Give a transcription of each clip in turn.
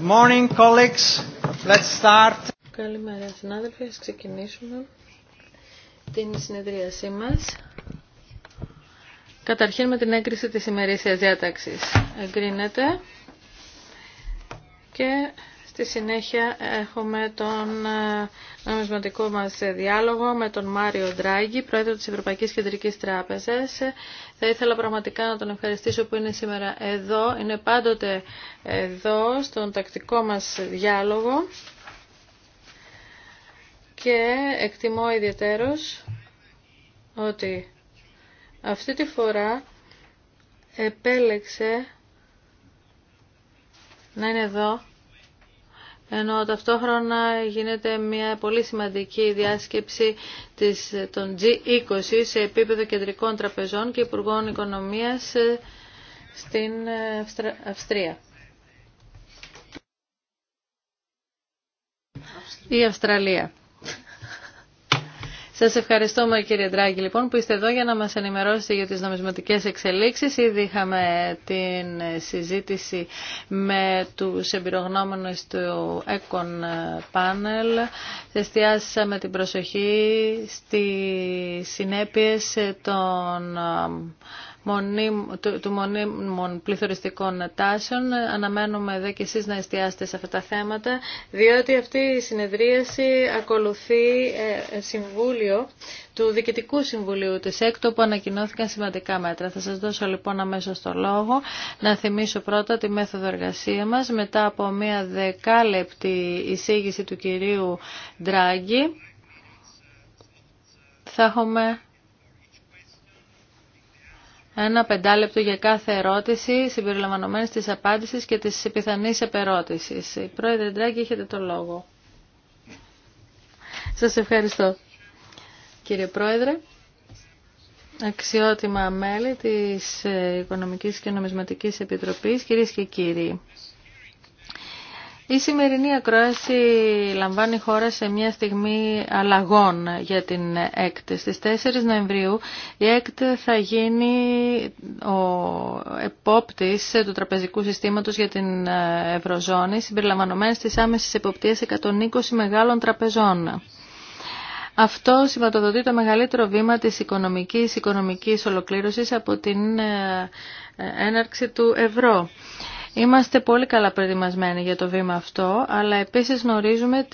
morning, colleagues. Let's start. Καλημέρα συνάδελφοι, ας ξεκινήσουμε την συνεδρίασή μας. Καταρχήν με την έγκριση της ημερήσιας διάταξης. Εγκρίνεται και Στη συνέχεια έχουμε τον ε, νομισματικό μας διάλογο με τον Μάριο Ντράγκη, πρόεδρο της Ευρωπαϊκής Κεντρικής Τράπεζας. Θα ήθελα πραγματικά να τον ευχαριστήσω που είναι σήμερα εδώ. Είναι πάντοτε εδώ στον τακτικό μας διάλογο και εκτιμώ ιδιαίτερος ότι αυτή τη φορά επέλεξε να είναι εδώ ενώ ταυτόχρονα γίνεται μια πολύ σημαντική διάσκεψη της, των G20 σε επίπεδο κεντρικών τραπεζών και υπουργών οικονομίας ε, στην ε, Αυστρία. Η Αυστραλία. Σας ευχαριστώ, κύριε Ντράγκη λοιπόν που είστε εδώ για να μας ενημερώσετε για τις νομισματικές εξελίξεις. Ήδη είχαμε την συζήτηση με τους εμπειρογνώμενους του Econ Panel. Εστιάσαμε την προσοχή στις συνέπειες των του μονίμων πληθωριστικών τάσεων. Αναμένουμε εδώ και εσείς να εστιάσετε σε αυτά τα θέματα, διότι αυτή η συνεδρίαση ακολουθεί ε, ε, συμβούλιο του Διοικητικού Συμβουλίου της ΕΚΤΟ που ανακοινώθηκαν σημαντικά μέτρα. Θα σας δώσω λοιπόν αμέσως το λόγο να θυμίσω πρώτα τη μέθοδο εργασία μας μετά από μια δεκάλεπτη εισήγηση του κυρίου Ντράγκη. Θα έχουμε ένα πεντάλεπτο για κάθε ερώτηση συμπεριλαμβανομένης της απάντησης και της επιθανής επερώτησης. πρόεδρε Ντράκη, έχετε το λόγο. Σας ευχαριστώ. Κύριε Πρόεδρε, αξιότιμα μέλη της Οικονομικής και Νομισματικής Επιτροπής, κυρίες και κύριοι. Η σημερινή ακρόαση λαμβάνει χώρα σε μια στιγμή αλλαγών για την ΕΚΤ. Στις 4 Νοεμβρίου η ΕΚΤ θα γίνει ο επόπτης του τραπεζικού συστήματος για την ε, Ευρωζώνη, συμπεριλαμβανομένης της άμεσης εποπτείας 120 μεγάλων τραπεζών. Αυτό σηματοδοτεί το μεγαλύτερο βήμα της οικονομικής, οικονομικής ολοκλήρωσης από την ε, ε, έναρξη του ευρώ. Είμαστε πολύ καλά προετοιμασμένοι για το βήμα αυτό, αλλά επίσης γνωρίζουμε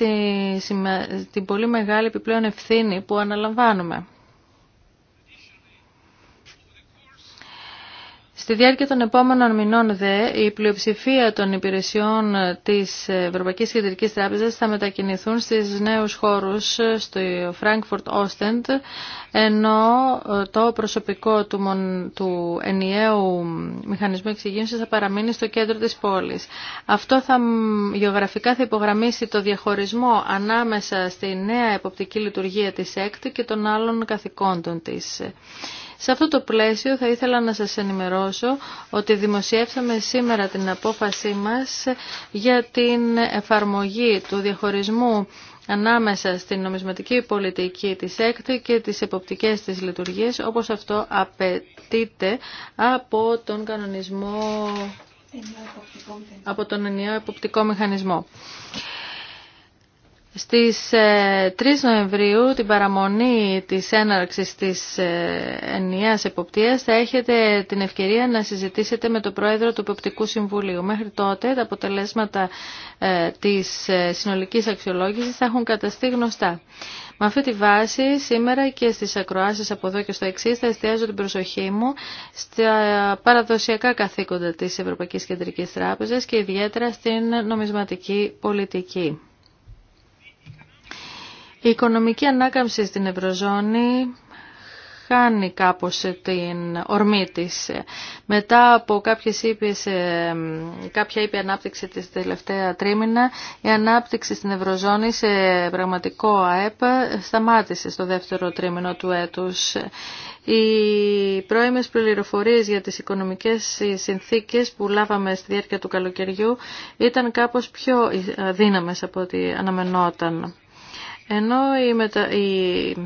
την πολύ μεγάλη επιπλέον ευθύνη που αναλαμβάνουμε. Στη διάρκεια των επόμενων μηνών δε, η πλειοψηφία των υπηρεσιών της Ευρωπαϊκής Κεντρικής Τράπεζας θα μετακινηθούν στις νέους χώρους στο Frankfurt Ostend, ενώ ε, το προσωπικό του, του ενιαίου μηχανισμού εξυγίνησης θα παραμείνει στο κέντρο της πόλης. Αυτό θα, γεωγραφικά θα υπογραμμίσει το διαχωρισμό ανάμεσα στη νέα εποπτική λειτουργία της ΕΚΤ και των άλλων καθηκόντων της. Σε αυτό το πλαίσιο θα ήθελα να σας ενημερώσω ότι δημοσιεύσαμε σήμερα την απόφασή μας για την εφαρμογή του διαχωρισμού ανάμεσα στην νομισματική πολιτική της ΕΚΤ και τις εποπτικές της λειτουργίες, όπως αυτό απαιτείται από τον κανονισμό, από τον ενιαίο εποπτικό μηχανισμό. Στις 3 ε, Νοεμβρίου, την παραμονή της έναρξης της ε, ενιαίας εποπτείας, θα έχετε την ευκαιρία να συζητήσετε με τον Πρόεδρο του Εποπτικού Συμβουλίου. Μέχρι τότε, τα αποτελέσματα ε, της συνολικής αξιολόγησης θα έχουν καταστεί γνωστά. Με αυτή τη βάση, σήμερα και στις ακροάσεις από εδώ και στο εξή θα εστιάζω την προσοχή μου στα παραδοσιακά καθήκοντα της Ευρωπαϊκής Κεντρικής Τράπεζας και ιδιαίτερα στην νομισματική πολιτική. Η οικονομική ανάκαμψη στην Ευρωζώνη χάνει κάπως ε, την ορμή της. Μετά από κάποιες ε, κάποια ήπια ανάπτυξη της τελευταία τρίμηνα, η ανάπτυξη στην Ευρωζώνη σε πραγματικό ΑΕΠ σταμάτησε στο δεύτερο τρίμηνο του έτους. Οι πρώιμες πληροφορίες για τις οικονομικές συνθήκες που λάβαμε στη διάρκεια του καλοκαιριού ήταν κάπως πιο ε, δύναμες από ό,τι αναμενόταν. Ενώ η, μετα... η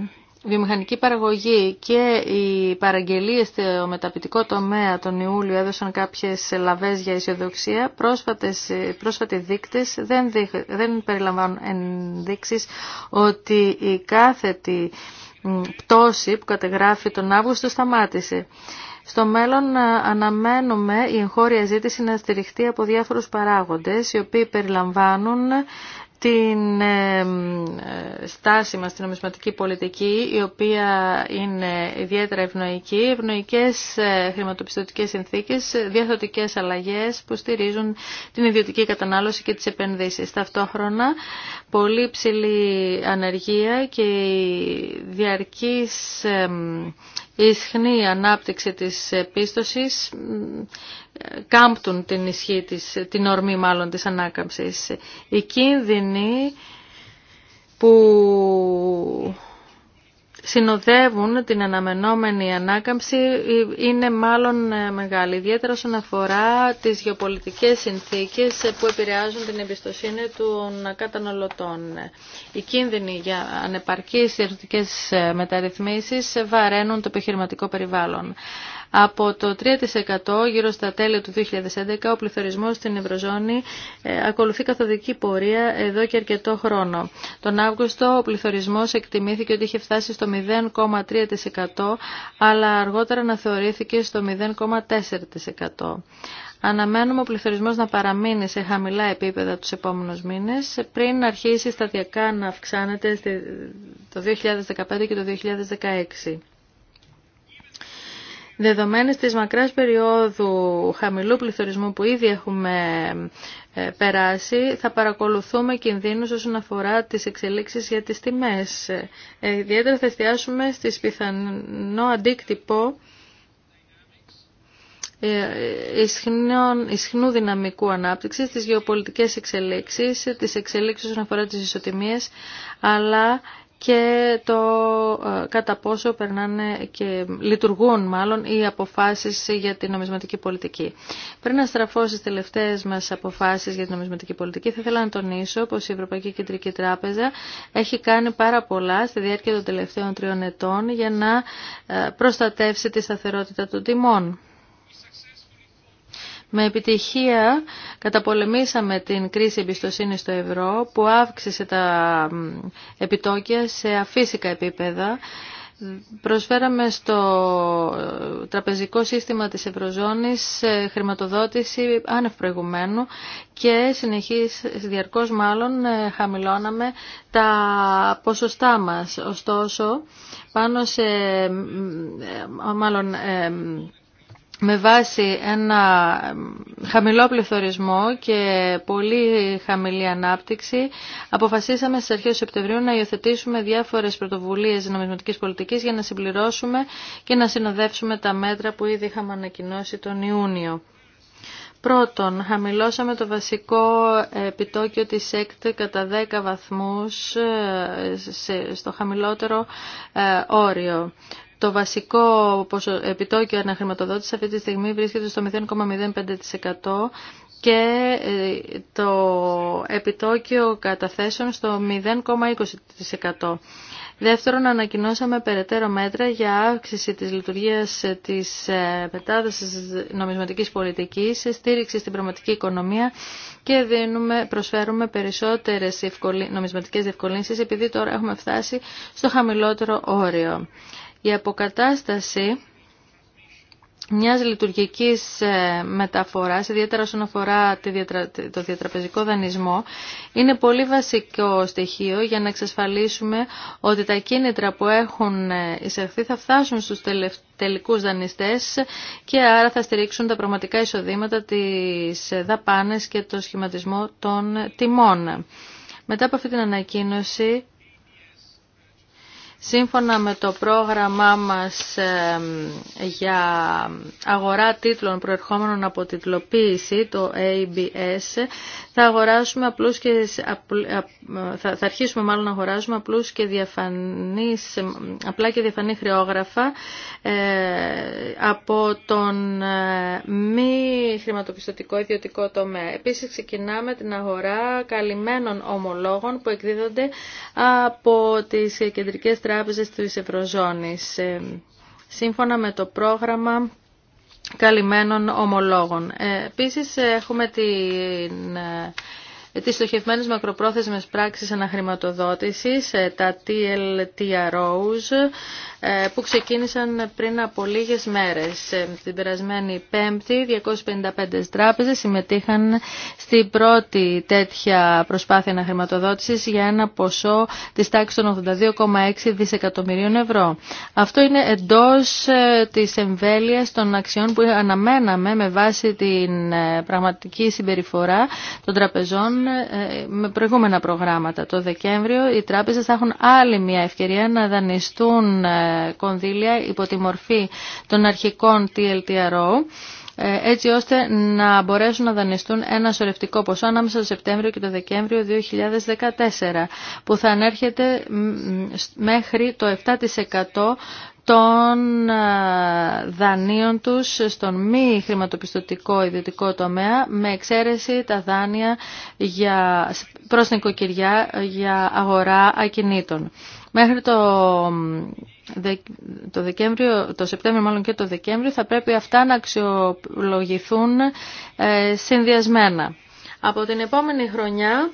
βιομηχανική παραγωγή και οι παραγγελίες στο μεταπητικό τομέα τον Ιούλιο έδωσαν κάποιες λαβές για αισιοδοξία, πρόσφατες, πρόσφατοι δείκτες δεν, δεν περιλαμβάνουν ενδείξεις ότι η κάθετη πτώση που κατεγράφει τον Αύγουστο σταμάτησε. Στο μέλλον ε, αναμένουμε η εγχώρια ζήτηση να στηριχτεί από διάφορους παράγοντες, οι οποίοι περιλαμβάνουν την ε, ε, στάση μας στην νομισματική πολιτική, η οποία είναι ιδιαίτερα ευνοϊκή, ευνοϊκές ε, χρηματοπιστωτικές συνθήκες, διαθωτικές αλλαγές που στηρίζουν την ιδιωτική κατανάλωση και τις επενδύσεις. Ταυτόχρονα, πολύ ψηλή ανεργία και η διαρκής η ισχνή ανάπτυξη της πίστοσης κάμπτουν την ισχύ της, την ορμή μάλλον της ανάκαμψης. Οι κίνδυνοι που συνοδεύουν την αναμενόμενη ανάκαμψη είναι μάλλον ε, μεγάλη, ιδιαίτερα όσον αφορά τις γεωπολιτικές συνθήκες ε, που επηρεάζουν την εμπιστοσύνη των καταναλωτών. Οι κίνδυνοι για ανεπαρκείς ιερωτικές ε, μεταρρυθμίσεις βαραίνουν το επιχειρηματικό περιβάλλον. Από το 3% γύρω στα τέλη του 2011 ο πληθωρισμός στην Ευρωζώνη ε, ακολουθεί καθοδική πορεία εδώ και αρκετό χρόνο. Τον Αύγουστο ο πληθωρισμός εκτιμήθηκε ότι είχε φτάσει στο 0,3% αλλά αργότερα να θεωρήθηκε στο 0,4%. Αναμένουμε ο πληθωρισμός να παραμείνει σε χαμηλά επίπεδα τους επόμενους μήνες πριν αρχίσει σταδιακά να αυξάνεται το 2015 και το 2016. Δεδομένε της μακρά περίοδου χαμηλού πληθωρισμού που ήδη έχουμε ε, περάσει, θα παρακολουθούμε κινδύνους όσον αφορά τις εξελίξεις για τις τιμές. Ε, ιδιαίτερα θα εστιάσουμε στις πιθανό αντίκτυπο ε, ισχυνού δυναμικού ανάπτυξης, τις γεωπολιτικές εξελίξεις, τις εξελίξεις όσον αφορά τις ισοτιμίες, αλλά και το ε, κατά πόσο περνάνε και λειτουργούν μάλλον οι αποφάσεις για την νομισματική πολιτική. Πριν να στραφώ στις τελευταίες μας αποφάσεις για την νομισματική πολιτική, θα ήθελα να τονίσω πως η Ευρωπαϊκή Κεντρική Τράπεζα έχει κάνει πάρα πολλά στη διάρκεια των τελευταίων τριών ετών για να ε, προστατεύσει τη σταθερότητα των τιμών. Με επιτυχία καταπολεμήσαμε την κρίση εμπιστοσύνη στο ευρώ που αύξησε τα επιτόκια σε αφύσικα επίπεδα. Προσφέραμε στο τραπεζικό σύστημα της Ευρωζώνης ε, χρηματοδότηση άνευ προηγουμένου και συνεχής, διαρκώς μάλλον ε, χαμηλώναμε τα ποσοστά μας. Ωστόσο, πάνω σε ε, μάλλον με βάση ένα χαμηλό πληθωρισμό και πολύ χαμηλή ανάπτυξη, αποφασίσαμε στις αρχές του Σεπτεμβρίου να υιοθετήσουμε διάφορες πρωτοβουλίες νομισματικής πολιτικής για να συμπληρώσουμε και να συνοδεύσουμε τα μέτρα που ήδη είχαμε ανακοινώσει τον Ιούνιο. Πρώτον, χαμηλώσαμε το βασικό επιτόκιο της ΕΚΤ κατά 10 βαθμούς ε, στο χαμηλότερο ε, όριο. Το βασικό επιτόκιο αναχρηματοδότηση αυτή τη στιγμή βρίσκεται στο 0,05% και ε, το επιτόκιο καταθέσεων στο 0,20%. Δεύτερον, ανακοινώσαμε περαιτέρω μέτρα για αύξηση της λειτουργίας της ε, μετάδοσης νομισματικής πολιτικής, στήριξη στην πραγματική οικονομία και δίνουμε, προσφέρουμε περισσότερες νομισματικές διευκολύνσεις επειδή τώρα έχουμε φτάσει στο χαμηλότερο όριο η αποκατάσταση μιας λειτουργικής ε, μεταφοράς, ιδιαίτερα όσον αφορά το διατραπεζικό δανεισμό, είναι πολύ βασικό στοιχείο για να εξασφαλίσουμε ότι τα κίνητρα που έχουν ε, εισαχθεί θα φτάσουν στους τελικούς δανειστές και άρα θα στηρίξουν τα πραγματικά εισοδήματα, τις ε, δαπάνες και το σχηματισμό των τιμών. Μετά από αυτή την ανακοίνωση Σύμφωνα με το πρόγραμμά μας για αγορά τίτλων προερχόμενων από τιτλοποίηση, το ABS, θα, αγοράσουμε απλούς και, θα, αρχίσουμε μάλλον να αγοράζουμε απλούς και διαφανείς, απλά και διαφανή χρεόγραφα ε, από τον ε, μη χρηματοπιστωτικό ιδιωτικό τομέα. Επίσης ξεκινάμε την αγορά καλυμμένων ομολόγων που εκδίδονται από τις κεντρικές τράπεζες της Ευρωζώνης, ε, σύμφωνα με το πρόγραμμα καλυμμένων ομολόγων. Ε, επίσης έχουμε την ε, ε, τις στοχευμένες μακροπρόθεσμες πράξεις αναχρηματοδότησης, ε, τα TLTROs, ε, που ξεκίνησαν πριν από λίγες μέρες. Την περασμένη Πέμπτη, 255 τράπεζες συμμετείχαν στην πρώτη τέτοια προσπάθεια αναχρηματοδότησης για ένα ποσό της τάξης των 82,6 δισεκατομμυρίων ευρώ. Αυτό είναι εντός της εμβέλειας των αξιών που αναμέναμε με βάση την πραγματική συμπεριφορά των τραπεζών ε, με προηγούμενα προγράμματα. Το Δεκέμβριο οι τράπεζες θα έχουν άλλη μια ευκαιρία να δανειστούν ε, κονδύλια υπό τη μορφή των αρχικών TLTRO ε, έτσι ώστε να μπορέσουν να δανειστούν ένα σωρευτικό ποσό ανάμεσα στο Σεπτέμβριο και το Δεκέμβριο 2014 που θα ανέρχεται μέχρι το 7% των ε, δανείων τους στον μη χρηματοπιστωτικό ιδιωτικό τομέα με εξαίρεση τα δάνεια για, προς νοικοκυριά για αγορά ακινήτων. Μέχρι το, το, Δεκέμβριο, το Σεπτέμβριο μάλλον και το Δεκέμβριο θα πρέπει αυτά να αξιολογηθούν ε, συνδυασμένα. Από την επόμενη χρονιά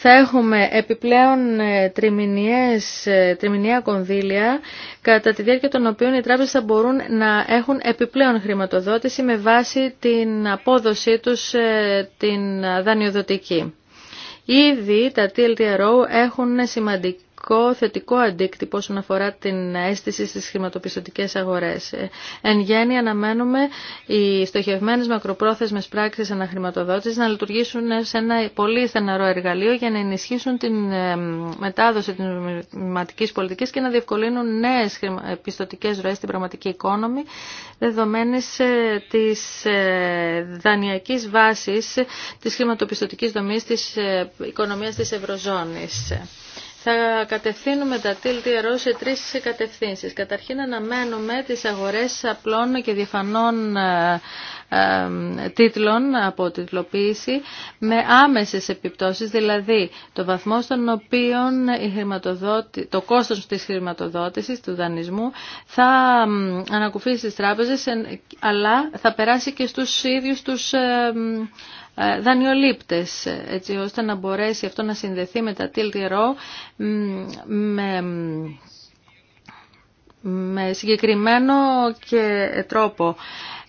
θα έχουμε επιπλέον ε, ε, τριμηνία κονδύλια κατά τη διάρκεια των οποίων οι τράπεζες θα μπορούν να έχουν επιπλέον χρηματοδότηση με βάση την απόδοσή τους ε, την δανειοδοτική. Ήδη τα TLTRO έχουν σημαντική θετικό αντίκτυπο όσον αφορά την αίσθηση στις χρηματοπιστωτικές αγορές. Ε, εν γέννη αναμένουμε οι στοχευμένες μακροπρόθεσμες πράξεις αναχρηματοδότησης να λειτουργήσουν σε ένα πολύ στεναρό εργαλείο για να ενισχύσουν την ε, μετάδοση της νομιματικής πολιτικής και να διευκολύνουν νέες ε, πιστωτικές ροές στην πραγματική οικόνομη δεδομένης της δανειακής βάσης της χρηματοπιστωτικής δομής της οικονομίας της Ευρωζώνης θα κατευθύνουμε τα TLTRO σε τρεις κατευθύνσεις. Καταρχήν αναμένουμε τις αγορές απλών και διαφανών ε, τίτλων από τιτλοποίηση με άμεσες επιπτώσεις, δηλαδή το βαθμό στον οποίο η το κόστος της χρηματοδότησης, του δανεισμού, θα ανακουφίσει στις τράπεζες, αλλά θα περάσει και στους ίδιους τους ε, δανειολήπτες, έτσι ώστε να μπορέσει αυτό να συνδεθεί με τα TLTRO, με με συγκεκριμένο και τρόπο.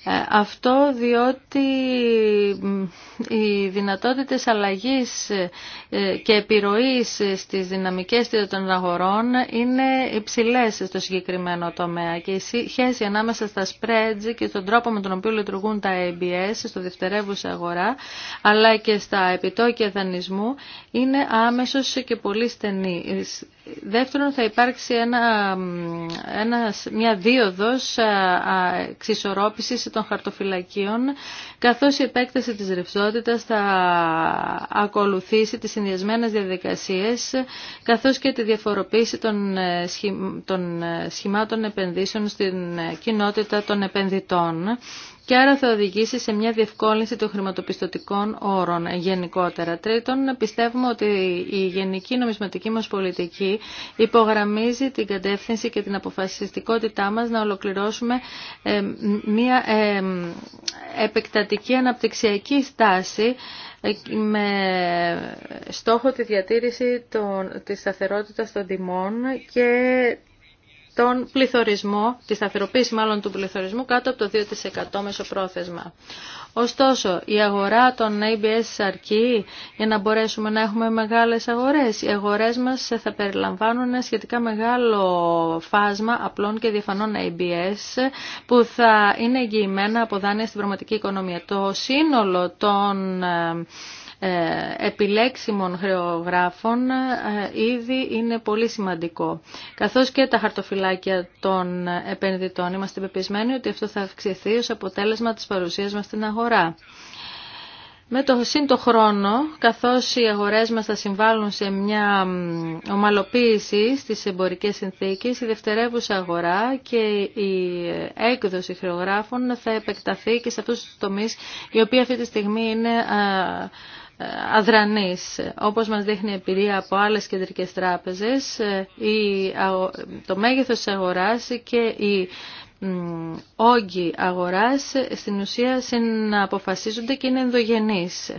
Ε, αυτό διότι οι δυνατότητες αλλαγής ε, και επιρροής στις δυναμικές των αγορών είναι υψηλές στο συγκεκριμένο τομέα και η σχέση ανάμεσα στα spreads και στον τρόπο με τον οποίο λειτουργούν τα ABS στο δευτερεύουσα αγορά αλλά και στα επιτόκια δανεισμού είναι άμεσος και πολύ στενή. Δεύτερον, θα υπάρξει ένα, ένα, μια δίωδος εξισορρόπησης των χαρτοφυλακίων, καθώς η επέκταση της ρευστότητας θα ακολουθήσει τις συνδυασμένες διαδικασίες, καθώς και τη διαφοροποίηση των, ε, των ε, σχημάτων επενδύσεων στην ε, κοινότητα των επενδυτών και άρα θα οδηγήσει σε μια διευκόλυνση των χρηματοπιστωτικών όρων γενικότερα. Τρίτον, πιστεύουμε ότι η γενική νομισματική μας πολιτική υπογραμμίζει την κατεύθυνση και την αποφασιστικότητά μας να ολοκληρώσουμε ε, μια ε, επεκτατική αναπτυξιακή στάση ε, με στόχο τη διατήρηση των, της σταθερότητας των τιμών και τον πληθωρισμό, τη σταθεροποίηση μάλλον του πληθωρισμού κάτω από το 2% μεσοπρόθεσμα. Ωστόσο, η αγορά των ABS αρκεί για να μπορέσουμε να έχουμε μεγάλες αγορές. Οι αγορές μας θα περιλαμβάνουν ένα σχετικά μεγάλο φάσμα απλών και διαφανών ABS που θα είναι εγγυημένα από δάνεια στην πραγματική οικονομία. Το σύνολο των ε, ε, επιλέξιμων χρεογράφων ε, ήδη είναι πολύ σημαντικό. Καθώς και τα χαρτοφυλάκια των επενδυτών. Είμαστε πεπισμένοι ότι αυτό θα αυξηθεί ως αποτέλεσμα της παρουσίας μας στην αγορά. Με το σύντο χρόνο, καθώς οι αγορές μας θα συμβάλλουν σε μια ομαλοποίηση στις εμπορικές συνθήκες, η δευτερεύουσα αγορά και η έκδοση χρεογράφων θα επεκταθεί και σε αυτούς τους τομείς, οι οποίοι αυτή τη στιγμή είναι αδρανής. Όπως μας δείχνει η εμπειρία από άλλες κεντρικές τράπεζες, το μέγεθος της αγοράς και η όγκοι αγοράς στην ουσία συναποφασίζονται και είναι ενδογενείς.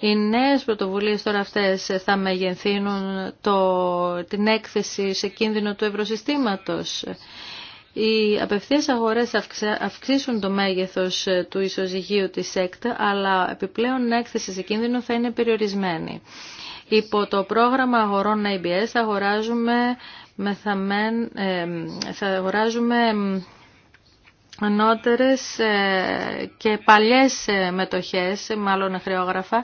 Οι νέες πρωτοβουλίες τώρα αυτές θα μεγενθύνουν το, την έκθεση σε κίνδυνο του ευρωσυστήματος οι απευθείας αγορές αυξήσουν το μέγεθος ε, του ισοζυγίου της ΕΚΤΑ, αλλά επιπλέον έκθεση σε κίνδυνο θα είναι περιορισμένη. Υπό το πρόγραμμα αγορών ABS αγοράζουμε, μεθαμέν, ε, θα αγοράζουμε νότερες ε, και παλιές μετοχές, μάλλον χρεόγραφα,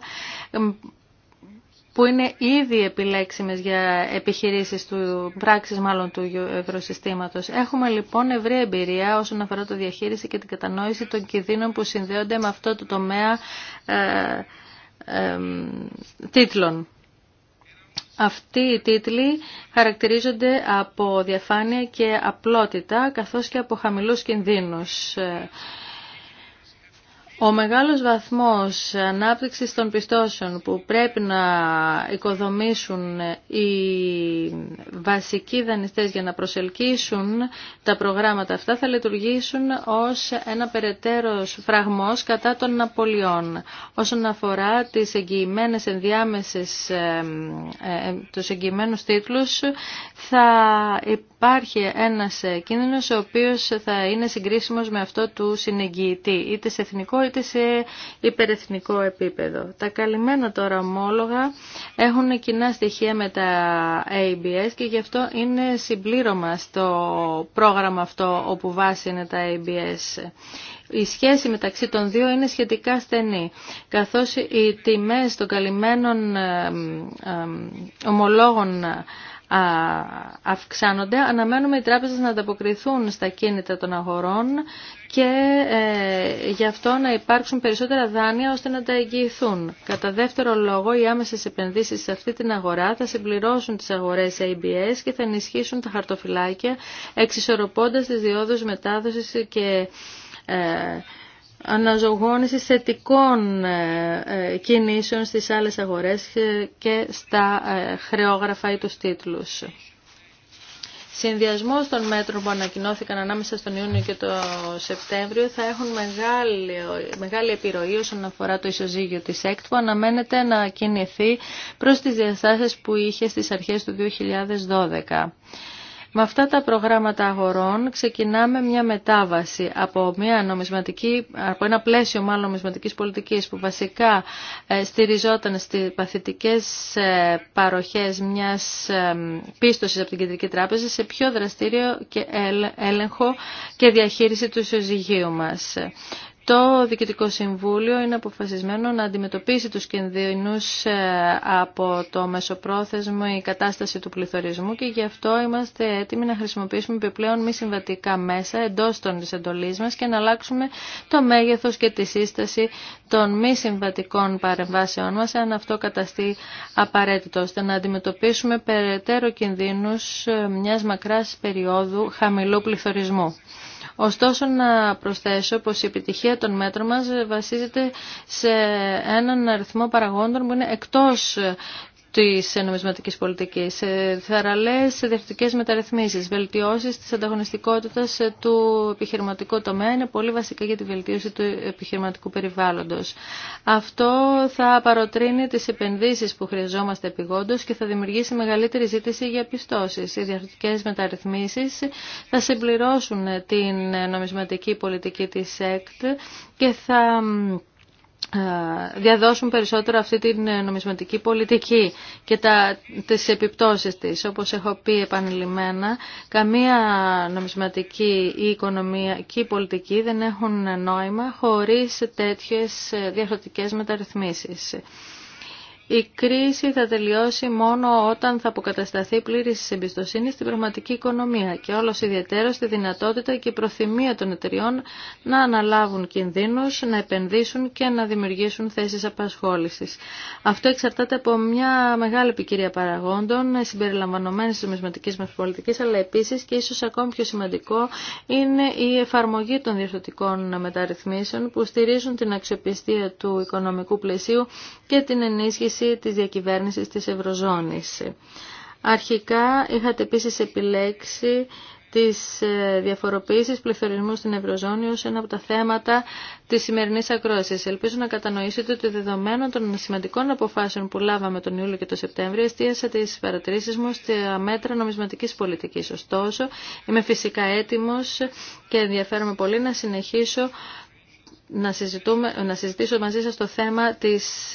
που είναι ήδη επιλέξιμες για επιχειρήσεις του πράξης μάλλον του ευρωσυστήματος. Έχουμε λοιπόν ευρία εμπειρία όσον αφορά το διαχείριση και την κατανόηση των κινδύνων που συνδέονται με αυτό το τομέα ε, ε, τίτλων. Αυτοί οι τίτλοι χαρακτηρίζονται από διαφάνεια και απλότητα καθώς και από χαμηλούς κινδύνους. Ε, ο μεγάλος βαθμός ανάπτυξης των πιστώσεων που πρέπει να οικοδομήσουν οι βασικοί δανειστές για να προσελκύσουν τα προγράμματα αυτά θα λειτουργήσουν ως ένα περαιτέρω φραγμός κατά των απολειών. Όσον αφορά τις εγγυημένες ενδιάμεσες, ε, ε, τους εγγυημένους τίτλους θα υπάρχει ένας κίνδυνος ο οποίος θα είναι συγκρίσιμος με αυτό του συνεγγυητή είτε σε εθνικό είτε σε υπερεθνικό επίπεδο. Τα καλυμμένα τώρα ομόλογα έχουν κοινά στοιχεία με τα ABS και γι' αυτό είναι συμπλήρωμα στο πρόγραμμα αυτό όπου βάση είναι τα ABS. Η σχέση μεταξύ των δύο είναι σχετικά στενή, καθώς οι τιμές των καλυμμένων ομολόγων αυξάνονται, αναμένουμε οι τράπεζες να ανταποκριθούν στα κίνητα των αγορών και ε, γι' αυτό να υπάρξουν περισσότερα δάνεια ώστε να τα εγγυηθούν. Κατά δεύτερο λόγο, οι άμεσες επενδύσεις σε αυτή την αγορά θα συμπληρώσουν τις αγορές ABS και θα ενισχύσουν τα χαρτοφυλάκια, εξισορροπώντας τις διόδους μετάδοσης και ε, αναζωογόνησης θετικών ε, ε, κινήσεων στις άλλες αγορές και στα ε, χρεόγραφα ή τους τίτλους. Συνδυασμό των μέτρων που ανακοινώθηκαν ανάμεσα στον Ιούνιο και τον Σεπτέμβριο θα έχουν μεγάλη, μεγάλη επιρροή όσον αφορά το ισοζύγιο της ΕΚΤ που αναμένεται να κινηθεί προς τις διαστάσεις που είχε στις αρχές του 2012. Με αυτά τα προγράμματα αγορών ξεκινάμε μια μετάβαση από, μια νομισματική, από ένα πλαίσιο μάλλον νομισματικής πολιτικής που βασικά ε, στηριζόταν στις παθητικές ε, παροχές μιας ε, πίστοσης από την Κεντρική Τράπεζα σε πιο δραστήριο και έλεγχο και διαχείριση του ισοζυγίου μας το Διοικητικό Συμβούλιο είναι αποφασισμένο να αντιμετωπίσει τους κινδύνους ε, από το μεσοπρόθεσμο η κατάσταση του πληθωρισμού και γι' αυτό είμαστε έτοιμοι να χρησιμοποιήσουμε επιπλέον μη συμβατικά μέσα εντός των εντολής και να αλλάξουμε το μέγεθος και τη σύσταση των μη συμβατικών παρεμβάσεών μας αν αυτό καταστεί απαραίτητο ώστε να αντιμετωπίσουμε περαιτέρω κινδύνους ε, μιας μακράς περίοδου χαμηλού πληθωρισμού. Ωστόσο να προσθέσω πως η επιτυχία των μέτρων μας βασίζεται σε έναν αριθμό παραγόντων που είναι εκτός της νομισματικής πολιτικής, ε, θαραλές διευθυντικές μεταρρυθμίσεις, βελτιώσεις της ανταγωνιστικότητας ε, του επιχειρηματικού τομέα είναι πολύ βασικά για τη βελτίωση του επιχειρηματικού περιβάλλοντος. Αυτό θα παροτρύνει τις επενδύσεις που χρειαζόμαστε επιγόντως και θα δημιουργήσει μεγαλύτερη ζήτηση για πιστώσεις. Οι διευθυντικές μεταρρυθμίσεις θα συμπληρώσουν την νομισματική πολιτική της ΕΚΤ και θα ε, διαδώσουν περισσότερο αυτή την ε, νομισματική πολιτική και τα, τις επιπτώσεις της. Όπως έχω πει επανειλημμένα, καμία νομισματική ή οικονομική πολιτική δεν έχουν νόημα χωρίς τέτοιες ε, διαφορετικές μεταρρυθμίσεις. Η κρίση θα τελειώσει μόνο όταν θα αποκατασταθεί πλήρη εμπιστοσύνη στην πραγματική οικονομία και όλο ιδιαίτερο στη δυνατότητα και η προθυμία των εταιριών να αναλάβουν κινδύνου, να επενδύσουν και να δημιουργήσουν θέσει απασχόληση. Αυτό εξαρτάται από μια μεγάλη ποικιλία παραγόντων συμπεριλαμβανομένη τη νομισματική μα πολιτική, αλλά επίση και ίσω ακόμη πιο σημαντικό είναι η εφαρμογή των διευθυντικών μεταρρυθμίσεων που στηρίζουν την αξιοπιστία του οικονομικού πλαισίου και την ενίσχυση Τη της διακυβέρνησης της Ευρωζώνης. Αρχικά είχατε επίση επιλέξει τις ε, διαφοροποίησης πληθωρισμού στην Ευρωζώνη ως ένα από τα θέματα της σημερινής ακρόασης. Ελπίζω να κατανοήσετε ότι δεδομένων των σημαντικών αποφάσεων που λάβαμε τον Ιούλιο και τον Σεπτέμβριο εστίασα τις παρατηρήσεις μου στα μέτρα νομισματικής πολιτικής. Ωστόσο, είμαι φυσικά έτοιμος και ενδιαφέρομαι πολύ να συνεχίσω να, να συζητήσω μαζί σας το θέμα της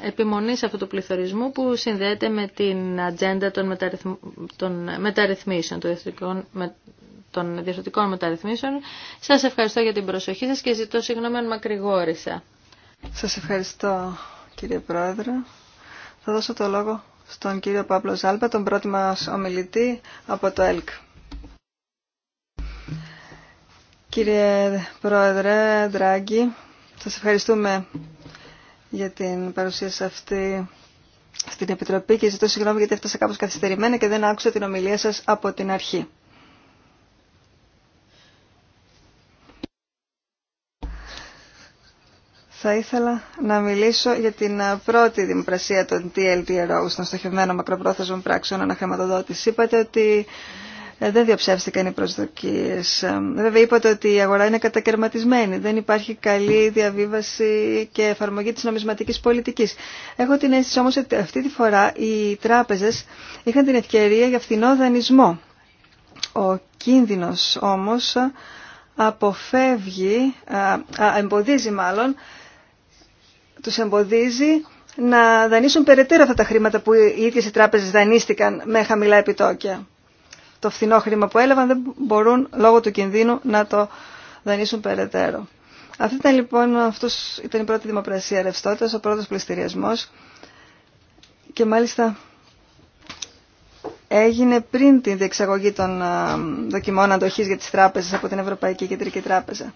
επιμονής αυτού του πληθωρισμού που συνδέεται με την ατζέντα των, μεταρρυθμ, των μεταρρυθμίσεων, των, με, διευθυντικών μεταρρυθμίσεων. Σας ευχαριστώ για την προσοχή σας και ζητώ συγγνώμη αν μακρηγόρησα. Σας ευχαριστώ κύριε Πρόεδρε. Θα δώσω το λόγο στον κύριο Παύλο Ζάλπα, τον πρώτη μας ομιλητή από το ΕΛΚ. Κύριε Πρόεδρε Ντράγκη, σας ευχαριστούμε για την παρουσία σα αυτή στην Επιτροπή και ζητώ συγγνώμη γιατί έφτασα κάπως καθυστερημένα και δεν άκουσα την ομιλία σας από την αρχή. Θα ήθελα να μιλήσω για την πρώτη δημοπρασία των TLTRO, των στοχευμένων μακροπρόθεσμων πράξεων αναχρηματοδότηση. Είπατε ότι ε, δεν διαψεύστηκαν οι προσδοκίες. Ε, βέβαια είπατε ότι η αγορά είναι κατακαιρματισμένη, δεν υπάρχει καλή διαβίβαση και εφαρμογή της νομισματικής πολιτικής. Έχω την αίσθηση όμως ότι αυτή τη φορά οι τράπεζες είχαν την ευκαιρία για φθηνό δανεισμό. Ο κίνδυνος όμως αποφεύγει, ε, α, εμποδίζει μάλλον, τους εμποδίζει να δανείσουν περαιτέρω αυτά τα χρήματα που οι ίδιες οι τράπεζες δανείστηκαν με χαμηλά επιτόκια το φθηνό χρήμα που έλαβαν δεν μπορούν λόγω του κινδύνου να το δανείσουν περαιτέρω. Αυτή ήταν λοιπόν αυτός ήταν η πρώτη δημοπρασία ρευστότητα, ο πρώτος πληστηριασμός και μάλιστα έγινε πριν την διεξαγωγή των δοκιμών αντοχής για τις τράπεζες από την Ευρωπαϊκή Κεντρική Τράπεζα.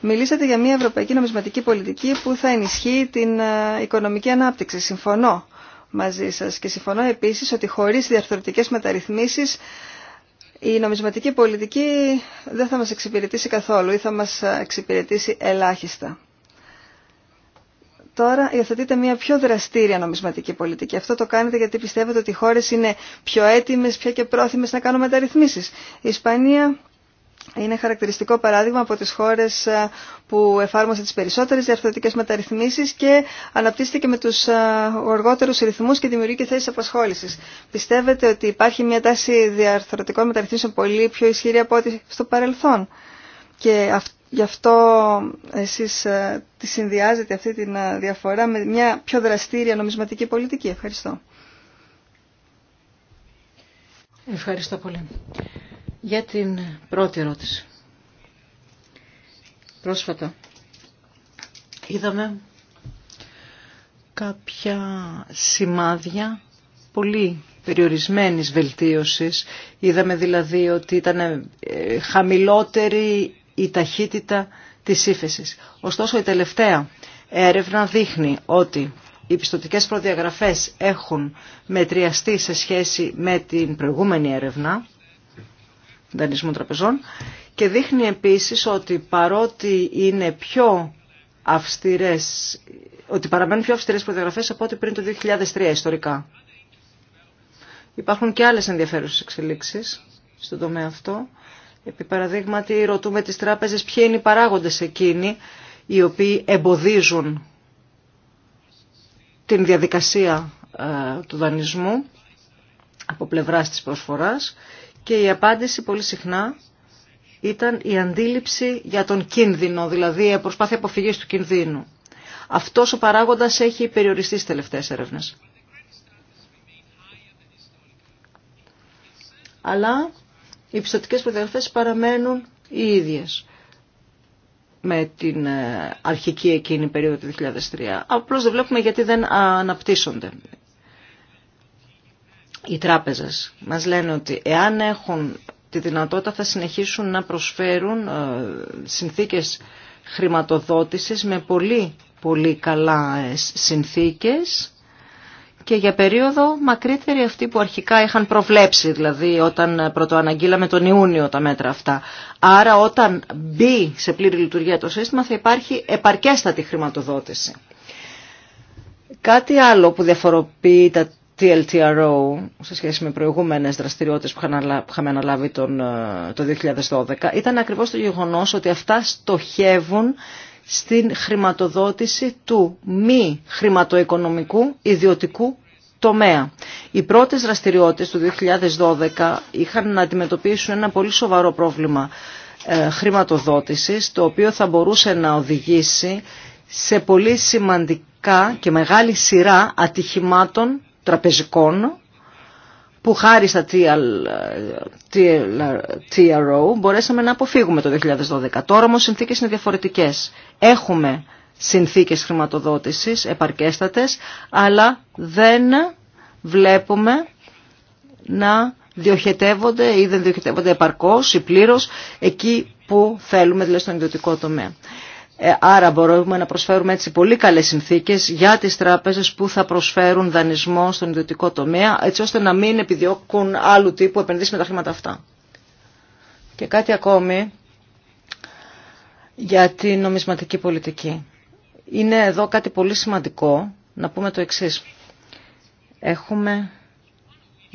Μιλήσατε για μια ευρωπαϊκή νομισματική πολιτική που θα ενισχύει την οικονομική ανάπτυξη. Συμφωνώ μαζί σας και συμφωνώ επίσης ότι χωρίς διαρθρωτικές μεταρρυθμίσεις η νομισματική πολιτική δεν θα μας εξυπηρετήσει καθόλου ή θα μας εξυπηρετήσει ελάχιστα. Τώρα υιοθετείτε μια πιο δραστήρια νομισματική πολιτική. Αυτό το κάνετε γιατί πιστεύετε ότι οι χώρες είναι πιο έτοιμες, πιο και πρόθυμες να κάνουν μεταρρυθμίσεις. Η Ισπανία είναι χαρακτηριστικό παράδειγμα από τις χώρες ε, που εφάρμοσε τις περισσότερες διαρθρωτικές μεταρρυθμίσεις και αναπτύσσεται με τους ε, οργότερους ρυθμούς και δημιουργεί και θέσεις απασχόλησης. Πιστεύετε ότι υπάρχει μια τάση διαρθρωτικών μεταρρυθμίσεων πολύ πιο ισχυρή από ό,τι στο παρελθόν. Και γι' αυτό εσείς ε, τη συνδυάζετε αυτή τη διαφορά με μια πιο δραστήρια νομισματική πολιτική. Ευχαριστώ. Ευχαριστώ πολύ. Για την πρώτη ερώτηση. Πρόσφατα είδαμε κάποια σημάδια πολύ περιορισμένης βελτίωσης. Είδαμε δηλαδή ότι ήταν ε, χαμηλότερη η ταχύτητα της ύφεσης. Ωστόσο η τελευταία έρευνα δείχνει ότι οι πιστοτικές προδιαγραφές έχουν μετριαστεί σε σχέση με την προηγούμενη έρευνα δανεισμού τραπεζών και δείχνει επίσης ότι παρότι είναι πιο αυστηρές, ότι παραμένουν πιο αυστηρές προδιαγραφές από ό,τι πριν το 2003 ιστορικά. Υπάρχουν και άλλες ενδιαφέρουσες εξελίξεις στον τομέα αυτό. Επί παραδείγματι ρωτούμε τις τράπεζες ποιοι είναι οι παράγοντες εκείνοι οι οποίοι εμποδίζουν την διαδικασία ε, του δανεισμού από πλευράς της προσφοράς και η απάντηση πολύ συχνά ήταν η αντίληψη για τον κίνδυνο, δηλαδή η προσπάθεια αποφυγής του κινδύνου. Αυτός ο παράγοντας έχει περιοριστεί στις τελευταίες έρευνες. Αλλά οι πιστοτικές προδιαγραφές παραμένουν οι ίδιες με την ε, αρχική εκείνη περίοδο του 2003. Απλώς δεν βλέπουμε γιατί δεν αναπτύσσονται οι τράπεζες. Μας λένε ότι εάν έχουν τη δυνατότητα θα συνεχίσουν να προσφέρουν ε, συνθήκες χρηματοδότησης με πολύ πολύ καλά ε, συνθήκες και για περίοδο μακρύτερη αυτή που αρχικά είχαν προβλέψει, δηλαδή όταν ε, πρωτοαναγγείλαμε τον Ιούνιο τα μέτρα αυτά. Άρα όταν μπει σε πλήρη λειτουργία το σύστημα θα υπάρχει επαρκέστατη χρηματοδότηση. Κάτι άλλο που διαφοροποιεί TLTRO σε σχέση με προηγούμενες δραστηριότητες που είχαμε αναλάβει τον, ε, το 2012 ήταν ακριβώς το γεγονός ότι αυτά στοχεύουν στην χρηματοδότηση του μη χρηματοοικονομικού ιδιωτικού τομέα. Οι πρώτες δραστηριότητες του 2012 είχαν να αντιμετωπίσουν ένα πολύ σοβαρό πρόβλημα ε, χρηματοδότησης το οποίο θα μπορούσε να οδηγήσει σε πολύ σημαντικά και μεγάλη σειρά ατυχημάτων τραπεζικών που χάρη στα TRO μπορέσαμε να αποφύγουμε το 2012. Τώρα όμως συνθήκες είναι διαφορετικές. Έχουμε συνθήκες χρηματοδότησης επαρκέστατες, αλλά δεν βλέπουμε να διοχετεύονται ή δεν διοχετεύονται επαρκώς ή πλήρως εκεί που θέλουμε, δηλαδή στον ιδιωτικό τομέα. Ε, άρα μπορούμε να προσφέρουμε έτσι πολύ καλές συνθήκες για τις τράπεζες που θα προσφέρουν δανεισμό στον ιδιωτικό τομέα έτσι ώστε να μην επιδιώκουν άλλου τύπου επενδύσεις με τα χρήματα αυτά. Και κάτι ακόμη για την νομισματική πολιτική. Είναι εδώ κάτι πολύ σημαντικό να πούμε το εξής. Έχουμε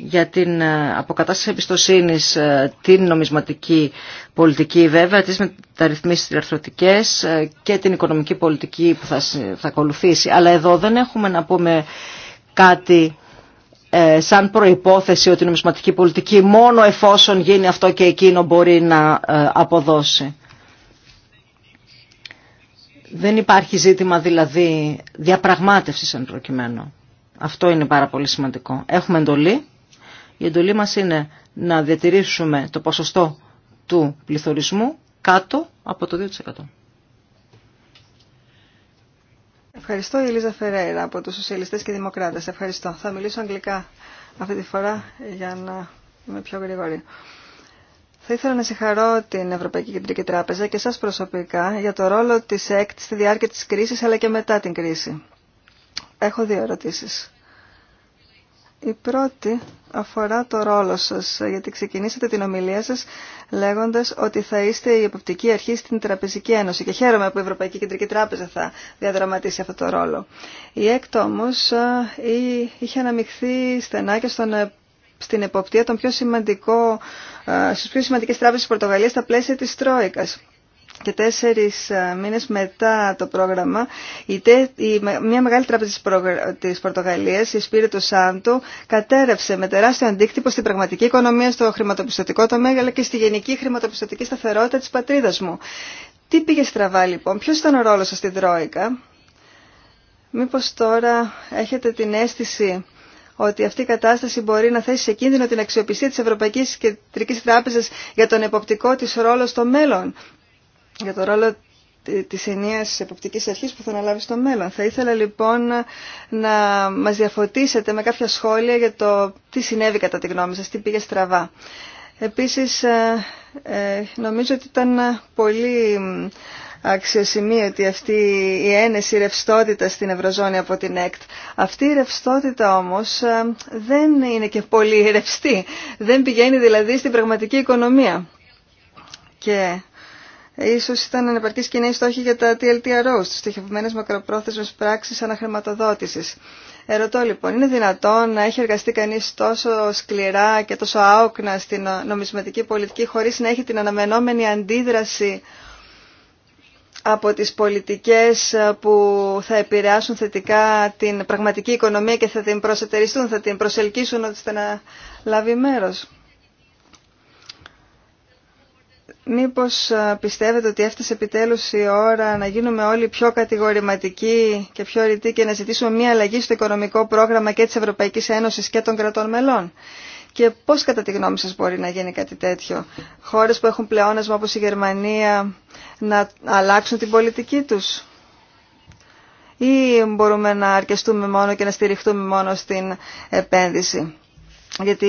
για την ε, αποκατάσταση εμπιστοσύνη ε, την νομισματική πολιτική βέβαια, τις μεταρρυθμίσεις τριαρθρωτικές ε, και την οικονομική πολιτική που θα, θα ακολουθήσει. Αλλά εδώ δεν έχουμε να πούμε κάτι σαν προϋπόθεση ότι η νομισματική πολιτική μόνο εφόσον γίνει αυτό και εκείνο μπορεί να αποδώσει. Δεν υπάρχει ζήτημα δηλαδή διαπραγμάτευσης εν προκειμένου. Αυτό είναι πάρα πολύ σημαντικό. Έχουμε εντολή η εντολή μας είναι να διατηρήσουμε το ποσοστό του πληθωρισμού κάτω από το 2%. Ευχαριστώ η Ελίζα Φεραίρα, από τους Σοσιαλιστές και Δημοκράτες. Ευχαριστώ. Θα μιλήσω αγγλικά αυτή τη φορά για να είμαι πιο γρήγορη. Θα ήθελα να συγχαρώ την Ευρωπαϊκή Κεντρική Τράπεζα και σας προσωπικά για το ρόλο της ΕΚΤ στη διάρκεια της κρίσης αλλά και μετά την κρίση. Έχω δύο ερωτήσεις. Η πρώτη αφορά το ρόλο σας, γιατί ξεκινήσατε την ομιλία σας λέγοντας ότι θα είστε η εποπτική αρχή στην Τραπεζική Ένωση και χαίρομαι που η Ευρωπαϊκή Κεντρική Τράπεζα θα διαδραματίσει αυτό το ρόλο. Η ΕΚΤ όμως ε, είχε αναμειχθεί στενά και στον ε, στην εποπτεία των πιο σημαντικό, ε, στις πιο σημαντικές τράπεζες της Πορτογαλίας στα πλαίσια της Τρόικας και τέσσερις ε, μήνες μετά το πρόγραμμα μια μεγάλη τράπεζα της Πορτογαλίας, η του Σάντου, κατέρευσε με τεράστιο αντίκτυπο στην πραγματική οικονομία, στο χρηματοπιστωτικό τομέα αλλά και στη γενική χρηματοπιστωτική σταθερότητα της πατρίδας μου. Τι πήγε στραβά λοιπόν, ποιος ήταν ο ρόλος σας στη Δρόικα. Μήπως τώρα έχετε την αίσθηση ότι αυτή η κατάσταση μπορεί να θέσει σε κίνδυνο την αξιοπιστία της Ευρωπαϊκής Κεντρικής Τράπεζας για τον εποπτικό της ρόλο στο μέλλον για το ρόλο της ενίας εποπτικής αρχής που θα αναλάβει στο μέλλον. Θα ήθελα λοιπόν να μας διαφωτίσετε με κάποια σχόλια για το τι συνέβη κατά τη γνώμη σας, τι πήγε στραβά. Επίσης ε, ε, νομίζω ότι ήταν πολύ αξιοσημείωτη αυτή η ένεση ρευστότητα στην Ευρωζώνη από την ΕΚΤ. Αυτή η ρευστότητα όμως ε, δεν είναι και πολύ ρευστή. Δεν πηγαίνει δηλαδή στην πραγματική οικονομία. Και ίσως ήταν ανεπαρκή κοινή στόχη για τα TLTRO, τις στοιχευμένες μακροπρόθεσμες πράξεις αναχρηματοδότησης. Ερωτώ λοιπόν, είναι δυνατόν να έχει εργαστεί κανείς τόσο σκληρά και τόσο άοκνα στην νομισματική πολιτική χωρίς να έχει την αναμενόμενη αντίδραση από τις πολιτικές που θα επηρεάσουν θετικά την πραγματική οικονομία και θα την προσετεριστούν, θα την προσελκύσουν ώστε να λάβει μέρος. Μήπως πιστεύετε ότι έφτασε επιτέλους η ώρα να γίνουμε όλοι πιο κατηγορηματικοί και πιο ρητοί και να ζητήσουμε μια αλλαγή στο οικονομικό πρόγραμμα και της Ευρωπαϊκής Ένωσης και των κρατών μελών. Και πώς κατά τη γνώμη σας μπορεί να γίνει κάτι τέτοιο. Χώρες που έχουν πλεόνασμα όπως η Γερμανία να αλλάξουν την πολιτική τους. Ή μπορούμε να αρκεστούμε μόνο και να στηριχτούμε μόνο στην επένδυση. Γιατί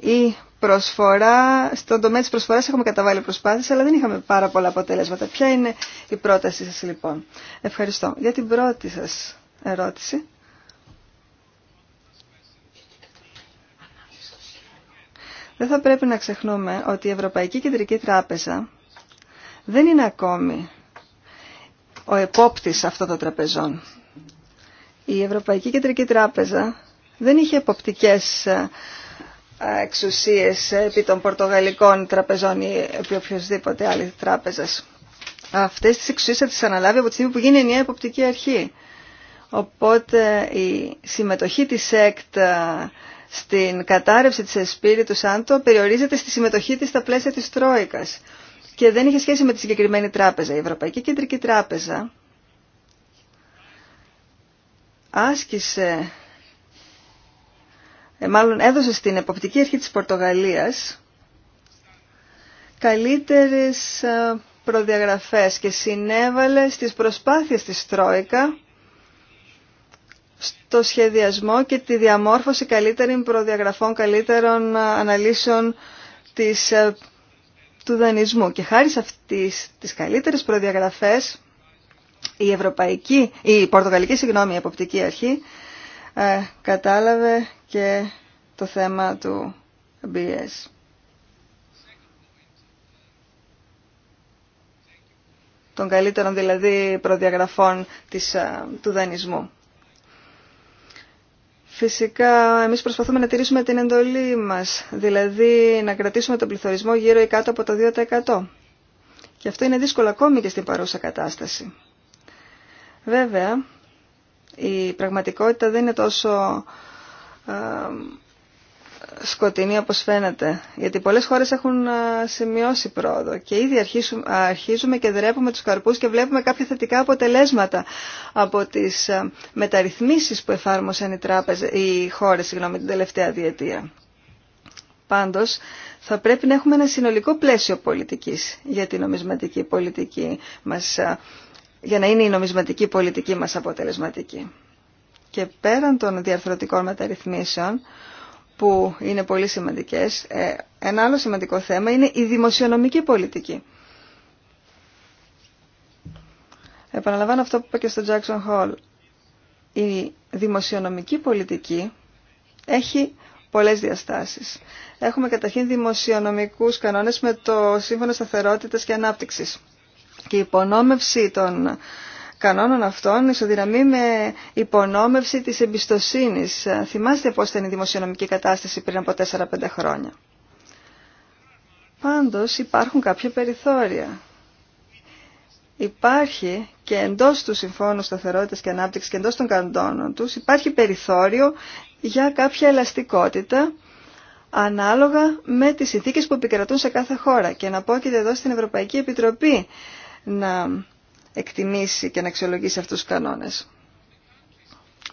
η προσφορά, στον τομέα της προσφοράς έχουμε καταβάλει προσπάθειες, αλλά δεν είχαμε πάρα πολλά αποτελέσματα. Ποια είναι η πρότασή σας λοιπόν. Ευχαριστώ. Για την πρώτη σας ερώτηση. Δεν θα πρέπει να ξεχνούμε ότι η Ευρωπαϊκή Κεντρική Τράπεζα δεν είναι ακόμη ο επόπτης αυτών των τραπεζών. Η Ευρωπαϊκή Κεντρική Τράπεζα δεν είχε εποπτικές εξουσίες επί των πορτογαλικών τραπεζών ή επί οποιοδήποτε άλλη τράπεζας. Αυτές τι εξουσίες θα τις αναλάβει από τη στιγμή που γίνει ενιαία υποπτική αρχή. Οπότε η συμμετοχή της ΕΚΤ ε, στην κατάρρευση τη Εσπίρη του Σάντο περιορίζεται στη συμμετοχή της στα πλαίσια της Τρόικα. και δεν είχε σχέση με τη συγκεκριμένη τράπεζα. Η Ευρωπαϊκή Κεντρική Τράπεζα άσκησε ε, μάλλον έδωσε στην εποπτική αρχή της Πορτογαλίας καλύτερες ε, προδιαγραφές και συνέβαλε στις προσπάθειες της Τρόικα στο σχεδιασμό και τη διαμόρφωση καλύτερων προδιαγραφών, καλύτερων ε, αναλύσεων της, του δανεισμού. Και χάρη σε αυτές τις καλύτερες προδιαγραφές, η, Ευρωπαϊκή, η Πορτογαλική συγγνώμη, η Εποπτική Αρχή ε, κατάλαβε και το θέμα του BS. των καλύτερων δηλαδή προδιαγραφών ε, του δανεισμού. Φυσικά, εμείς προσπαθούμε να τηρήσουμε την εντολή μας, δηλαδή να κρατήσουμε τον πληθωρισμό γύρω ή κάτω από το 2%. Και αυτό είναι δύσκολο ακόμη και στην παρούσα κατάσταση. Βέβαια, η πραγματικότητα δεν είναι τόσο ε, σκοτεινή όπως φαίνεται. Γιατί πολλές χώρες έχουν ε, σημειώσει πρόοδο και ήδη αρχίζουμε και δρέπουμε τους καρπούς και βλέπουμε κάποια θετικά αποτελέσματα από τις ε, μεταρρυθμίσεις που εφάρμοσαν οι, τράπεζες, οι χώρες συγγνώμη, την τελευταία διετία. Πάντως, θα πρέπει να έχουμε ένα συνολικό πλαίσιο πολιτικής για την νομισματική πολιτική μας για να είναι η νομισματική πολιτική μας αποτελεσματική. Και πέραν των διαρθρωτικών μεταρρυθμίσεων, που είναι πολύ σημαντικές, ε, ένα άλλο σημαντικό θέμα είναι η δημοσιονομική πολιτική. Επαναλαμβάνω αυτό που είπα και στο Jackson Hall. Η δημοσιονομική πολιτική έχει πολλές διαστάσεις. Έχουμε καταρχήν δημοσιονομικούς κανόνες με το Σύμφωνο Σταθερότητας και Ανάπτυξης. Και η υπονόμευση των κανόνων αυτών ισοδυναμεί με υπονόμευση της εμπιστοσύνης. Θυμάστε πώς ήταν η δημοσιονομική κατάσταση πριν από 4-5 χρόνια. Πάντως υπάρχουν κάποια περιθώρια. Υπάρχει και εντός του Συμφώνου Σταθερότητας και Ανάπτυξης και εντός των καντώνων τους υπάρχει περιθώριο για κάποια ελαστικότητα ανάλογα με τις συνθήκες που επικρατούν σε κάθε χώρα. Και να πω και εδώ στην Ευρωπαϊκή Επιτροπή να εκτιμήσει και να αξιολογήσει αυτούς τους κανόνες.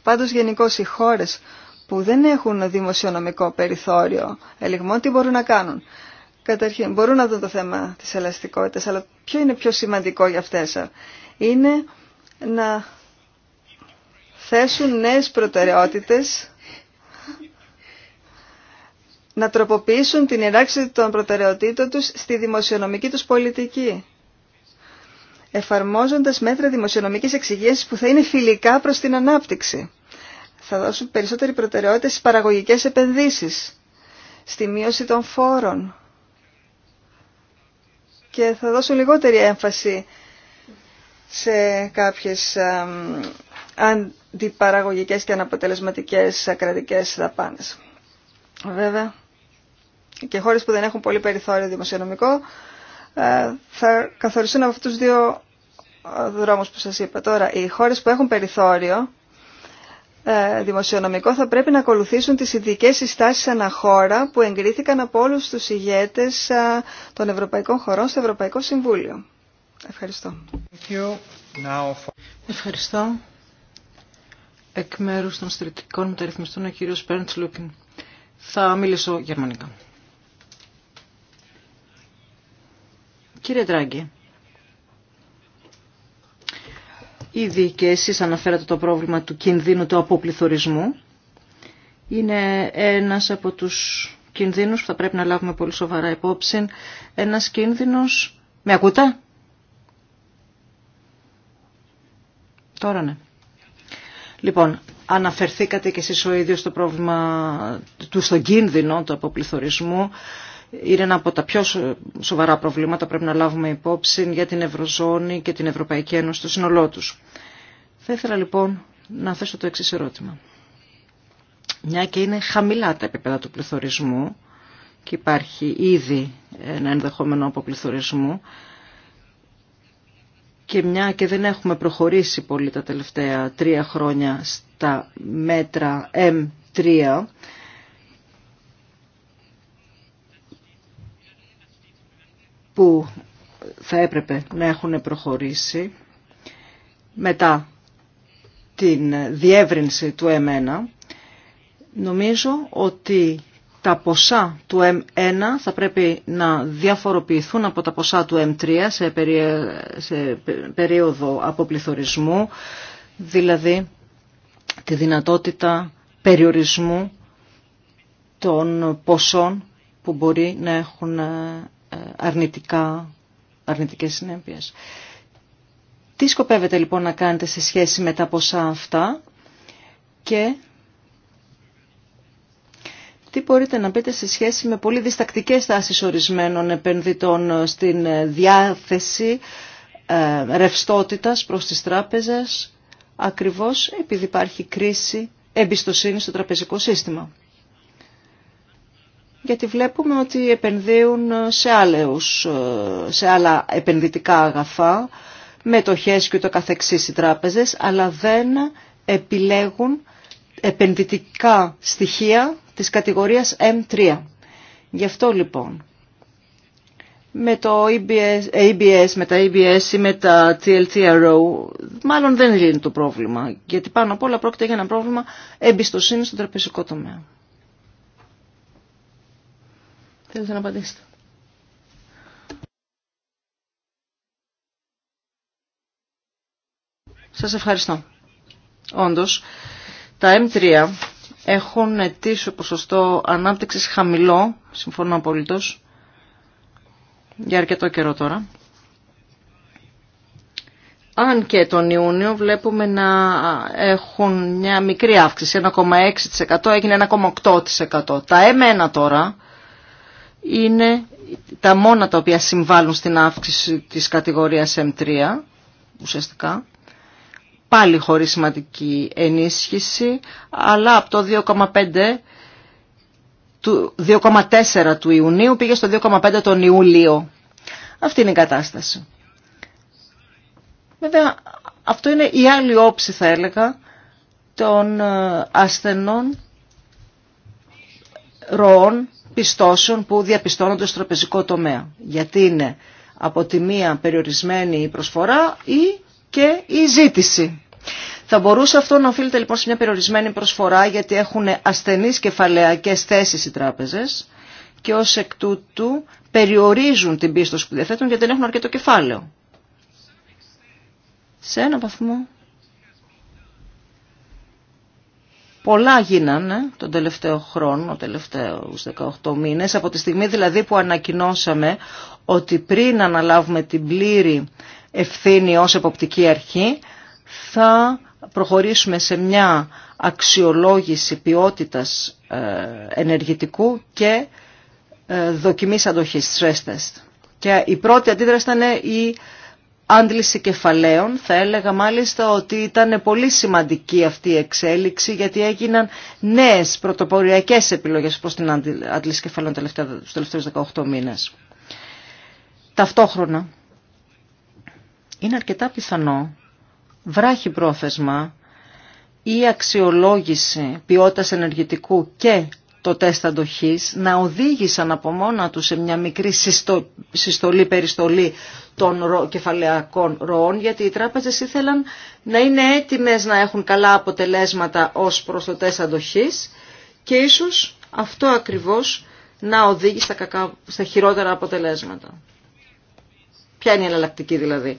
Πάντως γενικώ οι χώρες που δεν έχουν δημοσιονομικό περιθώριο ελιγμών, τι μπορούν να κάνουν. Καταρχήν, μπορούν να δουν το θέμα της ελαστικότητας, αλλά ποιο είναι πιο σημαντικό για αυτές. Είναι να θέσουν νέες προτεραιότητες, να τροποποιήσουν την ιεράξη των προτεραιοτήτων τους στη δημοσιονομική τους πολιτική εφαρμόζοντας μέτρα δημοσιονομικής εξυγίαση που θα είναι φιλικά προς την ανάπτυξη. Θα δώσουν περισσότερη προτεραιότητα στις παραγωγικές επενδύσεις, στη μείωση των φόρων και θα δώσουν λιγότερη έμφαση σε κάποιες αντιπαραγωγικές και αναποτελεσματικές κρατικές δαπάνες. Βέβαια, και χώρες που δεν έχουν πολύ περιθώριο δημοσιονομικό ε, θα καθοριστούν από αυτούς δύο δρόμος που σας είπα. Τώρα, οι χώρες που έχουν περιθώριο ε, δημοσιονομικό θα πρέπει να ακολουθήσουν τις ειδικέ συστάσεις χώρα που εγκρίθηκαν από όλους τους ηγέτες ε, των Ευρωπαϊκών χωρών στο Ευρωπαϊκό Συμβούλιο. Ευχαριστώ. Ευχαριστώ. Εκ μέρους των στρατικών μεταρρυθμιστών, ο κύριος Πέρντς Λούκιν. Θα μιλήσω γερμανικά. Κύριε Τράγκη, Ήδη και εσείς αναφέρατε το πρόβλημα του κινδύνου του αποπληθωρισμού. Είναι ένας από τους κινδύνους που θα πρέπει να λάβουμε πολύ σοβαρά υπόψη. Ένας κίνδυνος... Με ακούτε? Τώρα ναι. Λοιπόν, αναφερθήκατε και εσείς ο ίδιος στο πρόβλημα του στον κίνδυνο του αποπληθωρισμού είναι ένα από τα πιο σοβαρά προβλήματα πρέπει να λάβουμε υπόψη για την Ευρωζώνη και την Ευρωπαϊκή Ένωση στο σύνολό τους. Θα ήθελα λοιπόν να θέσω το εξής ερώτημα. Μια και είναι χαμηλά τα επίπεδα του πληθωρισμού και υπάρχει ήδη ένα ενδεχόμενο αποπληθωρισμού και μια και δεν έχουμε προχωρήσει πολύ τα τελευταία τρία χρόνια στα μέτρα M3 που θα έπρεπε να έχουν προχωρήσει μετά την διεύρυνση του M1, νομίζω ότι τα ποσά του M1 θα πρέπει να διαφοροποιηθούν από τα ποσά του M3 σε περίοδο αποπληθωρισμού, δηλαδή τη δυνατότητα περιορισμού των ποσών που μπορεί να έχουν ε, αρνητικά, αρνητικές συνέπειες. Τι σκοπεύετε λοιπόν να κάνετε σε σχέση με τα ποσά αυτά και τι μπορείτε να πείτε σε σχέση με πολύ διστακτικές τάσεις ορισμένων επενδυτών στην διάθεση ε, ρευστότητας προς τις τράπεζες ακριβώς επειδή υπάρχει κρίση εμπιστοσύνη στο τραπεζικό σύστημα γιατί βλέπουμε ότι επενδύουν σε, άλλους, σε άλλα επενδυτικά αγαθά, μετοχές και το καθεξής οι τράπεζες, αλλά δεν επιλέγουν επενδυτικά στοιχεία της κατηγορίας M3. Γι' αυτό λοιπόν με το EBS, ε, e με τα EBS ή με τα TLTRO μάλλον δεν λύνει το πρόβλημα γιατί πάνω απ' όλα πρόκειται για ένα πρόβλημα εμπιστοσύνη στον τραπεζικό τομέα. Θέλετε να απαντήσετε. Σας ευχαριστώ. Όντως, τα M3 έχουν ετήσιο ποσοστό ανάπτυξης χαμηλό, συμφωνώ απολύτως, για αρκετό καιρό τώρα. Αν και τον Ιούνιο βλέπουμε να έχουν μια μικρή αύξηση, 1,6% έγινε 1,8%. Τα M1 τώρα είναι τα μόνα τα οποία συμβάλλουν στην αύξηση της κατηγορίας M3 ουσιαστικά πάλι χωρίς σημαντική ενίσχυση αλλά από το 2,5 του 2,4 του Ιουνίου πήγε στο 2,5 τον Ιούλιο. Αυτή είναι η κατάσταση. Βέβαια αυτό είναι η άλλη όψη θα έλεγα των ε, ασθενών ροών πιστώσεων που διαπιστώνονται στο τραπεζικό τομέα. Γιατί είναι από τη μία περιορισμένη η προσφορά ή και η ζήτηση. Θα μπορούσε αυτό να οφείλεται λοιπόν σε μια περιορισμένη προσφορά γιατί έχουν ασθενείς κεφαλαιακές θέσεις οι τράπεζες και ως εκ τούτου περιορίζουν την πίστοση που διαθέτουν γιατί δεν έχουν αρκετό κεφάλαιο. Σε ένα βαθμό Πολλά γίνανε τον τελευταίο χρόνο, τελευταίους 18 μήνες, από τη στιγμή δηλαδή που ανακοινώσαμε ότι πριν αναλάβουμε την πλήρη ευθύνη ως εποπτική αρχή, θα προχωρήσουμε σε μια αξιολόγηση ποιότητας ε, ενεργητικού και ε, δοκιμής αντοχής, stress test. Και η πρώτη αντίδραση ήταν η άντληση κεφαλαίων. Θα έλεγα μάλιστα ότι ήταν πολύ σημαντική αυτή η εξέλιξη γιατί έγιναν νέες πρωτοποριακές επιλογές προς την άντληση κεφαλαίων τους τελευταίους 18 μήνες. Ταυτόχρονα είναι αρκετά πιθανό βράχη πρόθεσμα η αξιολόγηση ποιότητας ενεργητικού και το τεστ αντοχής να οδήγησαν από μόνα τους σε μια μικρή συστολή-περιστολή των ρο, κεφαλαιακών ροών γιατί οι τράπεζες ήθελαν να είναι έτοιμες να έχουν καλά αποτελέσματα ως προς το τεστ αντοχής και ίσως αυτό ακριβώς να οδήγει στα, στα χειρότερα αποτελέσματα. Ποια είναι η εναλλακτική δηλαδή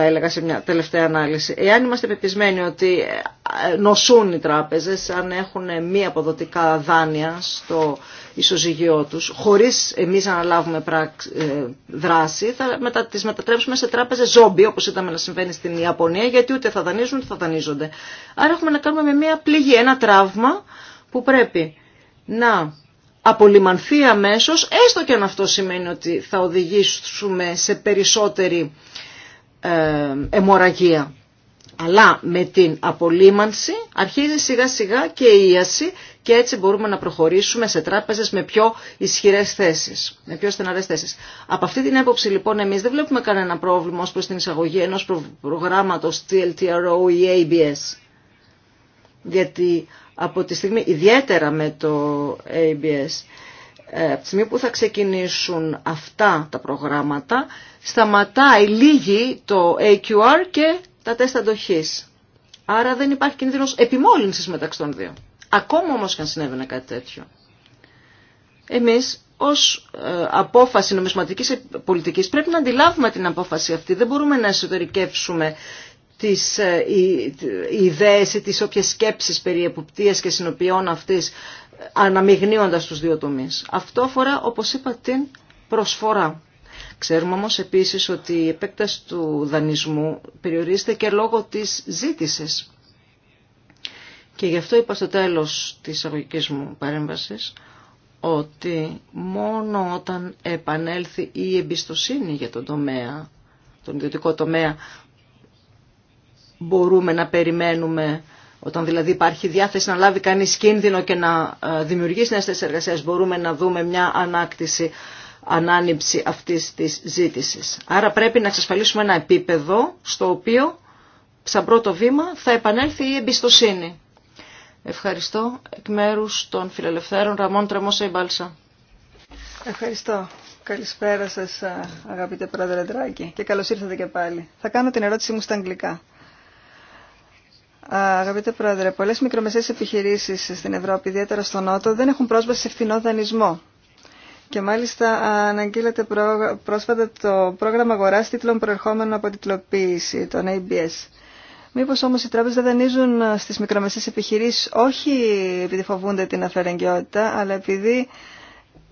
θα έλεγα σε μια τελευταία ανάλυση. Εάν είμαστε πεπισμένοι ότι ε, ε, νοσούν οι τράπεζες, αν έχουν ε, μη αποδοτικά δάνεια στο ισοζυγείο τους, χωρίς εμείς να αναλάβουμε δράση, θα μετα, τις μετατρέψουμε σε τράπεζες ζόμπι, όπως είδαμε να συμβαίνει στην Ιαπωνία, γιατί ούτε θα δανείζουν, ούτε θα δανείζονται. Άρα έχουμε να κάνουμε με μια πληγή, ένα τραύμα που πρέπει να απολυμανθεί αμέσως, έστω και αν αυτό σημαίνει ότι θα οδηγήσουμε σε περισσότερη αιμορραγία. Αλλά με την απολύμανση αρχίζει σιγά σιγά και η ίαση και έτσι μπορούμε να προχωρήσουμε σε τράπεζες με πιο ισχυρές θέσεις, με πιο στεναρές θέσεις. Από αυτή την έποψη λοιπόν εμείς δεν βλέπουμε κανένα πρόβλημα ως προς την εισαγωγή ενός προ προγράμματος TLTRO ή ABS. Γιατί από τη στιγμή, ιδιαίτερα με το ABS, ε, από τη στιγμή που θα ξεκινήσουν αυτά τα προγράμματα, σταματάει λίγη το AQR και τα τεστ αντοχής. Άρα δεν υπάρχει κίνδυνος επιμόλυνσης μεταξύ των δύο. Ακόμα όμως και αν συνέβαινε κάτι τέτοιο. Εμείς ως ε, απόφαση νομισματικής πολιτικής πρέπει να αντιλάβουμε την απόφαση αυτή. Δεν μπορούμε να εσωτερικεύσουμε τις ε, ιδέες ή τις όποιες σκέψεις περί εποπτείας και συνοποιών αυτής αναμειγνύοντας τους δύο τομείς. Αυτό αφορά, όπως είπα, την προσφορά. Ξέρουμε όμως επίσης ότι η επέκταση του δανεισμού περιορίζεται και λόγω της ζήτησης. Και γι' αυτό είπα στο τέλος της αγωγικής μου παρέμβασης ότι μόνο όταν επανέλθει η εμπιστοσύνη για τον τομέα, τον ιδιωτικό τομέα, μπορούμε να περιμένουμε όταν δηλαδή υπάρχει διάθεση να λάβει κάνει κίνδυνο και να ε, δημιουργήσει νέες θέσεις εργασία. μπορούμε να δούμε μια ανάκτηση, ανάνυψη αυτής της ζήτησης. Άρα πρέπει να εξασφαλίσουμε ένα επίπεδο στο οποίο, σαν πρώτο βήμα, θα επανέλθει η εμπιστοσύνη. Ευχαριστώ εκ μέρου των φιλελευθέρων Ραμών Τρεμόσα Ιμπάλσα. Ευχαριστώ. Καλησπέρα σας ε, αγαπητέ πρόεδρε Ντράκη και καλώς ήρθατε και πάλι. Θα κάνω την ερώτησή μου στα αγγλικά. Αγαπητέ Πρόεδρε, πολλέ μικρομεσαίε επιχειρήσει στην Ευρώπη, ιδιαίτερα στον Νότο, δεν έχουν πρόσβαση σε φθηνό δανεισμό. Και μάλιστα αναγγείλατε πρόσφατα το πρόγραμμα αγορά τίτλων προερχόμενων από τιτλοποίηση, τον ABS. Μήπω όμω οι τράπεζε δανείζουν στι μικρομεσαίε επιχειρήσει όχι επειδή φοβούνται την αφαιρεγκαιότητα, αλλά επειδή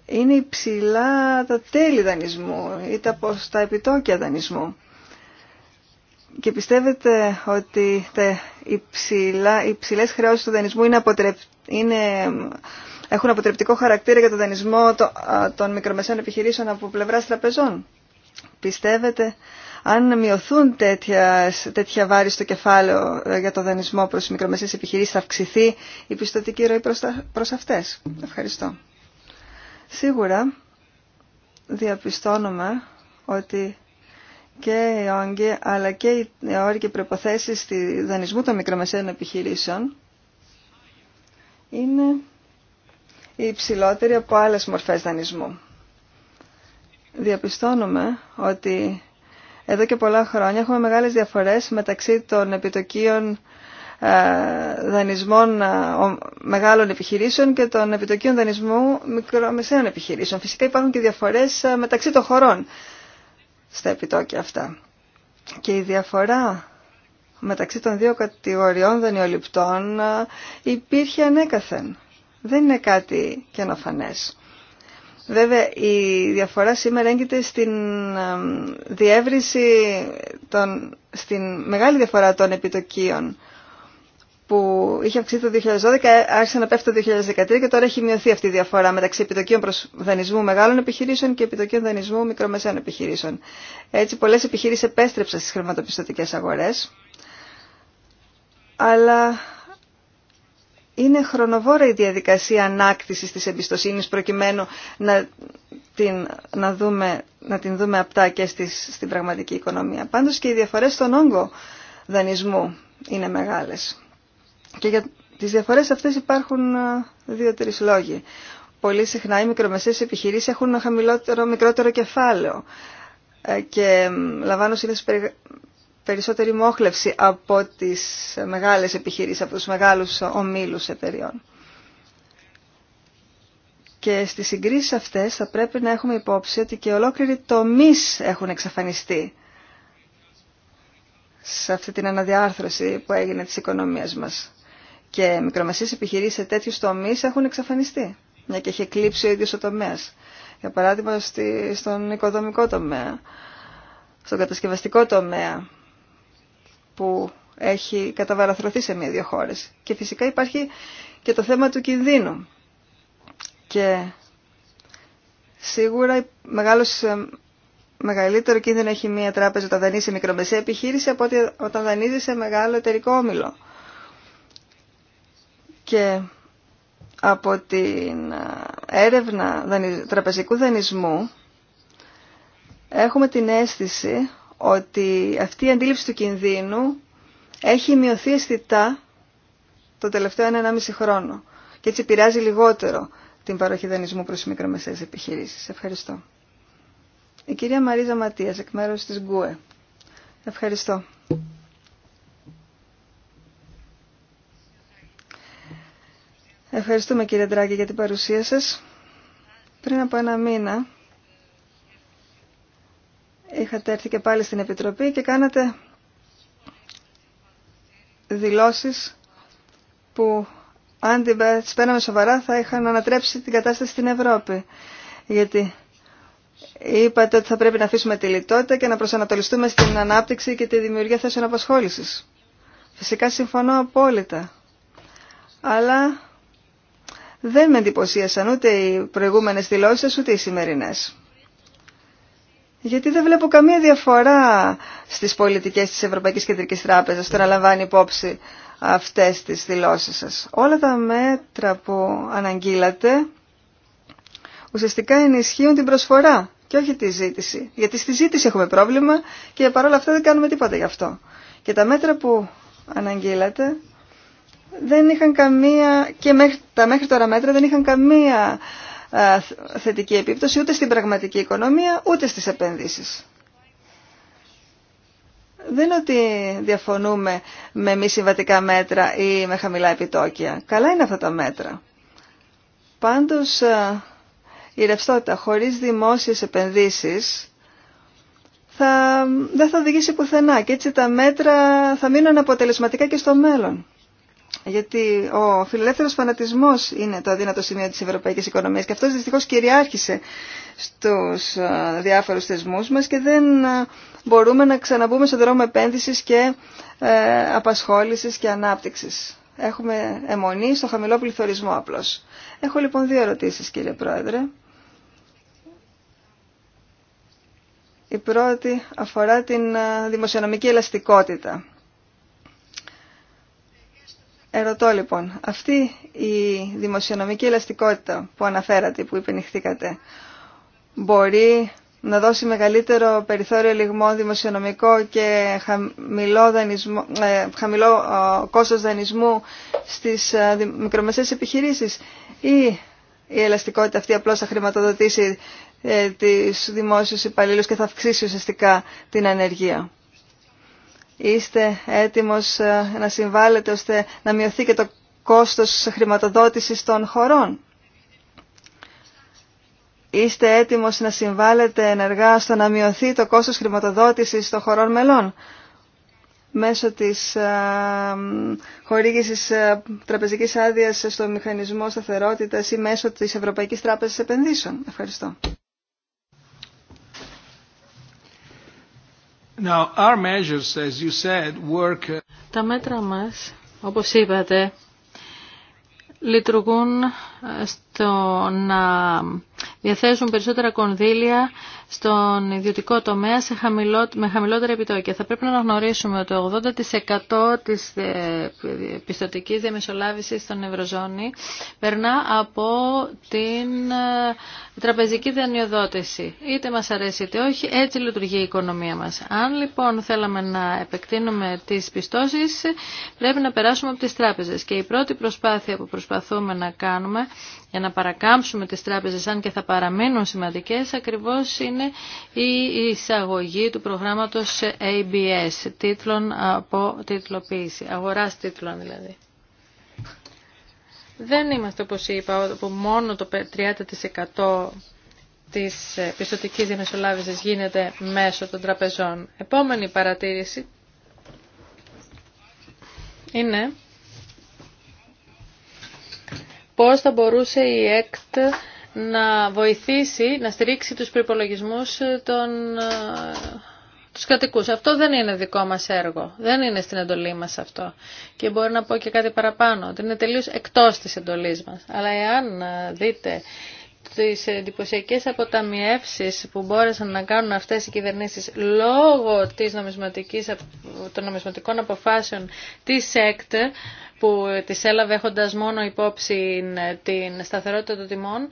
είναι υψηλά τα τέλη δανεισμού ή τα, τα επιτόκια δανεισμού και πιστεύετε ότι τα υψηλά, οι υψηλές χρεώσεις του δανεισμού είναι, αποτρεπ, είναι έχουν αποτρεπτικό χαρακτήρα για το δανεισμό των μικρομεσαίων επιχειρήσεων από πλευρά τραπεζών. Πιστεύετε αν μειωθούν τέτοια, τέτοια βάρη στο κεφάλαιο ε, για το δανεισμό προ τι μικρομεσαίες επιχειρήσεις θα αυξηθεί η πιστοτική ροή προ αυτέ. Ευχαριστώ. Σίγουρα διαπιστώνουμε ότι και οι όγκοι αλλά και οι όροι και προϋποθέσεις στη δανεισμού των μικρομεσαίων επιχειρήσεων είναι υψηλότεροι από άλλες μορφές δανεισμού. Διαπιστώνουμε ότι εδώ και πολλά χρόνια έχουμε μεγάλες διαφορές μεταξύ των επιτοκίων ε, δανεισμών ε, μεγάλων επιχειρήσεων και των επιτοκίων δανεισμού μικρομεσαίων επιχειρήσεων. Φυσικά υπάρχουν και διαφορές ε, μεταξύ των χωρών στα επιτόκια αυτά. Και η διαφορά μεταξύ των δύο κατηγοριών δανειοληπτών υπήρχε ανέκαθεν. Δεν είναι κάτι καινοφανές. Βέβαια, η διαφορά σήμερα έγκυται στην διεύρυνση, στην μεγάλη διαφορά των επιτοκίων που είχε αυξηθεί το 2012, άρχισε να πέφτει το 2013 και τώρα έχει μειωθεί αυτή η διαφορά μεταξύ επιτοκίων προς δανεισμού μεγάλων επιχειρήσεων και επιτοκίων δανεισμού μικρομεσαίων επιχειρήσεων. Έτσι πολλές επιχειρήσεις επέστρεψαν στις χρηματοπιστωτικές αγορές, αλλά είναι χρονοβόρα η διαδικασία ανάκτησης της εμπιστοσύνης προκειμένου να την, να δούμε, να την δούμε απτά και στην πραγματική οικονομία. Πάντως και οι διαφορές στον όγκο δανεισμού είναι μεγάλες. Και για τις διαφορές αυτές υπάρχουν δύο-τρεις λόγοι. Πολύ συχνά οι μικρομεσαίες επιχειρήσεις έχουν χαμηλότερο, μικρότερο κεφάλαιο ε, και λαμβάνω συνήθως περισσότερη μόχλευση από τις μεγάλες επιχειρήσεις, από τους μεγάλους ομίλους εταιριών. Και στις συγκρίσεις αυτές θα πρέπει να έχουμε υπόψη ότι και ολόκληροι τομείς έχουν εξαφανιστεί σε αυτή την αναδιάρθρωση που έγινε της οικονομίας μας και μικρομεσαίες επιχειρήσεις σε τέτοιους τομείς έχουν εξαφανιστεί, μια και έχει εκλείψει ο ίδιος ο τομέας. Για παράδειγμα στον οικοδομικό τομέα, στον κατασκευαστικό τομέα, που έχει καταβαραθρωθεί σε μία-δύο χώρες. Και φυσικά υπάρχει και το θέμα του κινδύνου. Και σίγουρα μεγάλος, ε, μεγαλύτερο κίνδυνο έχει μία τράπεζα όταν δανείζει σε μικρομεσαία επιχείρηση από όταν δανείζει σε μεγάλο εταιρικό όμιλο. Και από την έρευνα τραπεζικού δανεισμού έχουμε την αίσθηση ότι αυτή η αντίληψη του κινδύνου έχει μειωθεί αισθητά το τελευταίο 1,5 χρόνο και έτσι πειράζει λιγότερο την παροχή δανεισμού προς μικρομεσαίες επιχειρήσεις. Ευχαριστώ. Η κυρία Μαρίζα Ματίας, εκ μέρους της ΓΚΟΕ. Ευχαριστώ. Ευχαριστούμε κύριε Ντράγκη για την παρουσία σας. Πριν από ένα μήνα είχατε έρθει και πάλι στην Επιτροπή και κάνατε δηλώσεις που αν τις παίρναμε σοβαρά θα είχαν ανατρέψει την κατάσταση στην Ευρώπη. Γιατί είπατε ότι θα πρέπει να αφήσουμε τη λιτότητα και να προσανατολιστούμε στην ανάπτυξη και τη δημιουργία θέσεων απασχόλησης. Φυσικά συμφωνώ απόλυτα. Αλλά δεν με εντυπωσίασαν ούτε οι προηγούμενες δηλώσεις ούτε οι σημερινές. Γιατί δεν βλέπω καμία διαφορά στις πολιτικές της Ευρωπαϊκής Κεντρικής Τράπεζας το να λαμβάνει υπόψη αυτές τις δηλώσεις σας. Όλα τα μέτρα που αναγγείλατε ουσιαστικά ενισχύουν την προσφορά και όχι τη ζήτηση. Γιατί στη ζήτηση έχουμε πρόβλημα και παρόλα αυτά δεν κάνουμε τίποτα γι' αυτό. Και τα μέτρα που αναγγείλατε δεν είχαν καμία, και μέχρι, τα μέχρι τώρα μέτρα δεν είχαν καμία θετική επίπτωση ούτε στην πραγματική οικονομία ούτε στις επενδύσεις. Δεν είναι ότι διαφωνούμε με μη συμβατικά μέτρα ή με χαμηλά επιτόκια. Καλά είναι αυτά τα μέτρα. Πάντως η ρευστότητα χωρίς δημόσιες επενδύσεις θα, δεν θα οδηγήσει πουθενά και έτσι τα μέτρα θα μείνουν αποτελεσματικά και στο μέλλον. Γιατί ο φιλελεύθερος φανατισμός είναι το αδύνατο σημείο της ευρωπαϊκής οικονομίας και αυτός δυστυχώς κυριάρχησε στους διάφορους θεσμούς μας και δεν μπορούμε να ξαναμπούμε στον δρόμο επένδυσης και ε, απασχόλησης και ανάπτυξης. Έχουμε αιμονή στο χαμηλό πληθωρισμό απλώς. Έχω λοιπόν δύο ερωτήσεις κύριε Πρόεδρε. Η πρώτη αφορά την δημοσιονομική ελαστικότητα. Ερωτώ λοιπόν, αυτή η δημοσιονομική ελαστικότητα που αναφέρατε, που υπενηχθήκατε, μπορεί να δώσει μεγαλύτερο περιθώριο λιγμών δημοσιονομικό και χαμηλό, δανεισμό, ε, χαμηλό ε, κόστος δανεισμού στις ε, μικρομεσαίες επιχειρήσεις ή η ελαστικότητα αυτή απλώς θα χρηματοδοτήσει τις δημόσιους υπαλλήλους και θα αυξήσει ουσιαστικά την ανεργία. Είστε έτοιμος ε, να συμβάλλετε ώστε να μειωθεί και το κόστος χρηματοδότησης των χωρών. Είστε έτοιμος να συμβάλλετε ενεργά στο να μειωθεί το κόστος χρηματοδότησης των χωρών μελών μέσω της ε, χορήγησης ε, τραπεζικής άδειας στο μηχανισμό σταθερότητας ή μέσω της Ευρωπαϊκής Τράπεζας Επενδύσεων. Ευχαριστώ. Uh, Τα μέτρα μας, όπως είπατε, λειτουργούν ε, στο να διαθέσουν περισσότερα κονδύλια στον ιδιωτικό τομέα σε χαμηλό, με χαμηλότερα επιτόκια. Θα πρέπει να αναγνωρίσουμε ότι το 80% της ε, πιστοτικής διαμεσολάβηση στον Ευρωζώνη περνά από την ε, τραπεζική δανειοδότηση. Είτε μας αρέσει είτε όχι, έτσι λειτουργεί η οικονομία μας. Αν λοιπόν θέλαμε να επεκτείνουμε τις πιστώσεις, πρέπει να περάσουμε από τις τράπεζες. Και η πρώτη προσπάθεια που προσπαθούμε να κάνουμε για να παρακάμψουμε τις τράπεζες, αν και θα παραμείνουν σημαντικέ, ακριβώς είναι είναι η εισαγωγή του προγράμματος ABS, τίτλων από τίτλοποίηση, αγοράς τίτλων δηλαδή. Δεν είμαστε, όπως είπα, που μόνο το 30% της πιστοτικής διαμεσολάβησης γίνεται μέσω των τραπεζών. Επόμενη παρατήρηση είναι πώς θα μπορούσε η ΕΚΤ να βοηθήσει, να στηρίξει τους προϋπολογισμούς των, ε, τους κατοικούς. Αυτό δεν είναι δικό μας έργο, δεν είναι στην εντολή μας αυτό. Και μπορώ να πω και κάτι παραπάνω, ότι είναι τελείως εκτός της εντολής μας. Αλλά εάν ε, δείτε τις εντυπωσιακέ αποταμιεύσεις που μπόρεσαν να κάνουν αυτές οι κυβερνήσεις λόγω της νομισματικής, των νομισματικών αποφάσεων της ΕΚΤ που τις έλαβε έχοντας μόνο υπόψη την σταθερότητα των τιμών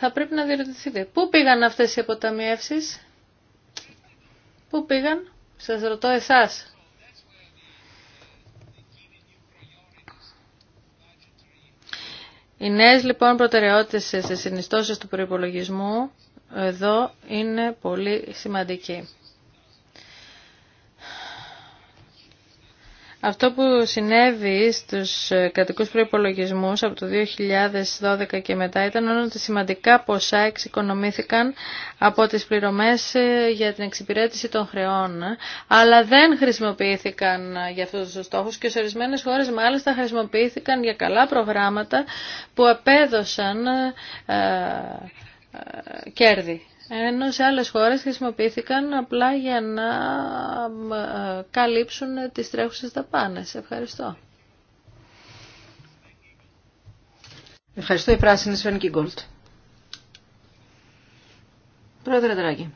θα πρέπει να διερωτηθείτε. Πού πήγαν αυτές οι αποταμιεύσεις, πού πήγαν, σας ρωτώ εσάς. Οι νέε λοιπόν προτεραιότητες σε συνιστώσεις του προϋπολογισμού εδώ είναι πολύ σημαντική. Αυτό που συνέβη στους κατοικούς προϋπολογισμούς από το 2012 και μετά ήταν ότι σημαντικά ποσά εξοικονομήθηκαν από τις πληρωμές ε, για την εξυπηρέτηση των χρεών, αλλά δεν χρησιμοποιήθηκαν ε, για αυτούς τους στόχους και σε ορισμένε χώρες μάλιστα χρησιμοποιήθηκαν για καλά προγράμματα που απέδωσαν ε, κέρδη ενώ σε άλλες χώρες χρησιμοποιήθηκαν απλά για να ε, καλύψουν τις τρέχουσες δαπάνες. Ευχαριστώ. Ευχαριστώ η πράσινη Σφεν Κίγκολτ. Πρόεδρε Δράκη.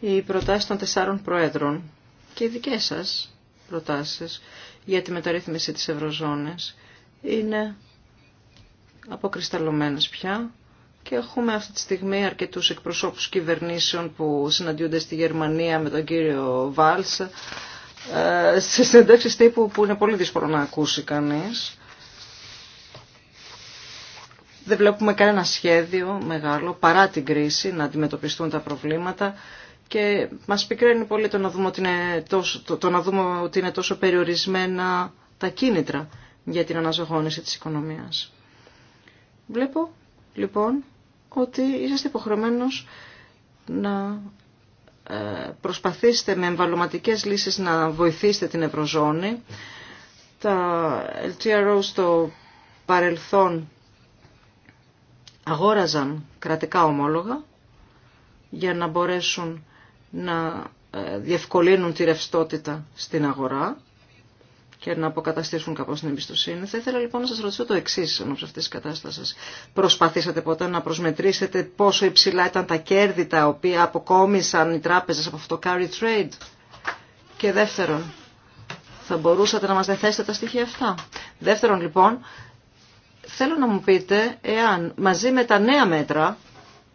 Οι προτάσεις των τεσσάρων προέδρων και οι δικές σας προτάσεις για τη μεταρρύθμιση της Ευρωζώνης είναι αποκρισταλωμένες πια και έχουμε αυτή τη στιγμή αρκετούς εκπροσώπους κυβερνήσεων που συναντιούνται στη Γερμανία με τον κύριο Βάλς ε, σε συνεντεύξεις τύπου που είναι πολύ δύσκολο να ακούσει κανείς. Δεν βλέπουμε κανένα σχέδιο μεγάλο παρά την κρίση να αντιμετωπιστούν τα προβλήματα και μας πικραίνει πολύ το να δούμε ότι είναι τόσο, το, το να δούμε ότι είναι τόσο περιορισμένα τα κίνητρα για την αναζωγόνηση της οικονομίας. Βλέπω λοιπόν ότι είσαστε υποχρεωμένος να ε, προσπαθήσετε με εμβαλωματικές λύσεις να βοηθήσετε την Ευρωζώνη. Τα LTRO στο παρελθόν αγόραζαν κρατικά ομόλογα για να μπορέσουν να ε, διευκολύνουν τη ρευστότητα στην αγορά και να αποκαταστήσουν κάπω την εμπιστοσύνη. Θα ήθελα λοιπόν να σα ρωτήσω το εξή ενώ σε αυτή τη κατάσταση Προσπαθήσατε ποτέ να προσμετρήσετε πόσο υψηλά ήταν τα κέρδη τα οποία αποκόμισαν οι τράπεζε από αυτό το carry trade. Και δεύτερον, θα μπορούσατε να μας δεθέσετε τα στοιχεία αυτά. Δεύτερον λοιπόν, θέλω να μου πείτε εάν μαζί με τα νέα μέτρα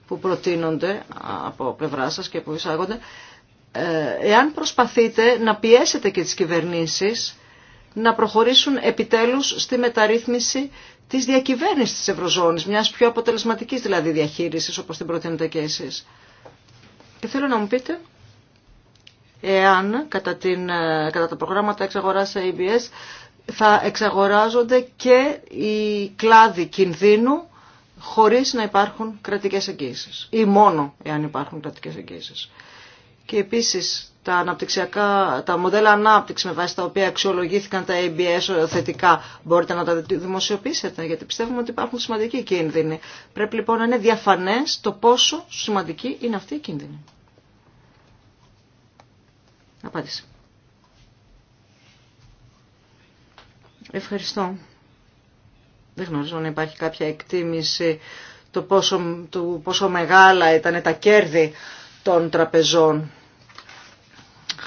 που προτείνονται από πλευρά σας και που εισάγονται, ε, εάν προσπαθείτε να πιέσετε και τις κυβερνήσεις να προχωρήσουν επιτέλους στη μεταρρύθμιση της διακυβέρνησης της Ευρωζώνης, μιας πιο αποτελεσματικής δηλαδή διαχείρισης όπως την προτείνετε και εσείς. Και θέλω να μου πείτε εάν κατά, την, ε, κατά τα προγράμματα εξαγοράς ABS θα εξαγοράζονται και οι κλάδοι κινδύνου χωρίς να υπάρχουν κρατικές εγγύησεις ή μόνο εάν υπάρχουν κρατικές εγγύησεις. Και επίσης τα, αναπτυξιακά, τα μοντέλα ανάπτυξη με βάση τα οποία αξιολογήθηκαν τα ABS θετικά μπορείτε να τα δημοσιοποιήσετε γιατί πιστεύουμε ότι υπάρχουν σημαντικοί κίνδυνοι. Πρέπει λοιπόν να είναι διαφανές το πόσο σημαντική είναι αυτή η κίνδυνη. Απάντηση. Ευχαριστώ. Δεν γνωρίζω να υπάρχει κάποια εκτίμηση το πόσο, του πόσο μεγάλα ήταν τα κέρδη των τραπεζών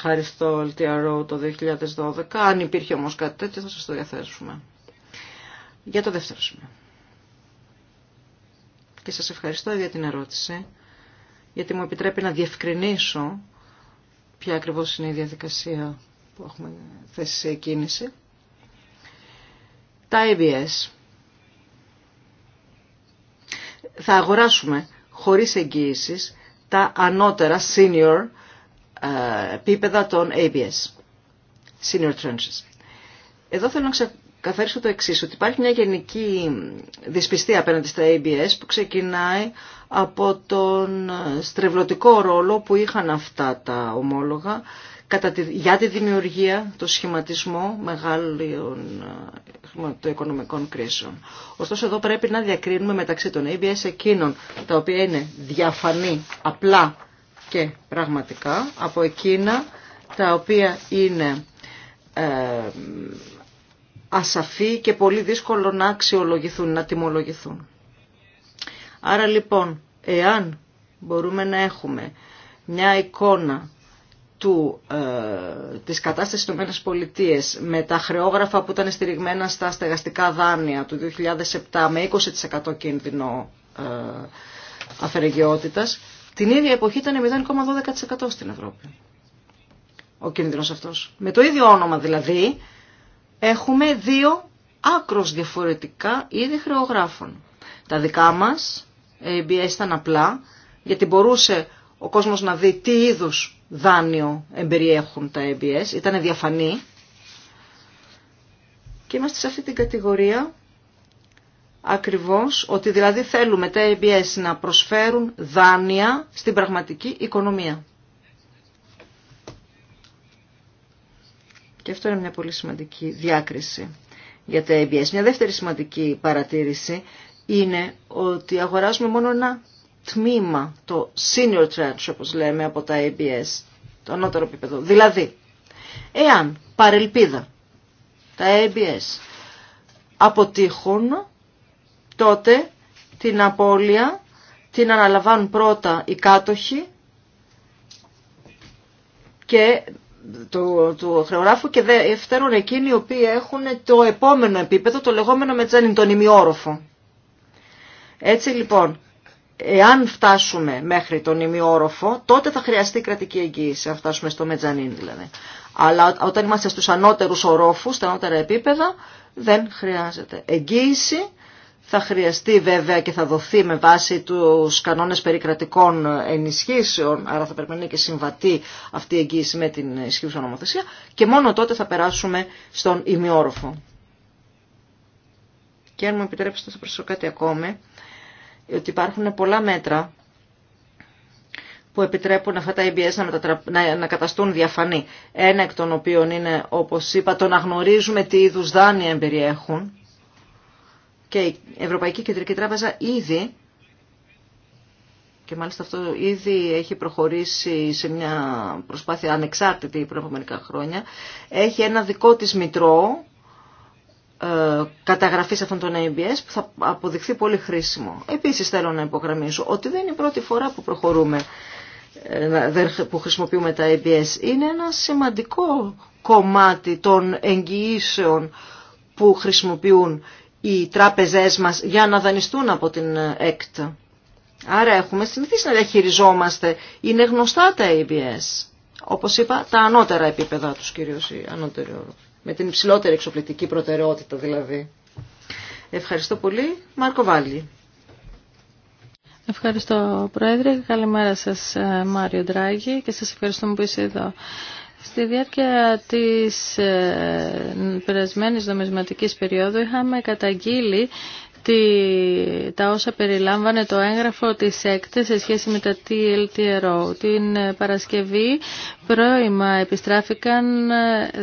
Ευχαριστώ, στο LTRO το 2012. Αν υπήρχε όμως κάτι τέτοιο θα σας το διαθέσουμε. Για το δεύτερο σημείο. Και σας ευχαριστώ για την ερώτηση, γιατί μου επιτρέπει να διευκρινίσω ποια ακριβώς είναι η διαδικασία που έχουμε θέσει σε κίνηση. Τα ABS. Θα αγοράσουμε χωρίς εγγύησης τα ανώτερα senior ε, επίπεδα των ABS, senior trenches. Εδώ θέλω να ξεκαθαρίσω το εξής, ότι υπάρχει μια γενική δυσπιστία απέναντι στα ABS που ξεκινάει από τον στρεβλωτικό ρόλο που είχαν αυτά τα ομόλογα κατά τη, για τη δημιουργία, το σχηματισμό μεγάλων ε, οικονομικών κρίσεων. Ωστόσο εδώ πρέπει να διακρίνουμε μεταξύ των ABS εκείνων τα οποία είναι διαφανή, απλά και πραγματικά από εκείνα τα οποία είναι ε, ασαφή και πολύ δύσκολο να αξιολογηθούν, να τιμολογηθούν. Άρα λοιπόν, εάν μπορούμε να έχουμε μια εικόνα του, ε, της κατάστασης των ΗΠΑ με τα χρεόγραφα που ήταν στηριγμένα στα στεγαστικά δάνεια του 2007 με 20% κίνδυνο ε, αφαιρεγιότητας, την ίδια εποχή ήταν 0,12% στην Ευρώπη. Ο κίνδυνος αυτός. Με το ίδιο όνομα δηλαδή έχουμε δύο άκρος διαφορετικά είδη χρεογράφων. Τα δικά μας, ABS ήταν απλά, γιατί μπορούσε ο κόσμος να δει τι είδους δάνειο εμπεριέχουν τα ABS, ήταν διαφανή. Και είμαστε σε αυτή την κατηγορία ακριβώς ότι δηλαδή θέλουμε τα ABS ε να προσφέρουν δάνεια στην πραγματική οικονομία. Και αυτό είναι μια πολύ σημαντική διάκριση για τα ABS. Ε μια δεύτερη σημαντική παρατήρηση είναι ότι αγοράζουμε μόνο ένα τμήμα, το senior tranche όπως λέμε από τα ABS, ε το ανώτερο επίπεδο. Δηλαδή, εάν παρελπίδα τα ABS αποτύχουν, τότε την απώλεια την αναλαμβάνουν πρώτα οι κάτοχοι και του, χρεογράφου και δεύτερον εκείνοι οι οποίοι έχουν το επόμενο επίπεδο, το λεγόμενο μετζάνιν, τον ημιόροφο. Έτσι λοιπόν, εάν φτάσουμε μέχρι τον ημιόροφο, τότε θα χρειαστεί κρατική εγγύηση, αν φτάσουμε στο μετζανίν δηλαδή. Αλλά όταν είμαστε στους ανώτερους ορόφους, στα ανώτερα επίπεδα, δεν χρειάζεται εγγύηση θα χρειαστεί βέβαια και θα δοθεί με βάση τους κανόνες περικρατικών ενισχύσεων, άρα θα πρέπει να είναι και συμβατή αυτή η εγγύηση με την ισχύουσα νομοθεσία και μόνο τότε θα περάσουμε στον ημιόροφο. Και αν μου επιτρέψετε θα προσθέσω κάτι ακόμη, ότι υπάρχουν πολλά μέτρα που επιτρέπουν αυτά τα EBS να, καταστούν διαφανή. Ένα εκ των οποίων είναι, όπως είπα, το να γνωρίζουμε τι είδους δάνεια εμπεριέχουν, και η Ευρωπαϊκή Κεντρική Τράπεζα ήδη και μάλιστα αυτό ήδη έχει προχωρήσει σε μια προσπάθεια ανεξάρτητη πριν από χρόνια, έχει ένα δικό της μητρό ε, καταγραφής αυτών των ABS που θα αποδειχθεί πολύ χρήσιμο. Επίσης θέλω να υπογραμμίσω ότι δεν είναι η πρώτη φορά που προχωρούμε ε, που χρησιμοποιούμε τα ABS είναι ένα σημαντικό κομμάτι των εγγυήσεων που χρησιμοποιούν οι τράπεζές μας για να δανειστούν από την ΕΚΤ. Άρα έχουμε συνηθίσει να διαχειριζόμαστε. Είναι γνωστά τα ABS. Όπως είπα, τα ανώτερα επίπεδα τους κυρίως, Με την υψηλότερη εξοπλιστική προτεραιότητα δηλαδή. Ευχαριστώ πολύ. Μάρκο Βάλλη. Ευχαριστώ Πρόεδρε. Καλημέρα σας ε, Μάριο Ντράγκη και σας ευχαριστούμε που είσαι εδώ. Στη διάρκεια της ε, περασμένης νομισματικής περίοδου είχαμε καταγγείλει τα όσα περιλάμβανε το έγγραφο της ΕΚΤΕ σε σχέση με τα TLTRO. Την ε, Παρασκευή πρώιμα επιστράφηκαν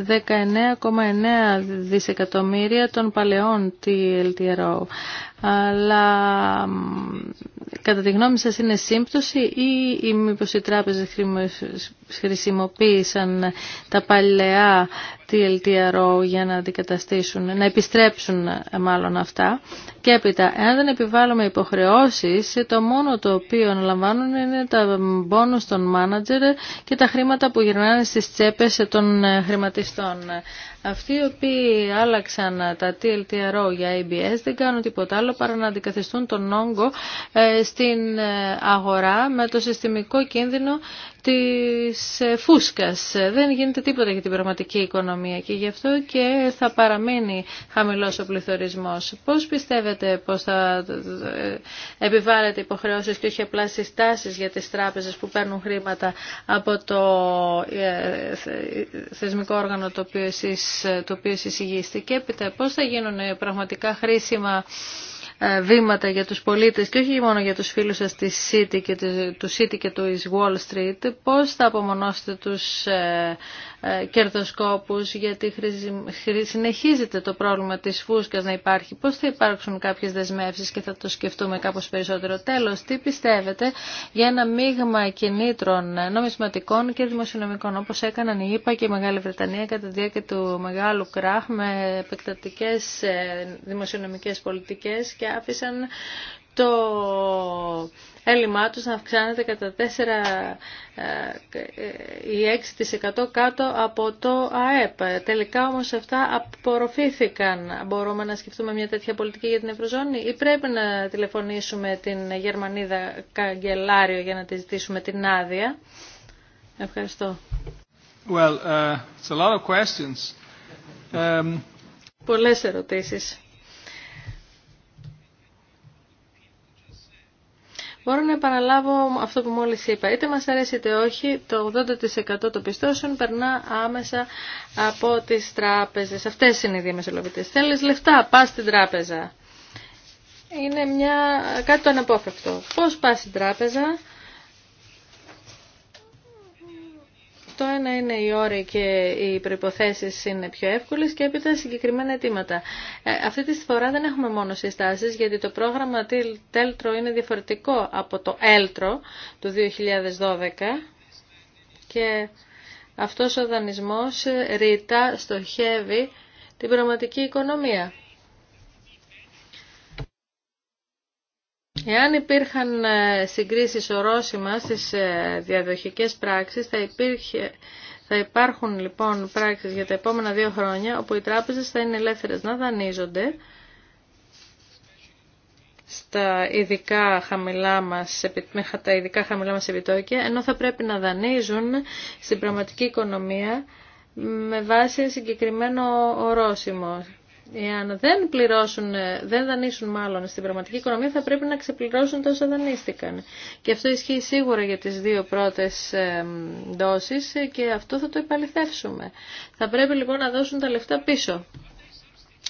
19,9 ε, δισεκατομμύρια των παλαιών TLTRO αλλά κατά τη γνώμη σας είναι σύμπτωση ή, ή μήπως οι τράπεζες χρησιμοποίησαν τα παλαιά TLTRO για να αντικαταστήσουν, να επιστρέψουν ε, μάλλον αυτά. Και έπειτα, εάν δεν επιβάλλουμε υποχρεώσεις, το μόνο το οποίο αναλαμβάνουν είναι τα μπόνους των μάνατζερ και τα χρήματα που γυρνάνε στις τσέπες των ε, χρηματιστών. Αυτοί οι οποίοι άλλαξαν τα TLTRO για ABS δεν κάνουν τίποτα άλλο παρά να αντικαθιστούν τον όγκο ε, στην ε, αγορά με το συστημικό κίνδυνο της ε, φούσκας. Δεν γίνεται τίποτα για την πραγματική οικονομία και γι' αυτό και θα παραμείνει χαμηλός ο πληθωρισμός. Πώς πιστεύετε πως θα επιβάλλετε υποχρεώσεις και όχι απλά συστάσεις για τις τράπεζες που παίρνουν χρήματα από το θεσμικό όργανο το οποίο εσείς ε, το οποίο και Έπειτα πώς θα γίνουν πραγματικά χρήσιμα ε, βήματα για τους πολίτες και όχι μόνο για τους φίλους σας της City και του City και του Wall Street, πώς θα απομονώσετε τους ε, ε, κερδοσκόπους γιατί συνεχίζεται το πρόβλημα της φούσκας να υπάρχει. Πώς θα υπάρξουν κάποιες δεσμεύσεις και θα το σκεφτούμε κάπως περισσότερο. Τέλος, τι πιστεύετε για ένα μείγμα κινήτρων νομισματικών και δημοσιονομικών όπως έκαναν η ΕΠΑ και η Μεγάλη Βρετανία κατά τη διάρκεια του μεγάλου κράχ με επεκτατικές ε, δημοσιονομικές πολιτικές και άφησαν το έλλειμμά τους να αυξάνεται κατά 4 ή 6% κάτω από το ΑΕΠ. Τελικά όμως αυτά απορροφήθηκαν. Μπορούμε να σκεφτούμε μια τέτοια πολιτική για την Ευρωζώνη ή πρέπει να τηλεφωνήσουμε την Γερμανίδα Καγκελάριο για να τη ζητήσουμε την άδεια. Ευχαριστώ. Well, uh, it's a lot of questions. Um, Πολλές ερωτήσεις. Μπορώ να επαναλάβω αυτό που μόλις είπα. Είτε μας αρέσει είτε όχι, το 80% των πιστώσεων περνά άμεσα από τις τράπεζες. Αυτές είναι οι διαμεσολογητές. Θέλεις λεφτά, πας στην τράπεζα. Είναι μια... κάτι το αναπόφευκτο. Πώς πας στην τράπεζα, Το ένα είναι οι όροι και οι προϋποθέσεις είναι πιο εύκολες και έπειτα συγκεκριμένα αιτήματα. Ε, αυτή τη φορά δεν έχουμε μόνο συστάσεις γιατί το πρόγραμμα Τέλτρο είναι διαφορετικό από το Έλτρο του 2012 και αυτός ο δανεισμός ρητά στοχεύει την πραγματική οικονομία. Εάν υπήρχαν ε, συγκρίσεις ορόσημα στις ε, διαδοχικές πράξεις, θα, υπήρχε, θα υπάρχουν λοιπόν πράξεις για τα επόμενα δύο χρόνια, όπου οι τράπεζες θα είναι ελεύθερες να δανείζονται στα ειδικά χαμηλά μας, με ειδικά χαμηλά μας επιτόκια, ενώ θα πρέπει να δανείζουν στην πραγματική οικονομία με βάση συγκεκριμένο ορόσημο. Εάν δεν πληρώσουν, ε, δεν δανείσουν μάλλον στην πραγματική οικονομία, θα πρέπει να ξεπληρώσουν όσα δανείστηκαν. Και αυτό ισχύει σίγουρα για τις δύο πρώτες δόσεις ε, και αυτό θα το επαληθεύσουμε. Θα πρέπει λοιπόν να δώσουν τα λεφτά πίσω.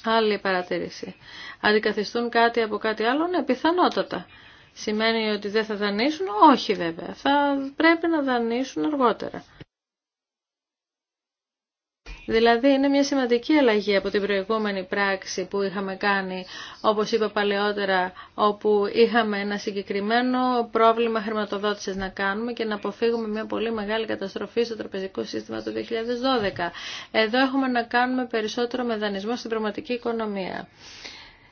Άλλη παρατήρηση. Αντικαθιστούν κάτι από κάτι άλλο, ναι, πιθανότατα. Σημαίνει ότι δεν θα δανείσουν, όχι βέβαια. Θα πρέπει να δανείσουν αργότερα. Δηλαδή είναι μια σημαντική αλλαγή από την προηγούμενη πράξη που είχαμε κάνει, όπως είπα παλαιότερα, όπου είχαμε ένα συγκεκριμένο πρόβλημα χρηματοδότησης να κάνουμε και να αποφύγουμε μια πολύ μεγάλη καταστροφή στο τραπεζικό σύστημα το 2012. Εδώ έχουμε να κάνουμε περισσότερο με δανεισμό στην πραγματική οικονομία.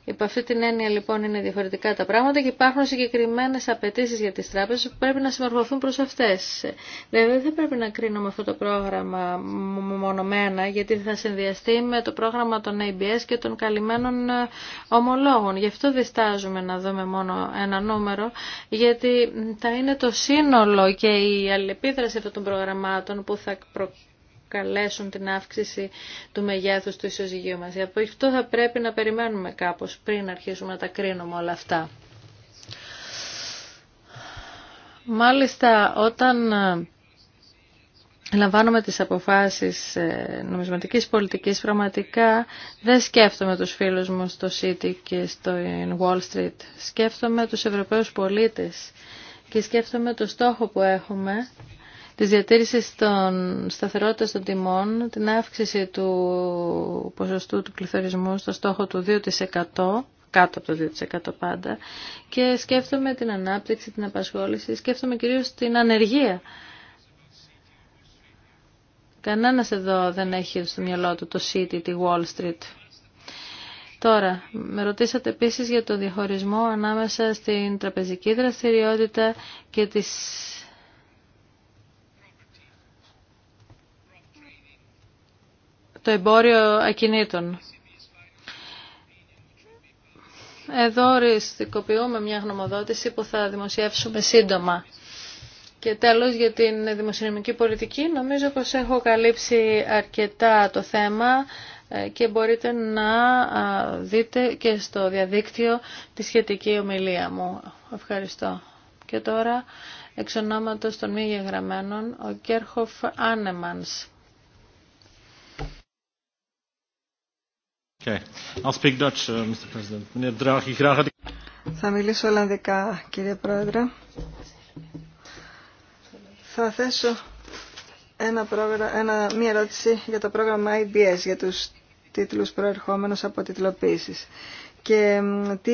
Υπό αυτή την έννοια λοιπόν είναι διαφορετικά τα πράγματα και υπάρχουν συγκεκριμένε απαιτήσει για τι τράπεζε που πρέπει να συμμορφωθούν προ αυτέ. Βέβαια δεν πρέπει να κρίνουμε αυτό το πρόγραμμα μονομένα γιατί θα συνδυαστεί με το πρόγραμμα των ABS και των καλυμμένων ε, ομολόγων. Γι' αυτό διστάζουμε να δούμε μόνο ένα νούμερο γιατί θα είναι το σύνολο και η αλληλεπίδραση αυτών των προγραμμάτων που θα προκύψει προκαλέσουν την αύξηση του μεγέθους του ισοζυγίου μας. Από αυτό θα πρέπει να περιμένουμε κάπως πριν αρχίσουμε να τα κρίνουμε όλα αυτά. Μάλιστα, όταν ε, λαμβάνουμε τις αποφάσεις ε, νομισματικής πολιτικής, πραγματικά δεν σκέφτομαι τους φίλους μου στο City και στο ε, Wall Street. Σκέφτομαι τους Ευρωπαίους πολίτες και σκέφτομαι το στόχο που έχουμε της διατήρησης των σταθερότητας των τιμών, την αύξηση του ποσοστού του πληθωρισμού στο στόχο του 2%, κάτω από το 2% πάντα, και σκέφτομαι την ανάπτυξη, την απασχόληση, σκέφτομαι κυρίως την ανεργία. Κανένας εδώ δεν έχει στο μυαλό του το City, τη Wall Street. Τώρα, με ρωτήσατε επίσης για το διαχωρισμό ανάμεσα στην τραπεζική δραστηριότητα και τις το εμπόριο ακινήτων. Εδώ οριστικοποιούμε μια γνωμοδότηση που θα δημοσιεύσουμε σύντομα. Και τέλος για την δημοσιονομική πολιτική νομίζω πως έχω καλύψει αρκετά το θέμα ε, και μπορείτε να δείτε και στο διαδίκτυο τη σχετική ομιλία μου. Ευχαριστώ. Και τώρα εξ ονόματος των μη γεγραμμένων ο Κέρχοφ Άνεμανς. Θα μιλήσω Ολλανδικά, κύριε Πρόεδρε. Θα θέσω ένα πρόγρα... ένα... μία ερώτηση για το πρόγραμμα IBS, για τους τίτλους προερχόμενους από τιτλοποίησης. Και τι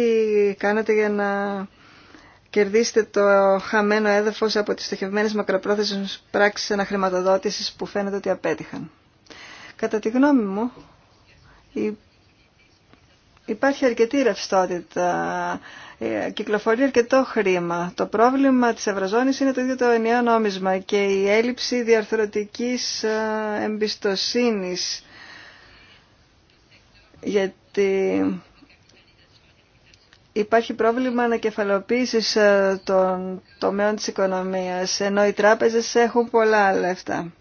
κάνετε για να κερδίσετε το χαμένο έδαφος από τις στοχευμένες μακροπρόθεσμες πράξεις αναχρηματοδότησης που φαίνεται ότι απέτυχαν. Κατά τη γνώμη μου, Υπάρχει αρκετή ρευστότητα, ε, κυκλοφορεί αρκετό χρήμα. Το πρόβλημα της Ευρωζώνης είναι το ίδιο το ενιαίο νόμισμα και η έλλειψη διαρθρωτικής ε, εμπιστοσύνης. Γιατί υπάρχει πρόβλημα ανακεφαλοποίησης ε, των τομέων της οικονομίας, ενώ οι τράπεζες έχουν πολλά λεφτά.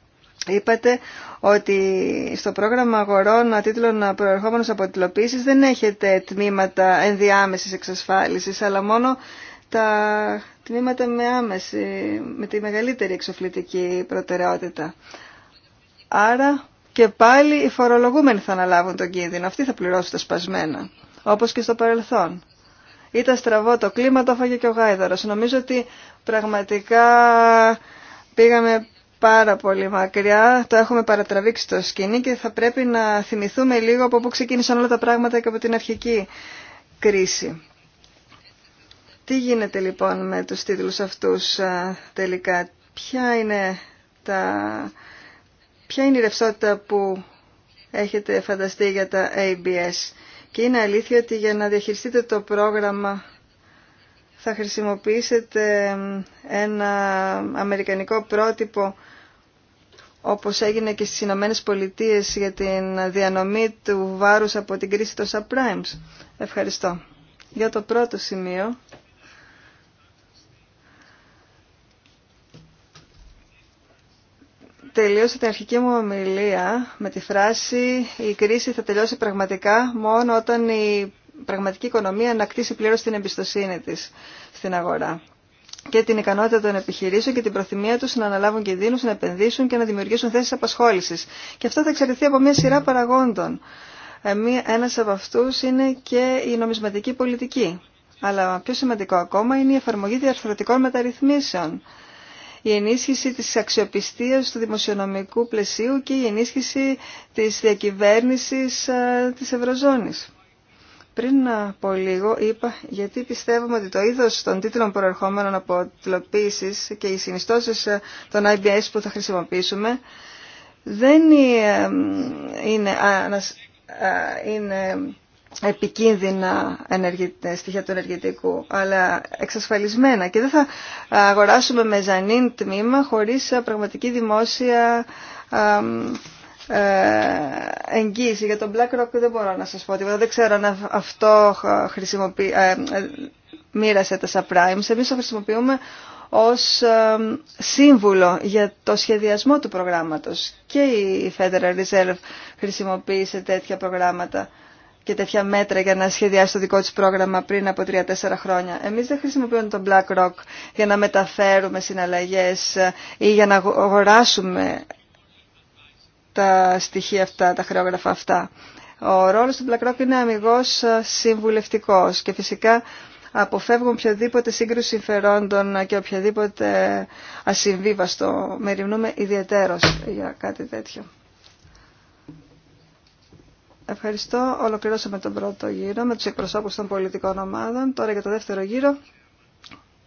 Είπατε ότι στο πρόγραμμα αγορών τίτλων προερχόμενος από τυλοποίησεις δεν έχετε τμήματα ενδιάμεσης εξασφάλισης, αλλά μόνο τα τμήματα με άμεση, με τη μεγαλύτερη εξοφλητική προτεραιότητα. Άρα και πάλι οι φορολογούμενοι θα αναλάβουν τον κίνδυνο. Αυτοί θα πληρώσουν τα σπασμένα, όπως και στο παρελθόν. Ήταν στραβό το κλίμα, το έφαγε και ο Γάιδαρος. Νομίζω ότι πραγματικά πήγαμε πάρα πολύ μακριά. Το έχουμε παρατραβήξει το σκηνή και θα πρέπει να θυμηθούμε λίγο από πού ξεκίνησαν όλα τα πράγματα και από την αρχική κρίση. Τι γίνεται λοιπόν με τους τίτλους αυτούς τελικά. Ποια είναι, τα... Ποια είναι η ρευστότητα που έχετε φανταστεί για τα ABS. Και είναι αλήθεια ότι για να διαχειριστείτε το πρόγραμμα θα χρησιμοποιήσετε ένα αμερικανικό πρότυπο όπως έγινε και στις Ηνωμένε Πολιτείε για την διανομή του βάρους από την κρίση των subprimes. Ευχαριστώ. Για το πρώτο σημείο, τελείωσα την αρχική μου ομιλία με τη φράση «Η κρίση θα τελειώσει πραγματικά μόνο όταν οι πραγματική οικονομία να κτίσει πλήρω την εμπιστοσύνη τη στην αγορά και την ικανότητα των επιχειρήσεων και την προθυμία του να αναλάβουν κινδύνους, να επενδύσουν και να δημιουργήσουν θέσεις απασχόληση. Και αυτό θα εξαρτηθεί από μια σειρά παραγόντων. Ε, Ένα από αυτού είναι και η νομισματική πολιτική. Αλλά πιο σημαντικό ακόμα είναι η εφαρμογή διαρθρωτικών μεταρρυθμίσεων η ενίσχυση της αξιοπιστίας του δημοσιονομικού πλαισίου και η ενίσχυση της διακυβέρνησης ε, της Ευρωζώνης. Πριν από λίγο είπα γιατί πιστεύουμε ότι το είδος των τίτλων προερχόμενων από τυλοποίησης και οι συνιστώσεις ε, των IBS που θα χρησιμοποιήσουμε δεν ε, είναι, ε, είναι επικίνδυνα στοιχεία του ενεργητικού, αλλά εξασφαλισμένα και δεν θα αγοράσουμε μεζανίν τμήμα χωρίς πραγματική δημόσια ε, εγγύηση. Για τον BlackRock δεν μπορώ να σας πω τίποτα. Δεν ξέρω αν αυτό χρησιμοποιεί, ε, ε, μοίρασε τα subprimes. Εμείς το χρησιμοποιούμε ως σύμβουλο για το σχεδιασμό του προγράμματος. Και η Federal Reserve χρησιμοποίησε τέτοια προγράμματα και τέτοια μέτρα για να σχεδιάσει το δικό της πρόγραμμα πριν από 3-4 χρόνια. Εμείς δεν χρησιμοποιούμε τον BlackRock για να μεταφέρουμε συναλλαγές ή για να αγοράσουμε τα στοιχεία αυτά, τα χρεόγραφα αυτά. Ο ρόλος του BlackRock είναι αμυγός συμβουλευτικός και φυσικά αποφεύγουν οποιαδήποτε σύγκρουση συμφερόντων και οποιαδήποτε ασυμβίβαστο. Μεριμνούμε ιδιαίτερος για κάτι τέτοιο. Ευχαριστώ. Ολοκληρώσαμε τον πρώτο γύρο με τους εκπροσώπους των πολιτικών ομάδων. Τώρα για το δεύτερο γύρο,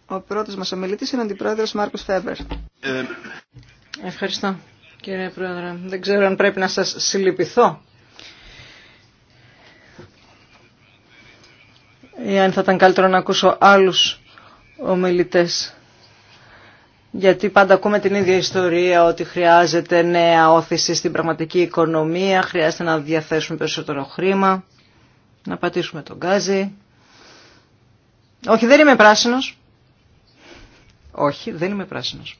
ο πρώτος μας ομιλητής είναι ο αντιπρόεδρος Μάρκος Φέμπερ. Ε, Ευχαριστώ κύριε Πρόεδρε. Δεν ξέρω αν πρέπει να σας συλληπιθώ. Ή αν θα ήταν καλύτερο να ακούσω άλλους ομιλητές. Γιατί πάντα ακούμε την ίδια ιστορία ότι χρειάζεται νέα όθηση στην πραγματική οικονομία, χρειάζεται να διαθέσουμε περισσότερο χρήμα, να πατήσουμε τον γκάζι. Όχι, δεν είμαι πράσινος. Όχι, δεν είμαι πράσινος.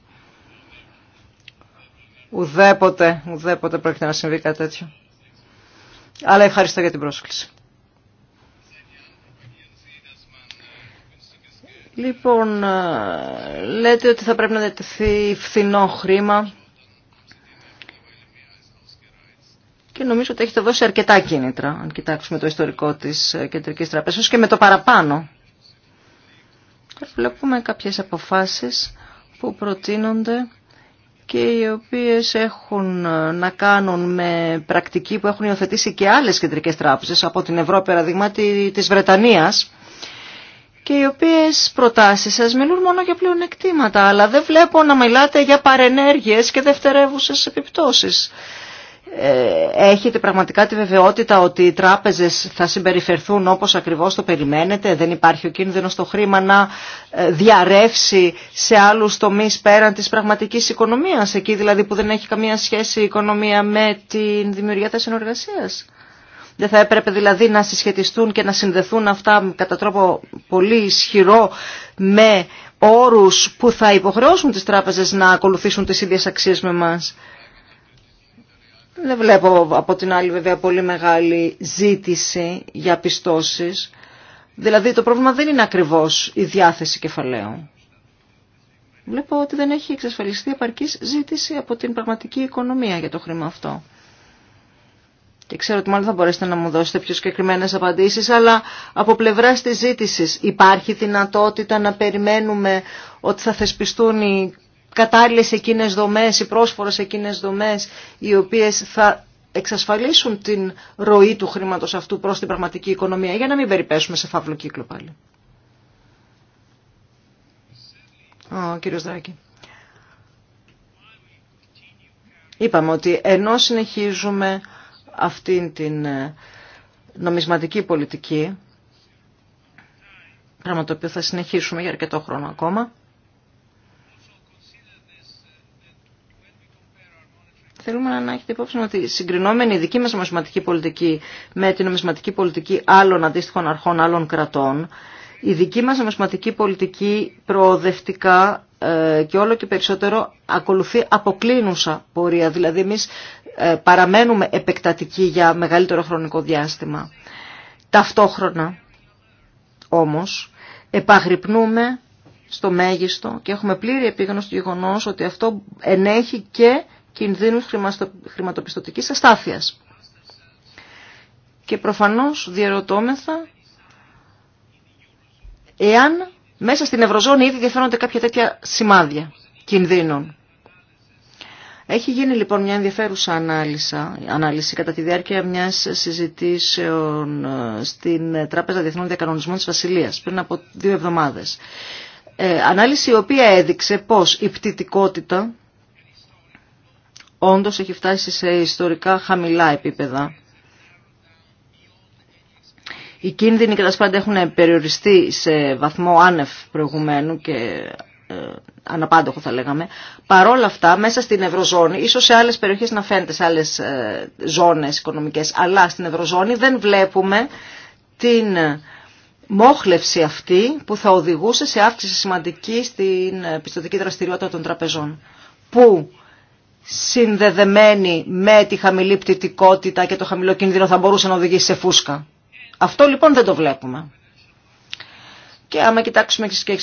Ουδέποτε, ουδέποτε πρόκειται να συμβεί κάτι τέτοιο. Αλλά ευχαριστώ για την πρόσκληση. Λοιπόν, λέτε ότι θα πρέπει να διατηθεί φθηνό χρήμα και νομίζω ότι έχετε δώσει αρκετά κίνητρα, αν κοιτάξουμε το ιστορικό της Κεντρικής Τραπέζας και με το παραπάνω. Βλέπουμε κάποιες αποφάσεις που προτείνονται και οι οποίες έχουν ε, να κάνουν με πρακτική που έχουν υιοθετήσει και άλλες κεντρικές τράπεζες από την Ευρώπη, παραδείγμα της Βρετανίας και οι οποίες προτάσεις σας μιλούν μόνο για πλεονεκτήματα αλλά δεν βλέπω να μιλάτε για παρενέργειες και δευτερεύουσες επιπτώσεις. Ε, έχετε πραγματικά τη βεβαιότητα ότι οι τράπεζες θα συμπεριφερθούν όπως ακριβώς το περιμένετε, δεν υπάρχει ο κίνδυνος το χρήμα να ε, διαρρεύσει σε άλλους τομείς πέραν της πραγματικής οικονομίας, εκεί δηλαδή που δεν έχει καμία σχέση η οικονομία με τη δημιουργία της συνεργασίας. Δεν θα έπρεπε δηλαδή να συσχετιστούν και να συνδεθούν αυτά κατά τρόπο πολύ ισχυρό με όρους που θα υποχρεώσουν τις τράπεζες να ακολουθήσουν τις ίδιες αξίες με εμά δεν βλέπω από την άλλη βέβαια πολύ μεγάλη ζήτηση για πιστώσεις. Δηλαδή το πρόβλημα δεν είναι ακριβώς η διάθεση κεφαλαίου. Βλέπω ότι δεν έχει εξασφαλιστεί επαρκής ζήτηση από την πραγματική οικονομία για το χρήμα αυτό. Και ξέρω ότι μάλλον θα μπορέσετε να μου δώσετε πιο συγκεκριμένε απαντήσεις, αλλά από πλευρά της ζήτησης υπάρχει δυνατότητα να περιμένουμε ότι θα θεσπιστούν οι κατάλληλες εκείνες δομές, οι πρόσφορες εκείνες δομές, οι οποίες θα εξασφαλίσουν την ροή του χρήματος αυτού προς την πραγματική οικονομία, για να μην περιπέσουμε σε φαύλο κύκλο πάλι. Ο κύριος Δράκη. Είπαμε ότι ενώ συνεχίζουμε αυτήν την ε, νομισματική πολιτική, πράγμα το οποίο θα συνεχίσουμε για αρκετό χρόνο ακόμα, Θέλουμε να έχετε υπόψη ότι η δική μας νομισματική πολιτική με την νομισματική πολιτική άλλων αντίστοιχων αρχών άλλων κρατών, η δική μας νομισματική πολιτική προοδευτικά ε, και όλο και περισσότερο ακολουθεί αποκλίνουσα πορεία. Δηλαδή εμείς ε, παραμένουμε επεκτατικοί για μεγαλύτερο χρονικό διάστημα. Ταυτόχρονα όμως επαγρυπνούμε στο μέγιστο και έχουμε πλήρη επίγνωση του γεγονός ότι αυτό ενέχει και κινδύνους χρηματοπιστωτικής αστάθειας. Και προφανώς διαρωτώμεθα εάν μέσα στην Ευρωζώνη ήδη διαφέρονται κάποια τέτοια σημάδια κινδύνων. Έχει γίνει λοιπόν μια ενδιαφέρουσα ανάλυση, ανάλυση κατά τη διάρκεια μιας συζητήσεων ε, στην Τράπεζα Διεθνών Διακανονισμών της Βασιλείας πριν από δύο εβδομάδες. Ε, ανάλυση η οποία έδειξε πως η πτητικότητα όντως έχει φτάσει σε ιστορικά χαμηλά επίπεδα. Οι κίνδυνοι κατά έχουν περιοριστεί σε βαθμό άνευ προηγουμένου και ε, αναπάντοχο θα λέγαμε. Παρόλα αυτά, μέσα στην Ευρωζώνη, ίσως σε άλλες περιοχές να φαίνεται, σε άλλες ε, ζώνες οικονομικές, αλλά στην Ευρωζώνη δεν βλέπουμε την μόχλευση αυτή που θα οδηγούσε σε αύξηση σημαντική στην πιστοτική δραστηριότητα των τραπεζών. Που συνδεδεμένη με τη χαμηλή πτυτικότητα και το χαμηλό κίνδυνο θα μπορούσε να οδηγήσει σε φούσκα. Αυτό λοιπόν δεν το βλέπουμε. Και άμα κοιτάξουμε και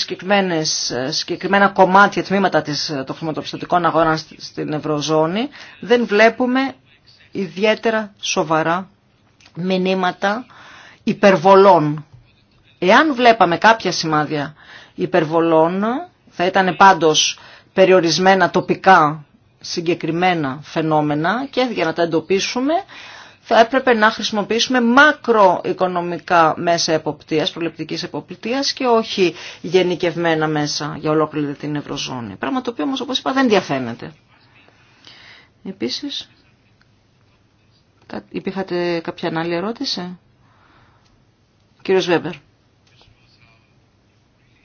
συγκεκριμένα κομμάτια, τμήματα της, των χρηματοπιστωτικών αγορών στην Ευρωζώνη, δεν βλέπουμε ιδιαίτερα σοβαρά μηνύματα υπερβολών. Εάν βλέπαμε κάποια σημάδια υπερβολών, θα ήταν πάντως περιορισμένα τοπικά συγκεκριμένα φαινόμενα και για να τα εντοπίσουμε θα έπρεπε να χρησιμοποιήσουμε μακροοικονομικά μέσα εποπτείας, προληπτικής εποπτείας και όχι γενικευμένα μέσα για ολόκληρη την Ευρωζώνη. Πράγμα το οποίο όμως όπως είπα δεν διαφαίνεται. Επίσης, υπήρχατε κάποια άλλη ερώτηση. Κύριος Βέμπερ.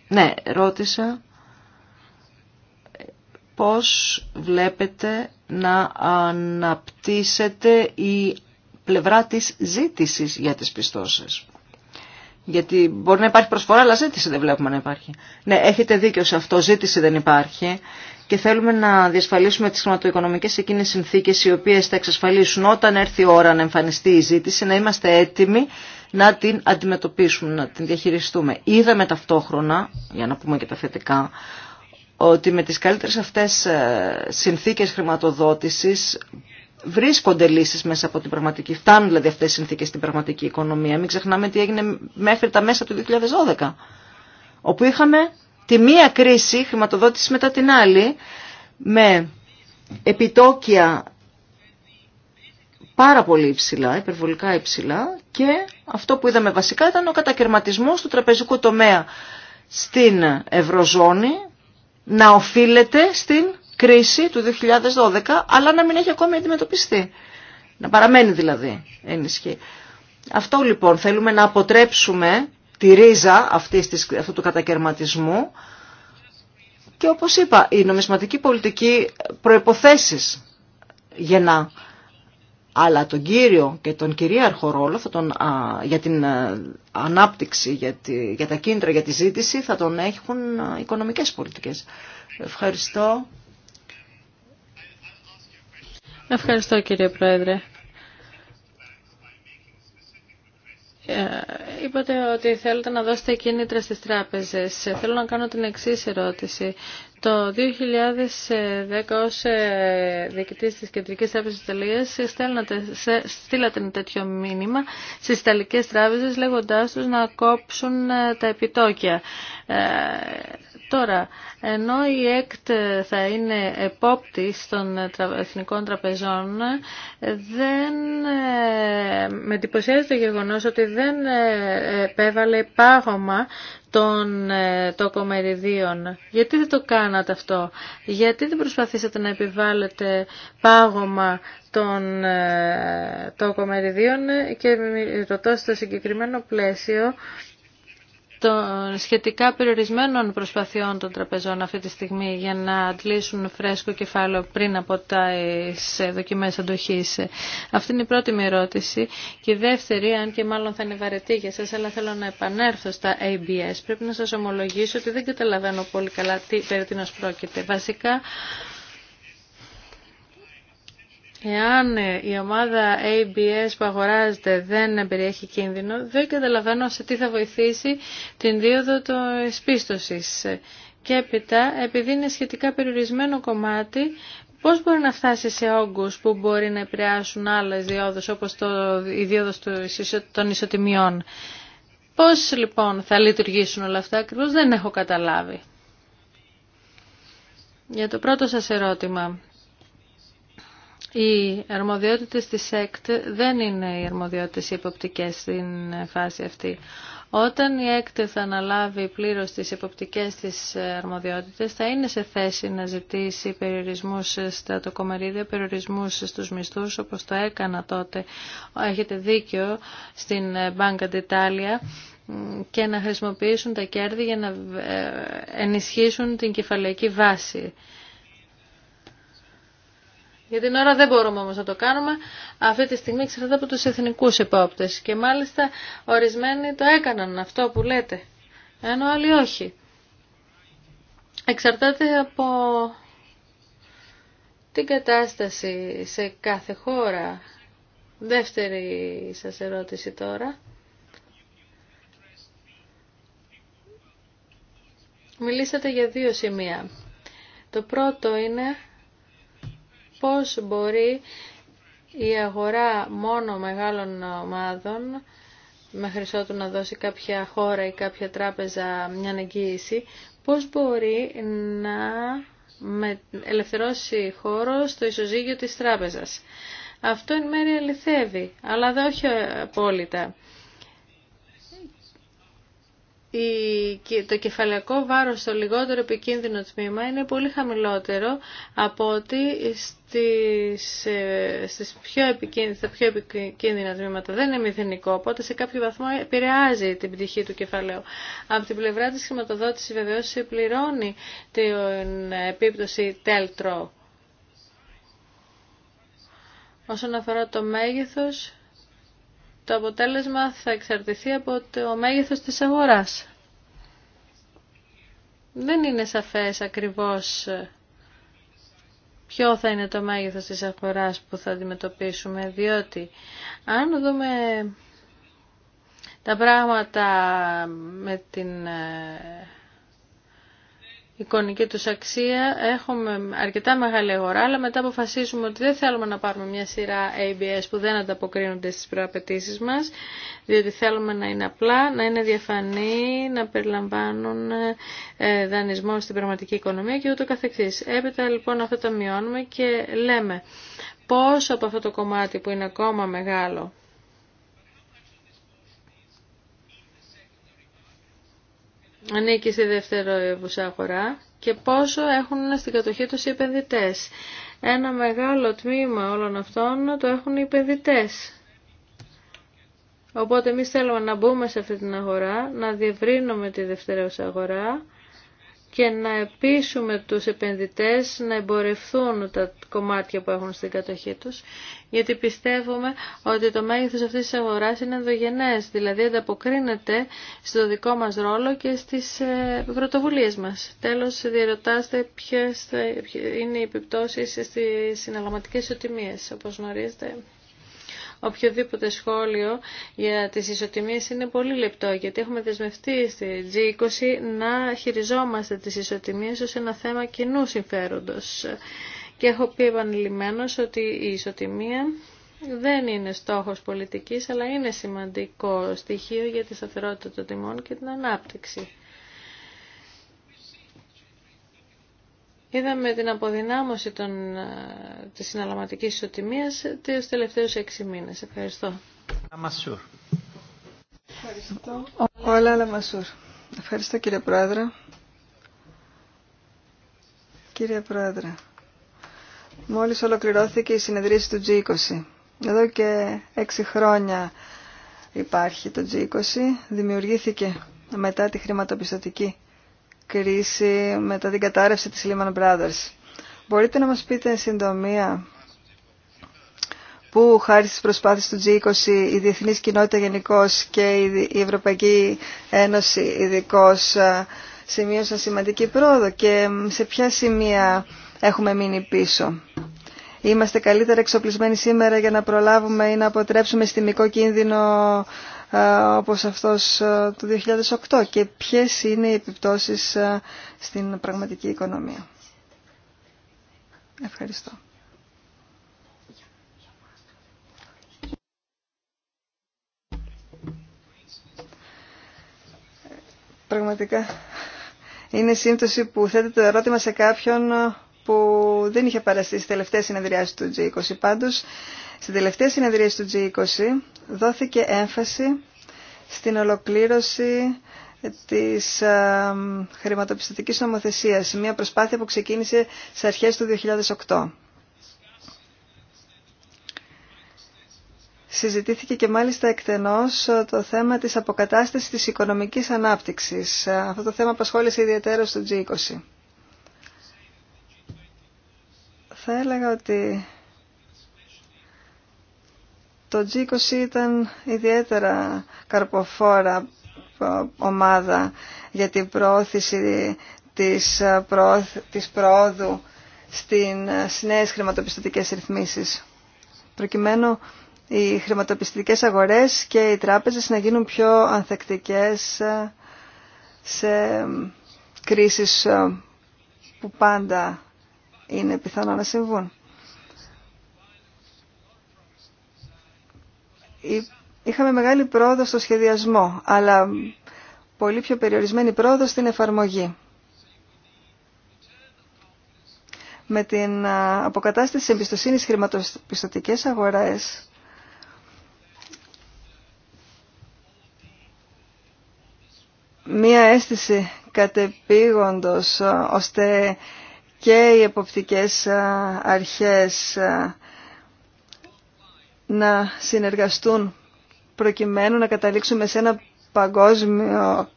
Ναι, ρώτησα πώς βλέπετε να αναπτύσσετε η πλευρά της ζήτησης για τις πιστώσεις. Γιατί μπορεί να υπάρχει προσφορά, αλλά ζήτηση δεν βλέπουμε να υπάρχει. Ναι, έχετε δίκιο σε αυτό, ζήτηση δεν υπάρχει. Και θέλουμε να διασφαλίσουμε τις χρηματοοικονομικές εκείνες συνθήκες οι οποίες θα εξασφαλίσουν όταν έρθει η ώρα να εμφανιστεί η ζήτηση, να είμαστε έτοιμοι να την αντιμετωπίσουμε, να την διαχειριστούμε. Είδαμε ταυτόχρονα, για να πούμε και τα θετικά, ότι με τις καλύτερες αυτές ε, συνθήκες χρηματοδότησης βρίσκονται λύσεις μέσα από την πραγματική, φτάνουν δηλαδή αυτές οι συνθήκες στην πραγματική οικονομία. Μην ξεχνάμε τι έγινε μέχρι τα μέσα του 2012, όπου είχαμε τη μία κρίση χρηματοδότησης μετά την άλλη, με επιτόκια πάρα πολύ υψηλά, υπερβολικά υψηλά και αυτό που είδαμε βασικά ήταν ο κατακαιρματισμός του τραπεζικού τομέα στην Ευρωζώνη να οφείλεται στην κρίση του 2012, αλλά να μην έχει ακόμη αντιμετωπιστεί. Να παραμένει δηλαδή ενισχύ. Αυτό λοιπόν θέλουμε να αποτρέψουμε τη ρίζα αυτής της, αυτού του κατακαιρματισμού και όπως είπα η νομισματική πολιτική προϋποθέσεις γεννά αλλά τον κύριο και τον κυρίαρχο ρόλο θα για την ανάπτυξη, για, τη, τα κίνητρα, για τη ζήτηση θα τον έχουν α, οικονομικές πολιτικές. Ευχαριστώ. Ευχαριστώ κύριε Πρόεδρε. Ε, είπατε ότι θέλετε να δώσετε κίνητρα στις τράπεζες. Θέλω να κάνω την εξής ερώτηση. Το 2010 ως ε, διοικητής της Κεντρικής Τράπεζας της Ιταλίας ε, στείλατε ένα τέτοιο μήνυμα στις Ιταλικές τράπεζες λέγοντάς τους να κόψουν τα επιτόκια. Τώρα, ενώ η ΕΚΤ θα είναι επόπτης των εθνικών τραπεζών, δεν ε, με εντυπωσιάζει το γεγονός ότι δεν ε, επέβαλε πάγωμα των ε, τοκομεριδίων. Γιατί δεν το κάνατε αυτό, γιατί δεν προσπαθήσατε να επιβάλλετε πάγωμα των τοκομεριδίων και ρωτώ στο συγκεκριμένο πλαίσιο σχετικά περιορισμένων προσπαθειών των τραπεζών αυτή τη στιγμή για να αντλήσουν φρέσκο κεφάλαιο πριν από τα ε, δοκιμές αντοχής. Αυτή είναι η πρώτη μου ερώτηση. Και η δεύτερη, αν και μάλλον θα είναι βαρετή για σας, αλλά θέλω να επανέλθω στα ABS. Πρέπει να σας ομολογήσω ότι δεν καταλαβαίνω πολύ καλά τι περί πρόκειται. Βασικά, Εάν ε, η ομάδα ABS που αγοράζεται δεν περιέχει κίνδυνο, δεν καταλαβαίνω σε τι θα βοηθήσει την δίωδο της πίστοσης. Και έπειτα, επειδή είναι σχετικά περιορισμένο κομμάτι, πώς μπορεί να φτάσει σε όγκους που μπορεί να επηρεάσουν άλλες διόδους, όπως το, η διόδος των ισοτιμιών. Πώς λοιπόν θα λειτουργήσουν όλα αυτά, ακριβώς δεν έχω καταλάβει. Για το πρώτο σας ερώτημα, οι αρμοδιότητες της ΕΚΤ δεν είναι οι αρμοδιότητες υποπτικές στην φάση αυτή. Όταν η ΕΚΤ θα αναλάβει πλήρως τις εποπτικές της αρμοδιότητες, θα είναι σε θέση να ζητήσει περιορισμούς στα τοκομερίδια, περιορισμούς στους μισθούς, όπως το έκανα τότε. Έχετε δίκιο στην Banca d'Italia και να χρησιμοποιήσουν τα κέρδη για να ε, ενισχύσουν την κεφαλαϊκή βάση. Για την ώρα δεν μπορούμε όμως να το κάνουμε. Αυτή τη στιγμή εξαρτάται από τους εθνικούς υπόπτες. Και μάλιστα ορισμένοι το έκαναν αυτό που λέτε. Ενώ άλλοι όχι. Εξαρτάται από την κατάσταση σε κάθε χώρα. Δεύτερη σας ερώτηση τώρα. Μιλήσατε για δύο σημεία. Το πρώτο είναι πώς μπορεί η αγορά μόνο μεγάλων ομάδων μέχρι ότου να δώσει κάποια χώρα ή κάποια τράπεζα μια εγγύηση, πώς μπορεί να ελευθερώσει χώρο στο ισοζύγιο της τράπεζας. Αυτό εν μέρει αληθεύει, αλλά δεν όχι απόλυτα το κεφαλαικό βάρος στο λιγότερο επικίνδυνο τμήμα είναι πολύ χαμηλότερο από ότι στις, ε, πιο στα πιο επικίνδυνα τμήματα δεν είναι μηδενικό, οπότε σε κάποιο βαθμό επηρεάζει την πτυχή του κεφαλαίου. Από την πλευρά της χρηματοδότηση βεβαίω πληρώνει την επίπτωση τέλτρο. Όσον αφορά το μέγεθος, το αποτέλεσμα θα εξαρτηθεί από το μέγεθος της αγοράς. Δεν είναι σαφές ακριβώς ποιο θα είναι το μέγεθος της αγοράς που θα αντιμετωπίσουμε, διότι αν δούμε τα πράγματα με την ε, εικονική τους αξία. Έχουμε αρκετά μεγάλη αγορά, αλλά μετά αποφασίζουμε ότι δεν θέλουμε να πάρουμε μια σειρά ABS που δεν ανταποκρίνονται στις προαπαιτήσεις μας, διότι θέλουμε να είναι απλά, να είναι διαφανή, να περιλαμβάνουν ε, δανεισμό στην πραγματική οικονομία και ούτω καθεξής. Έπειτα λοιπόν αυτό το μειώνουμε και λέμε πόσο από αυτό το κομμάτι που είναι ακόμα μεγάλο ανήκει στη δευτερεύουσα αγορά και πόσο έχουν στην κατοχή τους οι επενδυτές. Ένα μεγάλο τμήμα όλων αυτών το έχουν οι επενδυτές. Οπότε εμεί θέλουμε να μπούμε σε αυτή την αγορά, να διευρύνουμε τη δευτερεύουσα αγορά και να επίσουμε τους επενδυτές να εμπορευθούν τα κομμάτια που έχουν στην κατοχή τους, γιατί πιστεύουμε ότι το μέγεθος αυτής της αγοράς είναι ενδογενές, δηλαδή ανταποκρίνεται στο δικό μας ρόλο και στις ε, πρωτοβουλίες μας. Τέλος, διερωτάστε ποιες είναι οι επιπτώσεις στις συναλλαγματικές οτιμίες, Όπως γνωρίζετε, οποιοδήποτε σχόλιο για τις ισοτιμίες είναι πολύ λεπτό, γιατί έχουμε δεσμευτεί στη G20 να χειριζόμαστε τις ισοτιμίες ως ένα θέμα κοινού συμφέροντος. Και έχω πει επανειλημμένως ότι η ισοτιμία δεν είναι στόχος πολιτικής, αλλά είναι σημαντικό στοιχείο για τη σταθερότητα των τιμών και την ανάπτυξη. Είδαμε την αποδυνάμωση των, ε, της συναλλαγματικής ισοτιμίας τις τελευταίους έξι μήνες. Ευχαριστώ. Ευχαριστώ. Όλα Μασούρ. Ευχαριστώ κύριε Πρόεδρε. Κύριε Πρόεδρε, μόλις ολοκληρώθηκε η συνεδρίαση του G20. Εδώ και έξι χρόνια υπάρχει το G20. Δημιουργήθηκε μετά τη χρηματοπιστωτική κρίση μετά την κατάρρευση της Lehman Brothers. Μπορείτε να μας πείτε συντομία που χάρη στις προσπάθειες του G20 η διεθνής κοινότητα γενικώ και η Ευρωπαϊκή Ένωση ειδικώ ε, σημείωσαν σημαντική πρόοδο και σε ποια σημεία έχουμε μείνει πίσω. Είμαστε καλύτερα εξοπλισμένοι σήμερα για να προλάβουμε ή να αποτρέψουμε στιμικό κίνδυνο ε, όπως αυτός ε, του 2008 και ποιες είναι οι επιπτώσεις ε, στην πραγματική οικονομία. Ευχαριστώ. Πραγματικά είναι σύμπτωση που θέτει το ερώτημα σε κάποιον που δεν είχε παραστεί στις τελευταίες συνεδριάσεις του G20. Πάντως, στις τελευταία συνεδριάσεις του G20 δόθηκε έμφαση στην ολοκλήρωση της ε, χρηματοπιστωτικής νομοθεσίας, μια προσπάθεια που ξεκίνησε στις αρχές του 2008. συζητήθηκε και μάλιστα εκτενώς ε, το θέμα της αποκατάστασης της οικονομικής ανάπτυξης. Ε, αυτό το θέμα απασχόλησε ιδιαίτερα στο G20. Θα έλεγα ότι το G20 ήταν ιδιαίτερα καρποφόρα ε, ομάδα για την προώθηση της, ε, της προόδου στην, ε, στις νέες χρηματοπιστωτικές ρυθμίσεις. Προκειμένου οι χρηματοπιστωτικές αγορές και οι τράπεζες να γίνουν πιο ανθεκτικές σε κρίσεις που πάντα είναι πιθανό να συμβούν. Είχαμε μεγάλη πρόοδο στο σχεδιασμό, αλλά πολύ πιο περιορισμένη πρόοδο στην εφαρμογή. Με την αποκατάσταση εμπιστοσύνης χρηματοπιστωτικές αγορές, μία αίσθηση κατεπήγοντος, ώστε και οι εποπτικές αρχές να συνεργαστούν προκειμένου να καταλήξουμε σε ένα παγκόσμιο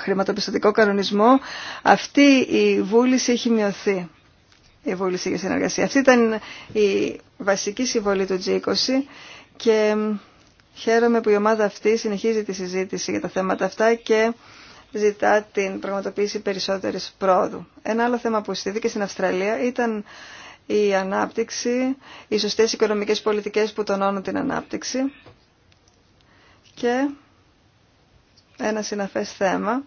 χρηματοπιστωτικό κανονισμό, αυτή η βούληση έχει μειωθεί. Η βούληση για συνεργασία. Αυτή ήταν η βασική συμβολή του G20 και χαίρομαι που η ομάδα αυτή συνεχίζει τη συζήτηση για τα θέματα αυτά και ζητά την πραγματοποίηση περισσότερη πρόοδου. Ένα άλλο θέμα που στήθηκε στην Αυστραλία ήταν η ανάπτυξη, οι σωστές οικονομικές πολιτικές που τονώνουν την ανάπτυξη και ένα συναφές θέμα,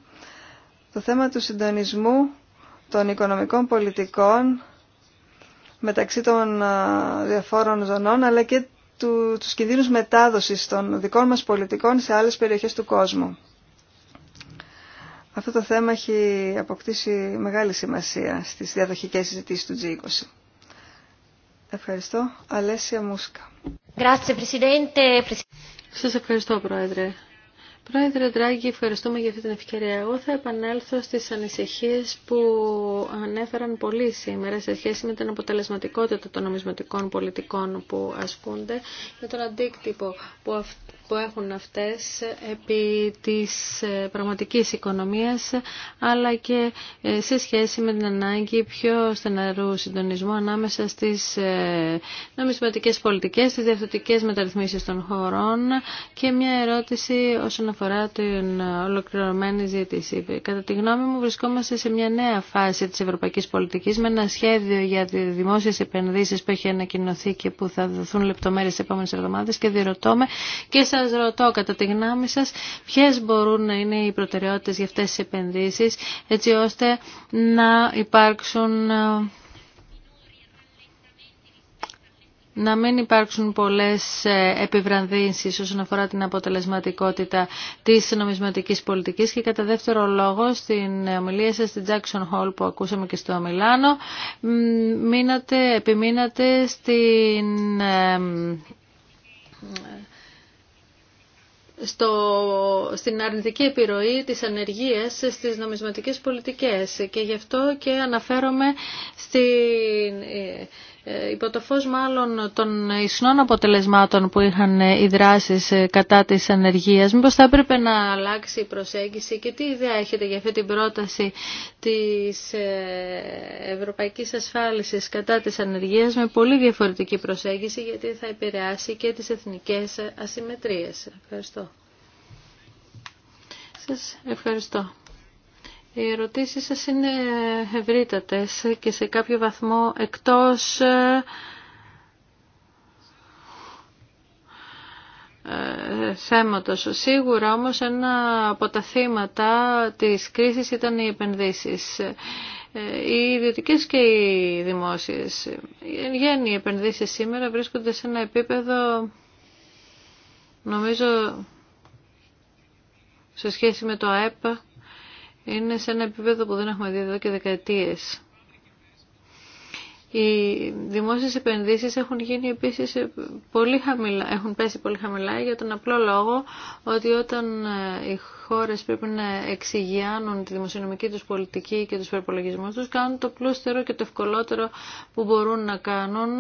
το θέμα του συντονισμού των οικονομικών πολιτικών μεταξύ των διαφόρων ζωνών αλλά και του, τους κινδύνους μετάδοσης των δικών μας πολιτικών σε άλλες περιοχές του κόσμου. Αυτό το θέμα έχει αποκτήσει μεγάλη σημασία στις διαδοχικές συζητήσεις του G20. Ευχαριστώ. Αλέσια Μούσκα. Σας ευχαριστώ, Πρόεδρε. Πρόεδρε Ντράγκη, ευχαριστούμε για αυτή την ευκαιρία. Εγώ θα επανέλθω στι ανησυχίε που ανέφεραν πολλοί σήμερα σε σχέση με την αποτελεσματικότητα των νομισματικών πολιτικών που ασκούνται και τον αντίκτυπο που έχουν αυτέ επί της ε, πραγματικής οικονομίας αλλά και ε, σε σχέση με την ανάγκη πιο στεναρού συντονισμού ανάμεσα στι νομισματικέ πολιτικέ, στις ε, διευθυντικές μεταρρυθμίσει των χωρών και μια ερώτηση όσον αφορά την ολοκληρωμένη ζήτηση. Κατά τη γνώμη μου βρισκόμαστε σε μια νέα φάση της ευρωπαϊκής πολιτικής με ένα σχέδιο για τις δημόσιες επενδύσεις που έχει ανακοινωθεί και που θα δοθούν λεπτομέρειες τις επόμενες εβδομάδες και διερωτώ με και σας ρωτώ κατά τη γνώμη σας ποιες μπορούν να είναι οι προτεραιότητες για αυτές τις επενδύσεις έτσι ώστε να υπάρξουν να μην υπάρξουν πολλές ε, επιβραδύνσεις όσον αφορά την αποτελεσματικότητα της νομισματικής πολιτικής και κατά δεύτερο λόγο στην ομιλία σας στην Jackson Hall που ακούσαμε και στο Μιλάνο μείνατε, επιμείνατε στην ε, στο, στην αρνητική επιρροή της ανεργίας στις νομισματικές πολιτικές και γι' αυτό και αναφέρομαι στην, ε, υπό το φως μάλλον των ισνών αποτελεσμάτων που είχαν οι δράσεις ε, κατά της ανεργίας. Μήπως θα έπρεπε να αλλάξει η προσέγγιση και τι ιδέα έχετε για αυτή την πρόταση της ε, Ευρωπαϊκής Ασφάλισης κατά της ανεργίας με πολύ διαφορετική προσέγγιση γιατί θα επηρεάσει και τις εθνικές ασυμμετρίες. Ευχαριστώ. Σας ευχαριστώ. Οι ερωτήσεις σας είναι ευρύτατες και σε κάποιο βαθμό εκτός ε, ε, θέματος. Σίγουρα όμως ένα από τα θύματα της κρίσης ήταν οι επενδύσεις. Ε, οι ιδιωτικέ και οι δημόσιες. Εν γέννη οι επενδύσεις σήμερα βρίσκονται σε ένα επίπεδο νομίζω σε σχέση με το ΑΕΠ είναι σε ένα επίπεδο που δεν έχουμε δει εδώ και δεκαετίες. Οι δημόσιες επενδύσεις έχουν γίνει επίσης πολύ χαμηλά, έχουν πέσει πολύ χαμηλά για τον απλό λόγο ότι όταν ε, οι χώρες πρέπει να εξηγιάνουν τη δημοσιονομική τους πολιτική και τους προπολογισμούς τους κάνουν το πλούστερο και το ευκολότερο που μπορούν να κάνουν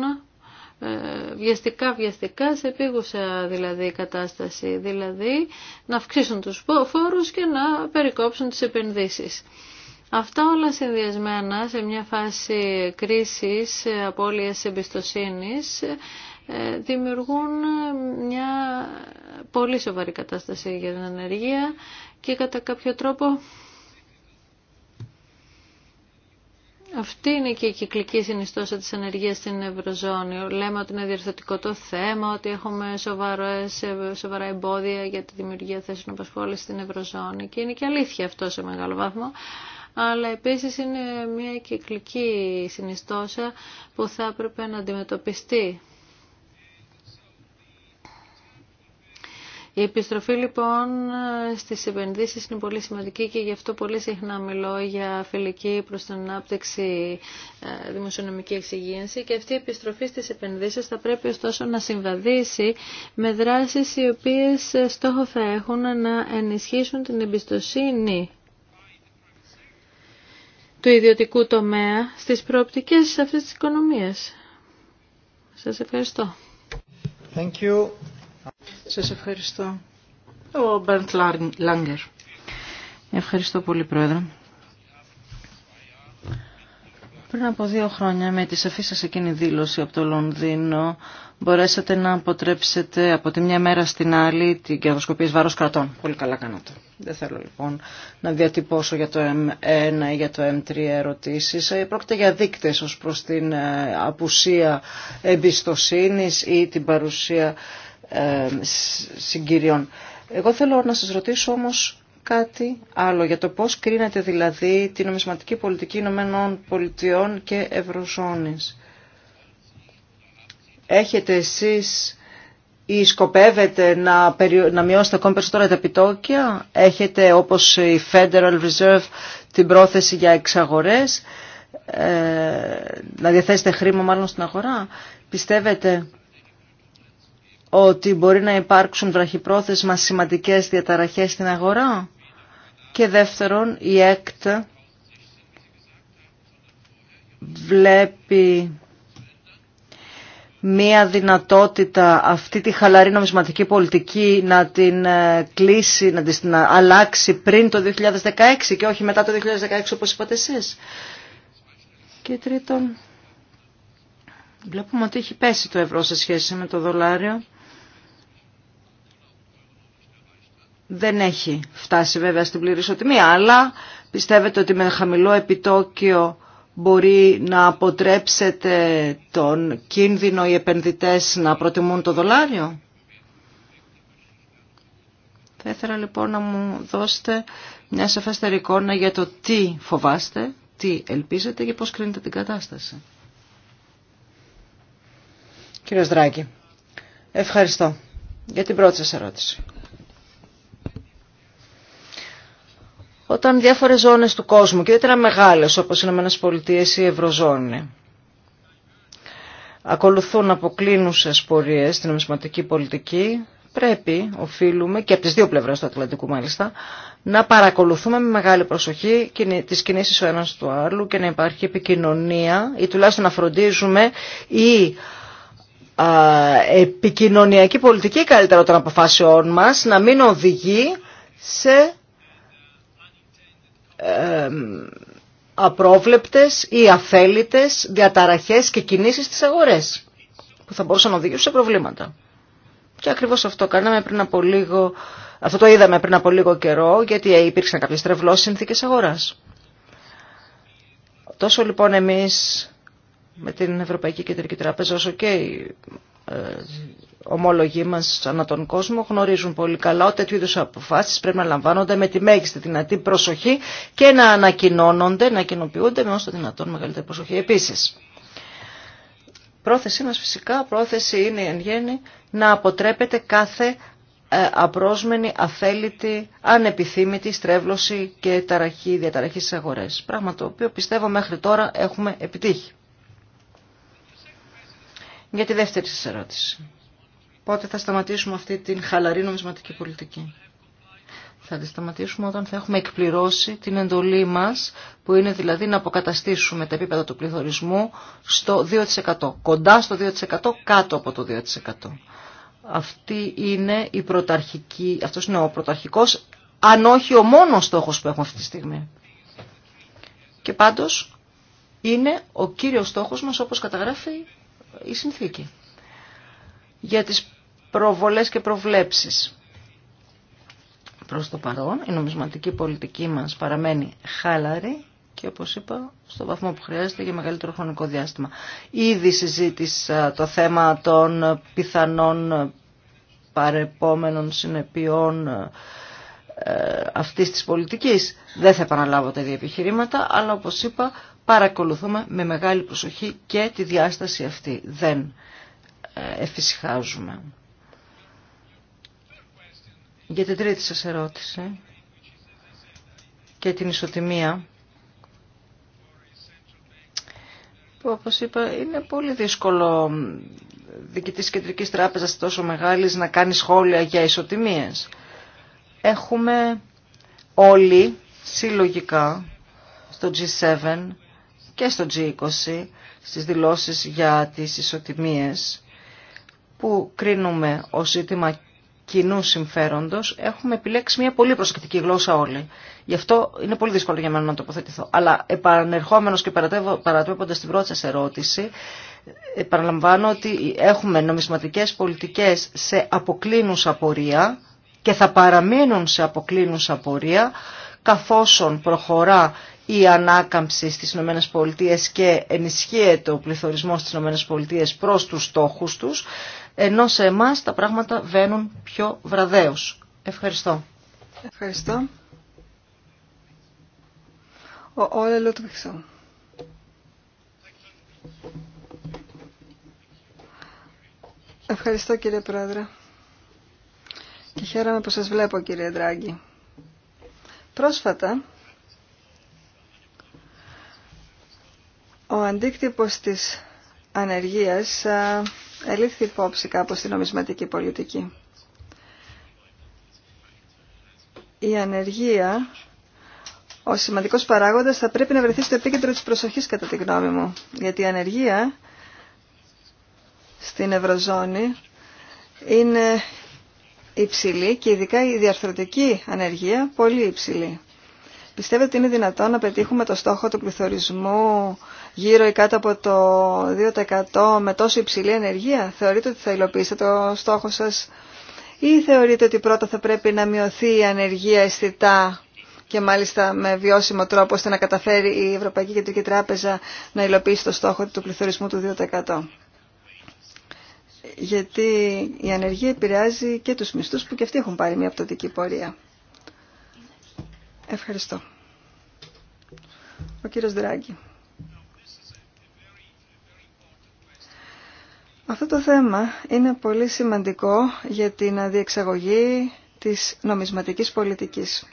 ε, βιαστικά βιαστικά σε επίγουσα δηλαδή κατάσταση δηλαδή να αυξήσουν τους φόρους και να περικόψουν τις επενδύσεις. Αυτά όλα συνδυασμένα σε μια φάση κρίσης ε, απώλειας εμπιστοσύνης ε, δημιουργούν μια πολύ σοβαρή κατάσταση για την ενέργεια και κατά κάποιο τρόπο Αυτή είναι και η κυκλική συνιστόσα της ανεργίας στην Ευρωζώνη. Λέμε ότι είναι διορθωτικό το θέμα, ότι έχουμε σοβαρές, σοβαρά εμπόδια για τη δημιουργία θέσεων απασχόλησης στην Ευρωζώνη και είναι και αλήθεια αυτό σε μεγάλο βαθμό. Αλλά επίσης είναι μια κυκλική συνιστόσα που θα έπρεπε να αντιμετωπιστεί Η επιστροφή λοιπόν στις επενδύσεις είναι πολύ σημαντική και γι' αυτό πολύ συχνά μιλώ για φιλική προς την ανάπτυξη ε, δημοσιονομική εξυγίανση και αυτή η επιστροφή στις επενδύσεις θα πρέπει ωστόσο να συμβαδίσει με δράσεις οι οποίες στόχο θα έχουν να ενισχύσουν την εμπιστοσύνη του ιδιωτικού τομέα στις προοπτικές αυτής της οικονομίας. Σας ευχαριστώ. Thank you. Σας ευχαριστώ. Ο Μπέρντ Λάγκερ. Ευχαριστώ πολύ, Πρόεδρε. Πριν από δύο χρόνια, με τη σαφή σας εκείνη δήλωση από το Λονδίνο, μπορέσατε να αποτρέψετε από τη μια μέρα στην άλλη την κερδοσκοπία βάρος κρατών. Πολύ καλά κάνατε. Δεν θέλω λοιπόν να διατυπώσω για το M1 ή για το M3 ερωτήσεις. Ε, πρόκειται για δείκτες ως προς την ε, απουσία εμπιστοσύνης ή την παρουσία συγκυριών. Εγώ θέλω να σας ρωτήσω όμως κάτι άλλο για το πώς κρίνεται δηλαδή την νομισματική πολιτική Ηνωμένων Πολιτειών και Ευρωζώνης. Έχετε εσείς ή σκοπεύετε να, περι... να μειώσετε ακόμη περισσότερα τα επιτόκια. Έχετε όπως η Federal Reserve την πρόθεση για εξαγορές, ε, να διαθέσετε χρήμα μάλλον στην αγορά. Πιστεύετε ότι μπορεί να υπάρξουν βραχυπρόθεσμα σημαντικές διαταραχές στην αγορά. Και δεύτερον, η ΕΚΤ βλέπει μία δυνατότητα αυτή τη χαλαρή νομισματική πολιτική να την ε, κλείσει, να την ε, αλλάξει πριν το 2016 και όχι μετά το 2016 όπως είπατε εσείς. Και τρίτον, βλέπουμε ότι έχει πέσει το ευρώ σε σχέση με το δολάριο δεν έχει φτάσει βέβαια στην πλήρη ισοτιμία, αλλά πιστεύετε ότι με χαμηλό επιτόκιο μπορεί να αποτρέψετε τον κίνδυνο οι επενδυτές να προτιμούν το δολάριο. Θα ήθελα λοιπόν να μου δώσετε μια σαφέστερη εικόνα για το τι φοβάστε, τι ελπίζετε και πώς κρίνετε την κατάσταση. Κύριε Δράκη, ευχαριστώ για την πρώτη σας ερώτηση. όταν διάφορες ζώνες του κόσμου και ιδιαίτερα μεγάλες όπως οι ΗΠΑ ή η Ευρωζώνη ακολουθούν αποκλίνουσες πορείες στην νομισματική πολιτική πρέπει, οφείλουμε και από τις δύο πλευρές του Ατλαντικού μάλιστα να παρακολουθούμε με μεγάλη προσοχή τις κινήσεις ο ένας του άλλου και να υπάρχει επικοινωνία ή τουλάχιστον να φροντίζουμε ή επικοινωνιακή πολιτική καλύτερα των αποφάσεών μας να μην οδηγεί σε απρόβλεπτες ή αθέλητες διαταραχές και κινήσεις στις αγορές που θα μπορούσαν να οδηγήσουν σε προβλήματα. Και ακριβώς αυτό κάναμε πριν από λίγο, αυτό το είδαμε πριν από λίγο καιρό γιατί υπήρξαν κάποιες τρευλώσεις συνθήκες αγοράς. Τόσο λοιπόν εμείς με την Ευρωπαϊκή Κεντρική Τράπεζα όσο και ε, ομόλογοι μα ανά τον κόσμο γνωρίζουν πολύ καλά ότι τέτοιου είδου αποφάσει πρέπει να λαμβάνονται με τη μέγιστη δυνατή προσοχή και να ανακοινώνονται, να κοινοποιούνται με όσο δυνατόν μεγαλύτερη προσοχή επίση. Πρόθεσή μα φυσικά, πρόθεση είναι εν γέννη να αποτρέπεται κάθε ε, απρόσμενη, αθέλητη, ανεπιθύμητη στρέβλωση και ταραχή, διαταραχή στι αγορέ. Πράγμα το οποίο πιστεύω μέχρι τώρα έχουμε επιτύχει. Για τη δεύτερη σας ερώτηση πότε θα σταματήσουμε αυτή την χαλαρή νομισματική πολιτική. Θα τη σταματήσουμε όταν θα έχουμε εκπληρώσει την εντολή μας, που είναι δηλαδή να αποκαταστήσουμε τα επίπεδα του πληθωρισμού στο 2%. Κοντά στο 2%, κάτω από το 2%. Αυτή είναι η πρωταρχική, αυτός είναι ο πρωταρχικός, αν όχι ο μόνος στόχος που έχουμε αυτή τη στιγμή. Και πάντως είναι ο κύριος στόχος μας όπως καταγράφει η συνθήκη. Για τις προβολές και προβλέψεις. Προς το παρόν, η νομισματική πολιτική μας παραμένει χάλαρη και όπως είπα στο βαθμό που χρειάζεται για μεγαλύτερο χρονικό διάστημα. Ήδη συζήτησα το θέμα των πιθανών παρεπόμενων συνεπειών ε, αυτής της πολιτικής. Δεν θα επαναλάβω τα επιχειρήματα, αλλά όπως είπα παρακολουθούμε με μεγάλη προσοχή και τη διάσταση αυτή. Δεν ε, εφησυχάζουμε. Για την τρίτη σας ερώτηση και την ισοτιμία που όπως είπα είναι πολύ δύσκολο διοικητής κεντρικής τράπεζας τόσο μεγάλης να κάνει σχόλια για ισοτιμίες. Έχουμε όλοι συλλογικά στο G7 και στο G20 στις δηλώσεις για τις ισοτιμίες που κρίνουμε ως ζήτημα κοινού συμφέροντο, έχουμε επιλέξει μια πολύ προσεκτική γλώσσα όλοι. Γι' αυτό είναι πολύ δύσκολο για μένα να τοποθετηθώ. Αλλά επανερχόμενο και παρατρέποντα την πρώτη σα ερώτηση, παραλαμβάνω ότι έχουμε νομισματικέ πολιτικέ σε αποκλίνουσα πορεία και θα παραμείνουν σε αποκλίνουσα πορεία καθώς προχωρά η ανάκαμψη στις ΗΠΑ και ενισχύεται ο πληθωρισμός στις ΗΠΑ προς τους στόχους τους ενώ σε εμά τα πράγματα βαίνουν πιο βραδέως. Ευχαριστώ. Ευχαριστώ. Ο Όλε Λούτβιξον. Ευχαριστώ κύριε Πρόεδρε. Και χαίρομαι που σας βλέπω κύριε Δράγκη. Πρόσφατα ο αντίκτυπος της ανεργίας ελήφθη υπόψη κάπως στην νομισματική πολιτική. Η ανεργία ο σημαντικός παράγοντας θα πρέπει να βρεθεί στο επίκεντρο της προσοχής κατά τη γνώμη μου. Γιατί η ανεργία στην Ευρωζώνη είναι υψηλή και ειδικά η διαρθρωτική ανεργία πολύ υψηλή. Πιστεύετε ότι είναι δυνατόν να πετύχουμε το στόχο του πληθωρισμού γύρω ή κάτω από το 2% με τόσο υψηλή ενεργεία. Θεωρείτε ότι θα υλοποιήσετε το στόχο σας ή θεωρείτε ότι πρώτα θα πρέπει να μειωθεί η ανεργία αισθητά και μάλιστα με βιώσιμο τρόπο ώστε να καταφέρει η Ευρωπαϊκή Κεντρική Τράπεζα να υλοποιήσει το στόχο του πληθωρισμού του 2%. Γιατί η ανεργία επηρεάζει και τους μισθούς που και αυτοί έχουν πάρει μια πτωτική πορεία. Ευχαριστώ. Ο κύριος Δράγκη. Αυτό το θέμα είναι πολύ σημαντικό για την αδιεξαγωγή της νομισματικής πολιτικής.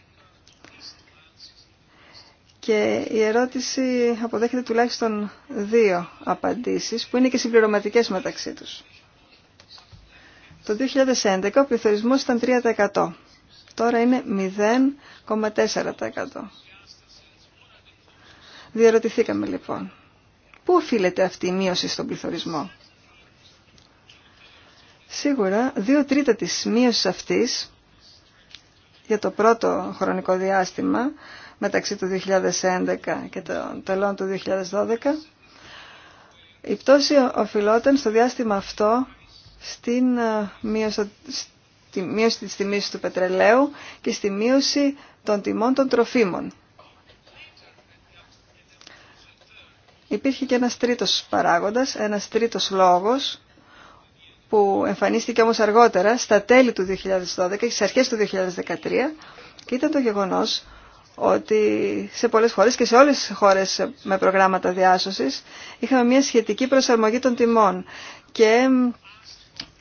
Και η ερώτηση αποδέχεται τουλάχιστον δύο απαντήσεις που είναι και συμπληρωματικές μεταξύ τους. Το 2011 ο πληθωρισμός ήταν 3%. Τώρα είναι 0,4%. Διαρωτηθήκαμε λοιπόν. Πού οφείλεται αυτή η μείωση στον πληθωρισμό. Σίγουρα, δύο τρίτα της μείωσης αυτής για το πρώτο χρονικό διάστημα μεταξύ του 2011 και των τελών του 2012 η πτώση οφειλόταν στο διάστημα αυτό στην ε, μείωση, στη μείωση της τιμής του πετρελαίου και στη μείωση των τιμών των τροφίμων. Υπήρχε και ένας τρίτος παράγοντας, ένας τρίτος λόγος που εμφανίστηκε όμως αργότερα στα τέλη του 2012 και στις αρχές του 2013 και ήταν το γεγονός ότι σε πολλές χώρες και σε όλες τις χώρες με προγράμματα διάσωσης είχαμε μια σχετική προσαρμογή των τιμών και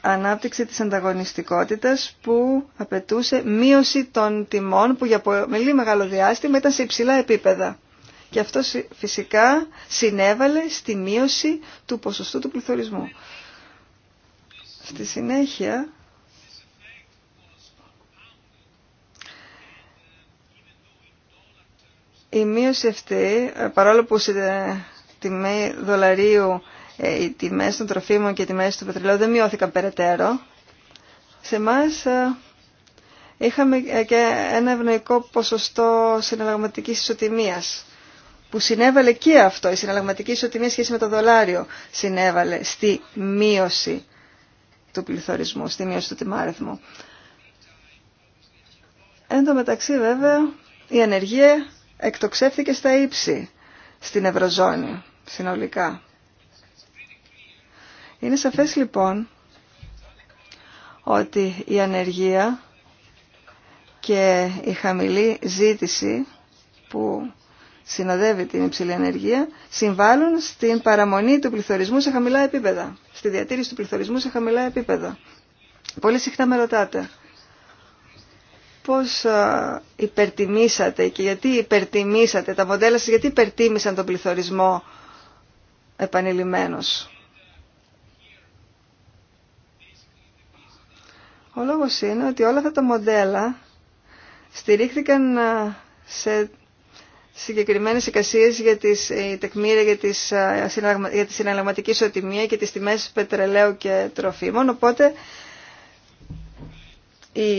ανάπτυξη της ανταγωνιστικότητας που απαιτούσε μείωση των τιμών που για πολύ μεγάλο διάστημα ήταν σε υψηλά επίπεδα. Και αυτό φυσικά συνέβαλε στη μείωση του ποσοστού του πληθωρισμού. Στη συνέχεια η μείωση αυτή, παρόλο που σε τιμή δολαρίου ε, οι τιμές των τροφίμων και οι τιμές του πετρελαίου δεν μειώθηκαν περαιτέρω, σε εμά ε, είχαμε ε, και ένα ευνοϊκό ποσοστό συναλλαγματικής ισοτιμίας που συνέβαλε και αυτό, η συναλλαγματική ισοτιμία σχέση με το δολάριο συνέβαλε στη μείωση του πληθωρισμού, στη μείωση του τιμάριθμου. Εν τω μεταξύ βέβαια η ανεργία εκτοξεύθηκε στα ύψη στην Ευρωζώνη συνολικά. Είναι σαφές λοιπόν ότι η ανεργία και η χαμηλή ζήτηση που συνοδεύει την υψηλή ενέργεια, συμβάλλουν στην παραμονή του πληθωρισμού σε χαμηλά επίπεδα, στη διατήρηση του πληθωρισμού σε χαμηλά επίπεδα. Πολύ συχνά με ρωτάτε πώς υπερτιμήσατε και γιατί υπερτιμήσατε τα μοντέλα σας, γιατί υπερτίμησαν τον πληθωρισμό επανειλημμένος. Ο λόγος είναι ότι όλα αυτά τα μοντέλα στηρίχθηκαν σε συγκεκριμένες εικασίες για τις ε, τεκμήρια για, τις, ε, για τη συναλλαγματική ισοτιμία και τις τιμές πετρελαίου και τροφίμων. Οπότε οι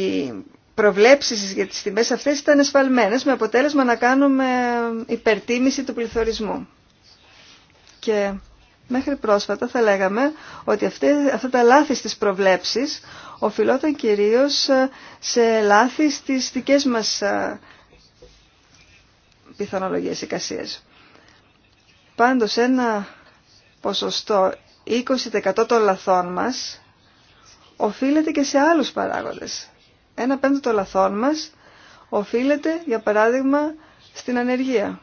προβλέψεις για τις τιμές αυτές ήταν εσφαλμένες με αποτέλεσμα να κάνουμε υπερτίμηση του πληθωρισμού. Και μέχρι πρόσφατα θα λέγαμε ότι αυτά τα λάθη στις προβλέψεις οφειλόταν κυρίως ε, σε λάθη στις δικές μας πιθανολογίες εικασίας. Πάντως ένα ποσοστό 20% των λαθών μας οφείλεται και σε άλλους παράγοντες. Ένα πέμπτο των λαθών μας οφείλεται, για παράδειγμα, στην ανεργία.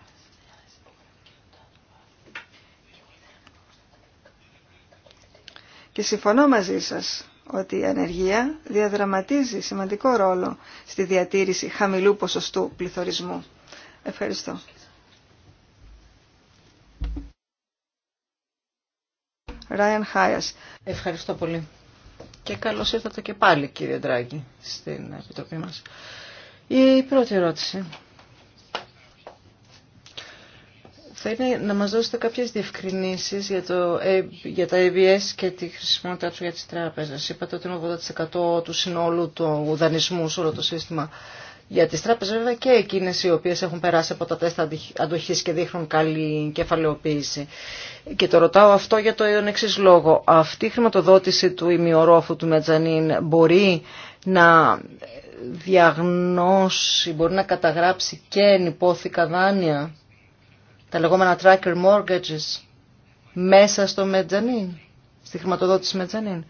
Και συμφωνώ μαζί σας ότι η ανεργία διαδραματίζει σημαντικό ρόλο στη διατήρηση χαμηλού ποσοστού πληθωρισμού. Ευχαριστώ. Ράιαν Χάιας. Ευχαριστώ πολύ. Και καλώς ήρθατε και πάλι κύριε Ντράγκη στην Επιτροπή μας. Η πρώτη ερώτηση. Θα είναι να μας δώσετε κάποιες διευκρινήσεις για, το, ε- για τα ABS ε και τη χρησιμότητά του για τις τράπεζες. Είπατε ότι είναι 80% του συνόλου του δανεισμού σε όλο το σύστημα για τις τράπεζες βέβαια και εκείνες οι οποίες έχουν περάσει από τα τεστ αντοχής και δείχνουν καλή κεφαλαιοποίηση. Και το ρωτάω αυτό για το εξή λόγο. Αυτή η χρηματοδότηση του ημιορόφου του Μετζανίν μπορεί να διαγνώσει, μπορεί να καταγράψει και ενυπόθηκα δάνεια, τα λεγόμενα tracker mortgages, μέσα στο Μετζανίν, στη χρηματοδότηση Μετζανίν.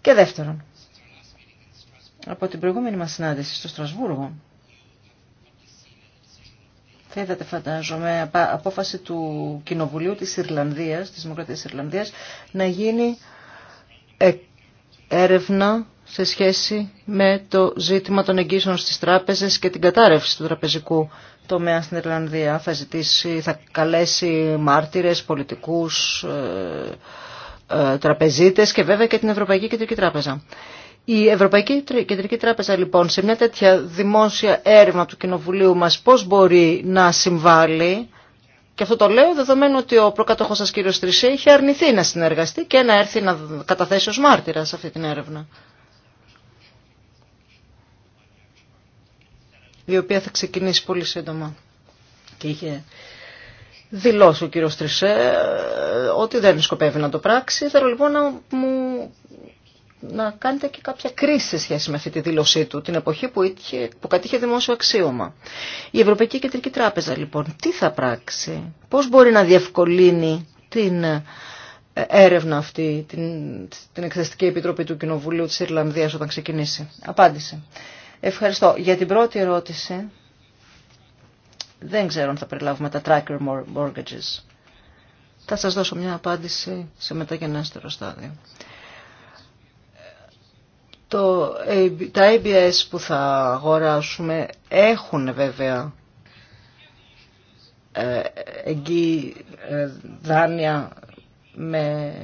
Και δεύτερον, από την προηγούμενη μας συνάντηση στο Στρασβούργο. Θα είδατε φαντάζομαι απόφαση του Κοινοβουλίου της Ιρλανδίας, της Δημοκρατίας Ιρλανδίας, να γίνει ε, έρευνα σε σχέση με το ζήτημα των εγγύσεων στις τράπεζες και την κατάρρευση του τραπεζικού τομέα στην Ιρλανδία. Θα, ζητήσει, θα καλέσει μάρτυρες, πολιτικούς, ε, ε, τραπεζίτες και βέβαια και την Ευρωπαϊκή Κεντρική Τράπεζα. Η Ευρωπαϊκή Κεντρική Τράπεζα λοιπόν σε μια τέτοια δημόσια έρευνα του Κοινοβουλίου μας πώς μπορεί να συμβάλλει και αυτό το λέω δεδομένου ότι ο προκατοχός σας κύριος Τρισέ είχε αρνηθεί να συνεργαστεί και να έρθει να καταθέσει ως μάρτυρα σε αυτή την έρευνα. Η οποία θα ξεκινήσει πολύ σύντομα. Και είχε δηλώσει ο κύριος Τρισέ ε, ότι δεν σκοπεύει να το πράξει. Θέλω λοιπόν να μου να κάνετε και κάποια κρίση σε σχέση με αυτή τη δήλωσή του, την εποχή που, είχε, που κατήχε δημόσιο αξίωμα. Η Ευρωπαϊκή Κεντρική Τράπεζα λοιπόν τι θα πράξει, πώς μπορεί να διευκολύνει την ε, έρευνα αυτή, την, την Εκθεστική Επιτροπή του Κοινοβουλίου της Ιρλανδίας όταν ξεκινήσει. Απάντηση. Ευχαριστώ. Για την πρώτη ερώτηση, δεν ξέρω αν θα περιλάβουμε τα tracker mortgages. Θα σας δώσω μια απάντηση σε μεταγενέστερο στάδιο τα ABS που θα αγοράσουμε έχουν βέβαια ε, εγγύη ε, δάνεια με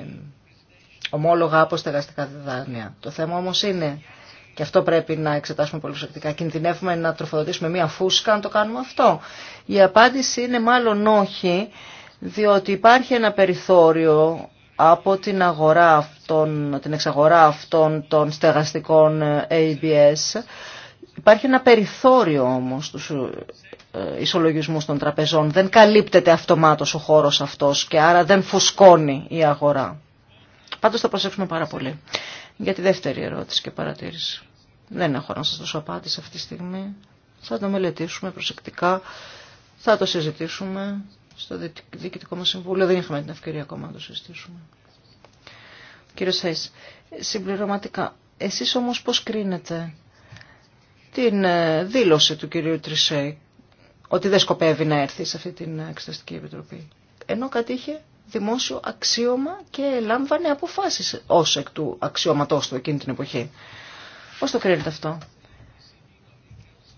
ομόλογα από αποστεγαστικά δάνεια. Το θέμα όμως είναι, και αυτό πρέπει να εξετάσουμε πολύ προσεκτικά, κινδυνεύουμε να τροφοδοτήσουμε μία φούσκα αν το κάνουμε αυτό. Η απάντηση είναι μάλλον όχι, διότι υπάρχει ένα περιθώριο από την αγορά αυτών, την εξαγορά αυτών των στεγαστικών ε, ABS. Υπάρχει ένα περιθώριο όμως στους ε, ισολογισμούς των τραπεζών. Δεν καλύπτεται αυτομάτως ο χώρος αυτός και άρα δεν φουσκώνει η αγορά. Πάντως θα προσέξουμε πάρα πολύ. Για τη δεύτερη ερώτηση και παρατήρηση. Δεν έχω να σας δώσω απάντηση αυτή τη στιγμή. Θα το μελετήσουμε προσεκτικά. Θα το συζητήσουμε στο Διοικητικό μας Συμβούλιο. Δεν είχαμε την ευκαιρία ακόμα να το συζητήσουμε. Κύριο Σέις, συμπληρωματικά, εσείς όμως πώς κρίνετε την ε, δήλωση του κυρίου Τρισέ ότι δεν σκοπεύει να έρθει σε αυτή την Εξεταστική Επιτροπή. Ενώ κατήχε δημόσιο αξίωμα και λάμβανε αποφάσεις ως εκ του αξιώματός του εκείνη την εποχή. Πώς το κρίνετε αυτό.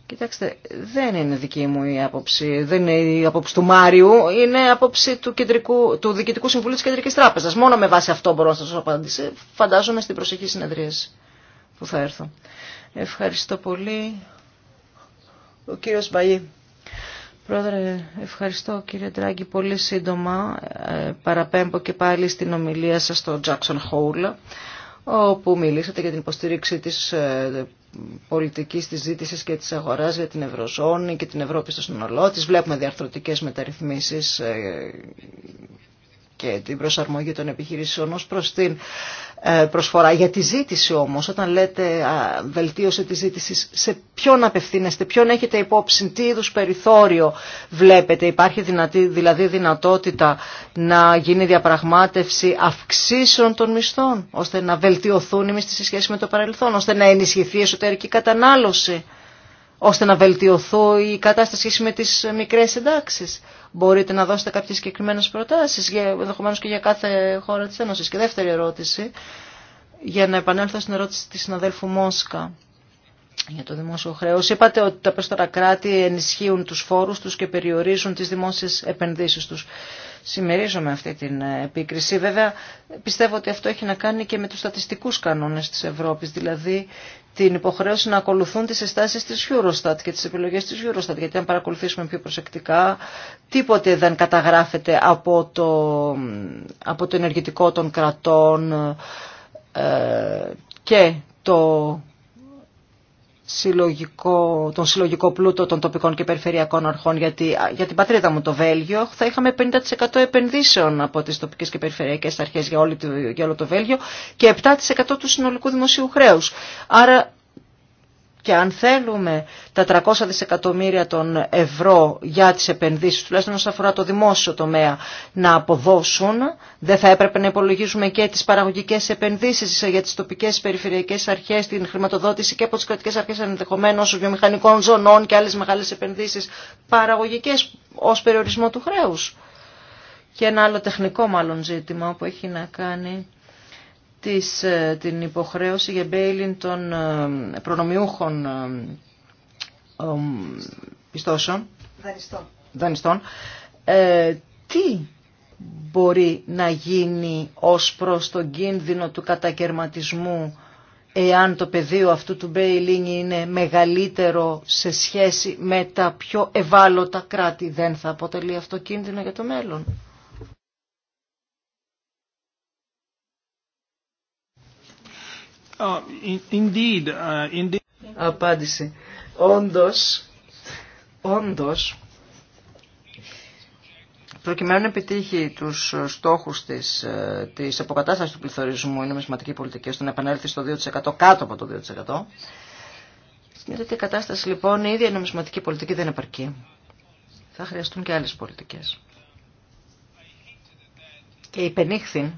Κοιτάξτε, δεν είναι δική μου η άποψη, δεν είναι η άποψη του Μάριου, είναι η άποψη του, κεντρικού, του Διοικητικού Συμβουλίου της Κεντρικής Τράπεζας. Μόνο με βάση αυτό μπορώ να σας απαντήσω. Φαντάζομαι στην προσεχή συνεδρίαση που θα έρθω. Ευχαριστώ πολύ. Ο κύριος Μπαΐ. Πρόεδρε, ευχαριστώ κύριε Τράγκη, Πολύ σύντομα ε, παραπέμπω και πάλι στην ομιλία σας στο Jackson Hole όπου μιλήσατε για την υποστήριξη της ε, πολιτικής της ζήτησης και της αγοράς για την Ευρωζώνη και την Ευρώπη στο συνολό Τη Βλέπουμε διαρθρωτικές μεταρρυθμίσεις ε, και την προσαρμογή των επιχειρήσεων ως προς την ε, προσφορά. Για τη ζήτηση όμως, όταν λέτε α, βελτίωση τη ζήτηση σε ποιον απευθύνεστε, ποιον έχετε υπόψη, τι είδους περιθώριο βλέπετε, υπάρχει δυνατή, δηλαδή δυνατότητα να γίνει διαπραγμάτευση αυξήσεων των μισθών, ώστε να βελτιωθούν οι μισθοί σε σχέση με το παρελθόν, ώστε να ενισχυθεί η εσωτερική κατανάλωση ώστε να βελτιωθώ η κατάσταση με τις μικρές εντάξεις. Μπορείτε να δώσετε κάποιες συγκεκριμένε προτάσεις, ενδεχομένω και για κάθε χώρα της Ένωσης. Και δεύτερη ερώτηση, για να επανέλθω στην ερώτηση της συναδέλφου Μόσκα για το δημόσιο χρέος. Είπατε ότι τα περισσότερα κράτη ενισχύουν τους φόρους τους και περιορίζουν τις δημόσιες επενδύσεις τους. Συμμερίζομαι αυτή την επίκριση. Βέβαια πιστεύω ότι αυτό έχει να κάνει και με τους στατιστικούς κανόνες της Ευρώπης, δηλαδή την υποχρέωση να ακολουθούν τις εστάσεις της Eurostat και τις επιλογές της Eurostat, γιατί αν παρακολουθήσουμε πιο προσεκτικά, τίποτε δεν καταγράφεται από το, από το ενεργητικό των κρατών ε, και το συλλογικό, τον συλλογικό πλούτο των τοπικών και περιφερειακών αρχών γιατί για την πατρίδα μου το Βέλγιο θα είχαμε 50% επενδύσεων από τις τοπικές και περιφερειακές αρχές για, όλη, για όλο το Βέλγιο και 7% του συνολικού δημοσίου χρέους. Άρα και αν θέλουμε τα 300 δισεκατομμύρια των ευρώ για τις επενδύσεις, τουλάχιστον όσον αφορά το δημόσιο τομέα, να αποδώσουν, δεν θα έπρεπε να υπολογίζουμε και τις παραγωγικές επενδύσεις για τις τοπικές περιφερειακές αρχές, την χρηματοδότηση και από τις κρατικές αρχές ενδεχομένως βιομηχανικών ζωνών και άλλες μεγάλες επενδύσεις παραγωγικές ως περιορισμό του χρέους. Και ένα άλλο τεχνικό μάλλον ζήτημα που έχει να κάνει της, ε, την υποχρέωση για μπέιλιν των ε, προνομιούχων ε, πιστώσεων, δανειστών, τι μπορεί να γίνει ως προς τον κίνδυνο του κατακαιρματισμού εάν το πεδίο αυτού του Μπέιλινγκ είναι μεγαλύτερο σε σχέση με τα πιο ευάλωτα κράτη. Δεν θα αποτελεί αυτό κίνδυνο για το μέλλον. Oh, uh, Απάντηση. Όντως, όντως, προκειμένου να επιτύχει τους στόχους της, ε, της αποκατάστασης του πληθωρισμού η νομισματική πολιτική ώστε να επανέλθει στο 2% κάτω από το 2%. Στην τέτοια κατάσταση λοιπόν η ίδια νομισματική πολιτική δεν επαρκεί. Θα χρειαστούν και άλλες πολιτικές. Και υπενήχθην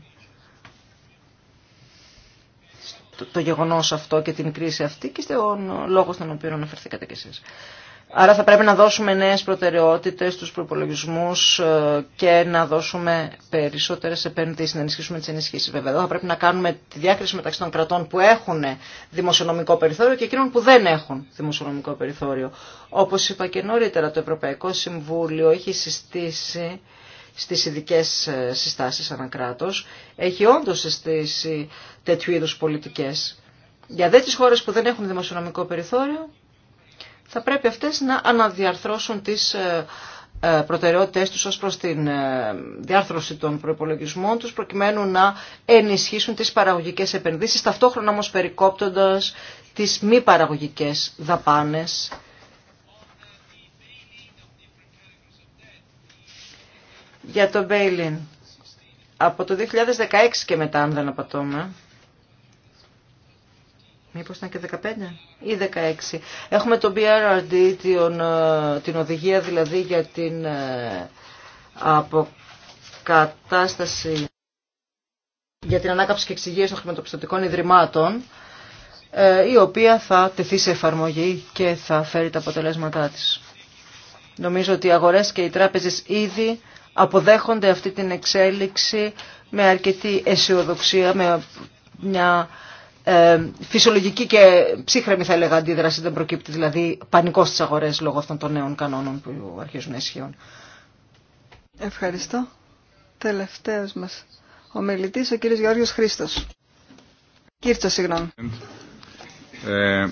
το, γεγονός αυτό και την κρίση αυτή και στον λόγο στον οποίο αναφερθήκατε κι εσείς. Άρα θα πρέπει να δώσουμε νέες προτεραιότητες στους προπολογισμού ε, και να δώσουμε περισσότερες επένδυσεις, να ενισχύσουμε τις ενισχύσεις. Βέβαια, εδώ θα πρέπει να κάνουμε τη διάκριση μεταξύ των κρατών που έχουν δημοσιονομικό περιθώριο και εκείνων που δεν έχουν δημοσιονομικό περιθώριο. Όπως είπα και νωρίτερα, το Ευρωπαϊκό Συμβούλιο έχει συστήσει στις ειδικέ ε, συστάσεις ανακράτος, έχει όντως συστήσει τέτοιου είδους πολιτικές. Για δε τις χώρες που δεν έχουν δημοσιονομικό περιθώριο, θα πρέπει αυτές να αναδιαρθρώσουν τις ε, ε, προτεραιότητες τους ως προς την διάρθρωση των προϋπολογισμών τους προκειμένου να ενισχύσουν τις παραγωγικές επενδύσεις ταυτόχρονα όμως περικόπτοντας τις μη παραγωγικές δαπάνες για το Μπέιλιν. Από το 2016 και μετά, αν δεν απατώμε. Μήπως ήταν και 15 ή 16. Έχουμε το BRRD, ε, την, οδηγία δηλαδή για την ε, αποκατάσταση για την ανάκαψη και εξυγίαση των χρηματοπιστωτικών ιδρυμάτων, ε, η οποία θα τεθεί σε εφαρμογή και θα φέρει τα αποτελέσματά της. Νομίζω ότι οι αγορές και οι τράπεζες ήδη αποδέχονται αυτή την εξέλιξη με αρκετή αισιοδοξία, με μια ε, φυσιολογική και ψύχρεμη θα έλεγα αντίδραση, δεν προκύπτει δηλαδή πανικό στις αγορές λόγω αυτών των νέων κανόνων που αρχίζουν να ισχύουν. Ευχαριστώ. Τελευταίος μας ο ο κύριος Γεώργιος Χρήστος. Κύρτσο, συγγνώμη. Ε,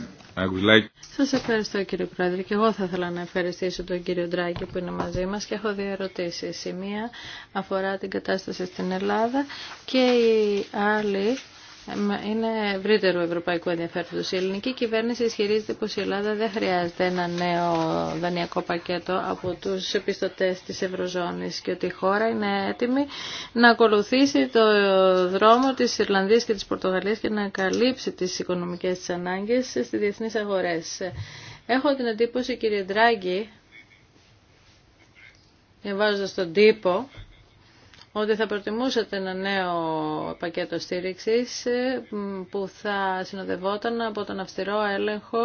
σας ευχαριστώ κύριε Πρόεδρε και εγώ θα ήθελα να ευχαριστήσω τον κύριο Ντράγκη που είναι μαζί μας και έχω δύο ερωτήσεις. Η μία αφορά την κατάσταση στην Ελλάδα και η άλλη είναι ευρύτερου ευρωπαϊκού ενδιαφέροντο. Η ελληνική κυβέρνηση ισχυρίζεται πω η Ελλάδα δεν χρειάζεται ένα νέο δανειακό πακέτο από τους επιστοτές της Ευρωζώνης και ότι η χώρα είναι έτοιμη να ακολουθήσει το δρόμο της Ιρλανδίας και της Πορτογαλίας και να καλύψει τις οικονομικές τη ανάγκες στις διεθνεί αγορές. Έχω την εντύπωση κύριε Ντράγκη, διαβάζοντα τον τύπο, ότι θα προτιμούσατε ένα νέο πακέτο στήριξης ε, που θα συνοδευόταν από τον αυστηρό έλεγχο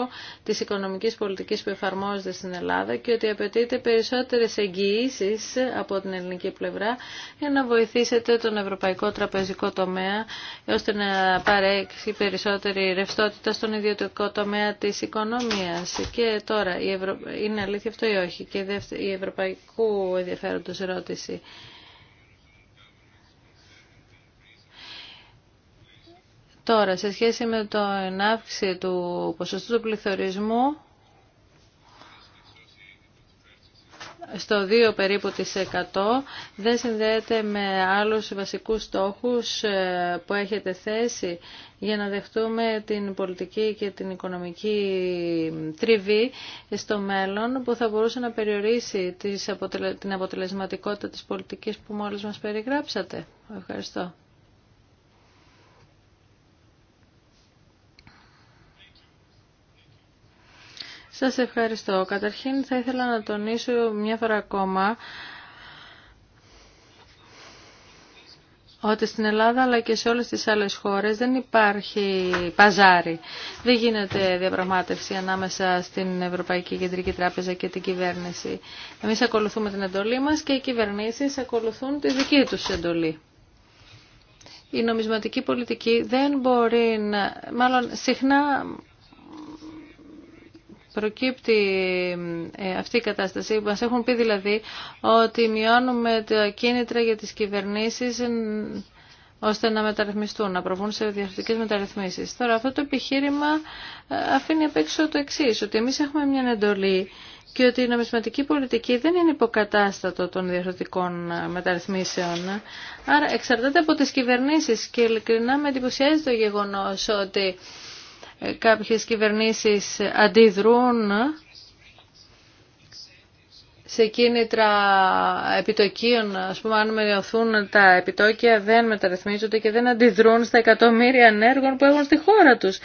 της οικονομικής πολιτικής που εφαρμόζεται στην Ελλάδα και ότι απαιτείται περισσότερες εγγυήσει από την ελληνική πλευρά για να βοηθήσετε τον ευρωπαϊκό τραπεζικό τομέα ώστε να παρέξει περισσότερη ρευστότητα στον ιδιωτικό τομέα της οικονομίας. Και τώρα, η είναι αλήθεια αυτό ή όχι, και η ευρωπαϊκού ενδιαφέροντος ερώτηση. Τώρα, σε σχέση με το αύξηση του ποσοστού του πληθωρισμού, στο 2 περίπου της 100 δεν συνδέεται με άλλους βασικούς στόχους ε, που έχετε θέσει για να δεχτούμε την πολιτική και την οικονομική τριβή στο μέλλον που θα μπορούσε να περιορίσει την αποτελεσματικότητα της πολιτικής που μόλις μας περιγράψατε. Ευχαριστώ. Σας ευχαριστώ. Καταρχήν θα ήθελα να τονίσω μια φορά ακόμα ότι στην Ελλάδα αλλά και σε όλες τις άλλες χώρες δεν υπάρχει παζάρι. Δεν γίνεται διαπραγμάτευση ανάμεσα στην Ευρωπαϊκή Κεντρική Τράπεζα και την κυβέρνηση. Εμείς ακολουθούμε την εντολή μας και οι κυβερνήσεις ακολουθούν τη δική τους εντολή. Η νομισματική πολιτική δεν μπορεί να, μάλλον συχνά προκύπτει ε, αυτή η κατάσταση. Μας έχουν πει δηλαδή ότι μειώνουμε τα κίνητρα για τις κυβερνήσεις ώστε να μεταρρυθμιστούν, να προβούν σε διαφορετικές μεταρρυθμίσεις. Τώρα αυτό το επιχείρημα ε, αφήνει απ' έξω το εξή, ότι εμείς έχουμε μια εντολή και ότι η νομισματική πολιτική δεν είναι υποκατάστατο των διαφορετικών ε, μεταρρυθμίσεων. Άρα εξαρτάται από τις κυβερνήσεις και ειλικρινά με εντυπωσιάζει το γεγονός ότι κάποιες κυβερνήσεις αντιδρούν σε κίνητρα επιτοκίων, ας πούμε αν μειωθούν τα επιτόκια δεν μεταρρυθμίζονται και δεν αντιδρούν στα εκατομμύρια ενέργων που έχουν στη χώρα τους.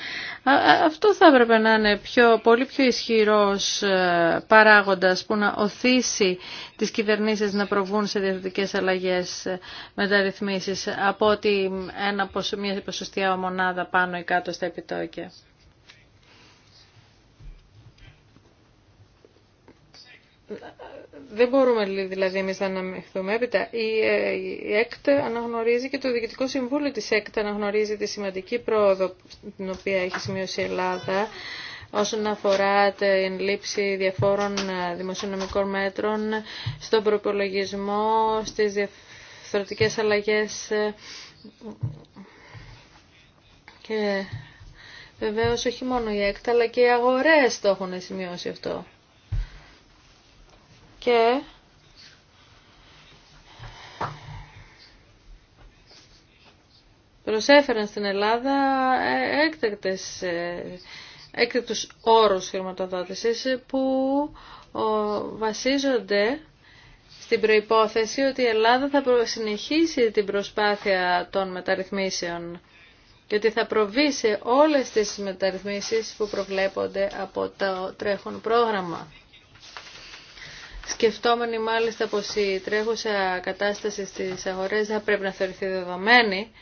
Αυτό θα έπρεπε να είναι πιο, πολύ πιο ισχυρός ε, παράγοντας που να οθήσει τις κυβερνήσεις να προβούν σε διαφορετικέ αλλαγές ε, μεταρρυθμίσεις από ότι ένα, μια ποσοστιαία μονάδα πάνω ή κάτω στα επιτόκια. Δεν μπορούμε δηλαδή εμείς να αναμειχθούμε. Έπειτα ε, η ΕΚΤ αναγνωρίζει και το Διοικητικό Συμβούλιο της ΕΚΤ αναγνωρίζει τη σημαντική πρόοδο την οποία έχει σημειώσει η Ελλάδα όσον αφορά την λήψη διαφόρων ε, δημοσιονομικών μέτρων στον προπολογισμό, στις διαφορετικές αλλαγές ε, και βεβαίως όχι μόνο η ΕΚΤ αλλά και οι αγορές το έχουν σημειώσει αυτό και προσέφεραν στην Ελλάδα ε, έκτακτες, ε, έκτακτους όρους χρηματοδότησης που βασίζονται στην προϋπόθεση ότι η Ελλάδα θα συνεχίσει την προσπάθεια των μεταρρυθμίσεων και ότι θα προβεί σε όλες τις μεταρρυθμίσεις που προβλέπονται από το τρέχον πρόγραμμα. Σκεφτόμενοι μάλιστα πως η τρέχουσα κατάσταση στις αγορές θα πρέπει να θεωρηθεί δεδομένη,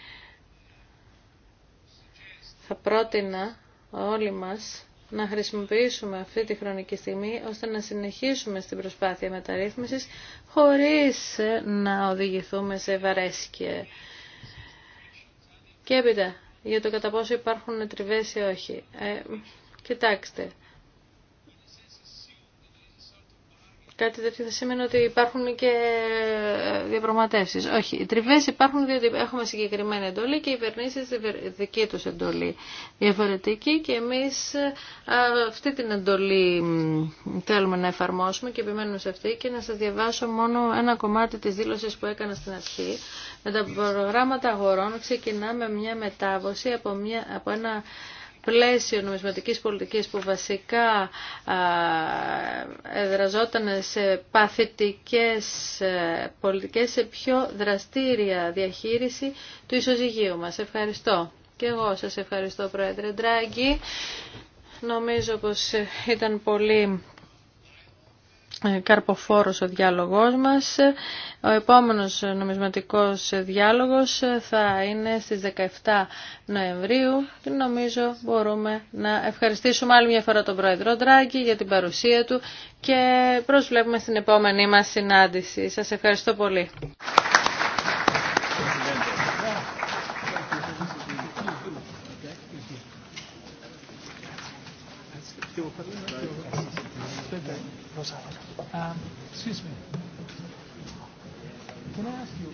θα πρότεινα όλοι μας να χρησιμοποιήσουμε αυτή τη χρονική στιγμή ώστε να συνεχίσουμε στην προσπάθεια μεταρρύθμισης χωρίς να οδηγηθούμε σε βαρέσκεια. Και έπειτα, για το κατά πόσο υπάρχουν τριβές ή όχι. Ε, κοιτάξτε, κάτι τέτοιο θα σημαίνει ότι υπάρχουν και ε, διαπραγματεύσεις. Όχι, οι τριβές υπάρχουν διότι έχουμε συγκεκριμένη εντολή και οι κυβερνήσεις δική τους εντολή διαφορετική και εμείς ε, αυτή την εντολή θέλουμε να εφαρμόσουμε και επιμένουμε σε αυτή και να σας διαβάσω μόνο ένα κομμάτι της δήλωσης που έκανα στην αρχή. Με τα προγράμματα αγορών ξεκινάμε μια μετάβαση από, μια, από ένα πλαίσιο νομισματικής πολιτικής που βασικά εδραζόταν σε παθητικές ε, πολιτικές, σε πιο δραστήρια διαχείριση του ισοζυγίου μας. Ευχαριστώ. Και εγώ σας ευχαριστώ Πρόεδρε Ντράγκη. Νομίζω πως ε, ήταν πολύ καρποφόρος ο διάλογός μας. Ο επόμενος νομισματικός διάλογος θα είναι στις 17 Νοεμβρίου και νομίζω μπορούμε να ευχαριστήσουμε άλλη μια φορά τον Πρόεδρο Ντράγκη για την παρουσία του και προσβλέπουμε στην επόμενή μας συνάντηση. Σας ευχαριστώ πολύ. Um, excuse me. Can I ask you?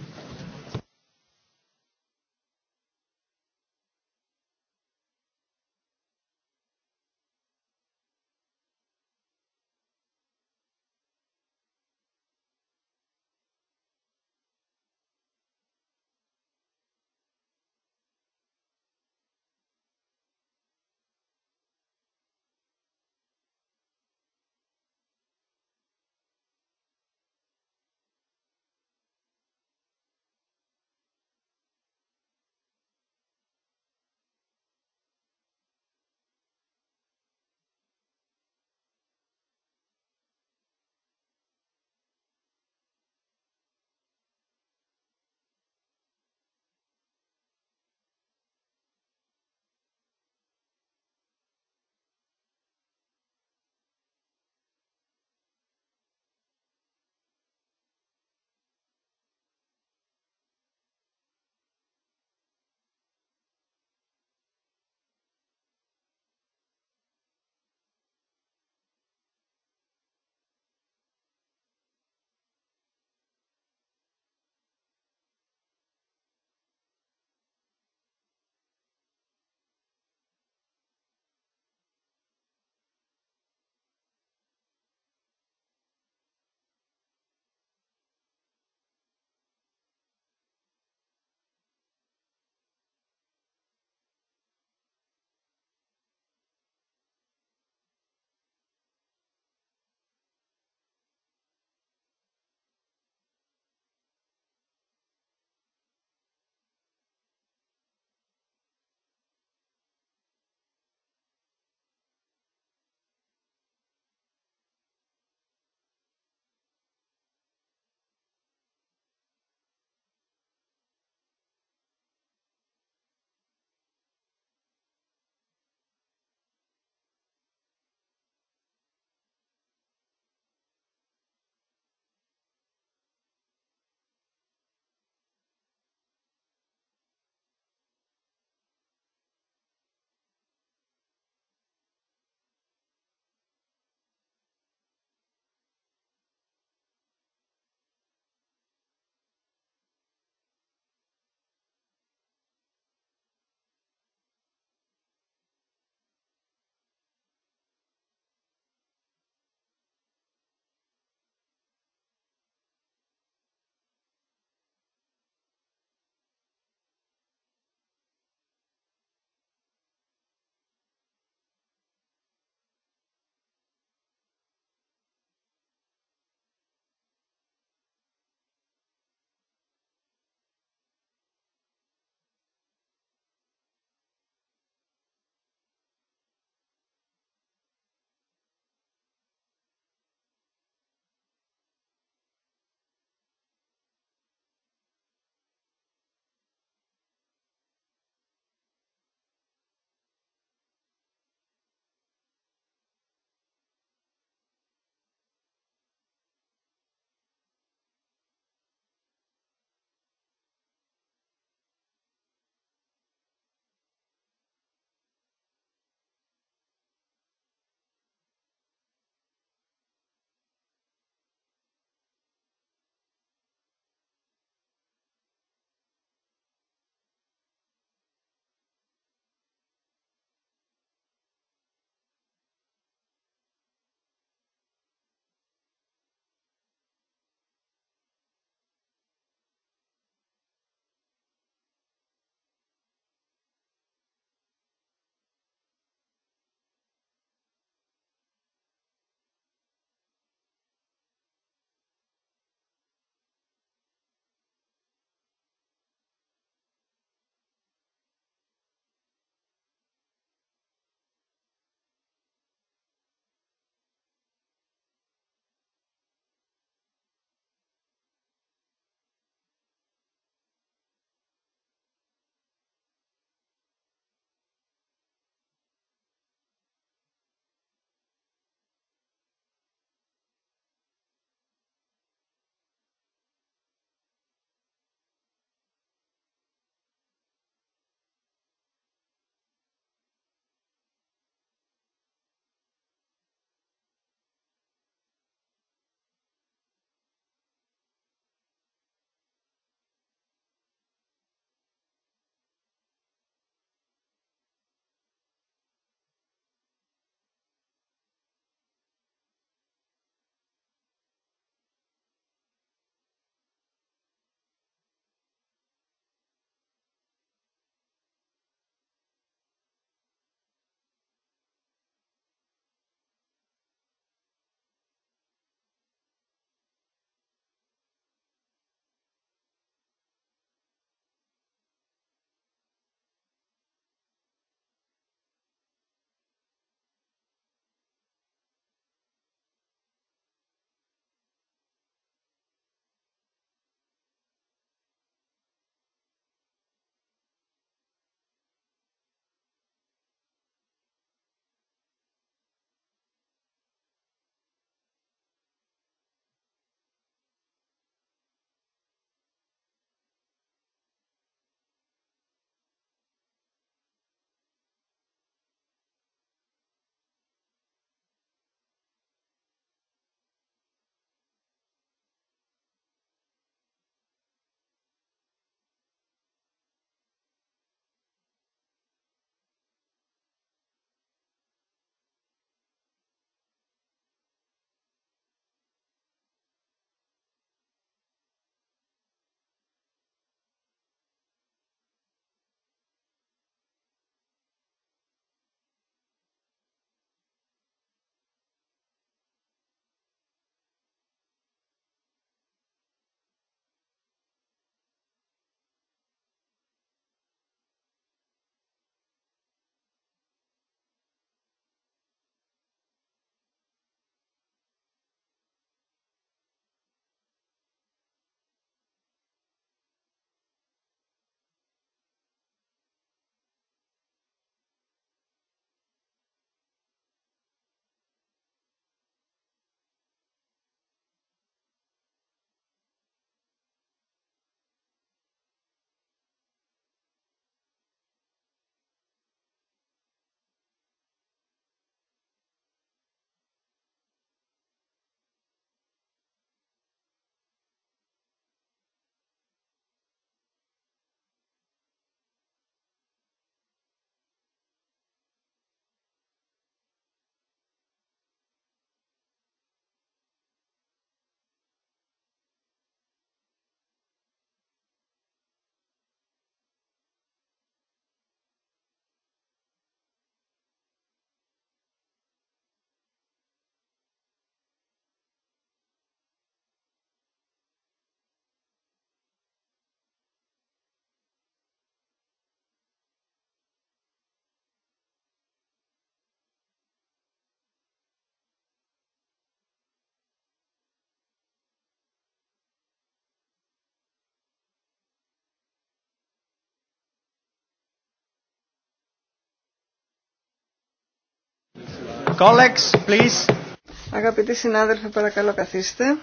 Αγαπητοί συνάδελφοι, παρακαλώ καθίστε.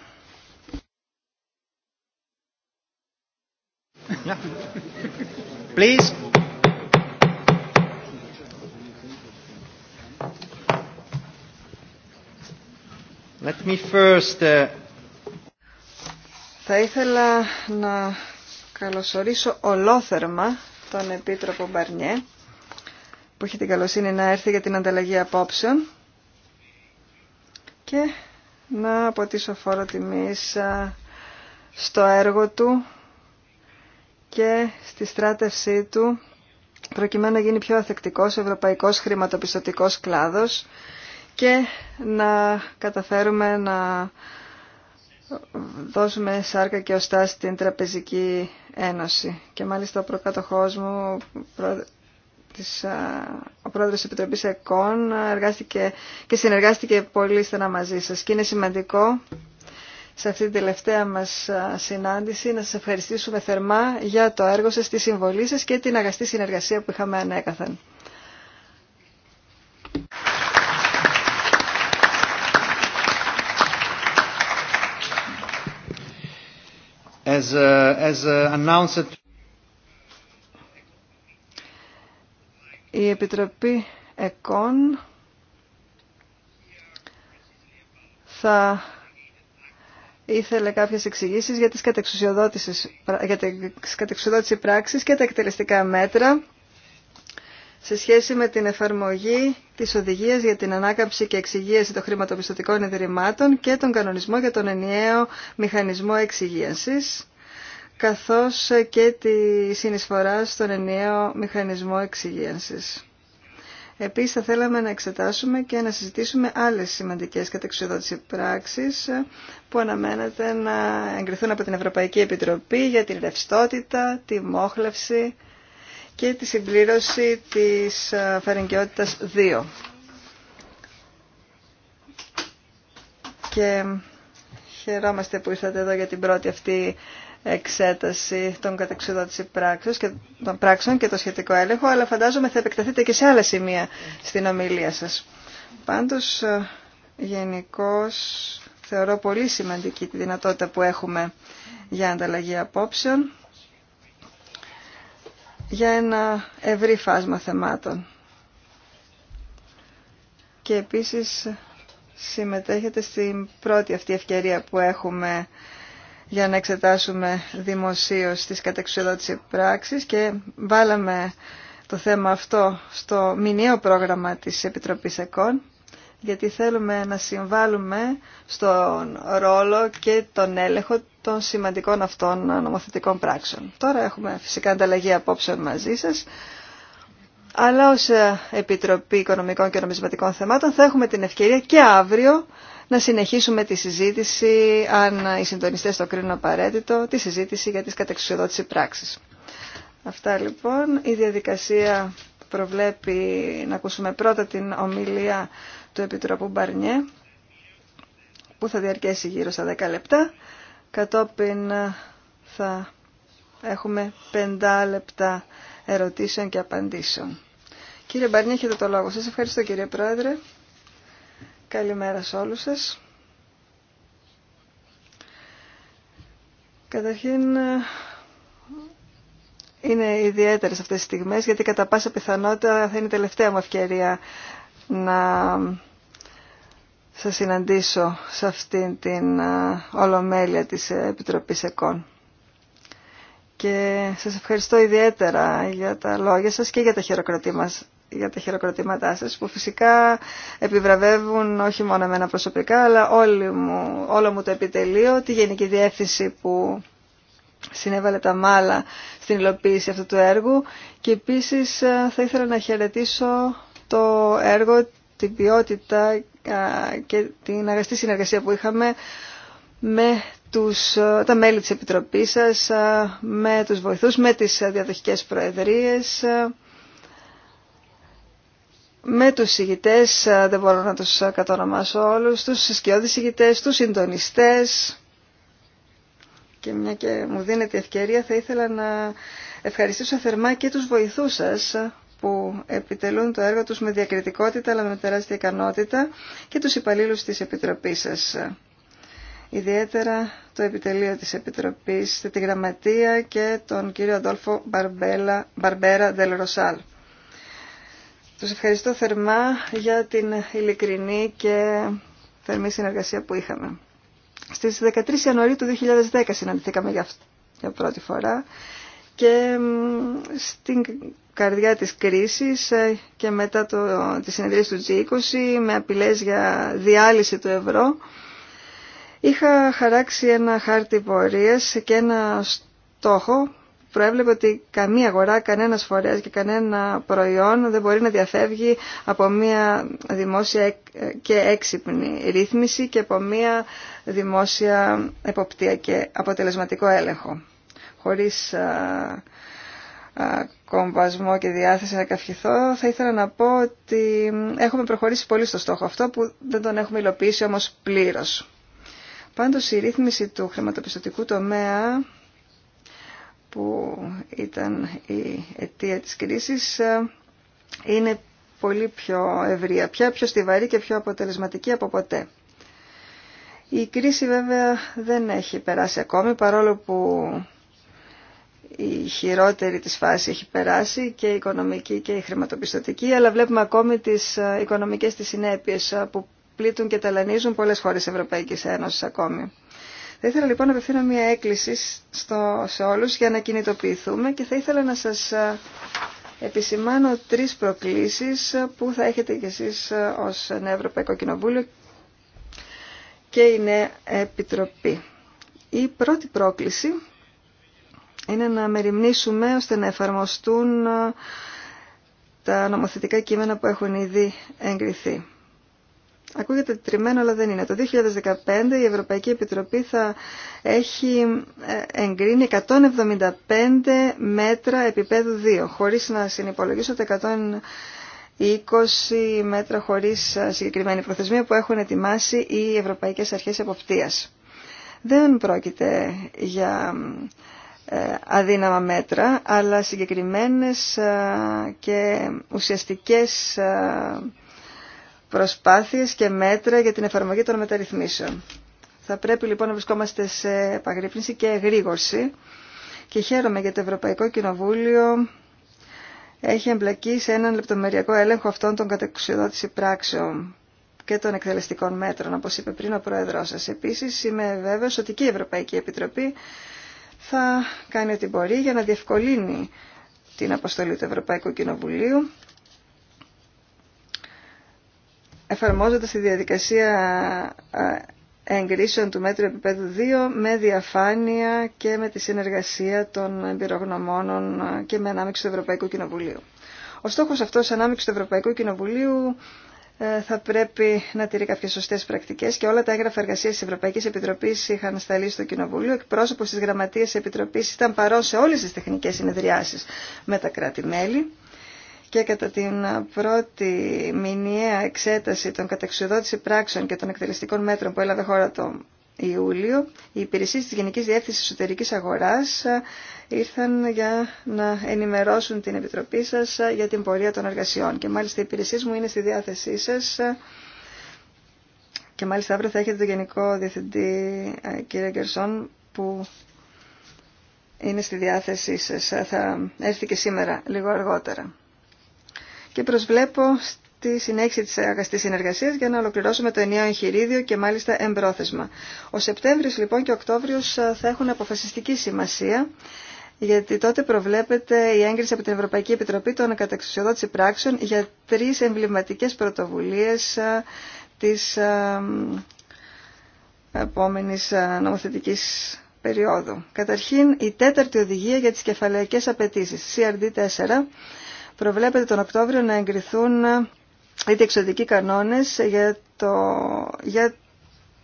Please. Let me first. Uh, Θα ήθελα να καλωσορίσω ολόθερμα τον Επίτροπο Μπαρνιέ που έχει την καλοσύνη να έρθει για την ανταλλαγή απόψεων και να αποτίσω φόρο τιμής στο έργο του και στη στράτευσή του προκειμένου να γίνει πιο αθεκτικός ο ευρωπαϊκός χρηματοπιστωτικός κλάδος και να καταφέρουμε να δώσουμε σάρκα και οστά στην Τραπεζική Ένωση. Και μάλιστα ο προκατοχός μου, της, ο πρόεδρος της Επιτροπής ΕΚΟΝ εργάστηκε και συνεργάστηκε πολύ στενά μαζί σας και είναι σημαντικό σε αυτή την τελευταία μας συνάντηση να σας ευχαριστήσουμε θερμά για το έργο σας, τη συμβολή σας και την αγαστή συνεργασία που είχαμε ανέκαθεν. As, as announced... Η Επιτροπή ΕΚΟΝ θα ήθελε κάποιες εξηγήσεις για τις κατεξουσιοδότησης για τις και τα εκτελεστικά μέτρα σε σχέση με την εφαρμογή της οδηγίας για την ανάκαμψη και Εξηγίαση των χρηματοπιστωτικών ιδρυμάτων και τον κανονισμό για τον ενιαίο μηχανισμό εξυγίασης καθώς και τη συνεισφορά στον ενιαίο μηχανισμό εξυγίανσης. Επίσης θα θέλαμε να εξετάσουμε και να συζητήσουμε άλλες σημαντικές κατεξοδότηση πράξεις που αναμένεται να εγκριθούν από την Ευρωπαϊκή Επιτροπή για την ρευστότητα, τη μόχλευση και τη συμπλήρωση της φαρενκιότητας 2. Και χαιρόμαστε που ήρθατε εδώ για την πρώτη αυτή εξέταση των καταξιδότηση και των πράξεων και το σχετικό έλεγχο, αλλά φαντάζομαι θα επεκταθείτε και σε άλλα σημεία στην ομιλία σας. Πάντως, ε, γενικώ θεωρώ πολύ σημαντική τη δυνατότητα που έχουμε για ανταλλαγή απόψεων για ένα ευρύ φάσμα θεμάτων. Και επίσης συμμετέχετε στην πρώτη αυτή ευκαιρία που έχουμε για να εξετάσουμε δημοσίως τις κατεξουδότηση πράξεις και βάλαμε το θέμα αυτό στο μηνιαίο πρόγραμμα της Επιτροπής ΕΚΟΝ γιατί θέλουμε να συμβάλλουμε στον ρόλο και τον έλεγχο των σημαντικών αυτών νομοθετικών πράξεων. Τώρα έχουμε φυσικά ανταλλαγή απόψεων μαζί σας, αλλά ως Επιτροπή Οικονομικών και Νομισματικών Θεμάτων θα έχουμε την ευκαιρία και αύριο να συνεχίσουμε τη συζήτηση, αν οι συντονιστές το κρίνουν απαραίτητο, τη συζήτηση για τις κατεξουσιοδότηση πράξης. Αυτά λοιπόν. Η διαδικασία προβλέπει να ακούσουμε πρώτα την ομιλία του Επιτροπού Μπαρνιέ, που θα διαρκέσει γύρω στα 10 λεπτά. Κατόπιν ε, θα έχουμε 5 λεπτά ερωτήσεων και απαντήσεων. Κύριε Μπαρνιέ, έχετε το λόγο. Σας ευχαριστώ κύριε Πρόεδρε. Καλημέρα σε όλους σας. Καταρχήν είναι ιδιαίτερες αυτές τις στιγμές γιατί κατά πάσα πιθανότητα θα είναι η τελευταία μου ευκαιρία να σας συναντήσω σε αυτήν την ολομέλεια της Επιτροπής ΕΚΟΝ. Και σας ευχαριστώ ιδιαίτερα για τα λόγια σας και για τα χειροκροτήμα για τα χειροκροτήματά σας που φυσικά επιβραβεύουν όχι μόνο εμένα προσωπικά αλλά όλη μου, όλο μου το επιτελείο, τη Γενική Διεύθυνση που συνέβαλε τα μάλα στην υλοποίηση αυτού του έργου και επίσης ε, θα ήθελα να χαιρετήσω το έργο, την ποιότητα και την αγαστή συνεργασία που είχαμε με τους, ε, τα μέλη της Επιτροπής σας, ε, με τους βοηθούς, με τις διαδοχικές προεδρίες με τους συγητές, δεν μπορώ να τους κατονομάσω όλους, τους συσκιώδεις συγητές, τους συντονιστές και μια και μου δίνεται ευκαιρία θα ήθελα να ευχαριστήσω θερμά και τους βοηθούς σας που επιτελούν το έργο τους με διακριτικότητα αλλά με τεράστια ικανότητα και τους υπαλλήλους της Επιτροπής σας. Ιδιαίτερα το επιτελείο της Επιτροπής, τη Γραμματεία και τον κύριο Αντόλφο Μπαρμπέρα Δελροσάλ. Τους ευχαριστώ θερμά για την ειλικρινή και θερμή συνεργασία που είχαμε. Στις 13 Ιανουαρίου του 2010 συναντηθήκαμε για, για πρώτη φορά και στην καρδιά της κρίσης ε, και μετά το, τη συνεδρίαση του G20 με απειλές για διάλυση του ευρώ είχα χαράξει ένα χάρτη πορείας και ένα στόχο προέβλεπε ότι καμία αγορά, κανένας φορέας και κανένα προϊόν δεν μπορεί να διαφεύγει από μια δημόσια και έξυπνη ρύθμιση και από μια δημόσια εποπτεία και αποτελεσματικό έλεγχο. Χωρίς κομβασμό και διάθεση να καυχηθώ, θα ήθελα να πω ότι έχουμε προχωρήσει πολύ στο στόχο αυτό που δεν τον έχουμε υλοποιήσει όμως πλήρως. Πάντως η ρύθμιση του χρηματοπιστωτικού τομέα που ήταν η αιτία της κρίσης ε, είναι πολύ πιο ευρεία, πια πιο στιβαρή και πιο αποτελεσματική από ποτέ. Η κρίση βέβαια δεν έχει περάσει ακόμη παρόλο που η χειρότερη της φάση έχει περάσει και η οικονομική και η χρηματοπιστωτική αλλά βλέπουμε ακόμη τις ε, οικονομικές της συνέπειες ε, που πλήττουν και ταλανίζουν πολλές χώρες Ευρωπαϊκής Ένωσης ακόμη. Θα ήθελα λοιπόν να απευθύνω μια έκκληση στο, σε όλους για να κινητοποιηθούμε και θα ήθελα να σας ε, επισημάνω τρεις προκλήσεις που θα έχετε κι εσείς ε, ως Ευρωπαϊκό Κοινοβούλιο και η Νέα Επιτροπή. Η πρώτη πρόκληση είναι να μεριμνήσουμε ώστε να εφαρμοστούν ε, τα νομοθετικά κείμενα που έχουν ήδη εγκριθεί. Ακούγεται τριμμένο, αλλά δεν είναι. Το 2015 η Ευρωπαϊκή Επιτροπή θα έχει ε, εγκρίνει 175 μέτρα επίπεδου 2, χωρίς να συνυπολογίσω τα 120 μέτρα χωρίς ε, συγκεκριμένη προθεσμία που έχουν ετοιμάσει οι Ευρωπαϊκές Αρχές Εποπτείας. Δεν πρόκειται για ε, αδύναμα μέτρα, αλλά συγκεκριμένες και ουσιαστικές προσπάθειες και μέτρα για την εφαρμογή των μεταρρυθμίσεων. Θα πρέπει λοιπόν να βρισκόμαστε σε επαγρύπνηση και εγρήγορση και χαίρομαι για το Ευρωπαϊκό Κοινοβούλιο έχει εμπλακεί σε έναν λεπτομεριακό έλεγχο αυτών των κατεξουδότηση πράξεων και των εκτελεστικών μέτρων, όπω είπε πριν ο προεδρό σα. Επίση. είμαι βέβαιο ότι και η Ευρωπαϊκή Επιτροπή θα κάνει ό,τι μπορεί για να διευκολύνει την αποστολή του Ευρωπαϊκού Κοινοβουλίου εφαρμόζοντας τη διαδικασία ε, εγκρίσεων του μέτρου επίπεδου 2 με διαφάνεια και με τη συνεργασία των εμπειρογνωμόνων ε, και με ανάμειξη του Ευρωπαϊκού Κοινοβουλίου. Ο στόχος αυτός ανάμειξη του Ευρωπαϊκού Κοινοβουλίου ε, θα πρέπει να τηρεί κάποιε σωστέ πρακτικέ και όλα τα έγγραφα εργασία τη Ευρωπαϊκή Επιτροπή είχαν σταλεί στο Κοινοβούλιο. Εκπρόσωπο τη Γραμματεία Επιτροπή ήταν παρόν σε όλε τι τεχνικέ συνεδριάσει με τα κράτη-μέλη και κατά την πρώτη μηνιαία εξέταση των καταξιοδότηση πράξεων και των εκτελεστικών μέτρων που έλαβε χώρα το Ιούλιο, οι υπηρεσίε της Γενικής διεύθυνση Εσωτερικής αγορά ε, ήρθαν για να ενημερώσουν την Επιτροπή σας ε, για την πορεία των εργασιών. Και μάλιστα οι υπηρεσίε μου είναι στη διάθεσή σας ε, και μάλιστα αύριο θα έχετε τον Γενικό Διευθυντή κύριε Γκερσόν που είναι στη διάθεσή σας. Θα έρθει και σήμερα λίγο αργότερα και προσβλέπω στη συνέχιση της αγαστής συνεργασίας για να ολοκληρώσουμε το ενιαίο εγχειρίδιο και μάλιστα εμπρόθεσμα. Ο Σεπτέμβριος λοιπόν και Οκτώβριος ε, θα έχουν αποφασιστική σημασία γιατί τότε προβλέπεται η έγκριση από την Ευρωπαϊκή Επιτροπή των καταξουσιοδότηση πράξεων για τρεις εμβληματικές πρωτοβουλίες ε, της ε, επόμενης νομοθετικής περίοδου. Καταρχήν, η τέταρτη οδηγία για τις κεφαλαϊκές απαιτήσεις, CRD4, προβλέπεται τον Οκτώβριο να εγκριθούν οι διεξοδικοί κανόνες για το, για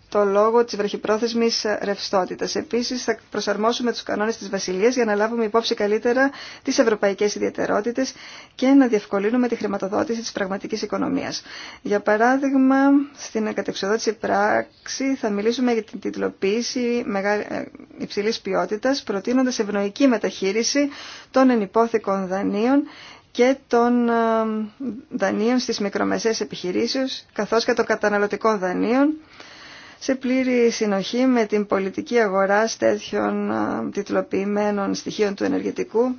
το λόγο της βραχυπρόθεσμης ρευστότητας. Επίσης θα προσαρμόσουμε τους κανόνες της Βασιλείας για να λάβουμε υπόψη καλύτερα τις ευρωπαϊκές ιδιαιτερότητες και να διευκολύνουμε τη χρηματοδότηση της πραγματικής οικονομίας. Για παράδειγμα, στην κατεξοδότηση πράξη θα μιλήσουμε για την τιτλοποίηση ε, υψηλής ποιότητας, προτείνοντας ευνοϊκή μεταχείριση των ενυπόθηκων δανείων και των ε, δανείων στις μικρομεσαίες επιχειρήσεις καθώς και των καταναλωτικών δανείων σε πλήρη συνοχή με την πολιτική αγορά τέτοιων ε, τιτλοποιημένων στοιχείων του ενεργητικού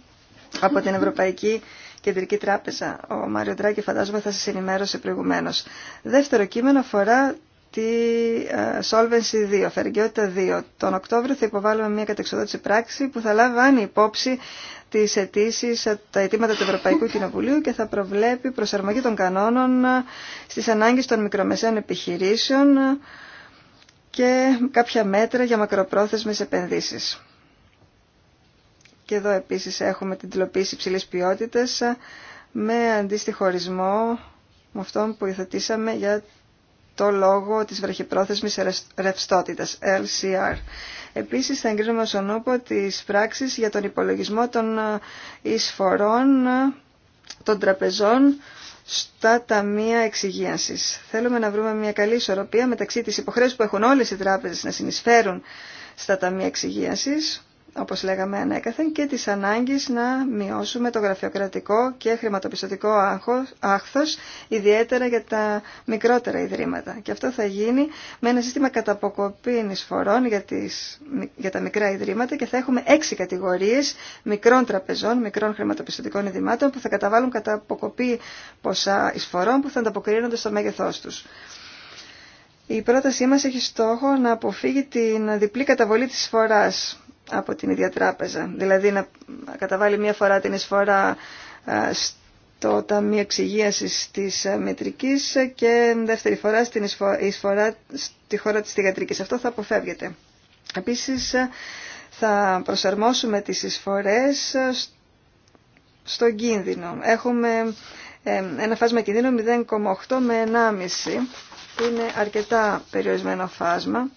από την Ευρωπαϊκή Κεντρική Τράπεζα. Ο Μάριο Ντράκη φαντάζομαι θα σας ενημέρωσε προηγουμένως. Δεύτερο κείμενο αφορά τη ε, Solvency 2, Φερικαιότητα 2. Τον Οκτώβριο θα υποβάλουμε μια κατεξοδότηση πράξη που θα λάβει υπόψη τις αιτήσει, ε, τα αιτήματα του Ευρωπαϊκού Κοινοβουλίου και θα προβλέπει προσαρμογή των κανόνων ε, στις ανάγκες των μικρομεσαίων επιχειρήσεων και κάποια μέτρα για μακροπρόθεσμες επενδύσεις. Και εδώ επίσης έχουμε την τυλοποίηση υψηλή ποιότητας με αντίστοιχο ορισμό με αυτόν που υιοθετήσαμε για το λόγο της βραχυπρόθεσμης ρευστότητας, LCR. Επίσης θα εγκρίνουμε ως ονόπο τις πράξεις για τον υπολογισμό των ε, εισφορών ε, των τραπεζών στα ταμεία εξυγίανσης. Θέλουμε να βρούμε μια καλή ισορροπία μεταξύ της υποχρέωσης που έχουν όλες οι τράπεζες να συνεισφέρουν στα ταμεία εξυγίανσης όπως λέγαμε ανέκαθεν, και της ανάγκης να μειώσουμε το γραφειοκρατικό και χρηματοπιστωτικό άχθος, ιδιαίτερα για τα μικρότερα ιδρύματα. Και αυτό θα γίνει με ένα σύστημα καταποκοπήν εισφορών για, τις, για τα μικρά ιδρύματα και θα έχουμε έξι κατηγορίες μικρών τραπεζών, μικρών χρηματοπιστωτικών ιδρυμάτων που θα καταβάλουν καταποκοπή ποσά εισφορών που θα ανταποκρίνονται στο μέγεθός τους. Η πρότασή μας έχει στόχο να αποφύγει την διπλή καταβολή της φοράς από την ίδια τράπεζα. Δηλαδή να καταβάλει μία φορά την εισφορά ε, στο Ταμείο Εξυγίαση τη ε, Μητρική και δεύτερη φορά στην εισφορά στη χώρα της θηγατρική. Αυτό θα αποφεύγεται. Επίση ε, θα προσαρμόσουμε τις εισφορές στον κίνδυνο. Έχουμε ένα φάσμα κινδύνου 0,8 με 1,5 που είναι αρκετά περιορισμένο φάσμα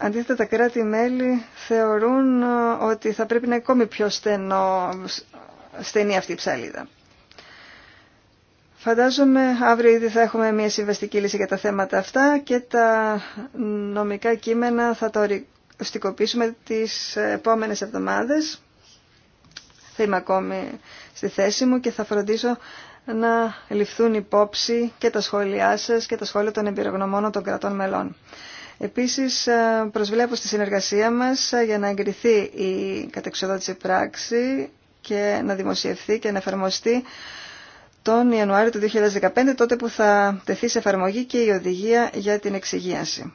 Αντίθετα, τα κράτη-μέλη θεωρούν ε, ότι θα πρέπει να είναι ακόμη πιο στενό, στενή αυτή η ψαλίδα. Φαντάζομαι αύριο ήδη θα έχουμε μια συμβαστική λύση για τα θέματα αυτά και τα νομικά κείμενα θα τα οριστικοποιήσουμε τις επόμενες εβδομάδες. Θα είμαι ακόμη στη θέση μου και θα φροντίσω να ληφθούν υπόψη και τα σχόλιά σας και τα σχόλια των εμπειρογνωμών των κρατών μελών. Επίσης ε, προσβλέπω στη συνεργασία μας ε, για να εγκριθεί η κατεξοδότηση πράξη και να δημοσιευθεί και να εφαρμοστεί τον Ιανουάριο του 2015, τότε που θα τεθεί σε εφαρμογή και η οδηγία για την εξυγίαση.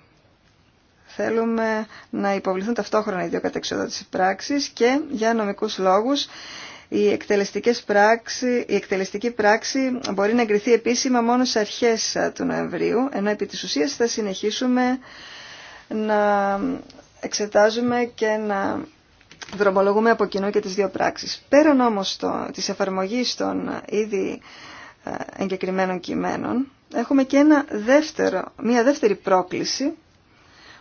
Θέλουμε να υποβληθούν ταυτόχρονα οι δύο κατεξοδότηση πράξεις και για νομικούς λόγους η, εκτελεστικές πράξη, η εκτελεστική πράξη μπορεί να εγκριθεί επίσημα μόνο σε αρχές ε, του Νοεμβρίου, ενώ επί της ουσίας θα συνεχίσουμε να εξετάζουμε και να δρομολογούμε από κοινού και τις δύο πράξεις. Πέραν όμως το, της εφαρμογής των ήδη ε, εγκεκριμένων κειμένων, έχουμε και ένα μια δεύτερη πρόκληση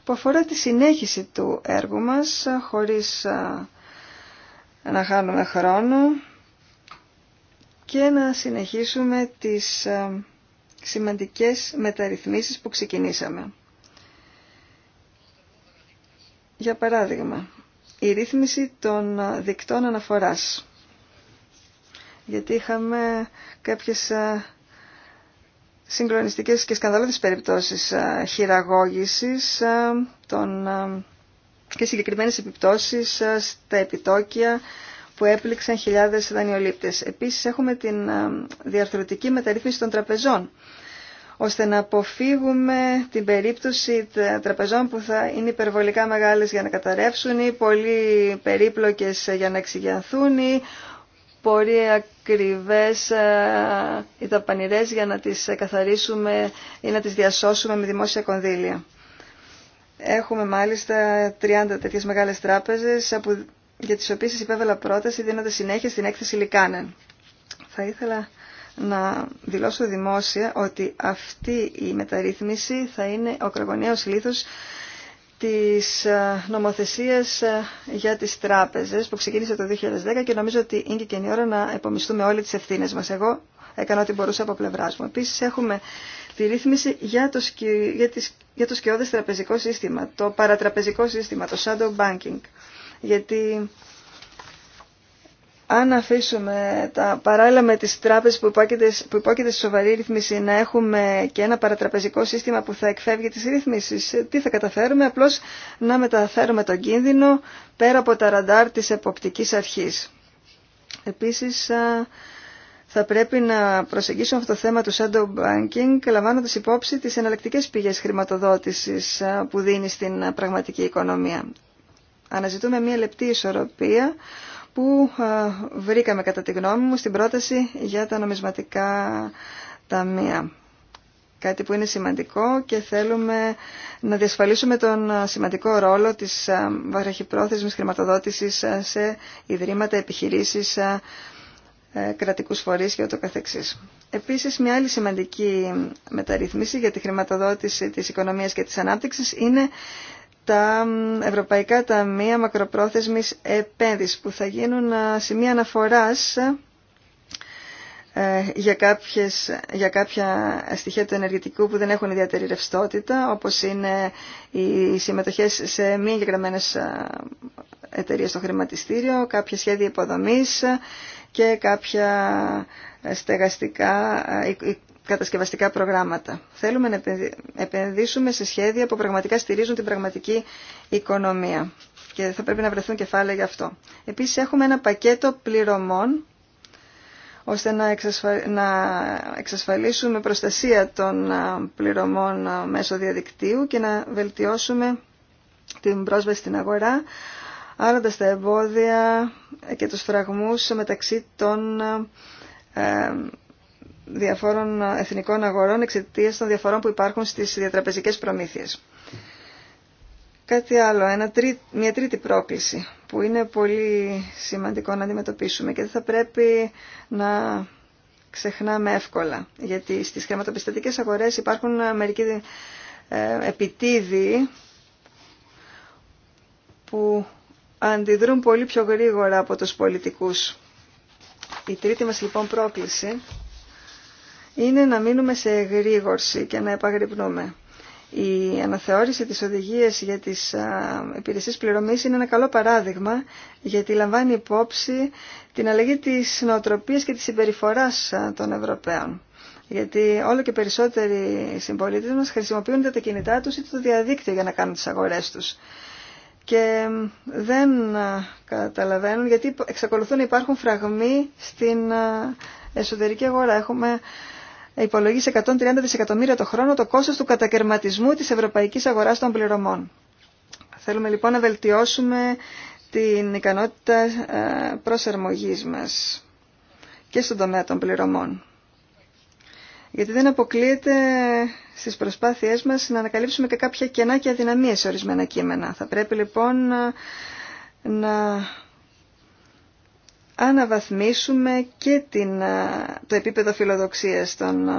που αφορά τη συνέχιση του έργου μας ε, χωρίς ε, να χάνουμε χρόνο και να συνεχίσουμε τις σημαντικές μεταρρυθμίσεις που ξεκινήσαμε. Για παράδειγμα, η ρύθμιση των δικτών αναφοράς. Γιατί είχαμε κάποιες ε, συγκλονιστικές και σκανδαλώδεις περιπτώσεις ε, χειραγώγησης ε, των, και συγκεκριμένες επιπτώσεις στα επιτόκια που έπληξαν χιλιάδες δανειολήπτες. Επίσης έχουμε την διαρθρωτική μεταρρύθμιση των τραπεζών ώστε να αποφύγουμε την περίπτωση τραπεζών που θα είναι υπερβολικά μεγάλες για να καταρρεύσουν ή πολύ περίπλοκες για να εξηγιανθούν ή πολύ ακριβές ε, ή δαπανηρές για να τις καθαρίσουμε ή να τις διασώσουμε με δημόσια κονδύλια. Έχουμε μάλιστα 30 τέτοιες μεγάλες τράπεζες για τις οποίες υπέβαλα πρόταση δίνοντας συνέχεια στην έκθεση Λικάνεν. Θα ήθελα να δηλώσω δημόσια ότι αυτή η μεταρρύθμιση θα είναι ο κραγωνιαίος λίθος της ε, νομοθεσίας ε, για τις τράπεζες που ξεκίνησε το 2010 και νομίζω ότι είναι και η ώρα να επομιστούμε όλοι τις ευθύνες μας. Εγώ έκανα ό,τι μπορούσα από πλευρά μου. Επίσης έχουμε τη ρύθμιση για το, σκι... για, τις... για το σκιώδες τραπεζικό σύστημα, το παρατραπεζικό σύστημα, το shadow banking. Γιατί αν αφήσουμε τα παράλληλα με τις τράπεζες που υπόκειται, που στη σοβαρή ρύθμιση να έχουμε και ένα παρατραπεζικό σύστημα που θα εκφεύγει τις ρύθμισεις, ε, τι θα καταφέρουμε, απλώς να μεταφέρουμε τον κίνδυνο πέρα από τα ραντάρ της εποπτικής αρχής. Επίσης, θα πρέπει να προσεγγίσουμε αυτό το θέμα του shadow banking, λαμβάνοντα υπόψη τις εναλλακτικέ πηγές χρηματοδότησης που δίνει στην πραγματική οικονομία. Αναζητούμε μια λεπτή ισορροπία που βρήκαμε κατά τη γνώμη μου στην πρόταση για τα νομισματικά ταμεία. Κάτι που είναι σημαντικό και θέλουμε να διασφαλίσουμε τον σημαντικό ρόλο της βαραχυπρόθεσμης χρηματοδότησης σε ιδρύματα, επιχειρήσεις, ε, κρατικούς φορείς και ούτω καθεξής. Επίσης, μια άλλη σημαντική μεταρρυθμίση για τη χρηματοδότηση της οικονομίας και της ανάπτυξης είναι τα Ευρωπαϊκά Ταμεία Μακροπρόθεσμης Επένδυσης που θα γίνουν σημεία αναφοράς ε, για, κάποιες, για κάποια στοιχεία του ενεργητικού που δεν έχουν ιδιαίτερη ρευστότητα, όπως είναι οι συμμετοχές σε μη εγγεγραμμένες εταιρείε στο χρηματιστήριο, κάποια σχέδια υποδομής και κάποια στεγαστικά ε, κατασκευαστικά προγράμματα. Θέλουμε να επενδύσουμε σε σχέδια που πραγματικά στηρίζουν την πραγματική οικονομία και θα πρέπει να βρεθούν κεφάλαια γι' αυτό. Επίσης έχουμε ένα πακέτο πληρωμών ώστε να εξασφαλίσουμε προστασία των πληρωμών μέσω διαδικτύου και να βελτιώσουμε την πρόσβαση στην αγορά άροντας τα εμπόδια και τους φραγμούς μεταξύ των ε, διαφόρων εθνικών αγορών εξαιτία των διαφορών που υπάρχουν στις διατραπεζικές προμήθειες. Κάτι άλλο, ένα μια τρίτη πρόκληση που είναι πολύ σημαντικό να αντιμετωπίσουμε και δεν θα πρέπει να ξεχνάμε εύκολα. Γιατί στις χρηματοπιστωτικές αγορές υπάρχουν μερικοί ε, επιτίδιοι που αντιδρούν πολύ πιο γρήγορα από τους πολιτικούς. Η τρίτη μας λοιπόν πρόκληση είναι να μείνουμε σε εγρήγορση και να επαγρυπνούμε. Η αναθεώρηση της οδηγίας για τις υπηρεσίες πληρωμής είναι ένα καλό παράδειγμα γιατί λαμβάνει υπόψη την αλλαγή της νοοτροπίας και της συμπεριφοράς των Ευρωπαίων. Γιατί όλο και περισσότεροι συμπολίτε μας χρησιμοποιούν τα κινητά τους ή το διαδίκτυο για να κάνουν τις αγορές τους. Και δεν καταλαβαίνουν γιατί εξακολουθούν να υπάρχουν φραγμοί στην εσωτερική αγορά. Έχουμε υπολογίσει 130 δισεκατομμύρια το χρόνο το κόστος του κατακαιρματισμού της ευρωπαϊκής αγοράς των πληρωμών. Θέλουμε λοιπόν να βελτιώσουμε την ικανότητα ε, προσερμογής μας και στον τομέα των πληρωμών. Γιατί δεν αποκλείεται στις προσπάθειές μας να ανακαλύψουμε και κάποια κενά και αδυναμίες σε ορισμένα κείμενα. Θα πρέπει λοιπόν να αναβαθμίσουμε και την, το επίπεδο φιλοδοξίας των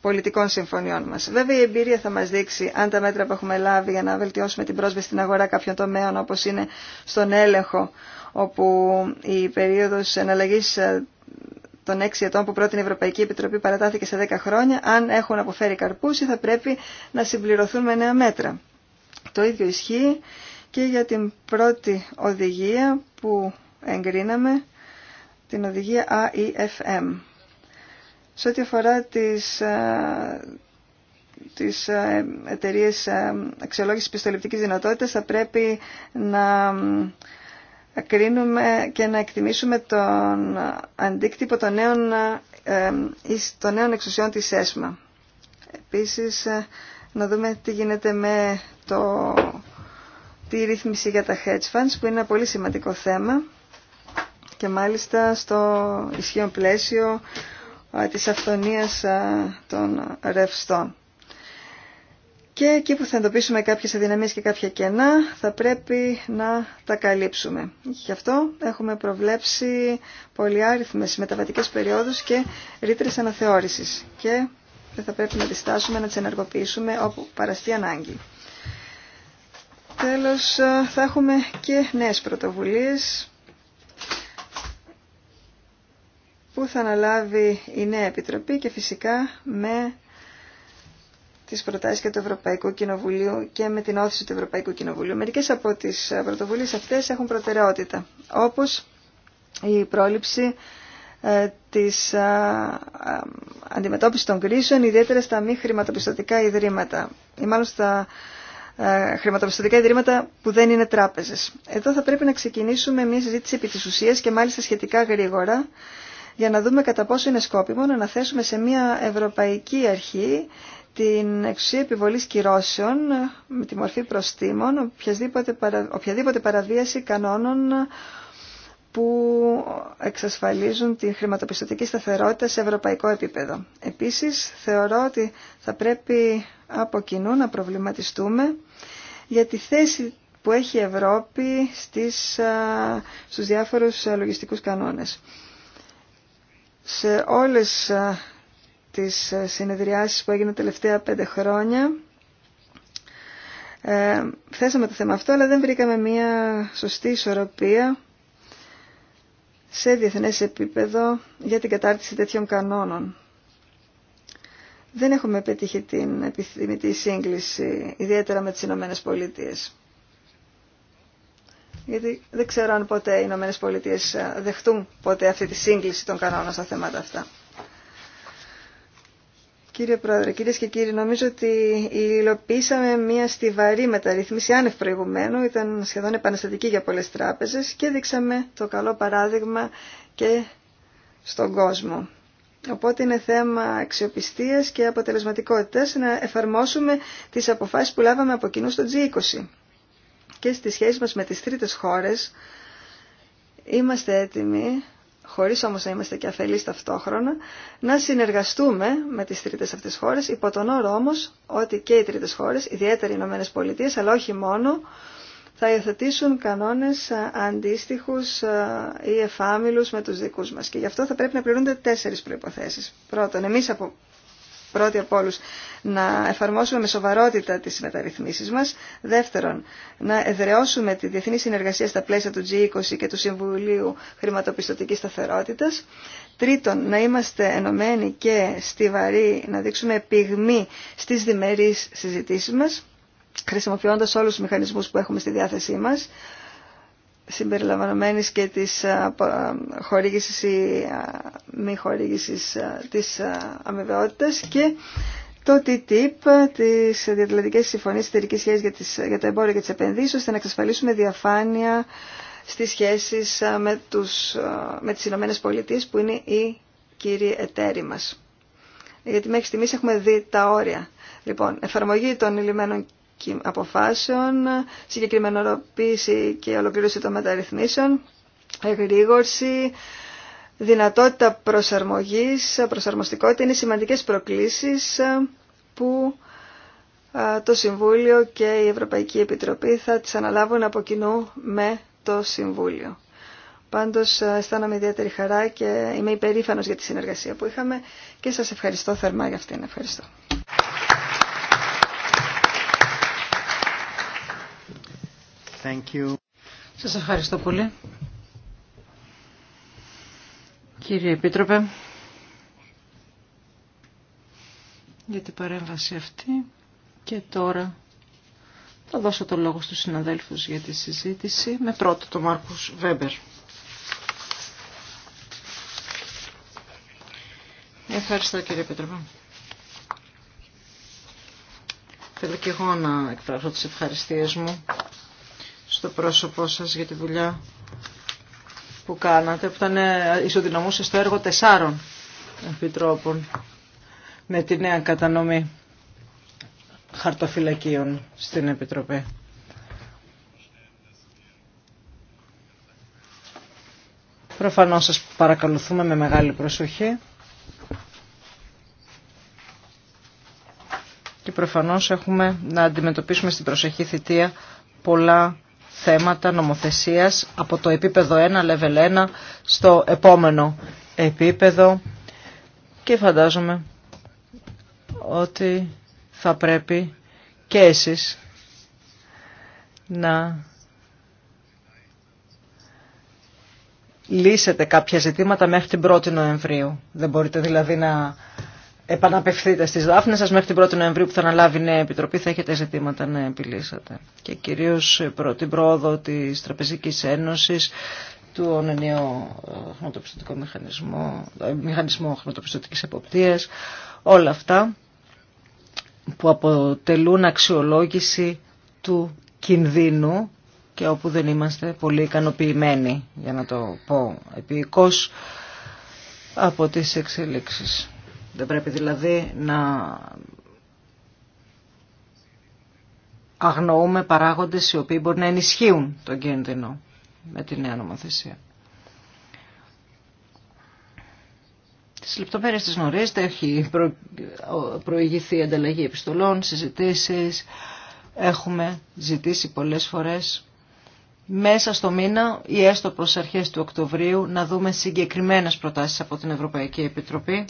πολιτικών συμφωνιών μας. Βέβαια η εμπειρία θα μας δείξει αν τα μέτρα που έχουμε λάβει για να βελτιώσουμε την πρόσβαση στην αγορά κάποιων τομέων όπως είναι στον έλεγχο όπου η περίοδος εναλλαγής των 6 ετών που πρότεινε η Ευρωπαϊκή Επιτροπή παρατάθηκε σε 10 χρόνια, αν έχουν αποφέρει καρπούς ή θα πρέπει να συμπληρωθούν με νέα μέτρα. Το ίδιο ισχύει και για την πρώτη οδηγία που εγκρίναμε την οδηγία AEFM. Σε ό,τι αφορά τις, ε, τις ε, εταιρείες ε, αξιολόγησης πιστοληπτικής δυνατότητας θα πρέπει να κρίνουμε και να εκτιμήσουμε τον αντίκτυπο των νέων, των νέων εξουσιών της ΕΣΜΑ. Επίσης να δούμε τι γίνεται με το, τη ρύθμιση για τα hedge funds που είναι ένα πολύ σημαντικό θέμα και μάλιστα στο ισχύον πλαίσιο της αυθονίας των ρευστών. Και εκεί που θα εντοπίσουμε κάποιες αδυναμίες και κάποια κενά θα πρέπει να τα καλύψουμε. Γι' αυτό έχουμε προβλέψει πολυάριθμες μεταβατικές περιόδους και ρήτρες αναθεώρησης και θα πρέπει να τις να τις ενεργοποιήσουμε όπου παραστεί ανάγκη. Τέλος θα έχουμε και νέες πρωτοβουλίες που θα αναλάβει η νέα Επιτροπή και φυσικά με τις προτάσεις και του Ευρωπαϊκού Κοινοβουλίου και με την όθηση του Ευρωπαϊκού Κοινοβουλίου. Μερικές από τις πρωτοβουλίες αυτές έχουν προτεραιότητα, όπως η πρόληψη ε, της αντιμετώπισης των κρίσεων, ιδιαίτερα στα μη χρηματοπιστωτικά ιδρύματα ή μάλλον στα ε, χρηματοπιστωτικά ιδρύματα που δεν είναι τράπεζες. Εδώ θα πρέπει να ξεκινήσουμε μια συζήτηση επί της ουσίας και μάλιστα σχετικά γρήγορα για να δούμε κατά πόσο είναι σκόπιμο να αναθέσουμε σε μια ευρωπαϊκή αρχή την εξουσία επιβολή κυρώσεων με τη μορφή προστήμων οποιαδήποτε, οποιαδήποτε παραβίαση κανόνων που εξασφαλίζουν τη χρηματοπιστωτική σταθερότητα σε ευρωπαϊκό επίπεδο. Επίσης, θεωρώ ότι θα πρέπει από κοινού να προβληματιστούμε για τη θέση που έχει η Ευρώπη στις, στους διάφορους λογιστικούς κανόνες σε όλες ε, τις ε, συνεδριάσεις που έγιναν τελευταία πέντε χρόνια ε, θέσαμε το θέμα αυτό αλλά δεν βρήκαμε μια σωστή ισορροπία σε διεθνές επίπεδο για την κατάρτιση τέτοιων κανόνων. Δεν έχουμε πετύχει την επιθυμητή σύγκληση, ιδιαίτερα με τις Ηνωμένε Πολιτείες γιατί δεν ξέρω αν ποτέ οι Ηνωμένε Πολιτείε ε, δεχτούν ποτέ αυτή τη σύγκληση των κανόνων στα θέματα αυτά. Κύριε Πρόεδρε, κύριε και κύριοι, νομίζω ότι υλοποιήσαμε μια στιβαρή μεταρρύθμιση άνευ προηγουμένου, ήταν σχεδόν επαναστατική για πολλές τράπεζες και δείξαμε το καλό παράδειγμα και στον κόσμο. Οπότε είναι θέμα αξιοπιστίας και αποτελεσματικότητας να εφαρμόσουμε τις αποφάσεις που λάβαμε από κοινού στο G20 και στη σχέση μας με τις τρίτες χώρες είμαστε έτοιμοι, χωρίς όμως να είμαστε και αφελείς ταυτόχρονα, να συνεργαστούμε με τις τρίτες αυτές χώρες, υπό τον όρο όμως ότι και οι τρίτες χώρες, ιδιαίτερα οι Ηνωμένε Πολιτείες, αλλά όχι μόνο, θα υιοθετήσουν κανόνες αντίστοιχους ε, ή εφάμιλους με τους δικούς μας. Και γι' αυτό θα πρέπει να πληρούνται τέσσερις προϋποθέσεις. Πρώτον, εμείς από πρώτοι από όλους να εφαρμόσουμε με σοβαρότητα τις μεταρρυθμίσεις μας. Δεύτερον, να εδραιώσουμε τη διεθνή συνεργασία στα πλαίσια του G20 και του Συμβουλίου Χρηματοπιστωτικής Σταθερότητας. Τρίτον, να είμαστε ενωμένοι και στιβαροί, να δείξουμε πυγμή στις διμερείς συζητήσεις μας χρησιμοποιώντας όλους τους μηχανισμούς που έχουμε στη διάθεσή μας συμπεριλαμβανομένης και της ε, ε, χορήγησης ή ε, μη χορήγησης της αμοιβαιότητας και το TTIP, τις Διατλαντικές Συμφωνίες Εταιρικής Σχέσης για, τις, για το Εμπόριο και τις Επενδύσεις, ώστε να εξασφαλίσουμε διαφάνεια στις σχέσεις με, τους, με τις Ηνωμένες Πολιτείες που είναι οι κύριοι εταίροι μας. Γιατί μέχρι στιγμής έχουμε δει τα όρια. Λοιπόν, εφαρμογή των λιμένων αποφάσεων, συγκεκριμενοποίηση και ολοκλήρωση των μεταρρυθμίσεων, εγρήγορση, δυνατότητα προσαρμογής, προσαρμοστικότητα είναι σημαντικές προκλήσεις που το Συμβούλιο και η Ευρωπαϊκή Επιτροπή θα τις αναλάβουν από κοινού με το Συμβούλιο. Πάντως αισθάνομαι ιδιαίτερη χαρά και είμαι υπερήφανος για τη συνεργασία που είχαμε και σας ευχαριστώ θερμά για αυτήν. Ευχαριστώ. Σας ευχαριστώ πολύ. Κύριε Επίτροπε, για την παρέμβαση αυτή και τώρα θα δώσω το λόγο στους συναδέλφους για τη συζήτηση με πρώτο τον Μάρκους Βέμπερ. Ευχαριστώ κύριε Επίτροπε. Θέλω και εγώ να εκφράσω τις ευχαριστίες μου στο πρόσωπό σας για τη δουλειά που κάνατε, που ήταν ε, στο έργο τεσσάρων επιτρόπων με τη νέα κατανομή χαρτοφυλακίων στην Επιτροπή. Προφανώς σας παρακαλουθούμε με μεγάλη προσοχή και προφανώς έχουμε να αντιμετωπίσουμε στην προσεχή θητεία πολλά θέματα νομοθεσίας από το επίπεδο 1, level 1, στο επόμενο επίπεδο και φαντάζομαι ότι θα πρέπει και εσείς να λύσετε κάποια ζητήματα μέχρι την 1η Νοεμβρίου. Δεν μπορείτε δηλαδή να επαναπευθείτε στις δάφνες σας μέχρι την 1η Νοεμβρίου που θα αναλάβει η νέα επιτροπή θα έχετε ζητήματα να επιλύσετε και κυρίως ε, την πρόοδο της Τραπεζικής Ένωσης του μηχανισμού, ε, χρηματοπιστωτικό μηχανισμό, ε, μηχανισμό χρηματοπιστωτικής εποπτείας, όλα αυτά που αποτελούν αξιολόγηση του κινδύνου και όπου δεν είμαστε πολύ ικανοποιημένοι, για να το πω επίοικος, από τις εξελίξεις. Δεν πρέπει δηλαδή να αγνοούμε παράγοντες οι οποίοι μπορεί να ενισχύουν τον κίνδυνο με τη νέα νομοθεσία. Τις λεπτομέρειες της γνωρίζετε, έχει προηγηθεί η ανταλλαγή επιστολών, συζητήσεις, έχουμε ζητήσει πολλές φορές μέσα στο μήνα ή έστω προς αρχές του Οκτωβρίου να δούμε συγκεκριμένες προτάσεις από την Ευρωπαϊκή Επιτροπή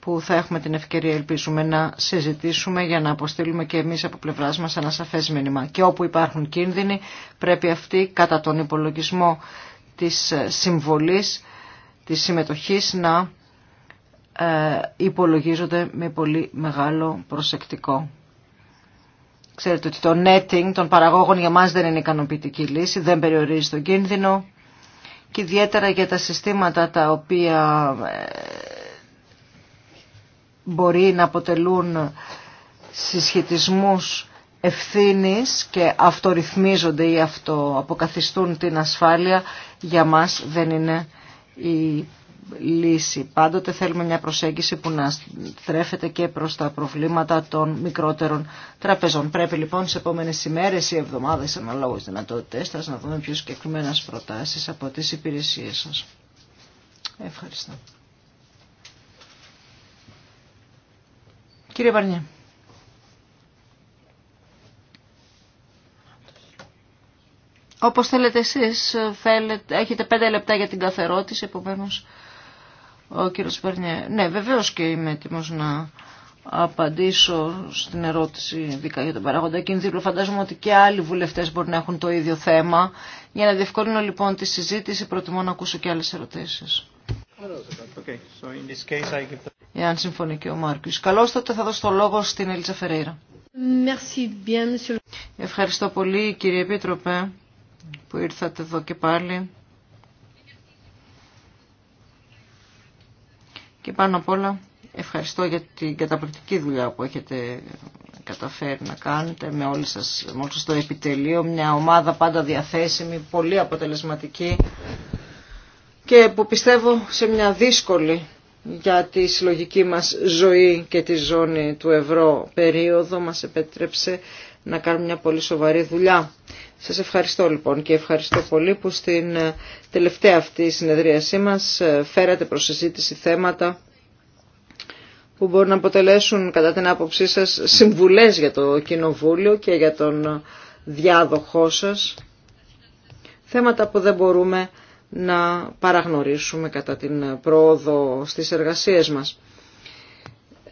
που θα έχουμε την ευκαιρία ελπίζουμε να συζητήσουμε για να αποστείλουμε και εμείς από πλευράς μας ένα σαφές μήνυμα. Και όπου υπάρχουν κίνδυνοι πρέπει αυτοί κατά τον υπολογισμό της συμβολής, της συμμετοχής να ε, υπολογίζονται με πολύ μεγάλο προσεκτικό. Ξέρετε ότι το netting των παραγόγων για μας δεν είναι ικανοποιητική λύση, δεν περιορίζει τον κίνδυνο και ιδιαίτερα για τα συστήματα τα οποία ε, μπορεί να αποτελούν συσχετισμούς ευθύνης και αυτορυθμίζονται ή αυτοαποκαθιστούν την ασφάλεια για μας δεν είναι η λύση. Πάντοτε θέλουμε μια προσέγγιση που να στρέφεται και προς τα προβλήματα των μικρότερων τραπεζών. Πρέπει λοιπόν σε επόμενες ημέρες ή εβδομάδες αναλόγως δυνατότητές σας να δούμε πιο συγκεκριμένες προτάσεις από τις υπηρεσίες σας. Ευχαριστώ. Κύριε Βαρνιέ. Όπως θέλετε εσείς, θέλετε, έχετε πέντε λεπτά για την κάθε ερώτηση, επομένως ο κύριος Βαρνιέ. Ναι, βεβαίως και είμαι έτοιμος να απαντήσω στην ερώτηση ειδικά για τον παράγοντα κίνδυνο. Φαντάζομαι ότι και άλλοι βουλευτές μπορεί να έχουν το ίδιο θέμα. Για να διευκολύνω λοιπόν τη συζήτηση, προτιμώ να ακούσω και άλλες ερωτήσεις. Εάν συμφωνεί και ο Μάρκο. Καλώς τότε θα δώσω το λόγο στην Ελίζα Φερέιρα. Ευχαριστώ πολύ κύριε Επίτροπε που ήρθατε εδώ και πάλι. Και πάνω απ' όλα ευχαριστώ για την καταπληκτική δουλειά που έχετε καταφέρει να κάνετε με όλους σας, με σας το επιτελείο. Μια ομάδα πάντα διαθέσιμη, πολύ αποτελεσματική και που πιστεύω σε μια δύσκολη για τη συλλογική μας ζωή και τη ζώνη του ευρώ περίοδο μας επέτρεψε να κάνουμε μια πολύ σοβαρή δουλειά. Σας ευχαριστώ λοιπόν και ευχαριστώ πολύ που στην τελευταία αυτή συνεδρίασή μας ε, φέρατε προς συζήτηση θέματα που μπορούν να αποτελέσουν κατά την άποψή σας συμβουλές για το Κοινοβούλιο και για τον διάδοχό σας. Θέματα που δεν μπορούμε να παραγνωρίσουμε κατά την πρόοδο στις εργασίες μας.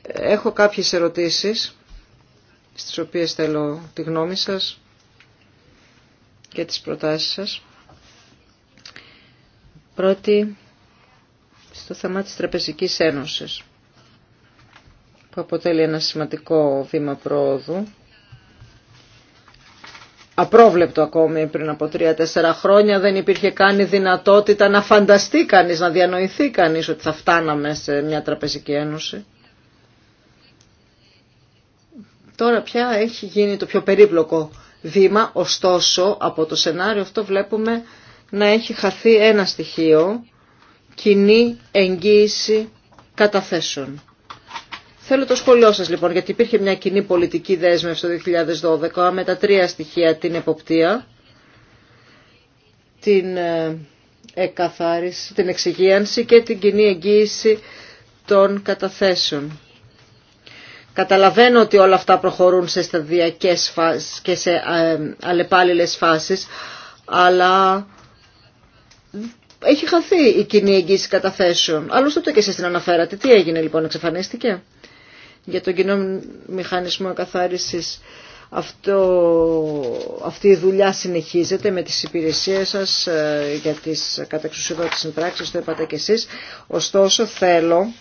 Έχω κάποιες ερωτήσεις, στις οποίες θέλω τη γνώμη σας και τις προτάσεις σας. Πρώτη, στο θέμα της Τραπεζικής Ένωσης, που αποτελεί ένα σημαντικό βήμα πρόοδου απρόβλεπτο ακόμη πριν από τρία-τέσσερα χρόνια. Δεν υπήρχε καν η δυνατότητα να φανταστεί κανείς, να διανοηθεί κανείς ότι θα φτάναμε σε μια τραπεζική ένωση. Τώρα πια έχει γίνει το πιο περίπλοκο βήμα, ωστόσο από το σενάριο αυτό βλέπουμε να έχει χαθεί ένα στοιχείο, κοινή εγγύηση καταθέσεων. Θέλω το σχολείο σας λοιπόν, γιατί υπήρχε μια κοινή πολιτική δέσμευση το 2012 με τα τρία στοιχεία, την εποπτεία, την ε, εκαθάριση, την εξυγίανση και την κοινή εγγύηση των καταθέσεων. Καταλαβαίνω ότι όλα αυτά προχωρούν σε σταδιακές φάσεις και σε ε, αλλεπάλληλες φάσεις, αλλά έχει χαθεί η κοινή εγγύηση καταθέσεων. Άλλωστε το και εσείς την αναφέρατε. Τι έγινε λοιπόν, εξαφανίστηκε για τον κοινό μηχανισμό καθάρισης αυτό, αυτή η δουλειά συνεχίζεται με τις υπηρεσίες σας ε, για τις καταξουσιοδότητες συμπράξεις, το είπατε και εσείς. Ωστόσο θέλω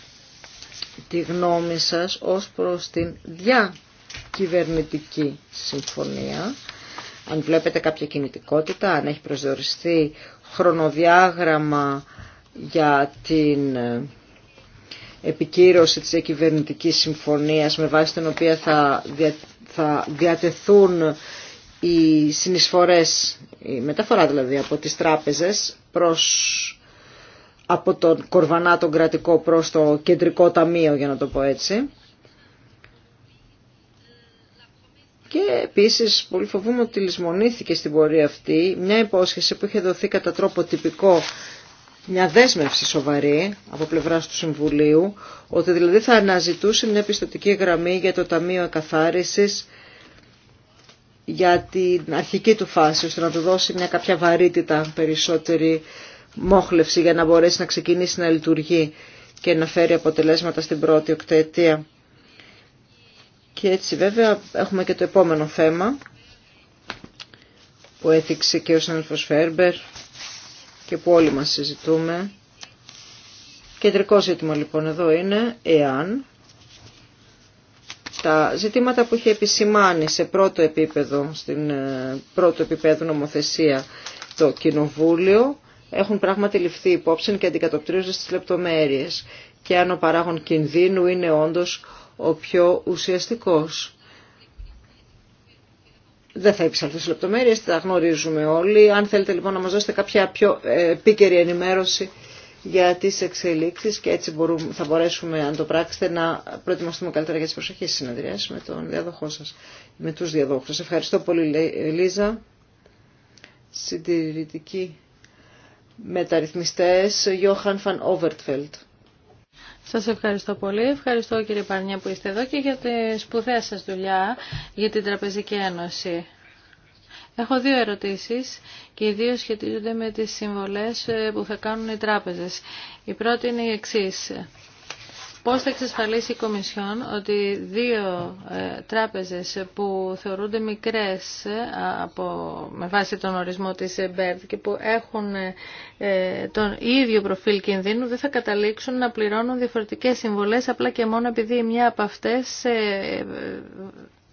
τη γνώμη σας ως προς την διακυβερνητική συμφωνία. Αν βλέπετε κάποια κινητικότητα, αν έχει προσδιοριστεί χρονοδιάγραμμα για την ε, επικύρωση της διακυβερνητικής συμφωνίας με βάση την οποία θα, διατεθούν οι συνεισφορές, η μεταφορά δηλαδή από τις τράπεζες προς, από τον κορβανά τον κρατικό προς το κεντρικό ταμείο για να το πω έτσι. Και επίσης πολύ φοβούμαι ότι λησμονήθηκε στην πορεία αυτή μια υπόσχεση που είχε δοθεί κατά τρόπο τυπικό μια δέσμευση σοβαρή από πλευράς του Συμβουλίου, ότι δηλαδή θα αναζητούσε μια πιστοτική γραμμή για το Ταμείο Εκαθάρισης για την αρχική του φάση, ώστε να του δώσει μια κάποια βαρύτητα περισσότερη μόχλευση για να μπορέσει να ξεκινήσει να λειτουργεί και να φέρει αποτελέσματα στην πρώτη οκταετία. Και έτσι βέβαια έχουμε και το επόμενο θέμα που έθιξε και ο Σάνελφος Φέρμπερ και που όλοι μας συζητούμε. Κεντρικό ζήτημα λοιπόν εδώ είναι εάν τα ζητήματα που είχε επισημάνει σε πρώτο επίπεδο, στην ε, πρώτο επίπεδο νομοθεσία το Κοινοβούλιο, έχουν πράγματι ληφθεί υπόψη και αντικατοπτρίζονται στις λεπτομέρειες και αν ο παράγων κινδύνου είναι όντως ο πιο ουσιαστικός. Δεν θα υψαλθώ σε λεπτομέρειες, τα γνωρίζουμε όλοι. Αν θέλετε λοιπόν να μα δώσετε κάποια πιο ε, επίκαιρη ενημέρωση για τις εξελίξεις και έτσι θα μπορέσουμε, αν το πράξετε, να προετοιμαστούμε καλύτερα για τις προσεχείς συνεδριάσεις με τον διαδοχό σας, με τους διαδόχους Ευχαριστώ πολύ Λίζα. Συντηρητικοί μεταρρυθμιστές, Johann van Φαν-Οβερτφέλτ. Σας ευχαριστώ πολύ. Ευχαριστώ κύριε Παρνιά που είστε εδώ και για τη σπουδαία σας δουλειά για την Τραπεζική Ένωση. Έχω δύο ερωτήσεις και οι δύο σχετίζονται με τις συμβολές ε, που θα κάνουν οι τράπεζες. Η πρώτη είναι η εξής. Πώς θα εξασφαλίσει η Κομισιόν ότι δύο ε, τράπεζες που θεωρούνται μικρές ε, από, με βάση τον ορισμό της ΕΜΠΕΡΔ και που έχουν ε, τον ίδιο προφίλ κινδύνου δεν θα καταλήξουν να πληρώνουν διαφορετικές συμβολές απλά και μόνο επειδή μια από αυτές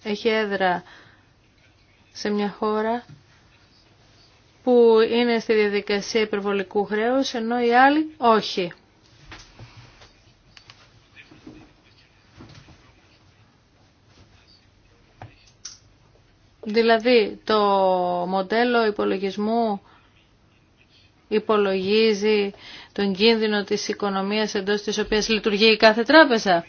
έχει έδρα σε μια χώρα που είναι στη διαδικασία υπερβολικού χρέους, ενώ οι άλλοι όχι. Δηλαδή το μοντέλο υπολογισμού υπολογίζει τον κίνδυνο της οικονομίας εντός της οποίας λειτουργεί η κάθε τράπεζα.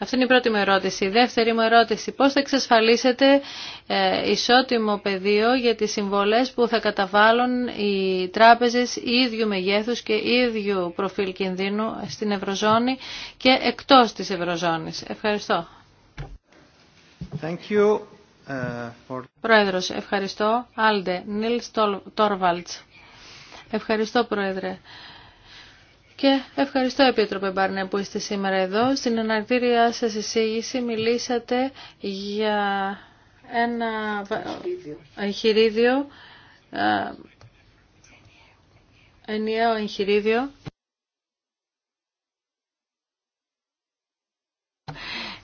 Αυτή είναι η πρώτη μου ερώτηση. Η δεύτερη μου ερώτηση, πώς θα εξασφαλίσετε ε, ισότιμο πεδίο για τις συμβολές που θα καταβάλουν οι τράπεζες ίδιου μεγέθους και ίδιου προφίλ κινδύνου στην Ευρωζώνη και εκτός της Ευρωζώνης. Ευχαριστώ. Thank Πρόεδρος, ευχαριστώ. Άλντε, Νίλ Τόρβαλτς. Ευχαριστώ, Πρόεδρε. Και ευχαριστώ Επίτροπε Μπαρνέ που είστε σήμερα εδώ. Στην αναρτήριά σας εισήγηση μιλήσατε για ένα εγχειρίδιο, ενιαίο εγχειρίδιο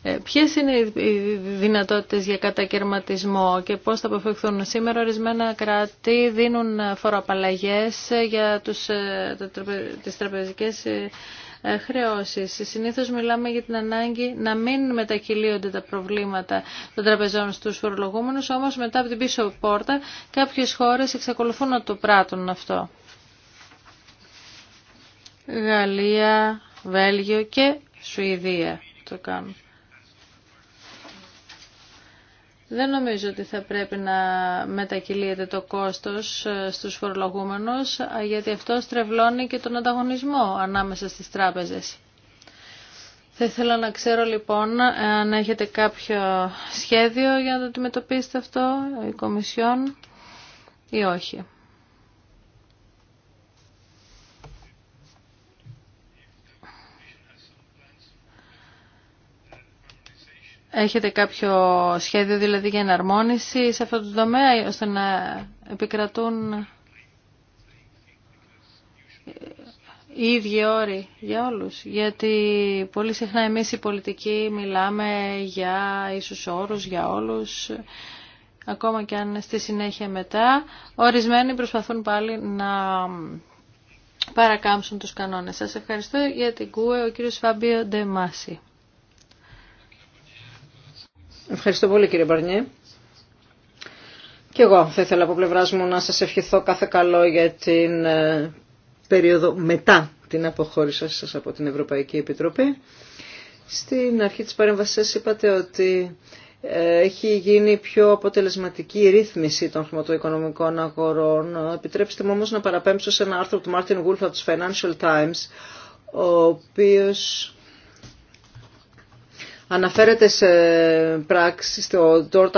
Ε, Ποιε είναι οι δυνατότητες για κατακαιρματισμό και πώς θα αποφευχθούν. Σήμερα ορισμένα κράτη δίνουν φοροαπαλλαγές για τι ε, τις τραπεζικές ε, Συνήθω Συνήθως μιλάμε για την ανάγκη να μην μετακυλίονται τα προβλήματα των τραπεζών στους φορολογούμενους, όμως μετά από την πίσω πόρτα κάποιες χώρες εξακολουθούν να το πράττουν αυτό. Γαλλία, Βέλγιο και Σουηδία το κάνουν. Δεν νομίζω ότι θα πρέπει να μετακυλείται το κόστος ε, στους φορολογούμενους, γιατί αυτό στρεβλώνει και τον ανταγωνισμό ανάμεσα στις τράπεζες. Θα ήθελα να ξέρω λοιπόν αν έχετε κάποιο σχέδιο για να το αντιμετωπίσετε αυτό, η Κομισιόν ή όχι. Έχετε κάποιο σχέδιο δηλαδή για εναρμόνιση σε αυτό το τομέα ώστε να επικρατούν οι ίδιοι όροι για όλους. Γιατί πολύ συχνά εμείς οι πολιτικοί μιλάμε για ίσους όρους για όλους ακόμα και αν στη συνέχεια μετά ορισμένοι προσπαθούν πάλι να παρακάμψουν τους κανόνες. Σας ευχαριστώ για την ΚΟΥΕ, ο κύριος Φάμπιο Ντεμάση. Ευχαριστώ πολύ κύριε Μπαρνιέ. Και εγώ θα ήθελα από πλευράς μου να σας ευχηθώ κάθε καλό για την ε, περίοδο μετά την αποχώρησή σας από την Ευρωπαϊκή Επιτροπή. Στην αρχή της παρέμβασης είπατε ότι ε, έχει γίνει πιο αποτελεσματική η ρύθμιση των χρηματοοικονομικών αγορών. Επιτρέψτε μου όμως να παραπέμψω σε ένα άρθρο του Μάρτιν Γούλφ από Financial Times, ο οποίος Αναφέρεται σε πράξη στο Dort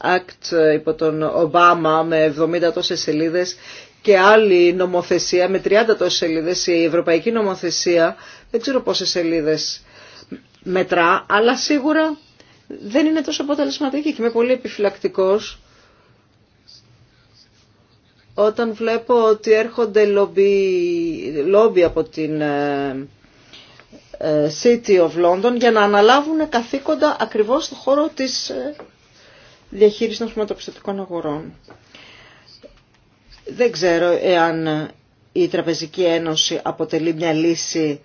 Act ε, υπό τον Ομπάμα με 70 τόσες σελίδες και άλλη νομοθεσία με 30 τόσες σελίδες. Η ευρωπαϊκή νομοθεσία δεν ξέρω πόσες σελίδες μετρά, αλλά σίγουρα δεν είναι τόσο αποτελεσματική και είμαι πολύ επιφυλακτικός όταν βλέπω ότι έρχονται λόμπι, από την ε, ε, City of London για να αναλάβουν καθήκοντα ακριβώς στον χώρο της ε, διαχείρισης των χρηματοπιστωτικών αγορών. Δεν ξέρω εάν η Τραπεζική Ένωση αποτελεί μια λύση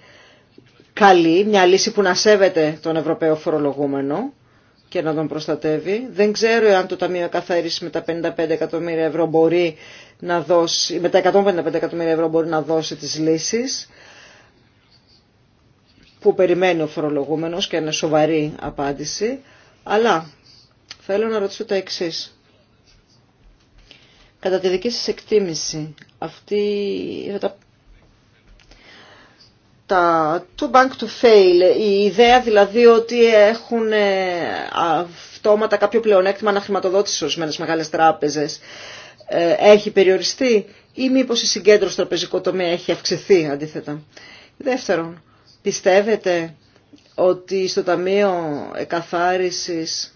καλή, μια λύση που να σέβεται τον Ευρωπαίο φορολογούμενο και να τον προστατεύει. Δεν ξέρω εάν το Ταμείο Καθαρίσης με τα 55 εκατομμύρια ευρώ μπορεί να δώσει, με τα 155 εκατομμύρια ευρώ μπορεί να δώσει τις λύσεις που περιμένει ο φορολογούμενος και είναι σοβαρή απάντηση, αλλά θέλω να ρωτήσω τα εξή. Κατά τη δική σας εκτίμηση, αυτή, τα, τα too bank to fail, η ιδέα δηλαδή ότι έχουν ε, αυτόματα κάποιο πλεονέκτημα να χρηματοδότηση ορισμένε μεγάλες τράπεζες, ε, έχει περιοριστεί ή μήπως η μηπω η συγκεντρωση στο τραπεζικό τομέα έχει αυξηθεί αντίθετα. Δεύτερον, Πιστεύετε ότι στο Ταμείο Εκαθάρισης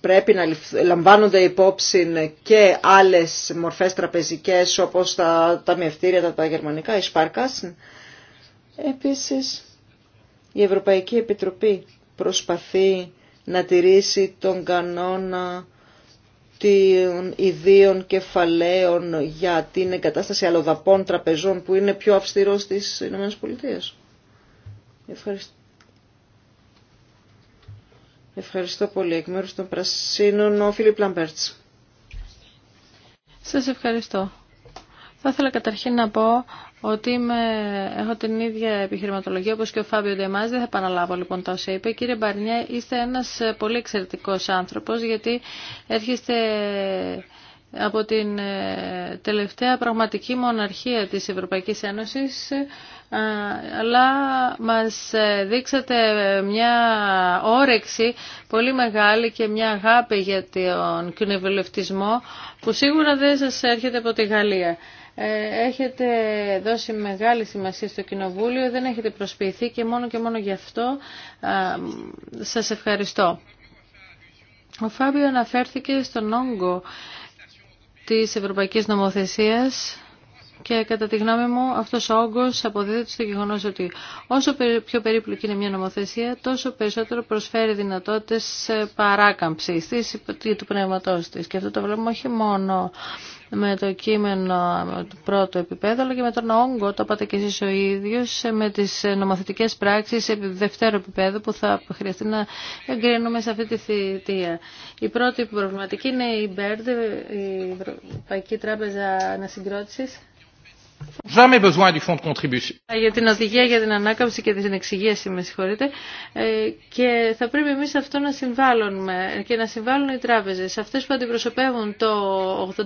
πρέπει να λαμβάνονται υπόψη και άλλες μορφές τραπεζικές όπως τα ταμιευτήρια, τα, τα γερμανικά, η Σπάρκας. Επίσης, η Ευρωπαϊκή Επιτροπή προσπαθεί να τηρήσει τον κανόνα των ιδίων κεφαλαίων για την εγκατάσταση αλλοδαπών τραπεζών που είναι πιο αυστηρό στις ΗΠΑ. Ευχαριστώ. Ευχαριστώ πολύ. Εκ μέρους των Πρασίνων, ο Φίλιπ Λαμπέρτς. Σας ευχαριστώ. Θα ήθελα καταρχήν να πω ότι έχω την ίδια επιχειρηματολογία όπως και ο Φάβιο Ντεμάζ. Δεν θα επαναλάβω λοιπόν τα όσα είπε. Κύριε Μπαρνιέ, είστε ένας ε, πολύ εξαιρετικός άνθρωπος γιατί έρχεστε από την ε, τελευταία πραγματική μοναρχία της Ευρωπαϊκής Ένωσης ε, αλλά μας δείξατε μια όρεξη πολύ μεγάλη και μια αγάπη για τον κοινοβουλευτισμό που σίγουρα δεν σας έρχεται από τη Γαλλία. Ε, έχετε δώσει μεγάλη σημασία στο Κοινοβούλιο, δεν έχετε προσποιηθεί και μόνο και μόνο γι' αυτό σας ευχαριστώ. Ο Φάβιο αναφέρθηκε στον όγκο της Ευρωπαϊκής Νομοθεσίας και κατά τη γνώμη μου αυτός ο όγκος αποδίδεται στο γεγονός ότι όσο πιο περίπλοκη είναι μια νομοθεσία τόσο περισσότερο προσφέρει δυνατότητες παράκαμψης του πνεύματός της. Και αυτό το βλέπουμε όχι μόνο με το κείμενο του πρώτου επίπεδου, αλλά και με τον όγκο, το είπατε και εσείς ο ίδιος, με τις νομοθετικές πράξεις δευτέρου επίπεδου που θα χρειαστεί να εγκρίνουμε σε αυτή τη θητεία. Η πρώτη προβληματική είναι η BERD, η Ευρωπαϊκή Τράπεζα Ανασυγκρότησης για την οδηγία για την ανάκαμψη και την εξυγίαση, με συγχωρείτε. Ε, και θα πρέπει εμεί αυτό να συμβάλλουμε και να συμβάλλουν οι τράπεζε. Αυτέ που αντιπροσωπεύουν το 85%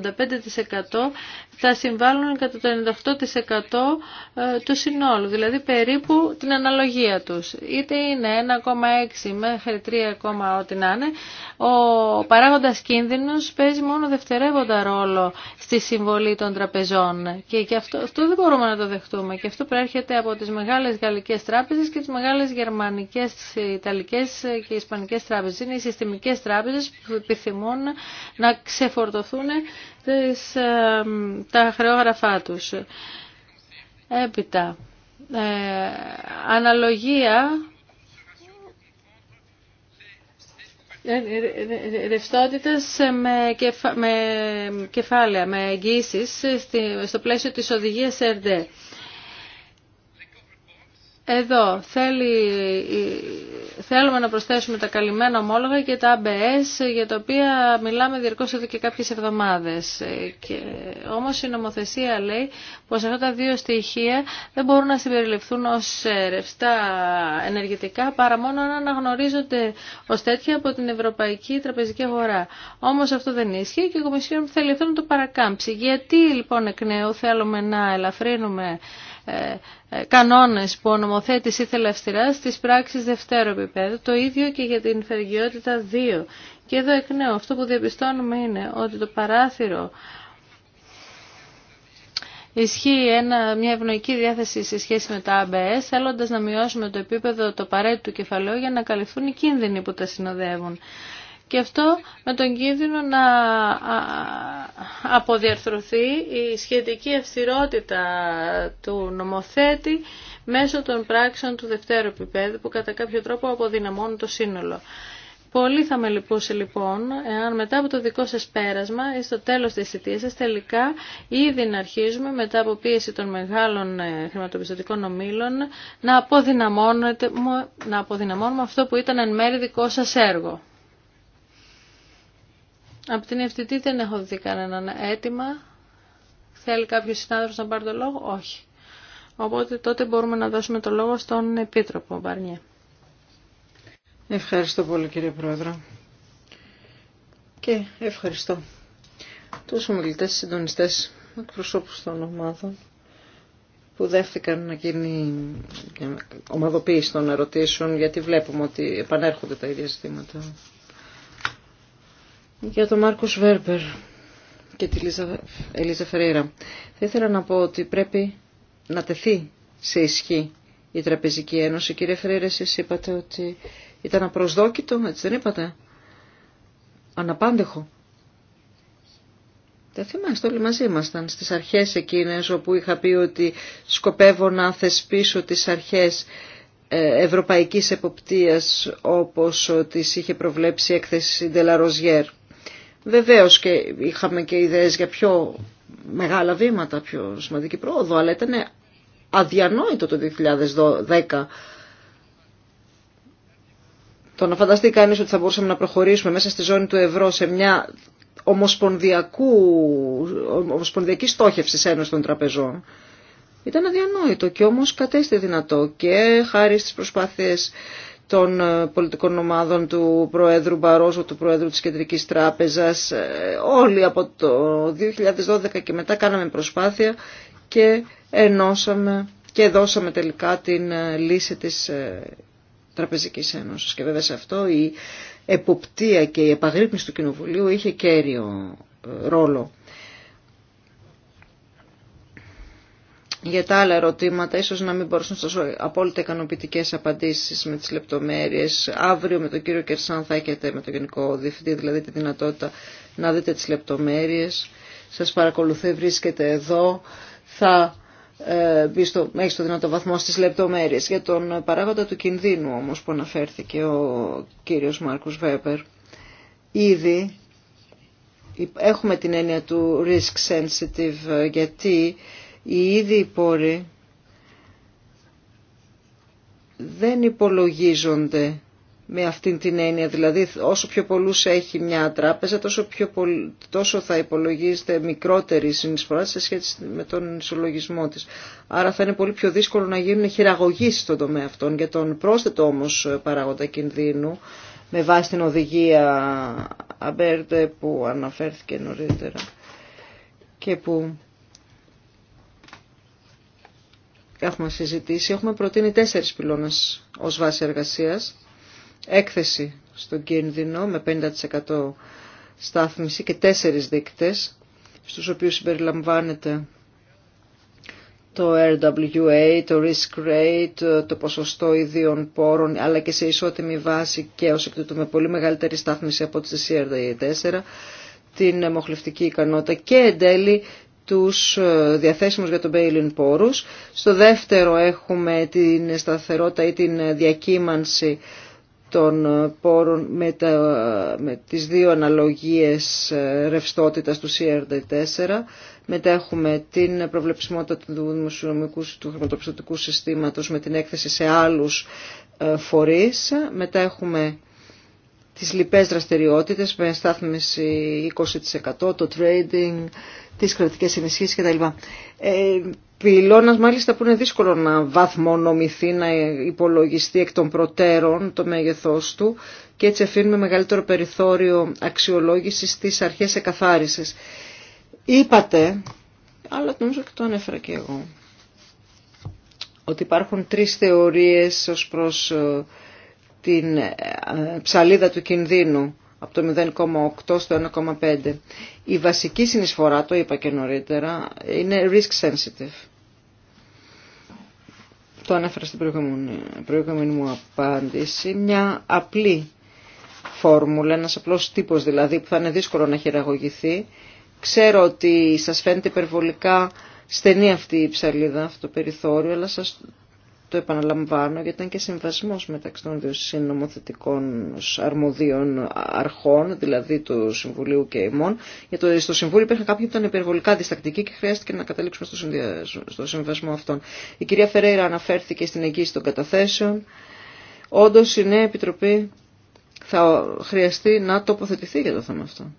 θα συμβάλλουν κατά το 98% του ε, συνόλου, δηλαδή περίπου την αναλογία του. Είτε είναι 1,6 μέχρι 3, ό,τι να είναι. Ο παράγοντα κίνδυνο παίζει μόνο δευτερεύοντα ρόλο στη συμβολή των τραπεζών. Και γι' αυτό αυτό δεν μπορούμε να το δεχτούμε και αυτό προέρχεται από τις μεγάλες γαλλικές τράπεζες και τις μεγάλες γερμανικές, ιταλικές και ισπανικές τράπεζες. Είναι οι συστημικές τράπεζες που επιθυμούν να ξεφορτωθούν τα χρεόγραφά τους. Έπειτα, ε, αναλογία Ε, ε, ε, ρευστότητες με, κεφα... με κεφάλαια, με εγγύησεις στο πλαίσιο της οδηγίας ΕΡΔΕ. Εδώ θέλει θέλουμε να προσθέσουμε τα καλυμμένα ομόλογα και τα ABS για τα οποία μιλάμε διαρκώς εδώ και κάποιες εβδομάδες. Και, όμως η νομοθεσία λέει πως αυτά τα δύο στοιχεία δεν μπορούν να συμπεριληφθούν ως ρευστά ενεργητικά παρά μόνο αν αναγνωρίζονται ως τέτοια από την Ευρωπαϊκή Τραπεζική Αγορά. Όμως αυτό δεν ίσχυε και η Κομισιόν θέλει αυτό να το παρακάμψει. Γιατί λοιπόν εκ νέου θέλουμε να ελαφρύνουμε ε, ε, κανόνες που ο νομοθέτης ήθελε αυστηρά στις πράξεις δευτέρω επίπεδου, το ίδιο και για την φεργιότητα 2. Και εδώ εκ νέου αυτό που διαπιστώνουμε είναι ότι το παράθυρο Ισχύει μια ευνοϊκή διάθεση σε σχέση με τα ABS, θέλοντα να μειώσουμε το επίπεδο το παρέτου του κεφαλαίου για να καλυφθούν οι κίνδυνοι που τα συνοδεύουν και αυτό με τον κίνδυνο να αποδιαρθρωθεί η σχετική αυστηρότητα του νομοθέτη μέσω των πράξεων του δευτέρου επίπεδου που κατά κάποιο τρόπο αποδυναμώνουν το σύνολο. Πολύ θα με λυπούσε λοιπόν εάν μετά από το δικό σας πέρασμα ή στο τέλος της θητείας σας τελικά ήδη να αρχίζουμε μετά από πίεση των μεγάλων ε, χρηματοπιστωτικών ομίλων να αποδυναμώνουμε, να αποδυναμώνουμε αυτό που ήταν εν μέρη δικό σας έργο. Από την ευθυντή δεν έχω δει κανένα αίτημα. Θέλει κάποιο συνάδελφο να πάρει το λόγο. Όχι. Οπότε τότε μπορούμε να δώσουμε το λόγο στον Επίτροπο Μπαρνιέ. Ευχαριστώ πολύ κύριε Πρόεδρε. Και ευχαριστώ τους ομιλητές, συντονιστές, εκπροσώπους των ομάδων που δέχτηκαν να γίνει ομαδοποίηση των ερωτήσεων γιατί βλέπουμε ότι επανέρχονται τα ίδια ζητήματα για τον Μάρκος Βέρπερ και τη Λίζα, Ελίζα Φερέιρα. Θα ήθελα να πω ότι πρέπει να τεθεί σε ισχύ η Τραπεζική Ένωση. Κύριε Φερέιρα, εσείς είπατε ότι ήταν απροσδόκητο, έτσι δεν είπατε. Αναπάντεχο. Τα θυμάστε όλοι μαζί ήμασταν στις αρχές εκείνες όπου είχα πει ότι σκοπεύω να θεσπίσω τις αρχές ε, ευρωπαϊκής εποπτείας όπως τις είχε προβλέψει η έκθεση Ντελαροζιέρ. Βεβαίως και είχαμε και ιδέες για πιο μεγάλα βήματα, πιο σημαντική πρόοδο, αλλά ήταν αδιανόητο το 2010 το να φανταστεί κανείς ότι θα μπορούσαμε να προχωρήσουμε μέσα στη ζώνη του ευρώ σε μια ομοσπονδιακού, ομοσπονδιακή στόχευση ένωση των τραπεζών ήταν αδιανόητο και όμως κατέστη δυνατό και χάρη στις προσπάθειες των ε, πολιτικών ομάδων του Προέδρου Μπαρόζου, του Προέδρου της Κεντρικής Τράπεζας. Ε, όλοι από το 2012 και μετά κάναμε προσπάθεια και ενώσαμε και δώσαμε τελικά την ε, λύση της Τραπεζικής Ένωσης. Και βέβαια σε αυτό η εποπτεία και η επαγρύπνηση του Κοινοβουλίου είχε κέριο ρόλο. Για τα άλλα ερωτήματα, ίσως να μην μπορούσαν να απόλυτα ικανοποιητικέ απαντήσεις με τις λεπτομέρειες. Αύριο με τον κύριο Κερσάν θα έχετε με τον Γενικό Διευθυντή, δηλαδή τη δυνατότητα να δείτε τις λεπτομέρειες. Σας παρακολουθεί, βρίσκεται εδώ. Θα ε, μπει στο δυνατό βαθμό στις λεπτομέρειες. Για τον παράγοντα του κινδύνου όμως που αναφέρθηκε ο κύριος Μάρκους Βέπερ, ήδη έχουμε την έννοια του risk sensitive ε, γιατί οι ίδιοι πόροι δεν υπολογίζονται με αυτήν την έννοια. Δηλαδή όσο πιο πολλούς έχει μια τράπεζα τόσο, πιο τόσο θα υπολογίζεται μικρότερη συνεισφορά σε σχέση με τον ισολογισμό της. Άρα θα είναι πολύ πιο δύσκολο να γίνουν χειραγωγήσεις στον τομέα αυτόν. Για τον πρόσθετο όμως παράγοντα κινδύνου με βάση την οδηγία Αμπέρντε που αναφέρθηκε νωρίτερα και που έχουμε συζητήσει, έχουμε προτείνει τέσσερις πυλώνες ως βάση εργασίας. Έκθεση στον κίνδυνο με 50% στάθμιση και τέσσερις δείκτες, στους οποίους συμπεριλαμβάνεται το RWA, το risk rate, το ποσοστό ιδίων πόρων, αλλά και σε ισότιμη βάση και ως εκ τούτου με πολύ μεγαλύτερη στάθμιση από τις CRD4, την μοχλευτική ικανότητα και εν τέλει τους ε, διαθέσιμους για τον Μπέιλιν πόρους. Στο δεύτερο έχουμε την σταθερότητα ή την διακύμανση των ε, πόρων με, τα, με τις δύο αναλογίες ε, ρευστότητας του CRD4. Μετά έχουμε την προβλεψιμότητα του δημοσιονομικού του χρηματοπιστωτικού συστήματος με την έκθεση σε άλλους φορείς. Μετά έχουμε τις λοιπές δραστηριότητες με στάθμιση 20%, το trading, τις κρατικές ενισχύσεις κτλ. Ε, Πυλώνας μάλιστα που είναι δύσκολο να βαθμονομηθεί, να υπολογιστεί εκ των προτέρων το μέγεθός του και έτσι αφήνουμε μεγαλύτερο περιθώριο αξιολόγησης στις αρχές εκαθάρισης. Είπατε, αλλά νομίζω και το ανέφερα και εγώ, ότι υπάρχουν τρεις θεωρίες ως προς ε, την ε, ψαλίδα του κινδύνου από το 0,8 στο 1,5. Η βασική συνεισφορά, το είπα και νωρίτερα, είναι risk sensitive. Το ανέφερα στην προηγούμενη, προηγούμενη μου απάντηση. Μια απλή φόρμουλα, ένας απλός τύπος δηλαδή που θα είναι δύσκολο να χειραγωγηθεί. Ξέρω ότι σας φαίνεται υπερβολικά στενή αυτή η ψαλίδα, αυτό το περιθώριο, αλλά σας το επαναλαμβάνω, γιατί ήταν και συμβασμός μεταξύ των δύο συνομοθετικών αρμοδίων αρχών, δηλαδή του Συμβουλίου και ημών. Για το, στο Συμβούλιο υπήρχαν κάποιοι που ήταν υπερβολικά διστακτικοί και χρειάστηκε να καταλήξουμε στο, στο συμβασμό αυτόν. Η κυρία Φερέιρα αναφέρθηκε στην εγγύηση των καταθέσεων. Όντω η νέα επιτροπή θα χρειαστεί να τοποθετηθεί για το θέμα αυτό.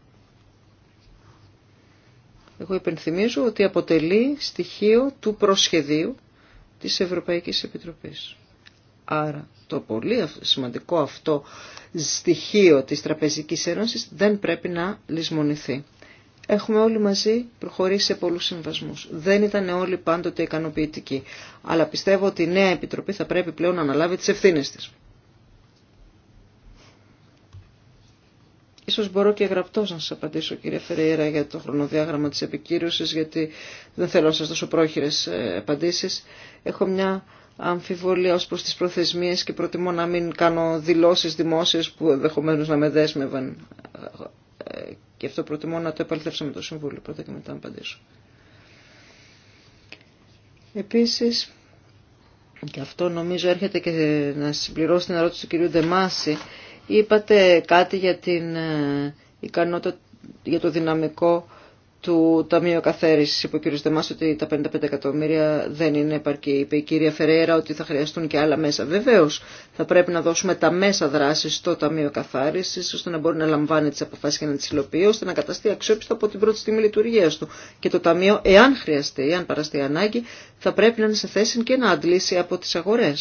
Εγώ υπενθυμίζω ότι αποτελεί στοιχείο του προσχεδίου της Ευρωπαϊκής Επιτροπής. Άρα το πολύ σημαντικό αυτό στοιχείο της Τραπεζικής Ένωσης δεν πρέπει να λησμονηθεί. Έχουμε όλοι μαζί προχωρήσει σε πολλούς συμβασμούς. Δεν ήταν όλοι πάντοτε ικανοποιητικοί. Αλλά πιστεύω ότι η νέα Επιτροπή θα πρέπει πλέον να αναλάβει τις ευθύνες της. Ίσως μπορώ και γραπτός να σα απαντήσω κύριε Φερέιρα για το χρονοδιάγραμμα της επικύρωση, γιατί δεν θέλω να σα δώσω πρόχειρες ε, απαντήσει. Έχω μια αμφιβολία ως προς τις προθεσμίες και προτιμώ να μην κάνω δηλώσει δημόσιες που ενδεχομένω να με δέσμευαν. Ε, και αυτό προτιμώ να το επαληθεύσω με το Συμβούλιο πρώτα και μετά να απαντήσω. Επίση, και αυτό νομίζω έρχεται και να συμπληρώσει την ερώτηση του κυρίου Ντεμάση, Είπατε κάτι για, την, ε, ικανότητα, για το δυναμικό του Ταμείου Καθαίρεση. Είπε ο κ. Δεμά ότι τα 55 εκατομμύρια δεν είναι επαρκή. Είπε η κυρία Φεραίρα ότι θα χρειαστούν και άλλα μέσα. Βεβαίω θα πρέπει να δώσουμε τα μέσα δράση στο Ταμείο Καθάρισης ώστε να μπορεί να λαμβάνει τι αποφάσει και να τι υλοποιεί, ώστε να καταστεί αξιόπιστο από την πρώτη στιγμή λειτουργία του. Και το Ταμείο, εάν χρειαστεί, εάν παραστεί ανάγκη, θα πρέπει να είναι σε θέση και να αντλήσει από τι αγορέ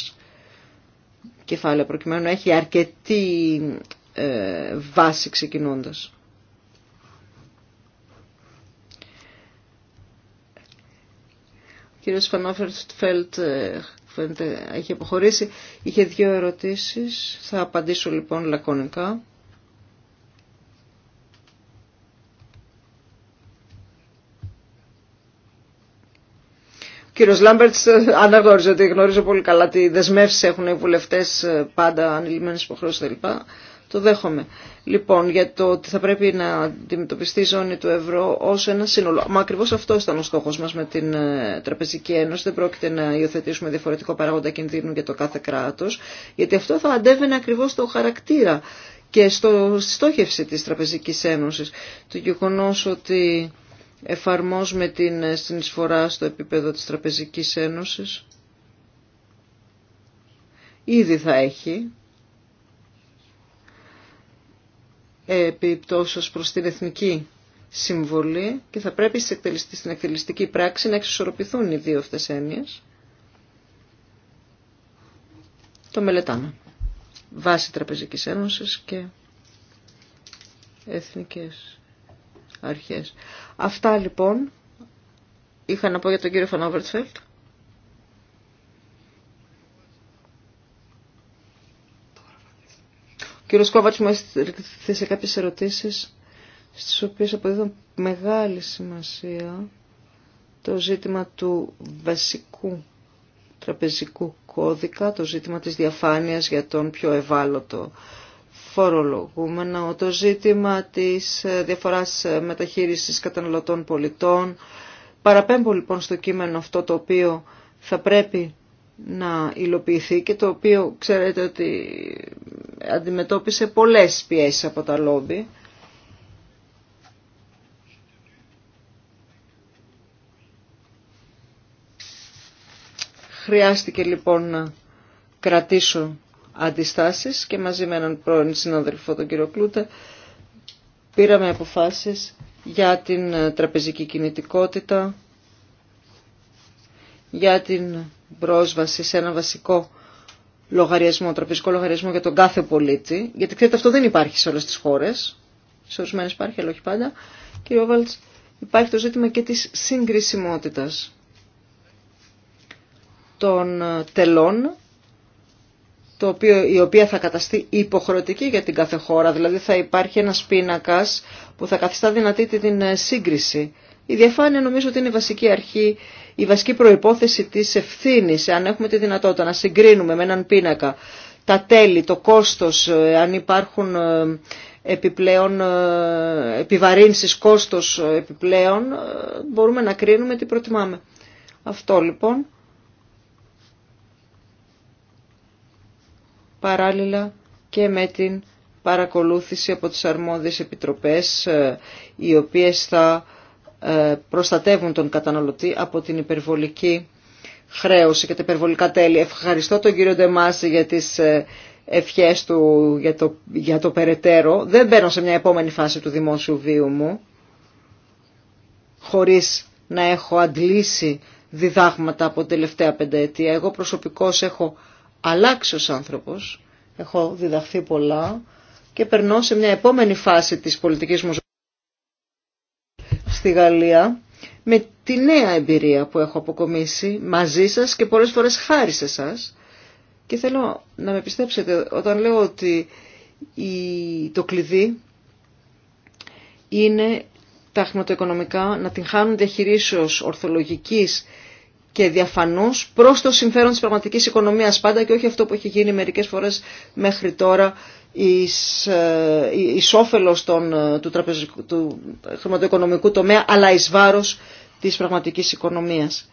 κεφάλαιο προκειμένου να έχει αρκετή ε, βάση ξεκινώντας. Ο κύριος Φανόφερτ ε, φαίνεται έχει αποχωρήσει. Είχε δύο ερωτήσεις. Θα απαντήσω λοιπόν λακωνικά. Κύριο Λάμπερτ, ε, αναγνώριζε ότι γνωρίζω πολύ καλά τι δεσμεύσει έχουν οι βουλευτέ ε, πάντα ανηλυμένε υποχρεώσει Το δέχομαι. Λοιπόν, για το ότι θα πρέπει να αντιμετωπιστεί η ζώνη του ευρώ ω ένα σύνολο. Μα ακριβώ αυτό ήταν ο στόχο μα με την ε, Τραπεζική Ένωση. Δεν πρόκειται να υιοθετήσουμε διαφορετικό παράγοντα κινδύνου για το κάθε κράτο, γιατί αυτό θα αντέβαινε ακριβώ στο χαρακτήρα και στο, στη στόχευση τη Τραπεζική Ένωση. Το γεγονό ότι εφαρμόζουμε την συνεισφορά στο επίπεδο της Τραπεζικής Ένωσης. Ήδη θα έχει επιπτώσεις προς την εθνική συμβολή και θα πρέπει στην εκτελεστική πράξη να εξισορροπηθούν οι δύο αυτές έννοιες. Το μελετάμε. Βάση Τραπεζικής Ένωσης και εθνικές αρχές. Αυτά λοιπόν είχα να πω για τον κύριο Φανόβερτσφελτ. Ο κύριος Κόβατς μου έστειλε σε κάποιες ερωτήσεις στις οποίες αποδίδω μεγάλη σημασία το ζήτημα του βασικού τραπεζικού κώδικα, το ζήτημα της διαφάνειας για τον πιο ευάλωτο φορολογούμενα, το ζήτημα της διαφοράς μεταχείρισης καταναλωτών πολιτών. Παραπέμπω λοιπόν στο κείμενο αυτό το οποίο θα πρέπει να υλοποιηθεί και το οποίο ξέρετε ότι αντιμετώπισε πολλές πιέσεις από τα λόμπι. Χρειάστηκε λοιπόν να κρατήσω αντιστάσεις και μαζί με έναν πρώην συνάδελφο τον κύριο Κλούτε πήραμε αποφάσεις για την ε, τραπεζική κινητικότητα, για την πρόσβαση σε ένα βασικό λογαριασμό, τραπεζικό λογαριασμό για τον κάθε πολίτη, γιατί ξέρετε αυτό δεν υπάρχει σε όλες τις χώρες, σε ορισμένες υπάρχει, αλλά όχι πάντα. Κύριε Βάλτς υπάρχει το ζήτημα και της συγκρισιμότητας των ε, τελών το οποίο, η οποία θα καταστεί υποχρεωτική για την κάθε χώρα. Δηλαδή θα υπάρχει ένας πίνακας που θα καθιστά δυνατή την ε, σύγκριση. Η διαφάνεια νομίζω ότι είναι η βασική αρχή, η βασική προϋπόθεση της ευθύνης. Αν έχουμε τη δυνατότητα να συγκρίνουμε με έναν πίνακα τα τέλη, το κόστος, ε, αν υπάρχουν ε, επιπλέον επιβαρύνσεις κόστος επιπλέον, μπορούμε να κρίνουμε τι προτιμάμε. Αυτό λοιπόν. παράλληλα και με την παρακολούθηση από τις αρμόδιες επιτροπές ε, οι οποίες θα ε, προστατεύουν τον καταναλωτή από την υπερβολική χρέωση και τα υπερβολικά τέλη. Ευχαριστώ τον κύριο Ντεμάση για τις ε, ευχές του για το, για το περαιτέρω. Δεν μπαίνω σε μια επόμενη φάση του δημόσιου βίου μου χωρίς να έχω αντλήσει διδάγματα από την τελευταία πενταετία. Εγώ προσωπικώς έχω ο άνθρωπος, έχω διδαχθεί πολλά και περνώ σε μια επόμενη φάση της πολιτικής μου ζωής στη Γαλλία με τη νέα εμπειρία που έχω αποκομίσει μαζί σας και πολλές φορές χάρη σε σας. Και θέλω να με πιστέψετε όταν λέω ότι το κλειδί είναι τα χρηματοοικονομικά να την χάνουν διαχειρίσεως ορθολογικής και διαφανούς προς το συμφέρον της πραγματικής οικονομίας πάντα και όχι αυτό που έχει γίνει μερικές φορές μέχρι τώρα εις, ε, όφελο ε, του, του χρηματοοικονομικού τομέα αλλά εις βάρος της πραγματικής οικονομίας.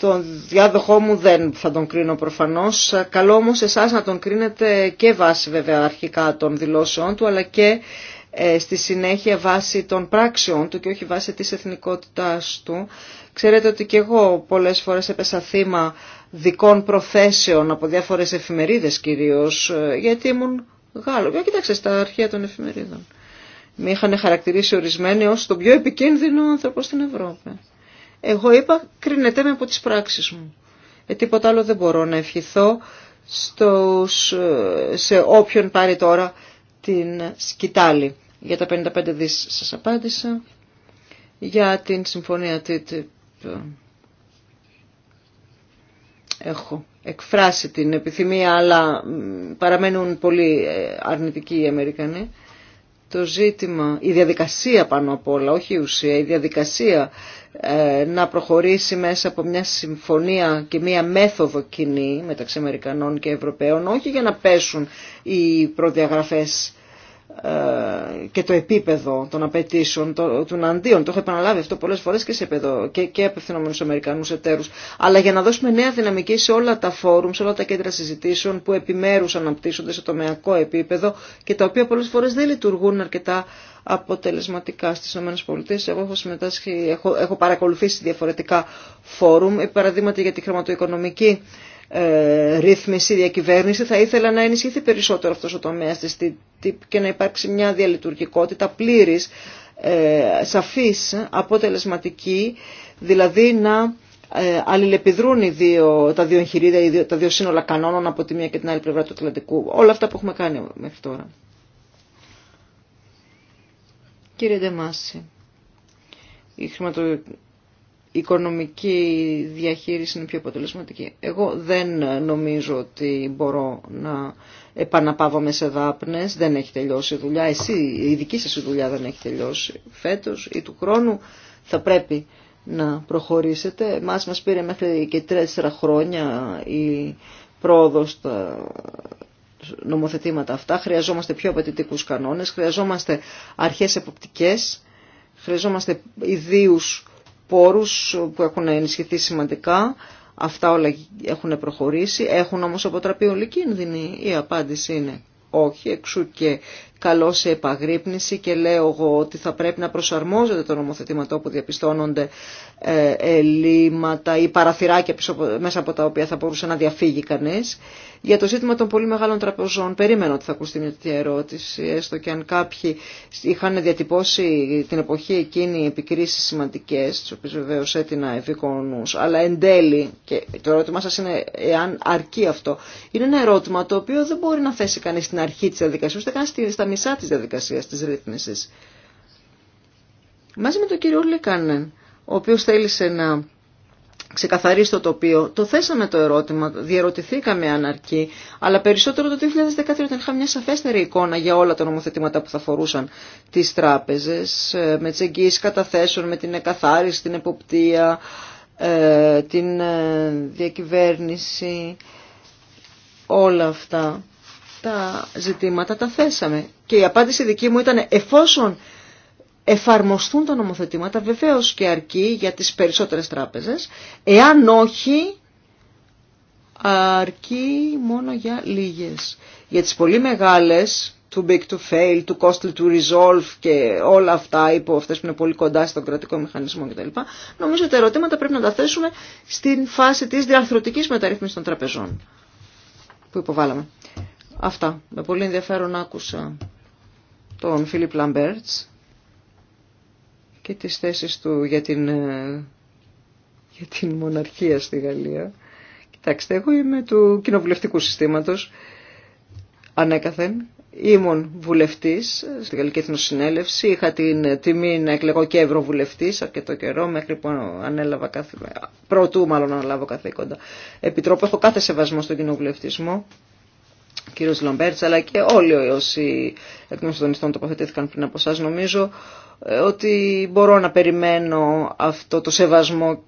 Τον διάδοχό μου δεν θα τον κρίνω προφανώς. Καλό όμως εσάς να τον κρίνετε και βάσει βέβαια αρχικά των δηλώσεών του αλλά και ε, στη συνέχεια βάσει των πράξεων του και όχι βάσει της εθνικότητάς του. Ξέρετε ότι και εγώ πολλές φορές έπεσα θύμα δικών προθέσεων από διάφορες εφημερίδες κυρίως, ε, γιατί ήμουν Γάλλο. Για κοιτάξτε στα αρχεία των εφημερίδων. Με είχαν χαρακτηρίσει ορισμένοι ως τον πιο επικίνδυνο άνθρωπο στην Ευρώπη. Εγώ είπα κρίνεται με από τις πράξεις μου. Ε, τίποτα άλλο δεν μπορώ να ευχηθώ στους, ε, σε όποιον πάρει τώρα την σκητάλη. Για τα 55 δις σας απάντησα. Για την συμφωνία TTIP έχω εκφράσει την επιθυμία αλλά παραμένουν πολύ ε, αρνητικοί οι Αμερικανοί. Το ζήτημα, η διαδικασία πάνω απ' όλα, όχι η ουσία, η διαδικασία ε, να προχωρήσει μέσα από μια συμφωνία και μια μέθοδο κοινή μεταξύ Αμερικανών και Ευρωπαίων, όχι για να πέσουν οι προδιαγραφές ε, και το επίπεδο των απαιτήσεων το, των αντίων. Το έχω επαναλάβει αυτό πολλές φορές και σε επίπεδο και, και απευθυνόμενους Αμερικανούς εταίρους. Αλλά για να δώσουμε νέα δυναμική σε όλα τα φόρουμ, σε όλα τα κέντρα συζητήσεων που επιμέρους αναπτύσσονται σε τομεακό επίπεδο και τα οποία πολλές φορές δεν λειτουργούν αρκετά αποτελεσματικά στις ΗΠΑ. Εγώ έχω, συμμετάσχει, έχω, έχω παρακολουθήσει διαφορετικά φόρουμ, παραδείγματι για τη χρηματοοικονομική ε, ρύθμιση, διακυβέρνηση. Θα ήθελα να ενισχυθεί περισσότερο αυτός ο τομέας της και να υπάρξει μια διαλειτουργικότητα πλήρης, ε, σαφής, αποτελεσματική, δηλαδή να ε, αλληλεπιδρούν οι δύο, τα δύο εγχειρίδια, τα δύο σύνολα κανόνων από τη μία και την άλλη πλευρά του Ατλαντικού. Όλα αυτά που έχουμε κάνει μέχρι τώρα. Κύριε Ντεμάση, η οικονομική διαχείριση είναι πιο αποτελεσματική. Εγώ δεν νομίζω ότι μπορώ να επαναπάβομαι σε δάπνες, δεν έχει τελειώσει η δουλειά, εσύ, η δική σας δουλειά δεν έχει τελειώσει φέτος ή του χρόνου, θα πρέπει να προχωρήσετε. Εμάς μας πήρε μέχρι και τέσσερα χρόνια η πρόοδος στα νομοθετήματα αυτά, χρειαζόμαστε πιο απαιτητικούς κανόνες, χρειαζόμαστε αρχές εποπτικές, χρειαζόμαστε ιδίους πόρους που έχουν ενισχυθεί σημαντικά. Αυτά όλα έχουν προχωρήσει. Έχουν όμως αποτραπεί όλοι κίνδυνοι. Η απάντηση είναι όχι. Εξού και καλώ σε επαγρύπνηση και λέω εγώ ότι θα πρέπει να προσαρμόζεται το νομοθετήματο που διαπιστώνονται ε, ελλείμματα ή παραθυράκια μέσα από τα οποία θα μπορούσε να διαφύγει κανεί. Για το ζήτημα των πολύ μεγάλων τραπεζών περίμενα ότι θα ακουστεί μια τέτοια ερώτηση, έστω και αν κάποιοι είχαν διατυπώσει την εποχή εκείνη επικρίσεις σημαντικές, τις οποίες βεβαίως έτεινα ευήκονους, αλλά εν τέλει, και το ερώτημά σα είναι εάν αρκεί αυτό, είναι ένα ερώτημα το οποίο δεν μπορεί να θέσει κανεί στην αρχή τη διαδικασία. ούτε καν στα μισά της διαδικασίας της ρύθμισης. Μαζί με τον κύριο Λίκανεν, ο οποίος θέλησε να ξεκαθαρίσει το τοπίο, το θέσαμε το ερώτημα, διαρωτηθήκαμε αν αρκεί, αλλά περισσότερο το 2013 όταν είχαμε μια σαφέστερη εικόνα για όλα τα νομοθετήματα που θα φορούσαν τις τράπεζες, ε, με τις εγγύησεις καταθέσεων, με την εκαθάριση, την εποπτεία, ε, την ε, διακυβέρνηση, όλα αυτά τα ζητήματα τα θέσαμε. Και η απάντηση δική μου ήταν εφόσον εφαρμοστούν τα νομοθετήματα, βεβαίως και αρκεί για τις περισσότερες τράπεζες, εάν όχι αρκεί μόνο για λίγες. Για τις πολύ μεγάλες, too big to fail, too costly to resolve και όλα αυτά, υπό αυτές που είναι πολύ κοντά στον κρατικό μηχανισμό κτλ. Νομίζω ότι τα ερωτήματα πρέπει να τα θέσουμε στην φάση της διαρθρωτικής μεταρρύθμισης των τραπεζών που υποβάλαμε. Αυτά. Με πολύ ενδιαφέρον άκουσα τον Φίλιπ Λαμπέρτς και τις θέσεις του για την, ε, για την μοναρχία στη Γαλλία. Κοιτάξτε, εγώ είμαι του κοινοβουλευτικού συστήματος ανέκαθεν. Ήμουν βουλευτής στη Γαλλική Εθνοσυνέλευση, είχα την τιμή να εκλεγώ και ευρωβουλευτής αρκετό καιρό μέχρι που ανέλαβα κάθε... πρωτού μάλλον αναλάβω καθήκοντα. Επιτρόπου έχω κάθε σεβασμό στον κοινοβουλευτισμό κύριος Λομπέρτς αλλά και όλοι όσοι εκ των συντονιστών τοποθετήθηκαν πριν από εσά νομίζω ε, ότι μπορώ να περιμένω αυτό το σεβασμό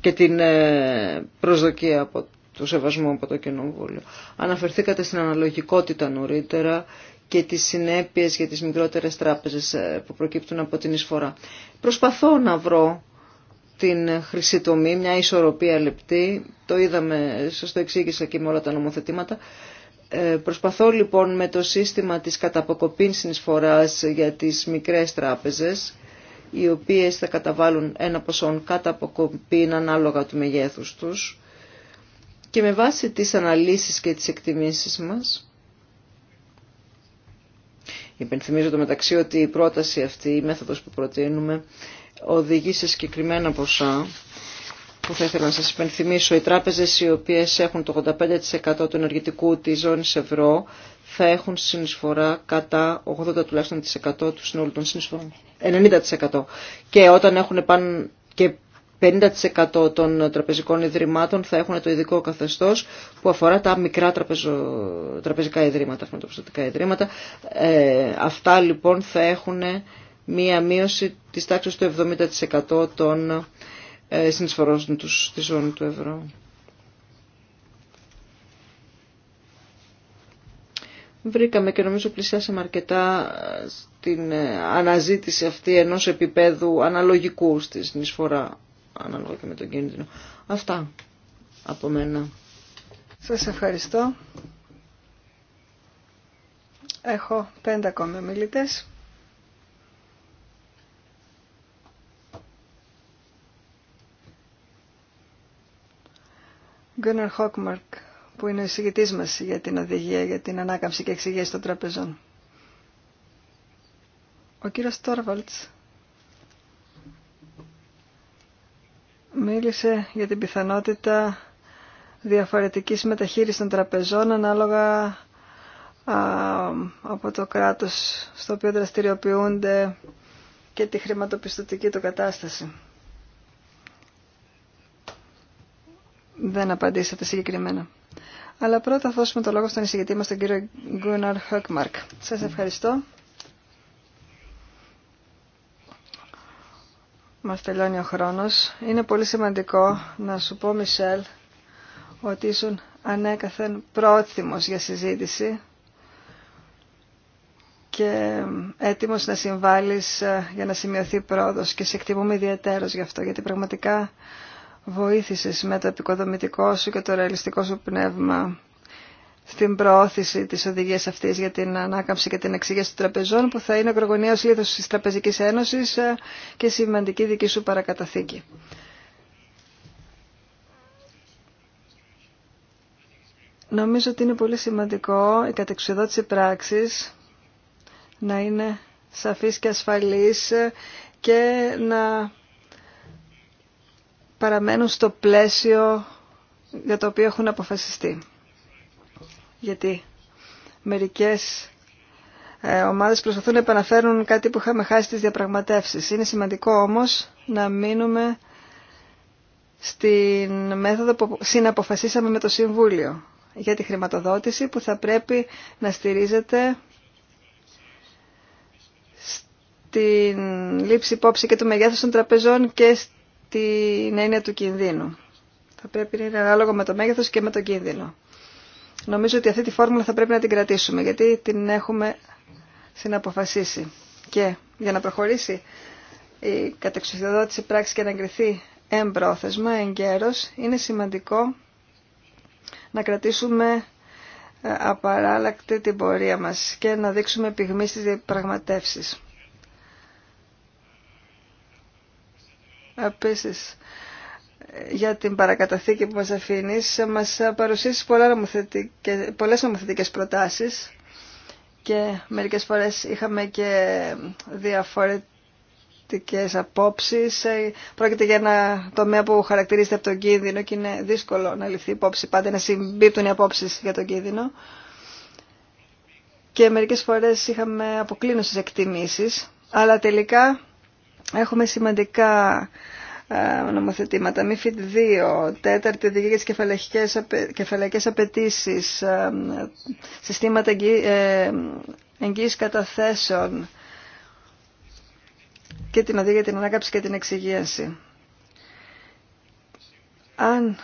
και την ε, προσδοκία από το σεβασμό από το Κοινοβούλιο. Αναφερθήκατε στην αναλογικότητα νωρίτερα και τις συνέπειες για τις μικρότερες τράπεζες ε, που προκύπτουν από την εισφορά. Προσπαθώ να βρω την χρυσή τομή, μια ισορροπία λεπτή. Το είδαμε, σας το εξήγησα και με όλα τα νομοθετήματα. Ε, προσπαθώ λοιπόν με το σύστημα της καταποκοπήν συνεισφοράς για τις μικρές τράπεζες, οι οποίες θα καταβάλουν ένα ποσό καταποκοπήν ανάλογα του μεγέθους τους και με βάση τις αναλύσεις και τις εκτιμήσεις μας, υπενθυμίζω το μεταξύ ότι η πρόταση αυτή, η μέθοδος που προτείνουμε, οδηγεί σε συγκεκριμένα ποσά, που θα ήθελα να σας υπενθυμίσω, οι τράπεζες οι οποίες έχουν το 85% του ενεργητικού της ζώνης ευρώ θα έχουν συνεισφορά κατά 80% τουλάχιστον του συνόλου των συνεισφορών. 90%. Και όταν έχουν πάνω και 50% των τραπεζικών ιδρυμάτων θα έχουν το ειδικό καθεστώς που αφορά τα μικρά τραπεζο... τραπεζικά ιδρύματα, χρηματοπιστωτικά ιδρύματα. Ε, αυτά λοιπόν θα έχουν μία μείωση της τάξης του 70% των ε, συνεισφορών τους στη ζώνη του ευρώ. Βρήκαμε και νομίζω πλησιάσαμε αρκετά ε, στην ε, αναζήτηση αυτή ενός επίπεδου αναλογικού στη συνεισφορά ανάλογα και με τον κίνδυνο. Αυτά από μένα. Σας ευχαριστώ. Έχω πέντε ακόμα μιλήτες Γκούνερ Χόκμαρκ, που είναι ο εισηγητής μας για την οδηγία, για την ανάκαμψη και εξηγήση των τραπεζών. Ο κύριος Τόρβαλτς μίλησε για την πιθανότητα διαφορετικής μεταχείρισης των τραπεζών ανάλογα από το κράτος στο οποίο δραστηριοποιούνται και τη χρηματοπιστωτική του κατάσταση. δεν απαντήσατε συγκεκριμένα. Αλλά πρώτα θα δώσουμε το λόγο στον εισηγητή μας, τον κύριο Γκούναρ Χόκμαρκ. Σας ευχαριστώ. Μας τελειώνει ο χρόνος. Είναι πολύ σημαντικό να σου πω, Μισελ, ότι ήσουν ανέκαθεν πρόθυμος για συζήτηση και έτοιμος να συμβάλεις ε, για να σημειωθεί πρόοδος και σε εκτιμούμε ιδιαίτερος γι' αυτό, γιατί πραγματικά βοήθησες με το επικοδομητικό σου και το ρεαλιστικό σου πνεύμα στην προώθηση της οδηγίας αυτής για την ανάκαμψη και την εξήγηση των τραπεζών που θα είναι ο κρογωνιαίος λίθος της Τραπεζικής Ένωσης ε, και σημαντική δική σου παρακαταθήκη. Νομίζω ότι είναι πολύ σημαντικό η κατεξουδότηση πράξης να είναι σαφής και ασφαλής και να παραμένουν στο πλαίσιο για το οποίο έχουν αποφασιστεί. Γιατί μερικές ε, ομάδες προσπαθούν να επαναφέρουν κάτι που είχαμε χάσει στις διαπραγματεύσεις. Είναι σημαντικό όμως να μείνουμε στην μέθοδο που συναποφασίσαμε με το Συμβούλιο για τη χρηματοδότηση που θα πρέπει να στηρίζεται στην λήψη υπόψη και του μεγέθους των τραπεζών και την έννοια του κινδύνου. Θα πρέπει να είναι ανάλογο με το μέγεθος και με τον κίνδυνο. Νομίζω ότι αυτή τη φόρμουλα θα πρέπει να την κρατήσουμε, γιατί την έχουμε συναποφασίσει. Και για να προχωρήσει η κατεξουσιοδότηση πράξη και να εγκριθεί εμπρόθεσμα, εγκαίρος, είναι σημαντικό να κρατήσουμε ε, απαράλλακτη την πορεία μας και να δείξουμε πυγμή στις διαπραγματεύσεις. Επίση για την παρακαταθήκη που μας αφήνεις, μας παρουσίασε πολλές νομοθετικές προτάσεις και μερικές φορές είχαμε και διαφορετικές απόψεις. Ε, πρόκειται για ένα τομέα που χαρακτηρίζεται από τον κίνδυνο και είναι δύσκολο να ληφθεί υπόψη πάντα, να συμπίπτουν οι απόψεις για τον κίνδυνο. Και μερικές φορές είχαμε αποκλίνωσες εκτιμήσεις, αλλά τελικά Έχουμε σημαντικά ε, νομοθετήματα, ΜΥΦΙΤ 2, τέταρτη οδηγία για τις κεφαλαϊκές απαιτήσει, ε, συστήματα ε, εγγύης καταθέσεων και την οδηγία για την ανάκαψη και την εξυγίαση. Αν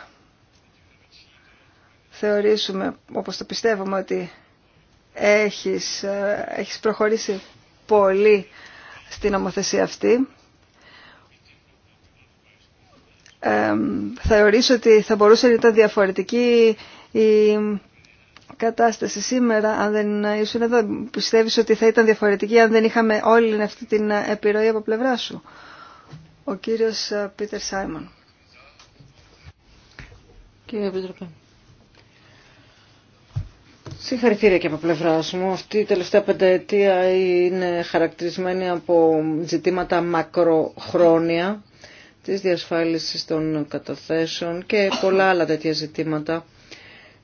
θεωρήσουμε, όπως το πιστεύουμε, ότι έχεις, έχεις προχωρήσει πολύ στην νομοθεσία αυτή, θεωρήσω ότι θα μπορούσε να ήταν διαφορετική η κατάσταση σήμερα, αν δεν ήσουν εδώ. Πιστεύεις ότι θα ήταν διαφορετική αν δεν είχαμε όλη αυτή την επιρροή από πλευρά σου. Ο κύριος ε, Πίτερ Σάιμον. Κύριε Επιτροπέ. Συγχαρητήρια και από πλευρά μου. Αυτή η τελευταία πενταετία είναι χαρακτηρισμένη από ζητήματα μακροχρόνια της διασφάλισης των καταθέσεων και πολλά άλλα τέτοια ζητήματα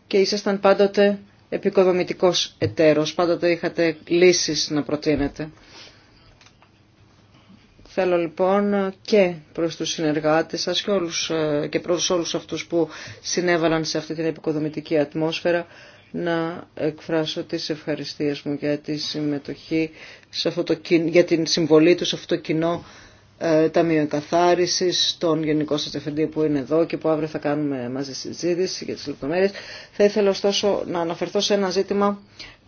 και ήσασταν πάντοτε επικοδομητικός εταίρος, πάντοτε είχατε λύσεις να προτείνετε. Θέλω λοιπόν και προς τους συνεργάτες σας και, όλους, ε, και προς όλους αυτούς που συνέβαλαν σε αυτή την επικοδομητική ατμόσφαιρα να εκφράσω τις ευχαριστίες μου για τη συμμετοχή, για την συμβολή τους σε αυτό το κοινό ε, Ταμείο Εκαθάριση, τον Γενικό Σα που είναι εδώ και που αύριο θα κάνουμε μαζί συζήτηση για τι λεπτομέρειε. Θα ήθελα ωστόσο να αναφερθώ σε ένα ζήτημα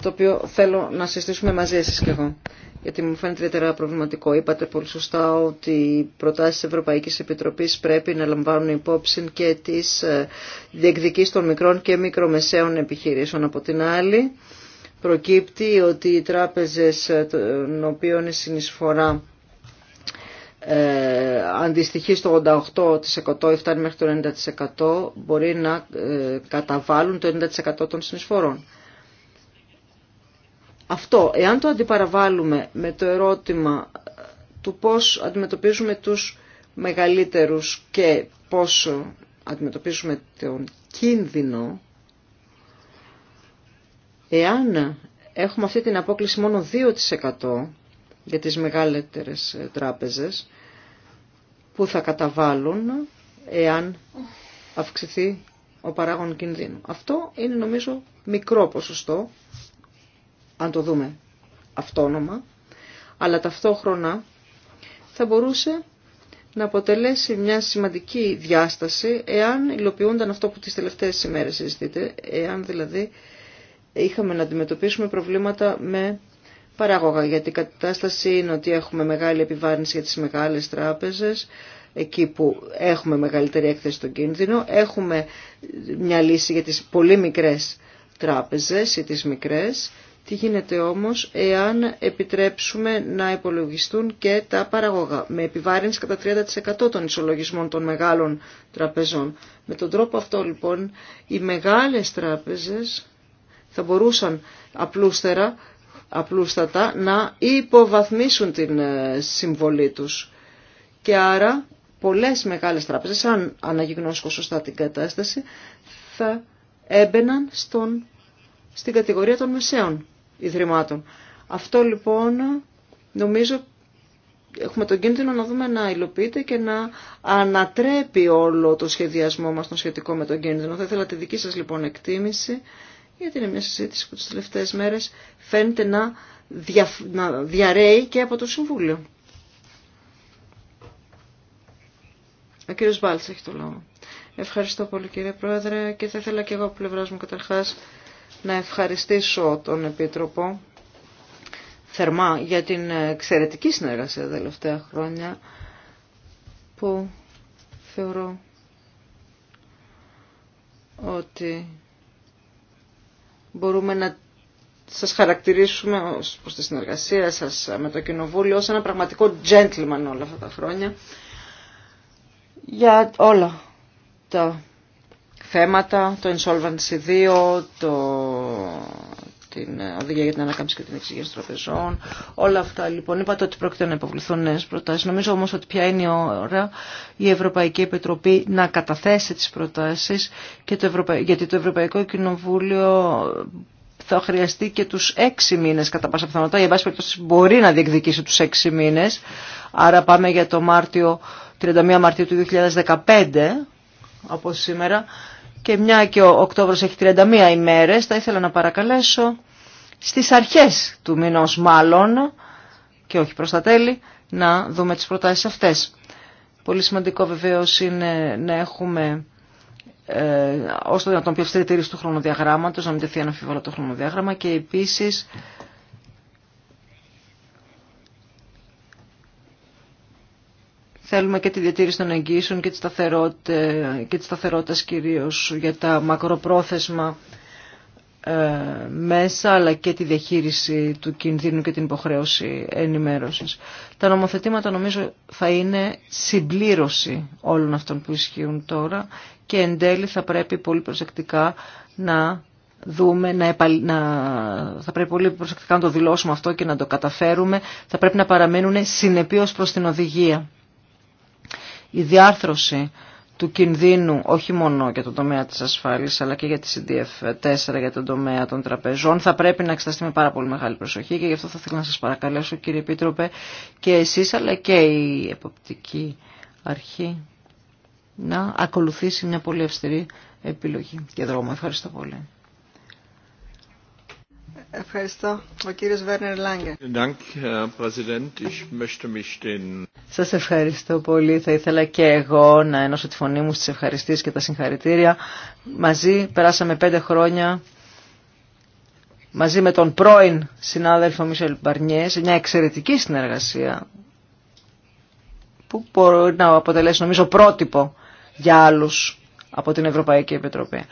το οποίο θέλω να συζητήσουμε μαζί εσεί και εγώ. Γιατί μου φαίνεται ιδιαίτερα προβληματικό. Είπατε πολύ σωστά ότι οι προτάσει τη Ευρωπαϊκή Επιτροπή πρέπει να λαμβάνουν υπόψη και τι ε, διεκδικήσει των μικρών και μικρομεσαίων επιχειρήσεων. Από την άλλη, προκύπτει ότι οι τράπεζε ε, των οποίων η συνεισφορά ε, αντιστοιχεί στο 88% ή φτάνει μέχρι το 90% μπορεί να ε, καταβάλουν το 90% των συνεισφορών. Αυτό, εάν το αντιπαραβάλλουμε με το ερώτημα ε, του πώς αντιμετωπίζουμε τους μεγαλύτερους και πόσο αντιμετωπίζουμε τον κίνδυνο, εάν έχουμε αυτή την απόκληση μόνο 2% για τις μεγαλύτερες ε, τράπεζες, που θα καταβάλουν εάν αυξηθεί ο παράγων κινδύνου. Αυτό είναι νομίζω μικρό ποσοστό, αν το δούμε αυτόνομα, αλλά ταυτόχρονα θα μπορούσε να αποτελέσει μια σημαντική διάσταση εάν υλοποιούνταν αυτό που τις τελευταίες ημέρες συζητείτε, εάν δηλαδή είχαμε να αντιμετωπίσουμε προβλήματα με παράγωγα, γιατί η κατάσταση είναι ότι έχουμε μεγάλη επιβάρυνση για τις μεγάλες τράπεζες, εκεί που έχουμε μεγαλύτερη έκθεση στον κίνδυνο, έχουμε μια λύση για τις πολύ μικρές τράπεζες ή τις μικρές, τι γίνεται όμως εάν επιτρέψουμε να υπολογιστούν και τα παραγωγά με επιβάρυνση κατά 30% των ισολογισμών των μεγάλων τραπεζών. Με τον τρόπο αυτό λοιπόν οι μεγάλες τράπεζες θα μπορούσαν απλούστερα απλούστατα να υποβαθμίσουν την ε, συμβολή τους. Και άρα πολλές μεγάλες τράπεζες, αν αναγνώσκω σωστά την κατάσταση, θα έμπαιναν στον, στην κατηγορία των μεσαίων ιδρυμάτων. Αυτό λοιπόν νομίζω έχουμε τον κίνδυνο να δούμε να υλοποιείται και να ανατρέπει όλο το σχεδιασμό μας το σχετικό με τον κίνδυνο. Θα ήθελα τη δική σας λοιπόν εκτίμηση γιατί είναι μια συζήτηση που τις τελευταίες μέρες φαίνεται να, να διαρρέει και από το Συμβούλιο. Ο κύριος Βάλτς έχει το λόγο. Ευχαριστώ πολύ κύριε Πρόεδρε και θα ήθελα και εγώ από πλευρά μου καταρχάς να ευχαριστήσω τον Επίτροπο θερμά για την εξαιρετική συνεργασία τα τελευταία χρόνια που θεωρώ ότι μπορούμε να σας χαρακτηρίσουμε ως προς τη συνεργασία σας με το Κοινοβούλιο ως ένα πραγματικό gentleman όλα αυτά τα χρόνια για όλα τα θέματα, το Insolvency 2, το την οδηγία για την ανάκαμψη και την εξηγήση τραπεζών. Όλα αυτά λοιπόν. Είπατε ότι πρόκειται να υποβληθούν νέε προτάσει. Νομίζω όμω ότι πια είναι η ώρα η Ευρωπαϊκή Επιτροπή να καταθέσει τι προτάσει γιατί το Ευρωπαϊκό Κοινοβούλιο θα χρειαστεί και τους έξι μήνες κατά πάσα πιθανότητα. Η πάση περιπτώσει μπορεί να διεκδικήσει τους έξι μήνες. Άρα πάμε για το Μάρτιο, 31 Μαρτίου του 2015 από σήμερα και μια και ο Οκτώβριο έχει 31 ημέρες. Θα ήθελα να παρακαλέσω στις αρχές του μηνός μάλλον και όχι προς τα τέλη να δούμε τις προτάσεις αυτές. Πολύ σημαντικό βεβαίως είναι να έχουμε ώστε όσο το δυνατόν πιο αυστηρή τήρηση του χρονοδιαγράμματος, να μην τεθεί το χρονοδιάγραμμα και επίσης Θέλουμε και τη διατήρηση των εγγύσεων και τη σταθερότητα, και κυρίως για τα μακροπρόθεσμα ε, μέσα αλλά και τη διαχείριση του κινδύνου και την υποχρέωση ενημέρωσης. Τα νομοθετήματα νομίζω θα είναι συμπλήρωση όλων αυτών που ισχύουν τώρα και εν τέλει θα πρέπει πολύ προσεκτικά να δούμε, να, να... θα πρέπει πολύ προσεκτικά να το δηλώσουμε αυτό και να το καταφέρουμε, θα πρέπει να παραμένουν συνεπείως προς την οδηγία. Η διάρθρωση του κινδύνου όχι μόνο για τον τομέα της ασφάλειας αλλά και για τη CDF4 για τον τομέα των τραπεζών θα πρέπει να εξεταστεί με πάρα πολύ μεγάλη προσοχή και γι' αυτό θα ήθελα να σας παρακαλέσω κύριε Επίτροπε και εσείς αλλά και η εποπτική αρχή να ακολουθήσει μια πολύ αυστηρή επιλογή και δρόμο. Ευχαριστώ πολύ. Ευχαριστώ. Ο κύριος Βέρνερ Λάγκε. Σας ευχαριστώ πολύ. Θα ήθελα και εγώ να ενώσω τη φωνή μου στις ευχαριστίες και τα συγχαρητήρια. Μαζί περάσαμε πέντε χρόνια μαζί με τον πρώην συνάδελφο Μισελ Μπαρνιέ σε μια εξαιρετική συνεργασία που μπορεί να αποτελέσει νομίζω πρότυπο για άλλους από την Ευρωπαϊκή Επιτροπή.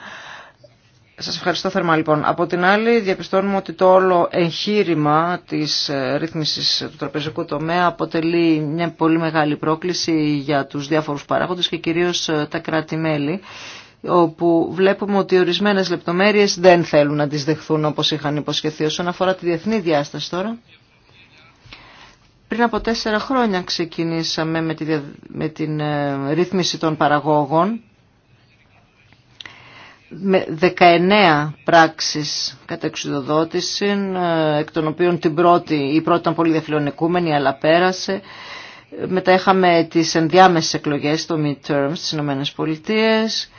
Σας ευχαριστώ θερμά λοιπόν. Από την άλλη διαπιστώνουμε ότι το όλο εγχείρημα της ε, ρύθμισης του τραπεζικού τομέα αποτελεί μια πολύ μεγάλη πρόκληση για τους διάφορους παράγοντες και κυρίως ε, τα κράτη-μέλη όπου βλέπουμε ότι ορισμένες λεπτομέρειες δεν θέλουν να τις δεχθούν όπως είχαν υποσχεθεί όσον αφορά τη διεθνή διάσταση τώρα. Πριν από τέσσερα χρόνια ξεκινήσαμε με, τη, με την ε, ρύθμιση των παραγόγων με 19 πράξεις κατά εξουδοδότηση, ε, εκ των οποίων την πρώτη, η πρώτη ήταν πολύ διαφιλονικούμενη, αλλά πέρασε. Μετά είχαμε τις ενδιάμεσες εκλογές, το midterm στις Ηνωμένες Πολιτείες,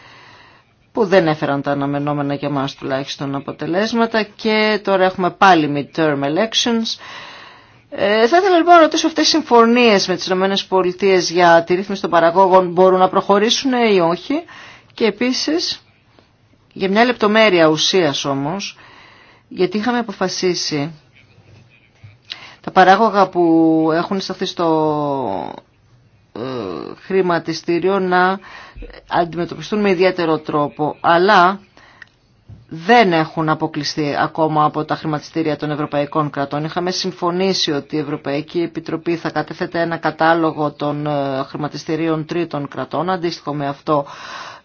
που δεν έφεραν τα αναμενόμενα για μας τουλάχιστον αποτελέσματα και τώρα έχουμε πάλι mid-term elections. Ε, θα ήθελα λοιπόν να ρωτήσω αυτές οι συμφωνίες με τις ΗΠΑ για τη ρύθμιση των παραγόγων μπορούν να προχωρήσουν ή όχι και επίσης για μια λεπτομέρεια ουσίας όμως, γιατί είχαμε αποφασίσει τα παράγωγα που έχουν σταθεί στο ε, χρηματιστήριο να αντιμετωπιστούν με ιδιαίτερο τρόπο, αλλά δεν έχουν αποκλειστεί ακόμα από τα χρηματιστήρια των Ευρωπαϊκών κρατών. Είχαμε συμφωνήσει ότι η Ευρωπαϊκή Επιτροπή θα κατέθεται ένα κατάλογο των ε, χρηματιστηρίων τρίτων κρατών, αντίστοιχο με αυτό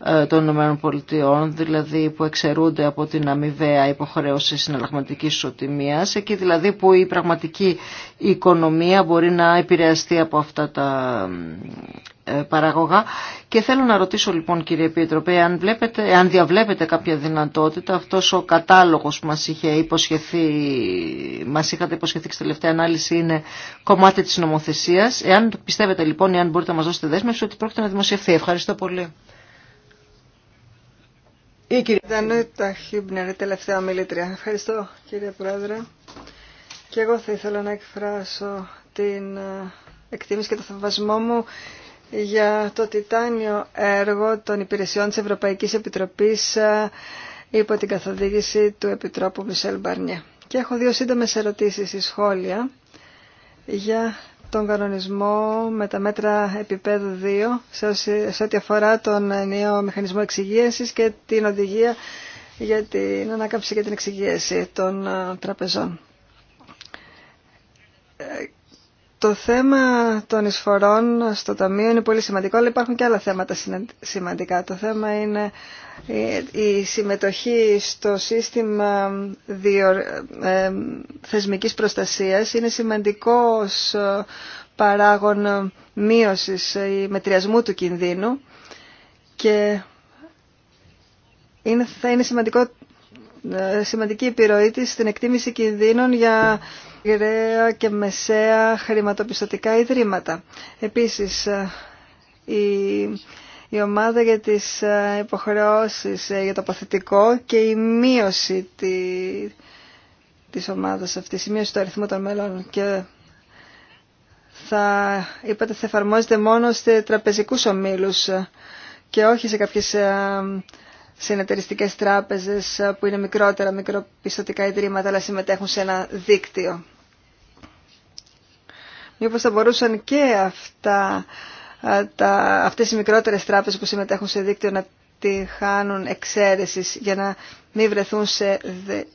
ε, των ΗΠΑ, δηλαδή που εξαιρούνται από την αμοιβαία υποχρέωση συναλλαγματική ισοτιμία, εκεί δηλαδή που η πραγματική οικονομία μπορεί να επηρεαστεί από αυτά τα ε, παραγωγά. Και θέλω να ρωτήσω λοιπόν κύριε Επίτροπε, αν, βλέπετε, αν διαβλέπετε κάποια δυνατότητα, αυτός ο κατάλογος που μας, είχε υποσχεθεί, μας είχατε υποσχεθεί και στη τελευταία ανάλυση είναι κομμάτι της νομοθεσίας. Εάν πιστεύετε λοιπόν, αν μπορείτε να μας δώσετε δέσμευση, ότι πρόκειται να δημοσιευθεί. Ευχαριστώ πολύ. Η κυρία τελευταία ομιλήτρια. Ευχαριστώ κύριε Πρόεδρε. Και εγώ θα ήθελα να εκφράσω την ε, εκτίμηση και το θαυμασμό μου για το τιτάνιο έργο των υπηρεσιών της Ευρωπαϊκής Επιτροπής ε, υπό την καθοδήγηση του Επιτρόπου Μισελ Μπαρνιέ. Και έχω δύο σύντομες ερωτήσεις ή σχόλια για τον κανονισμό με τα μέτρα επίπεδου 2 σε ό,τι αφορά τον νέο μηχανισμό εξυγίασης και την οδηγία για την ανάκαμψη και την εξυγίαση των ε, τραπεζών. Ε, το θέμα των εισφορών στο Ταμείο είναι πολύ σημαντικό, αλλά υπάρχουν και άλλα θέματα σημαντικά. Το θέμα είναι ε, η συμμετοχή στο σύστημα ε, θεσμικής προστασίας. Είναι σημαντικός ε, παράγον μείωσης ή μετριασμού του κινδύνου και θα είναι σημαντικό, σημαντική επιρροή της στην εκτίμηση κινδύνων για γραία και μεσαία χρηματοπιστωτικά ιδρύματα. Επίσης, ε, η, ομάδα για τις ε, υποχρεώσεις ε, για το αποθετικό και η μείωση τη, της ομάδας αυτής, η μείωση του αριθμού των μελών και θα είπατε θα εφαρμόζεται μόνο σε τραπεζικούς ομίλους και όχι σε κάποιες συνεταιριστικέ τράπεζε, ε, που είναι μικρότερα, μικροπιστωτικά ιδρύματα, αλλά συμμετέχουν σε ένα δίκτυο. Μήπω θα μπορούσαν και αυτά, ε, τα, αυτές οι μικρότερες τράπεζες που συμμετέχουν σε δίκτυο να τη χάνουν εξαίρεση για να μην βρεθούν σε,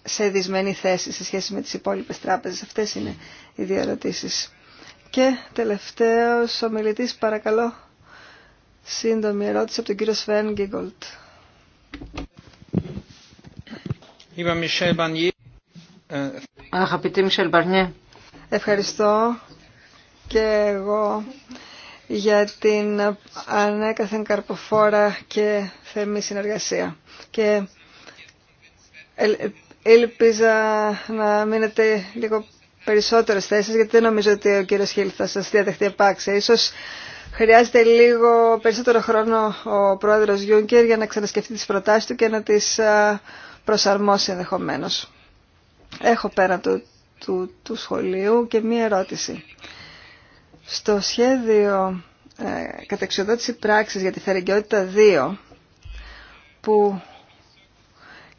σε δυσμενή θέση σε σχέση με τις υπόλοιπες τράπεζες. Αυτές είναι οι δύο ερωτήσει. Και τελευταίος ο μιλητής, παρακαλώ, σύντομη ερώτηση από τον κύριο Σβέν Γκίγκολτ. Ε, αγαπητή Μισελ Μπαρνιέ. Ευχαριστώ και εγώ για την ανέκαθεν καρποφόρα και θερμή συνεργασία. Και Ελπίζα να μείνετε λίγο περισσότερε θέσει, γιατί δεν νομίζω ότι ο κύριος Χίλ θα σα διαδεχτεί επάξια. Ίσως Χρειάζεται λίγο περισσότερο χρόνο ο πρόεδρος Γιούνκερ για να ξανασκεφτεί τις προτάσεις του και να τις ε, προσαρμόσει ενδεχομένω. Έχω πέρα του, του, του σχολείου και μία ερώτηση. Στο σχέδιο ε, κατεξοδότηση πράξης για τη θεραγκαιότητα 2 που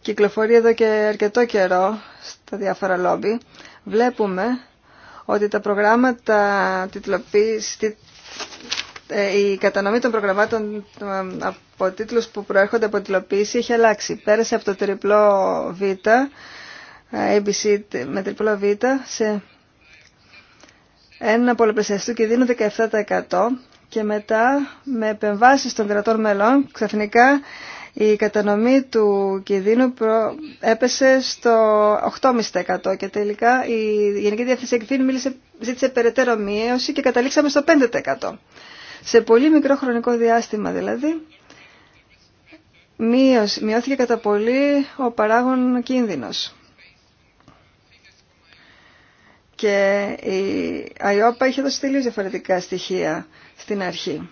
κυκλοφορεί εδώ και αρκετό καιρό στα διάφορα λόμπι βλέπουμε ότι τα προγράμματα ε, η κατανομή των προγραμμάτων ε, από τίτλου που προέρχονται από τυλοποίηση έχει αλλάξει. Πέρασε από το τριπλό Β, ε, ABC με τριπλό Β, σε ένα πολλαπλασιαστού και 17% και μετά με επεμβάσεις των κρατών μελών ξαφνικά η κατανομή του κινδύνου έπεσε στο 8,5% και τελικά η Γενική Διεύθυνση Εκφήν ζήτησε περαιτέρω μείωση και καταλήξαμε στο 5% σε πολύ μικρό χρονικό διάστημα δηλαδή μειώθηκε κατά πολύ ο παράγων κίνδυνος. Και η ΑΙΟΠΑ είχε δώσει τελείως διαφορετικά στοιχεία στην αρχή.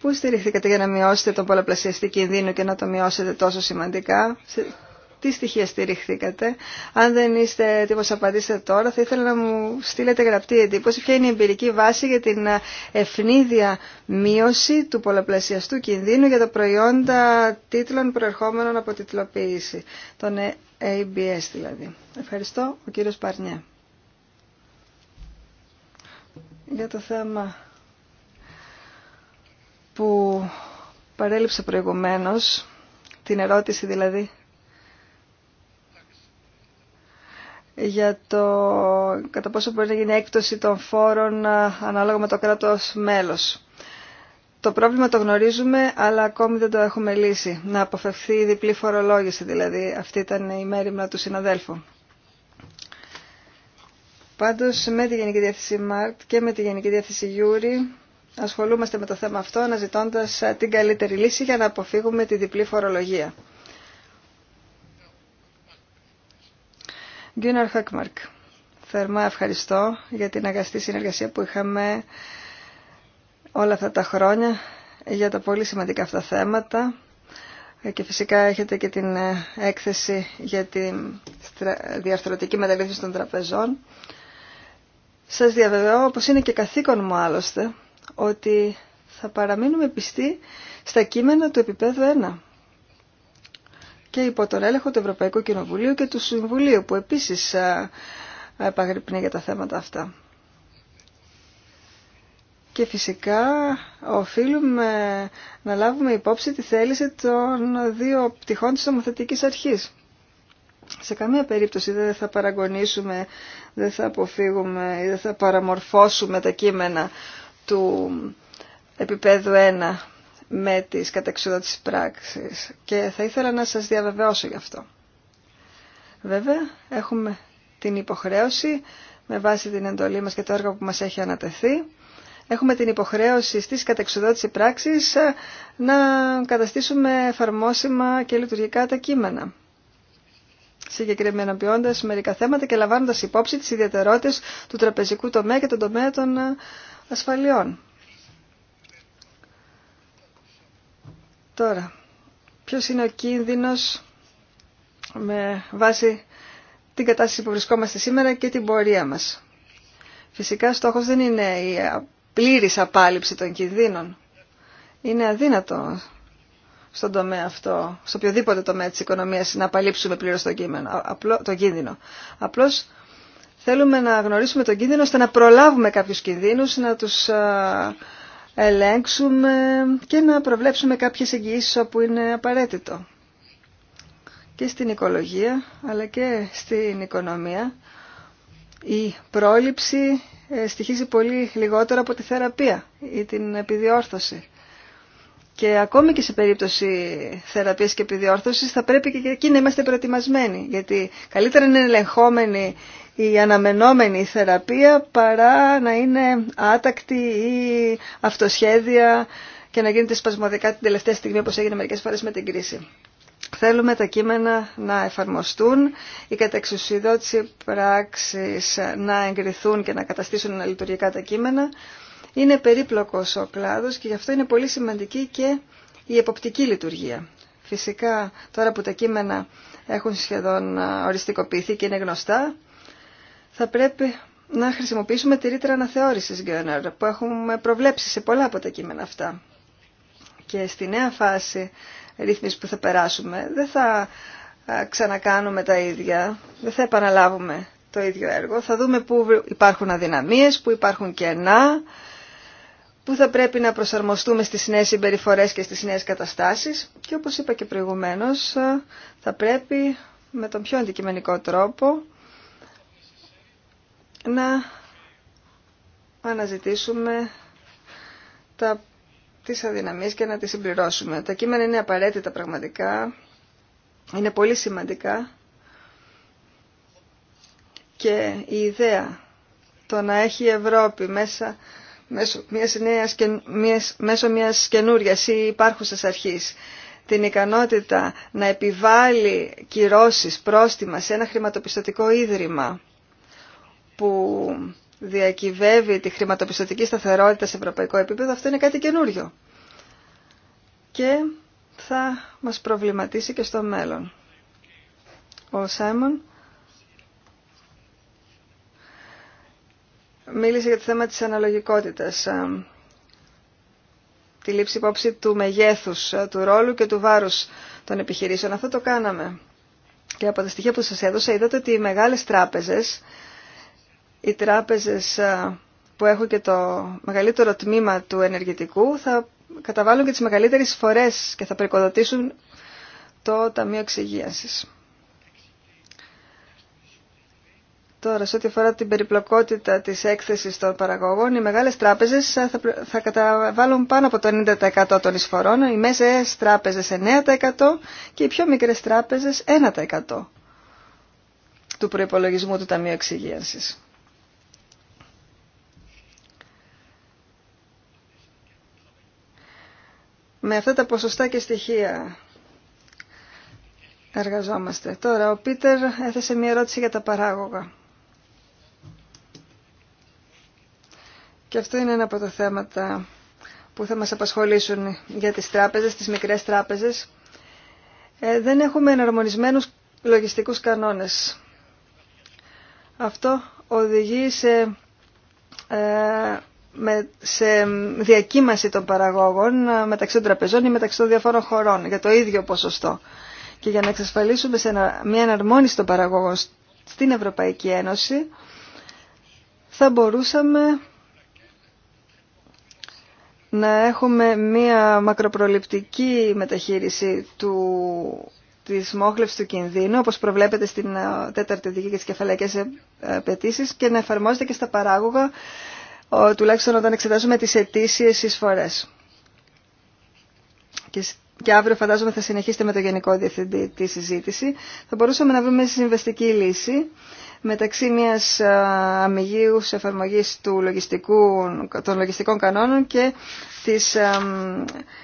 Πού στηριχθήκατε για να μειώσετε τον πολλαπλασιαστή κινδύνο και να το μειώσετε τόσο σημαντικά τι στοιχεία στηριχθήκατε. Αν δεν είστε έτοιμο να απαντήσετε τώρα, θα ήθελα να μου στείλετε γραπτή εντύπωση ποια είναι η εμπειρική βάση για την ε, ευνίδια μείωση του πολλαπλασιαστού κινδύνου για τα προϊόντα τίτλων προερχόμενων από τιτλοποίηση, τον ε, ABS δηλαδή. Ευχαριστώ, ο κύριος Παρνιά. Για το θέμα που παρέλειψε προηγουμένως, την ερώτηση δηλαδή για το κατά πόσο μπορεί να γίνει έκπτωση των φόρων ανάλογα με το κράτος μέλος. Το πρόβλημα το γνωρίζουμε, αλλά ακόμη δεν το έχουμε λύσει. Να αποφευθεί η διπλή φορολόγηση, δηλαδή. Αυτή ήταν η μέρημνα του συναδέλφου. Πάντως, με τη Γενική Διεύθυνση ΜΑΡΤ και με τη Γενική Διεύθυνση ΓΙΟΥΡΙ ασχολούμαστε με το θέμα αυτό, αναζητώντας την καλύτερη λύση για να αποφύγουμε τη διπλή φορολογία. Γκίναρ Χακμαρκ. Θερμά ευχαριστώ για την αγαστή συνεργασία που είχαμε όλα αυτά τα χρόνια για τα πολύ σημαντικά αυτά θέματα και φυσικά έχετε και την ε, έκθεση για τη διαρθρωτική μεταρρύθμιση των τραπεζών. Σας διαβεβαιώ, όπως είναι και καθήκον μου άλλωστε, ότι θα παραμείνουμε πιστοί στα κείμενα του επίπεδου 1 και υπό τον έλεγχο του Ευρωπαϊκού Κοινοβουλίου και του Συμβουλίου που επίσης ε, επαγρυπνεί για τα θέματα αυτά. Και φυσικά οφείλουμε να λάβουμε υπόψη τη θέληση των δύο πτυχών της νομοθετικής αρχής. Σε καμία περίπτωση δεν θα παραγωνίσουμε, δεν θα αποφύγουμε ή δεν θα παραμορφώσουμε τα κείμενα του επίπεδου 1 με τις της πράξεις και θα ήθελα να σας διαβεβαιώσω γι' αυτό. Βέβαια, έχουμε την υποχρέωση, με βάση την εντολή μας και το έργο που μας έχει ανατεθεί, έχουμε την υποχρέωση στις καταξιδότητες πράξεις ε, να καταστήσουμε εφαρμόσιμα και λειτουργικά τα κείμενα συγκεκριμενοποιώντα μερικά θέματα και λαμβάνοντα υπόψη τι ιδιαιτερότητε του τραπεζικού τομέα και των τομέα των ε, ασφαλιών. Τώρα, ποιος είναι ο κίνδυνος με βάση την κατάσταση που βρισκόμαστε σήμερα και την πορεία μας. Φυσικά στόχος δεν είναι η πλήρης απάλληψη των κινδύνων. Είναι αδύνατο στον τομέα αυτό, σε οποιοδήποτε τομέα της οικονομίας, να απαλείψουμε πλήρως τον, κίνδυνο. Απλώς θέλουμε να γνωρίσουμε τον κίνδυνο ώστε να προλάβουμε κάποιους κινδύνους, να τους ελέγξουμε και να προβλέψουμε κάποιες εγγυήσεις όπου είναι απαραίτητο. Και στην οικολογία αλλά και στην οικονομία η πρόληψη ε, στοιχίζει πολύ λιγότερο από τη θεραπεία ή την επιδιόρθωση. Και ακόμη και σε περίπτωση θεραπείας και επιδιόρθωσης θα πρέπει και εκεί να είμαστε προετοιμασμένοι. Γιατί καλύτερα είναι ελεγχόμενοι η αναμενόμενη θεραπεία παρά να είναι άτακτη ή αυτοσχέδια και να γίνεται σπασμωδικά την τελευταία στιγμή όπως έγινε μερικές φορές με την κρίση. Θέλουμε τα κείμενα να εφαρμοστούν, οι κατεξουσίδωτοι πράξεις να εγκριθούν και να καταστήσουν λειτουργικά τα κείμενα. Είναι περίπλοκος ο κλάδος και γι' αυτό είναι πολύ σημαντική και η εποπτική λειτουργία. Φυσικά τώρα που τα κείμενα έχουν σχεδόν οριστικοποιηθεί και είναι γνωστά, θα πρέπει να χρησιμοποιήσουμε τη ρήτρα αναθεώρησης Γκέρνερ, που έχουμε προβλέψει σε πολλά από τα κείμενα αυτά. Και στη νέα φάση ρύθμιση που θα περάσουμε δεν θα ε, ξανακάνουμε τα ίδια, δεν θα επαναλάβουμε το ίδιο έργο. Θα δούμε πού υπάρχουν αδυναμίες, πού υπάρχουν κενά, πού θα πρέπει να προσαρμοστούμε στις νέες συμπεριφορές και στις νέες καταστάσεις και όπως είπα και προηγουμένως ε, θα πρέπει με τον πιο αντικειμενικό τρόπο να αναζητήσουμε τα, τις αδυναμίες και να τις συμπληρώσουμε. Τα κείμενα είναι απαραίτητα πραγματικά, είναι πολύ σημαντικά και η ιδέα το να έχει η Ευρώπη μέσα μέσω μιας, νέας, μέσω μιας καινούριας ή υπάρχουσας αρχής την ικανότητα να επιβάλλει κυρώσεις, πρόστιμα σε ένα χρηματοπιστωτικό ίδρυμα που διακυβεύει τη χρηματοπιστωτική σταθερότητα σε ευρωπαϊκό επίπεδο, αυτό είναι κάτι καινούριο. Και θα μας προβληματίσει και στο μέλλον. Ο Σάιμον μίλησε για το θέμα της αναλογικότητας, τη λήψη υπόψη του μεγέθους, του ρόλου και του βάρους των επιχειρήσεων. Αυτό το κάναμε. Και από τα στοιχεία που σας έδωσα είδατε ότι οι μεγάλες τράπεζες οι τράπεζες που έχουν και το μεγαλύτερο τμήμα του ενεργητικού θα καταβάλουν και τις μεγαλύτερες φορές και θα περικοδοτήσουν το Ταμείο Εξυγίασης. Τώρα, σε ό,τι αφορά την περιπλοκότητα της έκθεσης των παραγωγών, οι μεγάλες τράπεζες θα, θα καταβάλουν πάνω από το 90% των εισφορών, οι μέσες τράπεζες 9% και οι πιο μικρές τράπεζες 1% του προϋπολογισμού του Ταμείου Εξυγίασης. Με αυτά τα ποσοστά και στοιχεία εργαζόμαστε. Τώρα, ο Πίτερ έθεσε μια ερώτηση για τα παράγωγα. Και αυτό είναι ένα από τα θέματα που θα μας απασχολήσουν για τις τράπεζες, τις μικρές τράπεζες. Ε, δεν έχουμε εναρμονισμένους λογιστικούς κανόνες. Αυτό οδηγεί σε ε, με, σε διακύμαση των παραγόγων ε, μεταξύ των τραπεζών ή μεταξύ των διαφόρων χωρών για το ίδιο ποσοστό. Και για να εξασφαλίσουμε σε μια εναρμόνιση των παραγόγων στην Ευρωπαϊκή Ένωση θα μπορούσαμε να έχουμε μια μακροπροληπτική μεταχείριση του της μόχλευσης του κινδύνου, όπως προβλέπεται στην ε, τέταρτη δική και τις κεφαλαϊκές ε, απαιτήσει και να εφαρμόζεται και στα παράγωγα τουλάχιστον όταν εξετάζουμε τις αιτήσιες εισφορές. Και, και αύριο φαντάζομαι θα συνεχίσετε με το Γενικό Διευθυντή τη συζήτηση. Θα μπορούσαμε να βρούμε συμβαστική λύση μεταξύ μιας αμυγίους εφαρμογής του λογιστικού, των λογιστικών κανόνων και της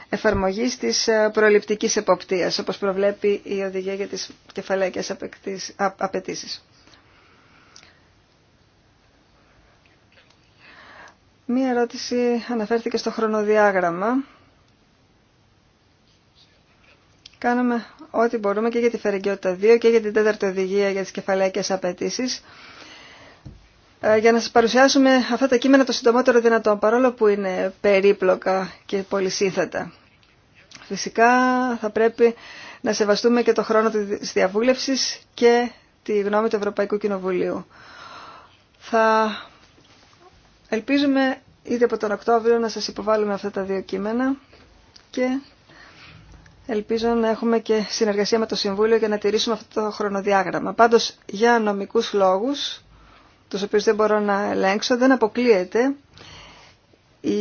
εφαρμογής της προληπτικής εποπτείας, όπως προβλέπει η Οδηγία για τις κεφαλαϊκές απαιτήσει. Μία ερώτηση αναφέρθηκε στο χρονοδιάγραμμα. Κάνουμε ό,τι μπορούμε και για τη φερεγκιότητα 2 και για την τέταρτη οδηγία για τις κεφαλαϊκές απαιτήσει. Ε, για να σας παρουσιάσουμε αυτά τα κείμενα το συντομότερο δυνατόν, παρόλο που είναι περίπλοκα και πολυσύνθετα. Φυσικά θα πρέπει να σεβαστούμε και το χρόνο της διαβούλευσης και τη γνώμη του Ευρωπαϊκού Κοινοβουλίου. Θα Ελπίζουμε ήδη από τον Οκτώβριο να σας υποβάλουμε αυτά τα δύο κείμενα και ελπίζω να έχουμε και συνεργασία με το Συμβούλιο για να τηρήσουμε αυτό το χρονοδιάγραμμα. Πάντως, για νομικούς λόγους, τους οποίους δεν μπορώ να ελέγξω, δεν αποκλείεται η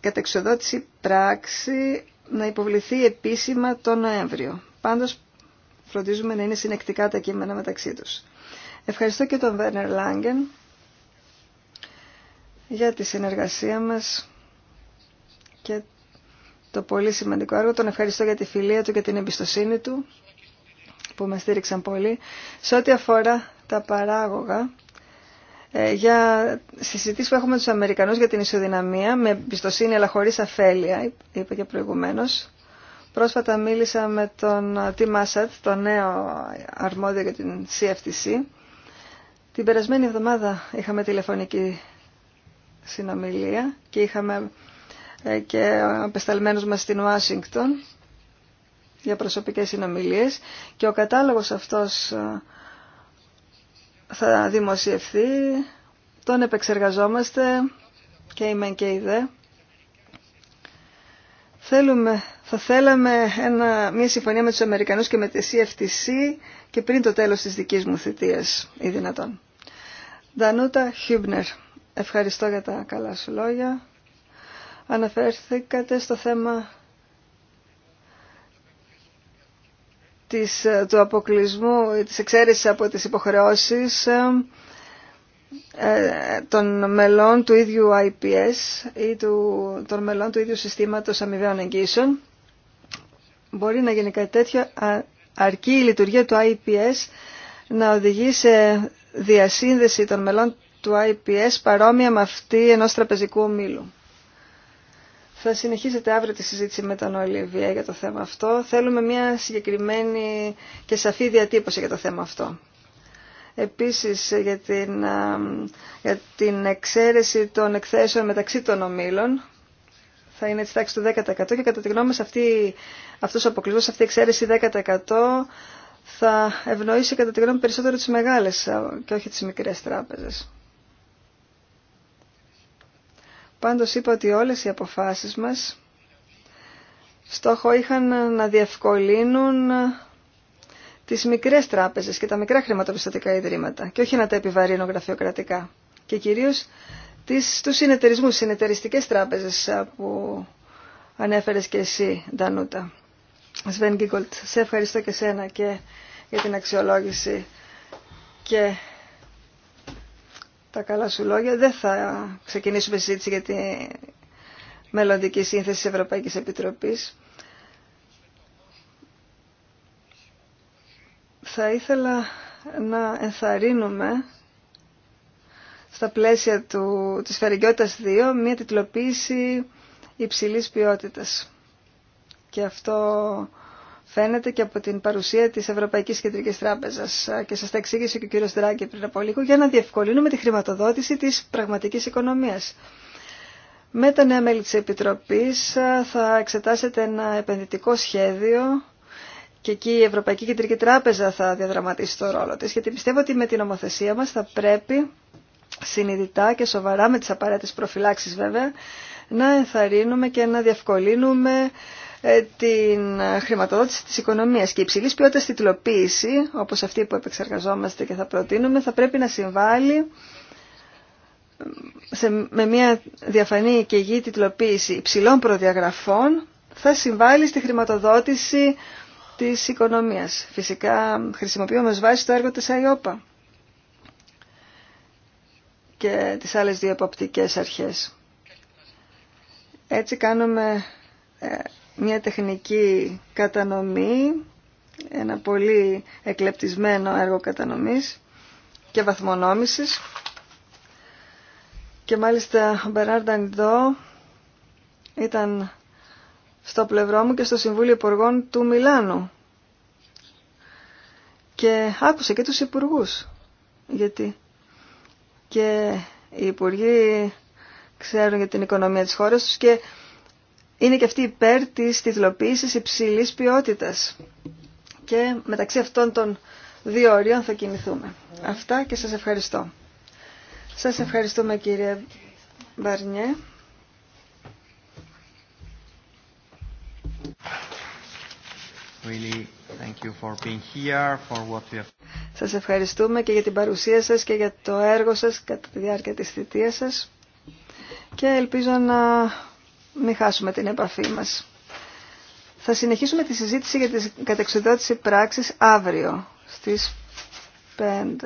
κατεξοδότηση πράξη να υποβληθεί επίσημα τον Νοέμβριο. Πάντως, φροντίζουμε να είναι συνεκτικά τα κείμενα μεταξύ τους. Ευχαριστώ και τον Βέρνερ Λάγκεν για τη συνεργασία μας και το πολύ σημαντικό έργο. Τον ευχαριστώ για τη φιλία του και την εμπιστοσύνη του που μας στήριξαν πολύ. Σε ό,τι αφορά τα παράγωγα, ε, για συζητήσεις που έχουμε τους Αμερικανούς για την ισοδυναμία, με εμπιστοσύνη αλλά χωρίς αφέλεια, είπα και προηγουμένως. Πρόσφατα μίλησα με τον Tim Assad, τον νέο αρμόδιο για την CFTC. Την περασμένη εβδομάδα είχαμε τηλεφωνική συνομιλία και είχαμε ε, και απεσταλμένους μας στην Ουάσιγκτον για προσωπικές συνομιλίες και ο κατάλογος αυτός ε, θα δημοσιευθεί, τον επεξεργαζόμαστε και η μεν και η δε. Θέλουμε, θα θέλαμε ένα, μια συμφωνία με τους Αμερικανούς και με τη CFTC και πριν το τέλος της δικής μου θητείας, ή δυνατόν. Δανούτα Χιούμπνερ. Ευχαριστώ για τα καλά σου λόγια. Αναφέρθηκατε στο θέμα της, του αποκλεισμού της εξαίρεσης από τις υποχρεώσεις ε, των μελών του ίδιου IPS ή του, των μελών του ίδιου συστήματος αμοιβαίων εγγύσεων. Μπορεί να γίνει κάτι τέτοιο αρκεί η λειτουργία του IPS να οδηγεί σε διασύνδεση των μελών του IPS παρόμοια με αυτή ενός τραπεζικού ομίλου. Θα συνεχίσετε αύριο τη συζήτηση με τον Ολιβία για το θέμα αυτό. Θέλουμε μια συγκεκριμένη και σαφή διατύπωση για το θέμα αυτό. Επίσης για την, για την εξαίρεση των εκθέσεων μεταξύ των ομίλων θα είναι της τάξης του 10% και κατά τη γνώμη μας αυτή, αυτός ο αποκλεισμός, αυτή η εξαίρεση 10% θα ευνοήσει κατά τη γνώμη περισσότερο τις μεγάλες και όχι τις μικρές τράπεζες. Πάντως είπα ότι όλες οι αποφάσεις μας στόχο είχαν να διευκολύνουν τις μικρές τράπεζες και τα μικρά χρηματοπιστωτικά ιδρύματα και όχι να τα επιβαρύνουν γραφειοκρατικά και κυρίως τις, τους συνεταιρισμούς, συνεταιριστικές τράπεζες που ανέφερες και εσύ Ντανούτα. Σβέν Γκίγκολτ, σε ευχαριστώ και σένα και για την αξιολόγηση και τα καλά σου λόγια. Δεν θα ξεκινήσουμε συζήτηση για τη μελλοντική σύνθεση της Ευρωπαϊκής Επιτροπής. Θα ήθελα να ενθαρρύνουμε στα πλαίσια του, της Φερικιώτας 2 μια τιτλοποίηση υψηλής ποιότητας. Και αυτό Φαίνεται και από την παρουσία της Ευρωπαϊκής Κεντρικής Τράπεζας και σας τα εξήγησε και ο κύριος Δράγκη πριν από λίγο για να διευκολύνουμε τη χρηματοδότηση της πραγματικής οικονομίας. Με τα νέα μέλη της Επιτροπής θα εξετάσετε ένα επενδυτικό σχέδιο και εκεί η Ευρωπαϊκή Κεντρική Τράπεζα θα διαδραματίσει το ρόλο της γιατί πιστεύω ότι με την ομοθεσία μας θα πρέπει συνειδητά και σοβαρά με τις απαραίτητες προφυλάξεις βέβαια να ενθαρρύνουμε και να διευκολύνουμε ε, την χρηματοδότηση της οικονομίας και η υψηλής ποιότητας τυλοποίηση, όπως αυτή που επεξεργαζόμαστε και θα προτείνουμε, θα πρέπει να συμβάλλει ε, σε, με μια διαφανή και υγιή τυλοποίηση υψηλών προδιαγραφών, θα συμβάλλει στη χρηματοδότηση της οικονομίας. Φυσικά χρησιμοποιούμε ως βάση το έργο της ΑΙΟΠΑ και τις άλλες δύο εποπτικές αρχές. Έτσι κάνουμε ε, μια τεχνική κατανομή, ένα πολύ εκλεπτισμένο έργο κατανομής και βαθμονόμησης. Και μάλιστα ο Μπεράρ εδώ ήταν στο πλευρό μου και στο Συμβούλιο Υπουργών του Μιλάνου. Και άκουσε και τους υπουργούς. Γιατί και οι υπουργοί ξέρουν για την οικονομία της χώρας τους και είναι και αυτή υπέρ της τιτλοποίησης υψηλής ποιότητας. Και μεταξύ αυτών των δύο ορίων θα κινηθούμε. Αυτά και σας ευχαριστώ. Σας ευχαριστούμε κύριε Μπαρνιέ. Really, Σας ευχαριστούμε και για την παρουσία σας και για το έργο σας κατά τη διάρκεια της θητείας σας και ελπίζω να μην χάσουμε την επαφή μας. Θα συνεχίσουμε τη συζήτηση για την κατεξοδότηση πράξης αύριο στις 5.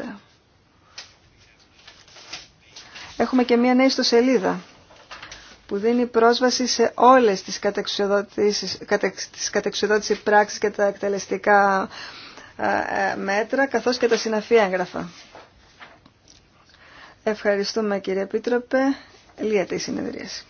Έχουμε και μία νέα ιστοσελίδα που δίνει πρόσβαση σε όλες τις κατεξοδότησεις, κατεξοδότηση πράξης και τα εκτελεστικά ε, ε, μέτρα καθώς και τα συναφή έγγραφα. Ευχαριστούμε κύριε Επίτροπε. Λύεται η συνεδρίαση.